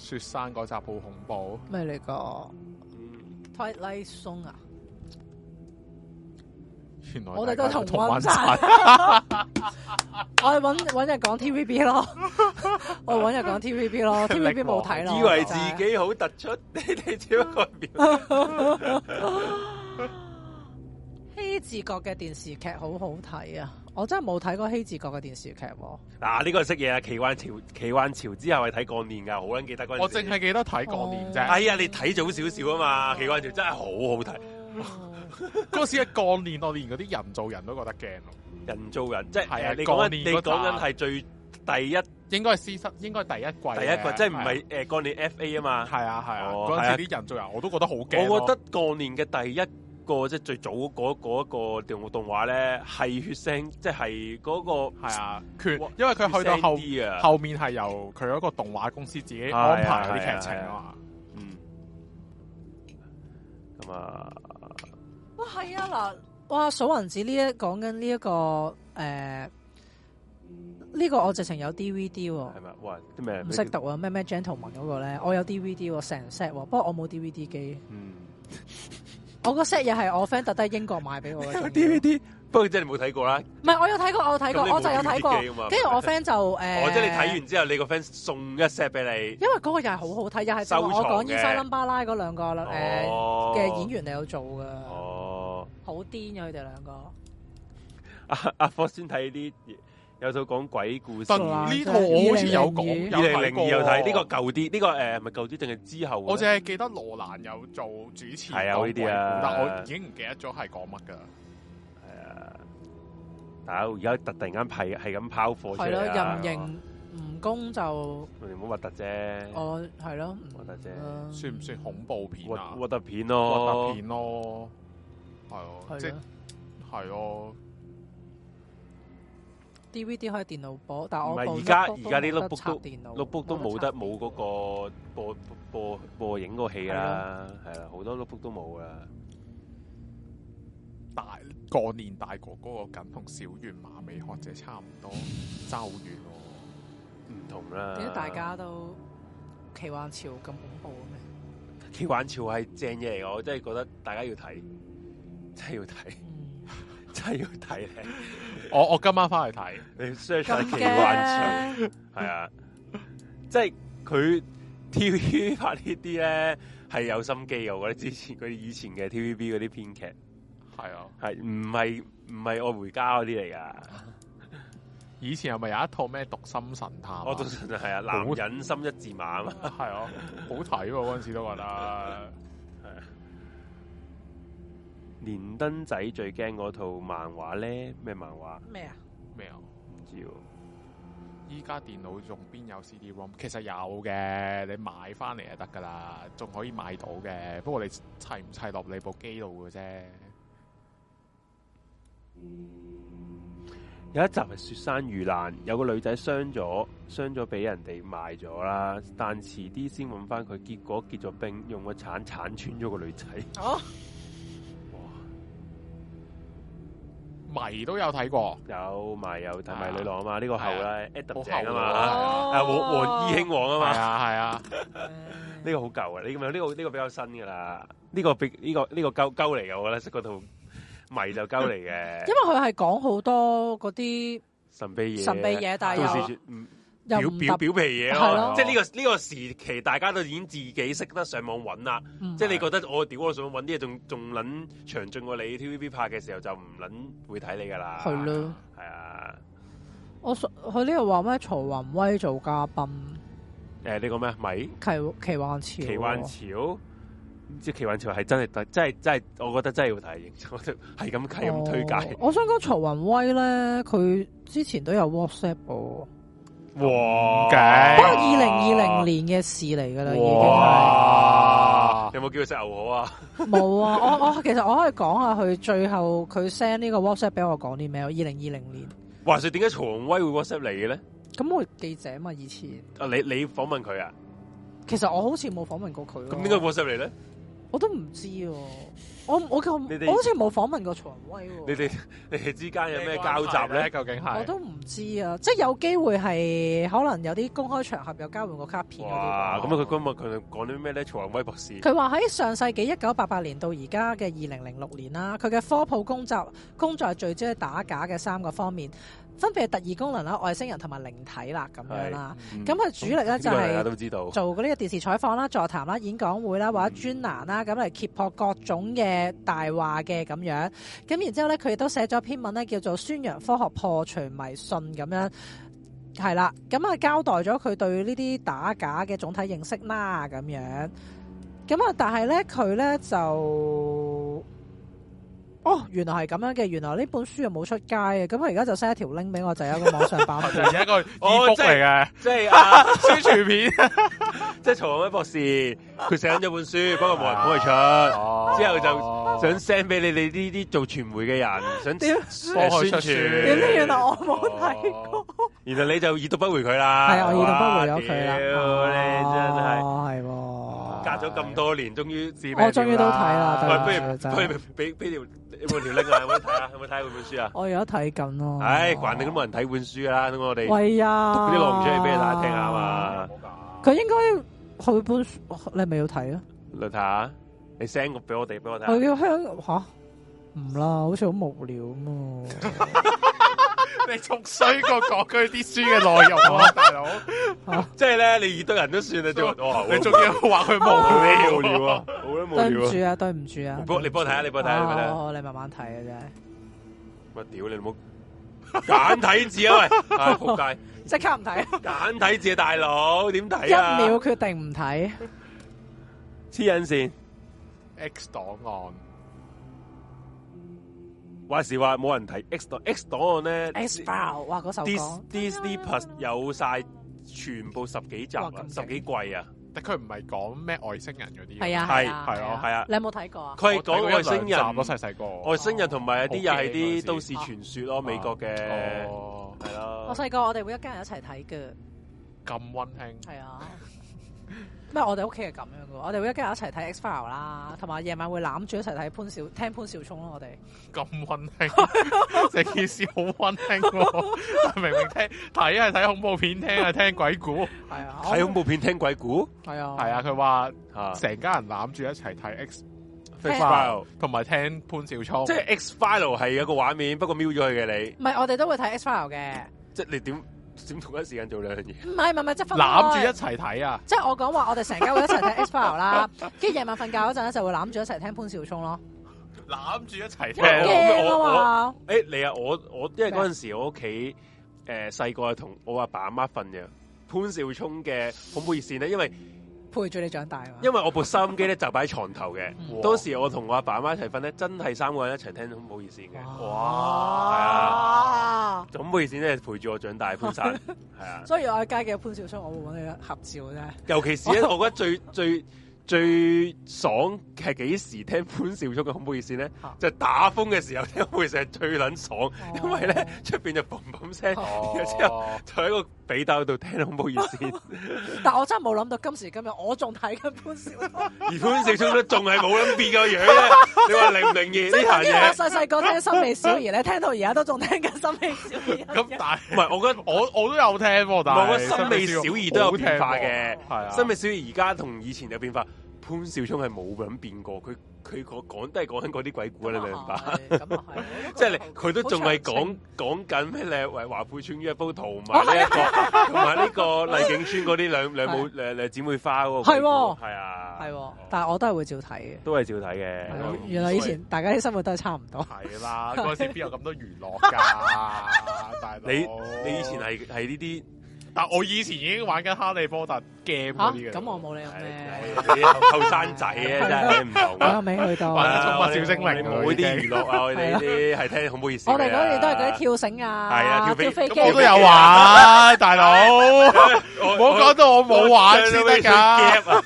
雪山嗰集好恐怖，咩嚟㗎？《泰拉松》啊，原來 我哋都同台我哋揾揾日講 T V B 咯， B 我揾日講 T V B 咯，T V B 冇睇咯，以為自己好突出，你哋點樣個表？《西字國》嘅電視劇好好睇啊！我真係冇睇過《希治閣》嘅電視劇喎。嗱，呢個識嘢啊！《奇幻潮》，《奇幻潮》之後係睇過年㗎，好撚記得嗰陣時。我淨係記得睇過年啫。哎呀，你睇早少少啊嘛，《奇幻潮》真係好好睇。嗰時係過年，我連嗰啲人造人都覺得驚咯。人造人，即係你講緊係最第一，應該係私室，應該係第一季。第一季即係唔係誒過年 F A 啊嘛？係啊係啊，嗰陣時啲人造人我都覺得好驚。我覺得過年嘅第一。個即係最早嗰嗰一個電話動畫咧，係血腥，即係嗰、嗰個係啊，缺因為佢去到後啊，後面係由佢嗰個動畫公司自己安排啲劇情啊嘛，啊啊啊啊啊嗯，咁啊，哇係啊嗱，哇《鎖魂子呢一講緊呢一個誒，呢個我直情有 DVD 喎，係咪？哇啲咩唔識讀啊咩咩 gentleman 嗰個咧，我有 DVD 成 set，不過我冇 DVD 機，嗯。 我個 set 嘢係我 friend 特登喺英國買俾我嘅 D V D，不過真係冇睇過啦。唔係我有睇過，我有睇過，啊、我就有睇過。跟住我 friend 就誒，哦、 呃，即係你睇完之後，你個 friend 送一 set 俾你。因為嗰個又係好好睇，又係我講伊莎倫巴拉嗰兩個誒嘅演員嚟做哦，好癲呀佢哋兩個。阿阿科先睇啲。有套講鬼故事，呢套我好似有講，二零零二有睇，呢個舊啲，呢個誒，係咪舊啲定係之後？我淨係記得羅蘭有做主持、啊，係啊呢啲啊，但我已經唔記得咗係講乜噶。係啊，但係而家突突然間係咁拋火車，人形蜈蚣就你唔好核突啫。哦、嗯，係咯，核突啫，核突算唔算恐怖片？核、啊、突片咯，核突片咯，係咯，即係係咯。D V D 可以電腦播，但係我唔得而家而家啲 notebook 都 notebook 都冇得冇嗰個播播播，播，播影嗰個戲啦，係啦，好多 notebook 都冇啊。啊大過年大哥哥個緊同小圓馬尾學者差唔多， 爭好遠喎，唔同啦。點解大家都奇幻潮咁恐怖？奇幻潮係正嘢嚟，我真係覺得大家要睇，真係要睇，真係要睇咧。我我今晚翻去睇，你 search 下奇《奇幻潮》，係 啊，即係佢 TVB 拍呢啲咧，係有心機嘅。我覺得之前佢啲以前嘅 TVB 嗰啲編劇，係啊，係唔係唔係《愛回家》嗰啲嚟噶？以前係咪有一套咩《讀心神探》啊？我讀心神探係啊，男人心一字馬好 啊，係啊，好睇嗰陣時都覺得。 連登仔最驚嗰套漫畫咧咩漫畫？咩啊咩啊？唔知喎。依家電腦仲邊有 CD ROM？其實有嘅，你買翻嚟就得噶啦，仲可以買到嘅。不過你砌唔砌落你部機度嘅啫。有一集係雪山遇難，有個女仔傷咗，傷咗俾人哋賣咗啦。但遲啲先搵翻佢，結果結咗冰，用個鏟鏟穿咗個女仔。哦。Oh. 迷都有睇過，有迷有《迷女郎》啊嘛，呢個係 Adam 鄭啊嘛，啊王王衣興王啊嘛，係啊係啊，呢個好舊啊，呢個呢個呢個比較新噶啦，呢個呢個呢個鳩鳩嚟嘅，我覺得嗰套迷就鳩嚟嘅，因為佢係講好多嗰啲神秘嘢神秘嘢，但係表表皮嘢咯，即係呢個呢個時期，大家都已經自己識得上網揾。啦。即係你覺得我屌，我想揾啲嘢，仲仲捻詳盡過你 TVB 拍嘅時候就，就唔捻會睇你噶啦。係咯，係啊。我上佢呢度話咩？曹雲威做嘉賓。誒、欸，你講咩咪？奇、哦、奇幻潮？奇幻潮？唔知奇幻潮係真係，真係真係，我覺得真係要睇。我就係咁係咁推介。哦、我想講曹雲威咧，佢之前都有 WhatsApp 喎。哇！不過二零二零年嘅事嚟噶啦，已經係有冇叫佢食牛河啊？冇啊， 啊！我我其實我可以講下佢最後佢 send 呢個 WhatsApp 俾我講啲咩？我二零二零年，話說點解曹威會 WhatsApp 你嘅咧？咁我記者啊嘛，以前啊你你訪問佢啊？啊其實我好似冇訪問過佢，啊，咁點解 WhatsApp 你咧？我都唔知喎、啊，我我,我好似冇訪問過曹宏威喎、啊。你哋你哋之間有咩交集咧？究竟係我都唔知啊！即係有機會係可能有啲公開場合又交換個卡片嗰咁樣佢今日佢講啲咩咧？曹宏威博士，佢話喺上世紀一九八八年到而家嘅二零零六年啦，佢嘅科普工作工作係聚焦喺打假嘅三個方面。分別係特異功能啦、外星人同埋靈體啦咁樣啦，咁佢、嗯、主力咧就係做呢啲電視採訪啦、座談啦、演講會啦或者專欄啦，咁嚟、嗯、揭破各種嘅大話嘅咁樣。咁然之後咧，佢亦都寫咗篇文咧，叫做《宣揚科學破除迷信》咁樣，係啦。咁啊交代咗佢對呢啲打假嘅總體認識啦咁樣。咁啊，但係咧，佢咧就。哦，原來係咁樣嘅，原來呢本書又冇出街嘅，咁我而家就 send 一條 link 俾我，就有一個網上版，就係一個 ebook 嘅，即係宣傳片。即係曹雲輝博士，佢寫緊咗本書，不過冇人幫佢出，之後就想 send 俾你哋呢啲做傳媒嘅人，想幫佢宣傳。點知原來我冇睇過，原來、哦、你就已讀不回佢啦。係 我已讀不回咗佢啦。屌哇、啊、你真係，係、啊、隔咗咁多年，終於我終於都睇啦。唔係、哎，不如俾俾條。是 拎 啊！有冇睇啊？有冇睇嗰本書啊？我而家睇緊咯。唉、哎，慣定都冇人睇本書啦，咁我哋係啊，啲內容出嚟俾大家聽下啊嘛。佢應該去本書，你係咪要睇啊？嚟睇下，你 send 個俾我哋，俾我睇。佢要香吓，唔啦，好似好無聊嘛、啊。 你仲衰過講佢啲書嘅內容啊，大佬！即係咧，你二德人都算啦，仲你仲要話佢無聊了啊！對唔住啊，對唔住啊！你幫我睇下，你幫我睇下，哦，你慢慢睇啊，真係。乜屌你冇簡體字啊！喂，仆街，即刻唔睇啊！簡體字啊，大佬，點睇，一秒決定唔睇。黐因線 X 檔案。話時話冇人睇 X 檔，X 檔案咧。X b o w 哇，嗰首歌。This t s Deepers 有晒全部十幾集啊，十幾季啊。但佢唔係講咩外星人嗰啲。係啊係啊。係啊係啊。你有冇睇過啊？佢係講外星人咯，細細個。外星人同埋一啲又係啲都市傳說咯，美國嘅係咯。我細個我哋會一家人一齊睇嘅。咁溫馨。係啊。不咩？我哋屋企係咁樣噶，我哋會一家人一齊睇 X File 啦，同埋夜晚會攬住一齊睇潘紹聽潘紹聰咯，我哋咁溫馨，成 件事好溫馨。 明明聽睇係睇恐怖片聽，聽係聽鬼故，係啊，睇恐怖片聽鬼故，係 啊，係 啊。佢話成家人攬住一齊睇 X File，同埋聽潘紹聰，即係 X File 係有個畫面，不過瞄咗佢嘅你，唔係我哋都會睇 X File 嘅，即係你點？點同一時間做兩樣嘢？唔係唔係唔係，即係、就是、分攬住一齊睇啊！即係我講話，我哋成家會一齊睇《X Files》啦，跟住夜晚瞓覺嗰陣咧，就會攬住一齊聽潘紹聰咯。攬住一齊驚啊嘛！誒，你啊，我我因為嗰陣時我屋企誒細個係同我阿爸阿媽瞓嘅潘紹聰嘅恐怖熱線咧，因為。呃陪住你長大啊！因為我部收音機咧就擺喺床頭嘅，當時我同我阿爸阿媽一齊瞓咧，真係三個人一齊聽到，唔好意思嘅。哇！咁唔好意思咧，陪住我長大潘生！係啊。所以我喺街嘅潘少聰，我會揾你合照嘅啫。尤其是咧，我覺得最最最爽係幾時聽潘少聰嘅《恐怖意思》咧，就打風嘅時候聽會成係最撚爽，因為咧出邊就砰砰聲，然之後就喺個。俾到度聽都冇意思， 但我真係冇諗到今時今日我仲睇緊潘少， 而潘少都仲係冇咁變個樣咧。你話靈唔靈異？ 即係我細細個聽心《心美小二》咧，聽到而家都仲聽緊《心美小二》但。咁但係唔係，我覺得我我都有聽、喔，但係《心美小二》都有變化嘅。係啊，《心美小二》而家同以前有變化。 嗯潘少聰係冇咁變過，佢佢講都係講緊嗰啲鬼故，啊。你明白？咁係，即係你佢都仲係講講緊咩？你華華富村呢一幅圖畫，呢一個同埋呢個麗景村嗰啲兩兩母兩兩姊妹花喎，係係啊，係，但係我都係會照睇嘅，都係照睇嘅。原來以前大家啲生活都係差唔多。係啦，嗰時邊有咁多娛樂㗎？你你以前係係呢啲？但係我以前已經玩緊《哈利波特》game 嘅，咁我冇理由嘅，後生仔啊真係聽唔到啊。我未去到玩啲寵物小精靈，呢啲娛樂啊，呢啲係聽好唔好意思。我哋嗰時都係嗰啲跳繩啊，跳飛機，我都有玩，大佬，唔好講到我冇玩先得噶。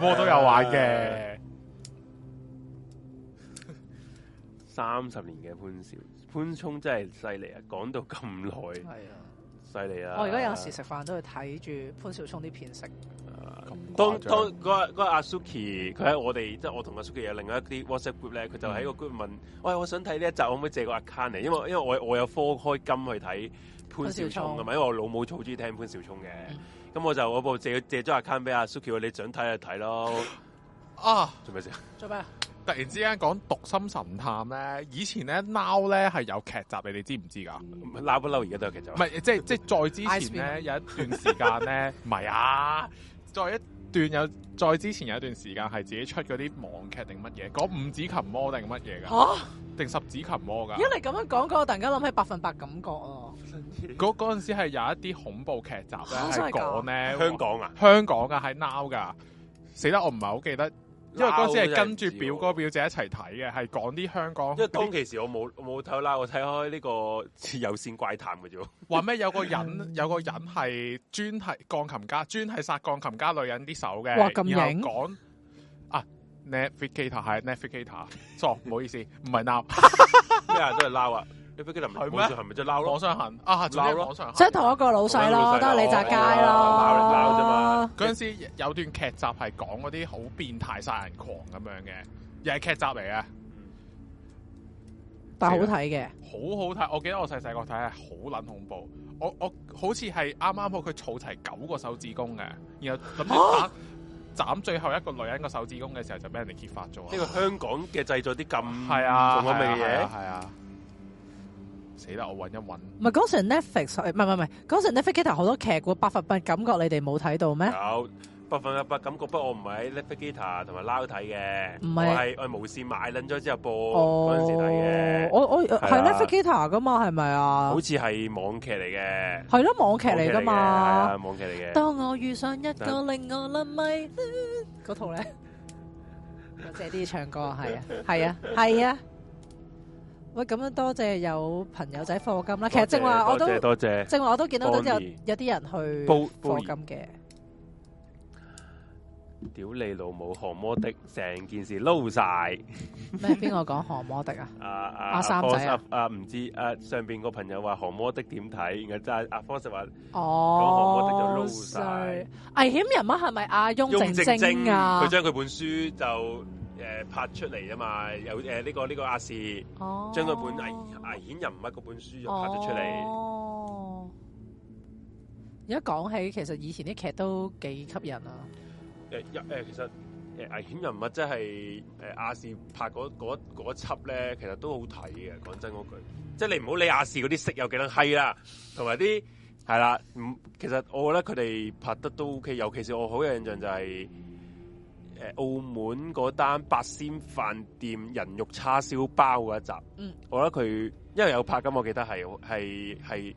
我都有玩嘅，三十年嘅潘少。潘聰真係犀利啊，講到咁耐，犀利啊！我而家有時食飯都會睇住潘少聰啲片食。當當嗰個嗰個阿 Suki，佢喺我哋即係我同阿 Suki 有另外一啲 WhatsApp group 咧，佢就喺個 group 問：喂，我想睇呢一集，可唔可以借個 account 嚟？因為因為我我有課金去睇潘少聰㗎嘛，因為我老母好中意聽潘少聰嘅，咁我就我部借借咗 account 俾阿 Suki，你想睇就睇咯。啊，做咩事，做咩。突然之間講《讀心神探》咧，以前咧 Now 咧係有劇集，你哋知唔知噶？Now 不嬲而家都有劇集，唔係即係即係再之前咧 Ice 有一段時間咧，唔係 啊！再一段有再之前有一段時間係自己出嗰啲網劇定乜嘢？講五指琴魔定乜嘢噶？嚇！定、啊、十指琴魔噶？因為你咁樣講，我突然間諗起百分百感覺啊！嗰嗰陣時係有一啲恐怖劇集咧講咧，香港啊，香港啊喺 Now 噶，死得我唔係好記得。因為嗰時係跟住表哥表姐一齊睇嘅，係講啲香港。因為當其時我冇冇睇啦，我睇開呢個有綫怪談嘅啫。話咩有個人 有個人係專係鋼琴家，專係殺鋼琴家女人啲手嘅。講哇，咁型！講啊 Netflix Gator 係 Netflix Gator 錯，唔好意思，唔係 Now，咩人 都係 Now 啊。你飛機頭咪就係鬧咯，往上行啊鬧咯，所以同一個老細咯，都係李澤佳咯，鬧人鬧啫嘛。嗰陣時有段劇集係講嗰啲好變態殺人狂咁樣嘅，又係劇集嚟嘅，但係好睇嘅，好好睇。我記得我細細個睇係好撚恐怖。我我好似係啱啱好佢儲齊九個手指公嘅，然後諗住斬最後一個女人個手指公嘅時候就俾人哋揭發咗。呢個香港嘅製作啲咁係啊，做乜嘅嘢係啊。死啦！我揾一揾，唔係講成 Netflix，唔係唔係，講成 Netflix 頭好多劇喎，百分百感覺你哋冇睇到咩？有百分一百感覺，不過我唔係喺 Netflix 同埋撈睇嘅，唔係我係無線買撚咗之後播嗰陣時睇嘅。我我係 Netflix 嘅嘛，係咪啊？好似係網劇嚟嘅，係咯，網劇嚟噶嘛，網劇嚟嘅。當我遇上一個令我諗咪嗰套咧，我謝啲唱歌係啊，係啊，係啊。喂，咁樣多謝有朋友仔課金啦，其實正話我都，多謝正話我都見到有有啲人去課金嘅。屌你老母，何魔的成件事撈晒。咩？邊個講何魔的啊？阿阿阿三仔啊？唔知啊？上邊個朋友話何魔的點睇？然後就阿方石話哦，何魔的就撈晒。危險人物係咪阿雍正正啊？佢將佢本書就。誒、呃，拍出嚟啊嘛，有誒呢個呢、呢個亞視，oh. 將嗰本危危險人物嗰本書就拍咗出嚟。而家講起，其實以前啲劇都幾吸引啊。誒、呃，誒，其實誒危險人物即係誒亞視拍嗰一輯咧，其實都好睇嘅。講真嗰句，即係你唔好理亞視嗰啲色有幾多閪 啦，同埋啲係啦，嗯，其實我覺得佢哋拍得都 OK，尤其是我好有印象就係、是。誒，澳門嗰單八仙飯店人肉叉燒包嗰一集，嗯、我覺得佢因為有拍咁，我記得係係係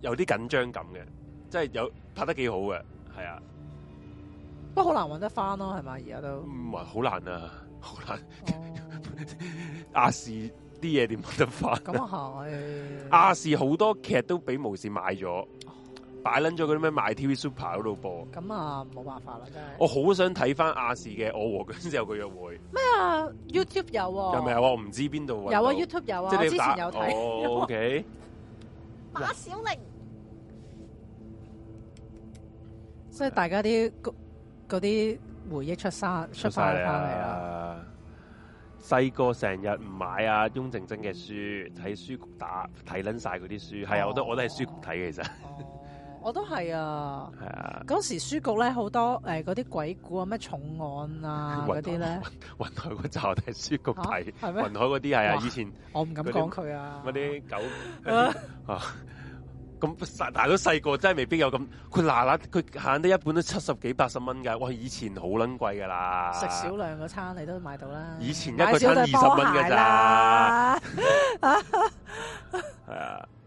有啲緊張感嘅，即係有拍得幾好嘅，係啊，啊不過好難揾得翻咯，係咪？而家都唔係，好難啊，好難。亞視啲嘢點揾得翻、啊？咁啊係。亞視好多劇都俾無線買咗。擺捻咗嗰啲咩賣 TV Super 嗰度播，咁啊冇辦法啦，真係。我好想睇翻亞視嘅《我和僵屍有個約會》。咩啊？YouTube 有啊？又咪有？我唔知邊度？有啊，YouTube 有啊，我之前有睇。O K。馬小玲，所以大家啲嗰啲回憶出晒出翻嚟啦。細個成日唔買啊，雍正真嘅書喺書局打睇捻晒嗰啲書，係啊，我都我都喺書局睇嘅，其實。我都係啊，嗰、啊、時書局咧好多誒，嗰、欸、啲鬼故啊，咩重案啊，嗰啲咧，雲海嗰雜體書局係，係咩？雲海嗰啲係啊，哇以前我唔敢講佢啊，嗰啲狗，啊，咁、啊 啊、大都細個真係未必有咁，佢嗱嗱，佢限得一本都七十幾八十蚊噶，哇！以前好撚貴噶啦，食少兩個餐你都買到啦，以前一個餐二十蚊噶咋，係啊。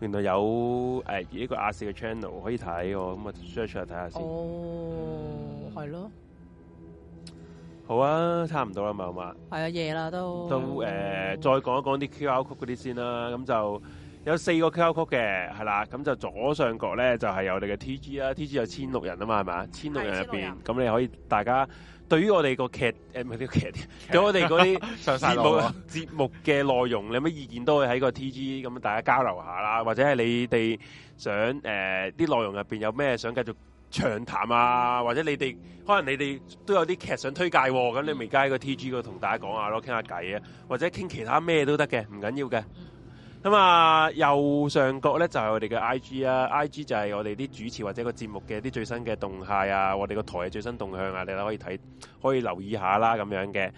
原來有誒、呃、一個亞視嘅 channel 可以睇喎，咁啊 search 下睇下先。哦，係咯。好啊，的差唔多啦，嘛。好嘛。係啊，夜啦都。都誒，再講一講啲 QR Code 嗰啲先啦。咁就有四個 QR Code 嘅，係啦。咁就左上角咧就係、是、有你嘅 T G 啦，T G 有千六人啊嘛，係咪？千六人入邊，咁你可以大家。對於我哋個劇誒唔係啲劇啲，對我哋嗰啲上晒節目嘅內容，你有咩意見都可以喺個 T G 咁，大家交流下啦。或者係你哋想誒啲內容入邊有咩想繼續長談啊？或者你哋可能你哋都有啲劇想推介喎，啊，咁你咪加喺個 T G 度同大家講下咯，傾下偈啊，或者傾其他咩都得嘅，唔緊要嘅。咁啊、嗯，右上角咧就係我哋嘅 I G 啊，I G 就係我哋啲主持或者個節目嘅啲最新嘅動態啊，我哋個台嘅最新動向啊，你都可以睇，可以留意下啦咁樣嘅。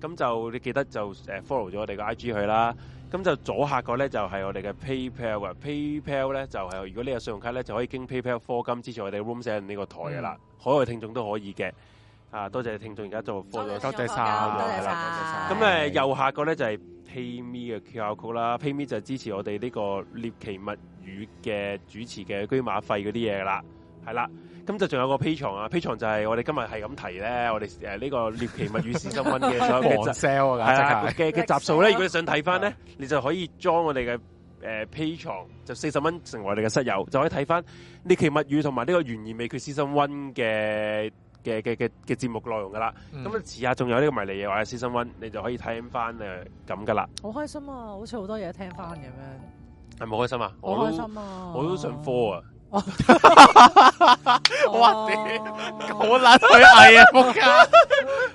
咁就你記得就誒 follow 咗我哋個 I G 去啦。咁就左下角咧就係我哋嘅 PayPal，PayPal 咧就係、是，如果你有信用卡咧就可以經 PayPal 課金支持我哋 Room410 呢個台噶啦，海外、嗯、聽眾都可以嘅。啊，多謝聽眾而家做 follow，多謝晒，咁誒，右下角咧就係、是，PayMe 嘅 QR Code 啦，PayMe 就支持我哋呢個獵奇物語嘅主持嘅駒馬費嗰啲嘢啦，係啦，咁就仲有個 Patreon 啊，Patreon 就係我哋今日係咁提咧，我哋誒呢個獵奇物語 Season 1嘅所有 黃嘅嘅集數咧， 如果你想睇翻咧， 你就可以裝我哋嘅誒 Patreon，uh, Patreon, 就四十蚊成為我哋嘅室友，就可以睇翻獵奇物語同埋呢個懸疑未決 Season 1嘅。嘅嘅嘅嘅節目內容噶啦，咁啊遲下仲有呢個迷離夜話或者 season one，你就可以睇翻誒咁噶啦。好開心啊，好似好多嘢聽翻咁樣。係咪開心啊？開心啊！我都想 call 啊！哇屌，好爛腿係啊！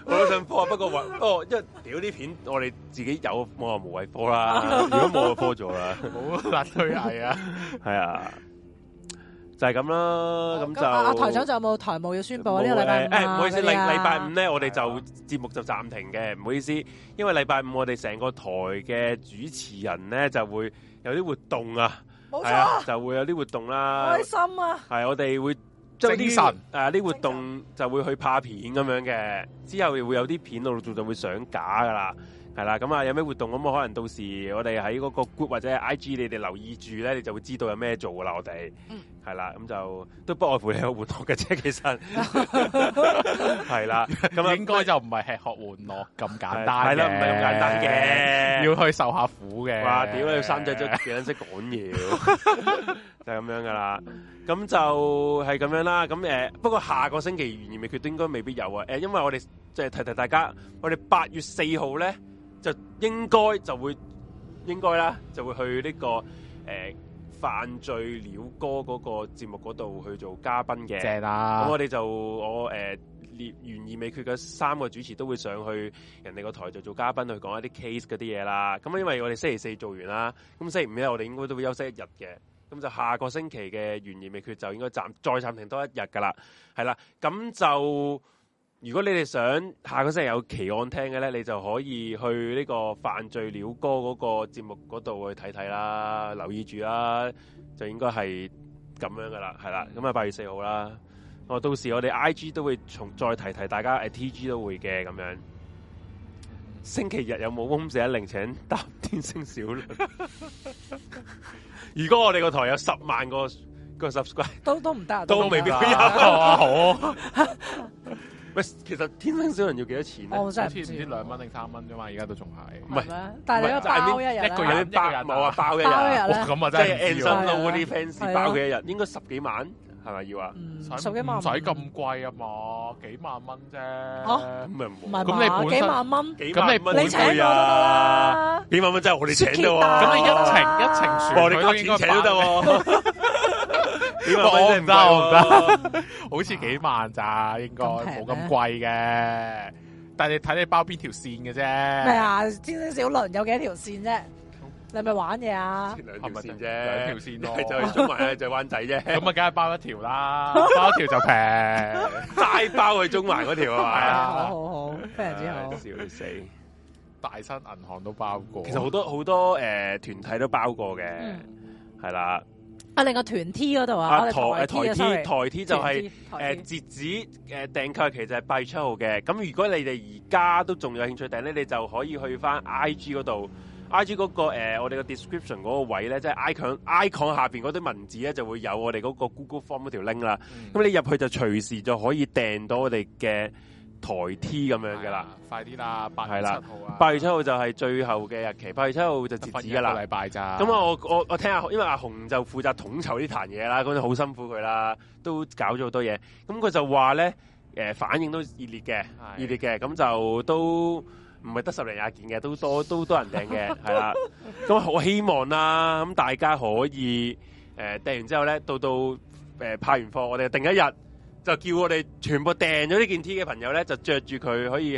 我都想科啊， 啊，不過話，不、哦、因為屌啲片，我哋自己有我無謂 call 啦。 如果冇就 call 咗啦。好爛腿係啊，係 是啊。 就係咁啦，咁就台長就有冇台務要宣布呢個禮拜？誒，唔好意思，禮禮拜五咧，我哋就節目就暫停嘅，唔好意思，因為禮拜五我哋成個台嘅主持人咧就會有啲活動啊，冇錯，就會有啲活動啦，開心啊！係我哋會即係啲誒啲活動就會去拍片咁樣嘅，之後會有啲片度做，就會上架噶啦，係啦，咁啊有咩活動咁啊？可能到時我哋喺嗰個 group 或者 IG，你哋留意住咧，你就會知道有咩做噶啦，我哋。係啦，咁就都不外乎你係玩樂嘅啫。其實係啦，咁 應該就唔係吃喝玩樂咁簡單。係啦，唔係咁簡單嘅，要去受下苦嘅。話屌你3仔都點 樣識講嘢，就咁樣噶啦。咁就係咁樣啦。咁誒，不過下個星期懸疑未決，應該未必有啊。誒，因為我哋即係提提大家，我哋八月四號咧就應該就會應該啦，就會去呢、這個誒。呃犯罪了哥嗰個節目嗰度去做嘉賓嘅正、啊，謝啦。咁我哋就我誒《劣懸疑未決》嘅三個主持都會上去人哋個台，就做嘉賓去講一啲 case 嗰啲嘢啦。咁因為我哋星期四做完啦，咁星期五咧我哋應該都會休息一日嘅，咁就下個星期嘅《懸疑未決》就應該暫再暫停多一日㗎啦。係啦，咁就。如果你哋想下個星期有奇案聽嘅咧，你就可以去呢個犯罪了哥嗰個節目嗰度去睇睇啦，留意住啦，就應該係咁樣噶啦，係啦，咁啊八月四號啦，我、哦、到時我哋 I G 都會重再提提，大家 T G 都會嘅咁樣。星期日有冇翁四一零請搭天星小輪？ 如果我哋個台有十萬個個 subscribe，都都唔得，都未必好。喂，其實天星小輪要幾多錢咧？好似唔知兩蚊定三蚊啫嘛，而家都仲係。唔係，但係你一日一個人，包個人，我話包一日。咁啊，真咧，即係安心咯，啲 fans 包佢一日，應該十幾萬係咪要啊？嗯，十幾萬唔使咁貴啊嘛，幾萬蚊啫。咁你本幾萬蚊？幾萬蚊，你請我都得啦。幾萬蚊真係我哋請到啊！咁你一程一程算，我哋包錢請都得喎。幾萬蚊真唔得，好似幾萬咋，應該冇咁貴嘅。但係你睇你包邊條線嘅啫。咩啊？天星小輪有幾多條線啫？你咪玩嘢啊？兩條線啫，兩條線咯，就去中環呢只灣仔啫。咁啊，梗係包一條啦，包一條就平，齋包去中環嗰條啊嘛？好好好，非常之好。笑死！大新銀行都包過，其實好多好多誒團體都包過嘅，係啦。啊！另外團 T 嗰度啊，台台 T、啊、台 T 就係誒截止誒訂購期就係八月七號嘅。咁、嗯、如果你哋而家都仲有興趣訂咧，你就可以去返 I G 嗰度，I G 嗰、那個、呃、我哋個 description 嗰個位咧，即、就、係、是、icon icon 下邊嗰堆文字咧就會有我哋嗰個 Google Form 嗰條 link 啦。咁、嗯、你入去就隨時就可以訂到我哋嘅。台 T 咁樣嘅啦，快啲啦，八月七號啊，八月七號，啊、就係最後嘅日期，八月七號就截止噶啦，禮拜咋？咁啊，我我我聽下，因為阿紅就負責統籌呢壇嘢啦，嗰陣好辛苦佢啦，都搞咗好多嘢。咁佢就話咧，誒、呃、反應都熱烈嘅，熱的烈嘅，咁就都唔係得十零廿件嘅，都多都多人訂嘅，係啦。 咁啊，我希望啦，咁大家可以誒、呃、訂完之後咧，到到誒派完貨，我哋定一日。就叫我哋全部訂咗呢件 T 嘅朋友咧，就着住佢可以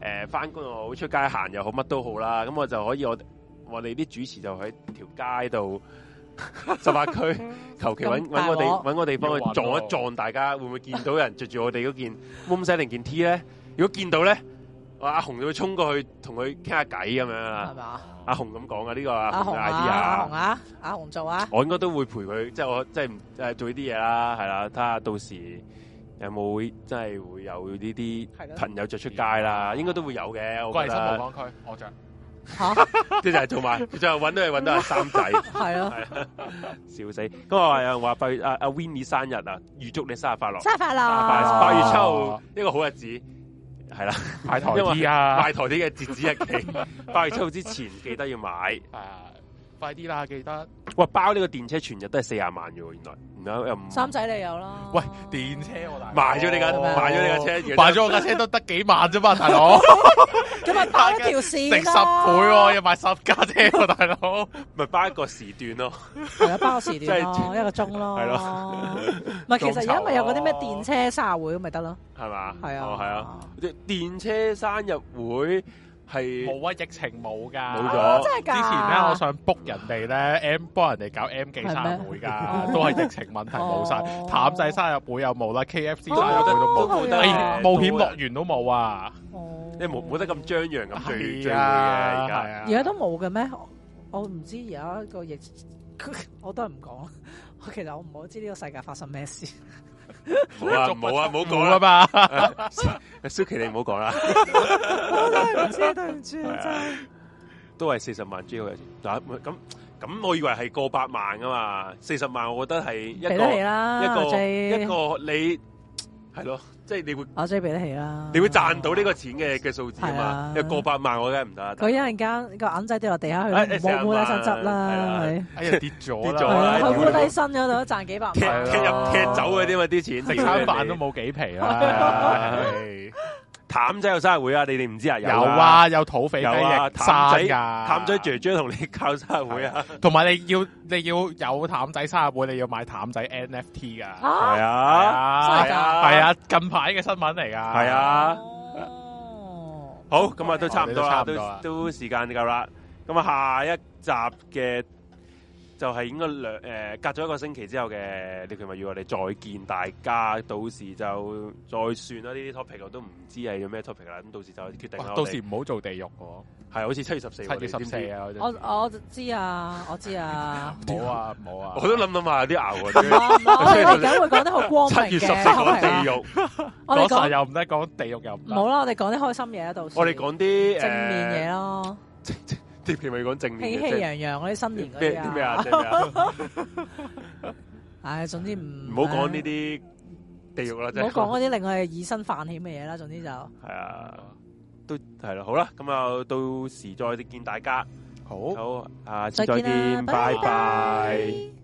誒翻工又好，出街行又好，乜都好啦。咁我就可以我我哋啲主持就喺條街度，就話佢求其揾揾個地揾個地方去撞一撞，大家會唔會見到人着住我哋嗰件 m o n 零件 T 咧？如果見到咧～哇！阿紅就會衝過去同佢傾下偈咁樣啊？係嘛？阿紅咁講啊？呢個阿紅 idea 阿紅啊？阿紅做啊？我應該都會陪佢，即係我即係誒做呢啲嘢啦，係啦，睇下到時有冇會即係會有呢啲朋友着出街啦，應該都會有嘅。貴山河坊區，我着。嚇，即係做埋，最後揾到係揾到阿三仔，係啊，係啊，笑死！咁我話誒話費阿阿 Vinny 生日啊，預祝你生日快樂，生日快樂！八月七號呢個好日子。係啦，買 台啲啊，買台啲嘅截止日期，八 月七號之前 記得要買，啊，快啲啦，記得。喂，包呢個電車全日都係四廿萬嘅喎，原來，然後又三仔你有啦。喂，電車我大賣咗呢架，賣咗呢架車，賣咗我架車都得幾萬啫嘛，大佬。咁咪包一條線十倍喎，要買十架車喎，大佬，咪包一個時段咯，係啊，包時段咯，即係一個鐘咯，係咯。咪其實而家咪有嗰啲咩電車生日會咪得咯，係嘛？係啊，係啊，即電車生日會。係冇啊！疫情冇噶，冇咗，真係噶！之前咧，我想 book 人哋咧 M 幫人哋搞 M 記生日會噶，都係疫情問題冇晒，淡仔生日會又冇啦，K F C 生日會都冇，係冒險樂園都冇啊！你冇冇得咁張揚咁聚聚嘅而家，都冇嘅咩？我唔知而家個疫，我都係唔講。我其實我唔好知呢個世界發生咩事。冇啊，冇啊，冇好講啦嘛，Suki 你唔好講啦， 我都係唔知，對唔住就，都係四十萬 G 嘅置，嗱咁咁，我以為係過百萬噶嘛，四十萬我覺得係一個一個一個，只一個你係咯。即係你會，我準畀得起啦。你會賺到呢個錢嘅嘅數字啊嘛？一過百萬我梗係唔得。佢一陣間個銀仔跌落地下，佢冇冇得收執啦。哎呀，跌咗啦！跌咗啦！佢冇低身嗰度都賺幾百萬。踢入踢走嗰啲嘛啲錢，食餐飯都冇幾皮啊！譚仔有生日會啊！你哋唔知啊？有啊，有土匪雞啊！譚仔噶，譚仔 j o 同你搞生日會啊！同埋你要你要有譚仔生日會，你要買譚仔 NFT 噶，係啊，係啊，近排嘅新聞嚟噶，係啊，啊、好，咁啊都差唔多，哦、都，差多都都時間夠啦，咁啊下一集嘅。就係應該兩誒隔咗一個星期之後嘅，你佢話要我哋再見大家，到時就再算啦。呢啲 topic 我都唔知係有咩 topic 啦。咁到時就決定。到時唔好做地獄喎，係好似七月十四、七月十四啊！我我知啊，我知啊。冇啊冇啊，我都諗諗埋啲牛啊！我梗會講得好光。七月十四地獄，我哋講又唔得，講地獄又唔好冇啦，我哋講啲開心嘢，到時我哋講啲正面嘢咯。啲片咪講正面，喜氣洋洋嗰啲新年嗰啲啊！哎，總之唔唔好講呢啲地獄啦，即係唔好講嗰啲令我係以身犯險嘅嘢啦。總之就係啊，都係啦，好啦，咁啊，到時再見大家，好好啊，再見，拜拜。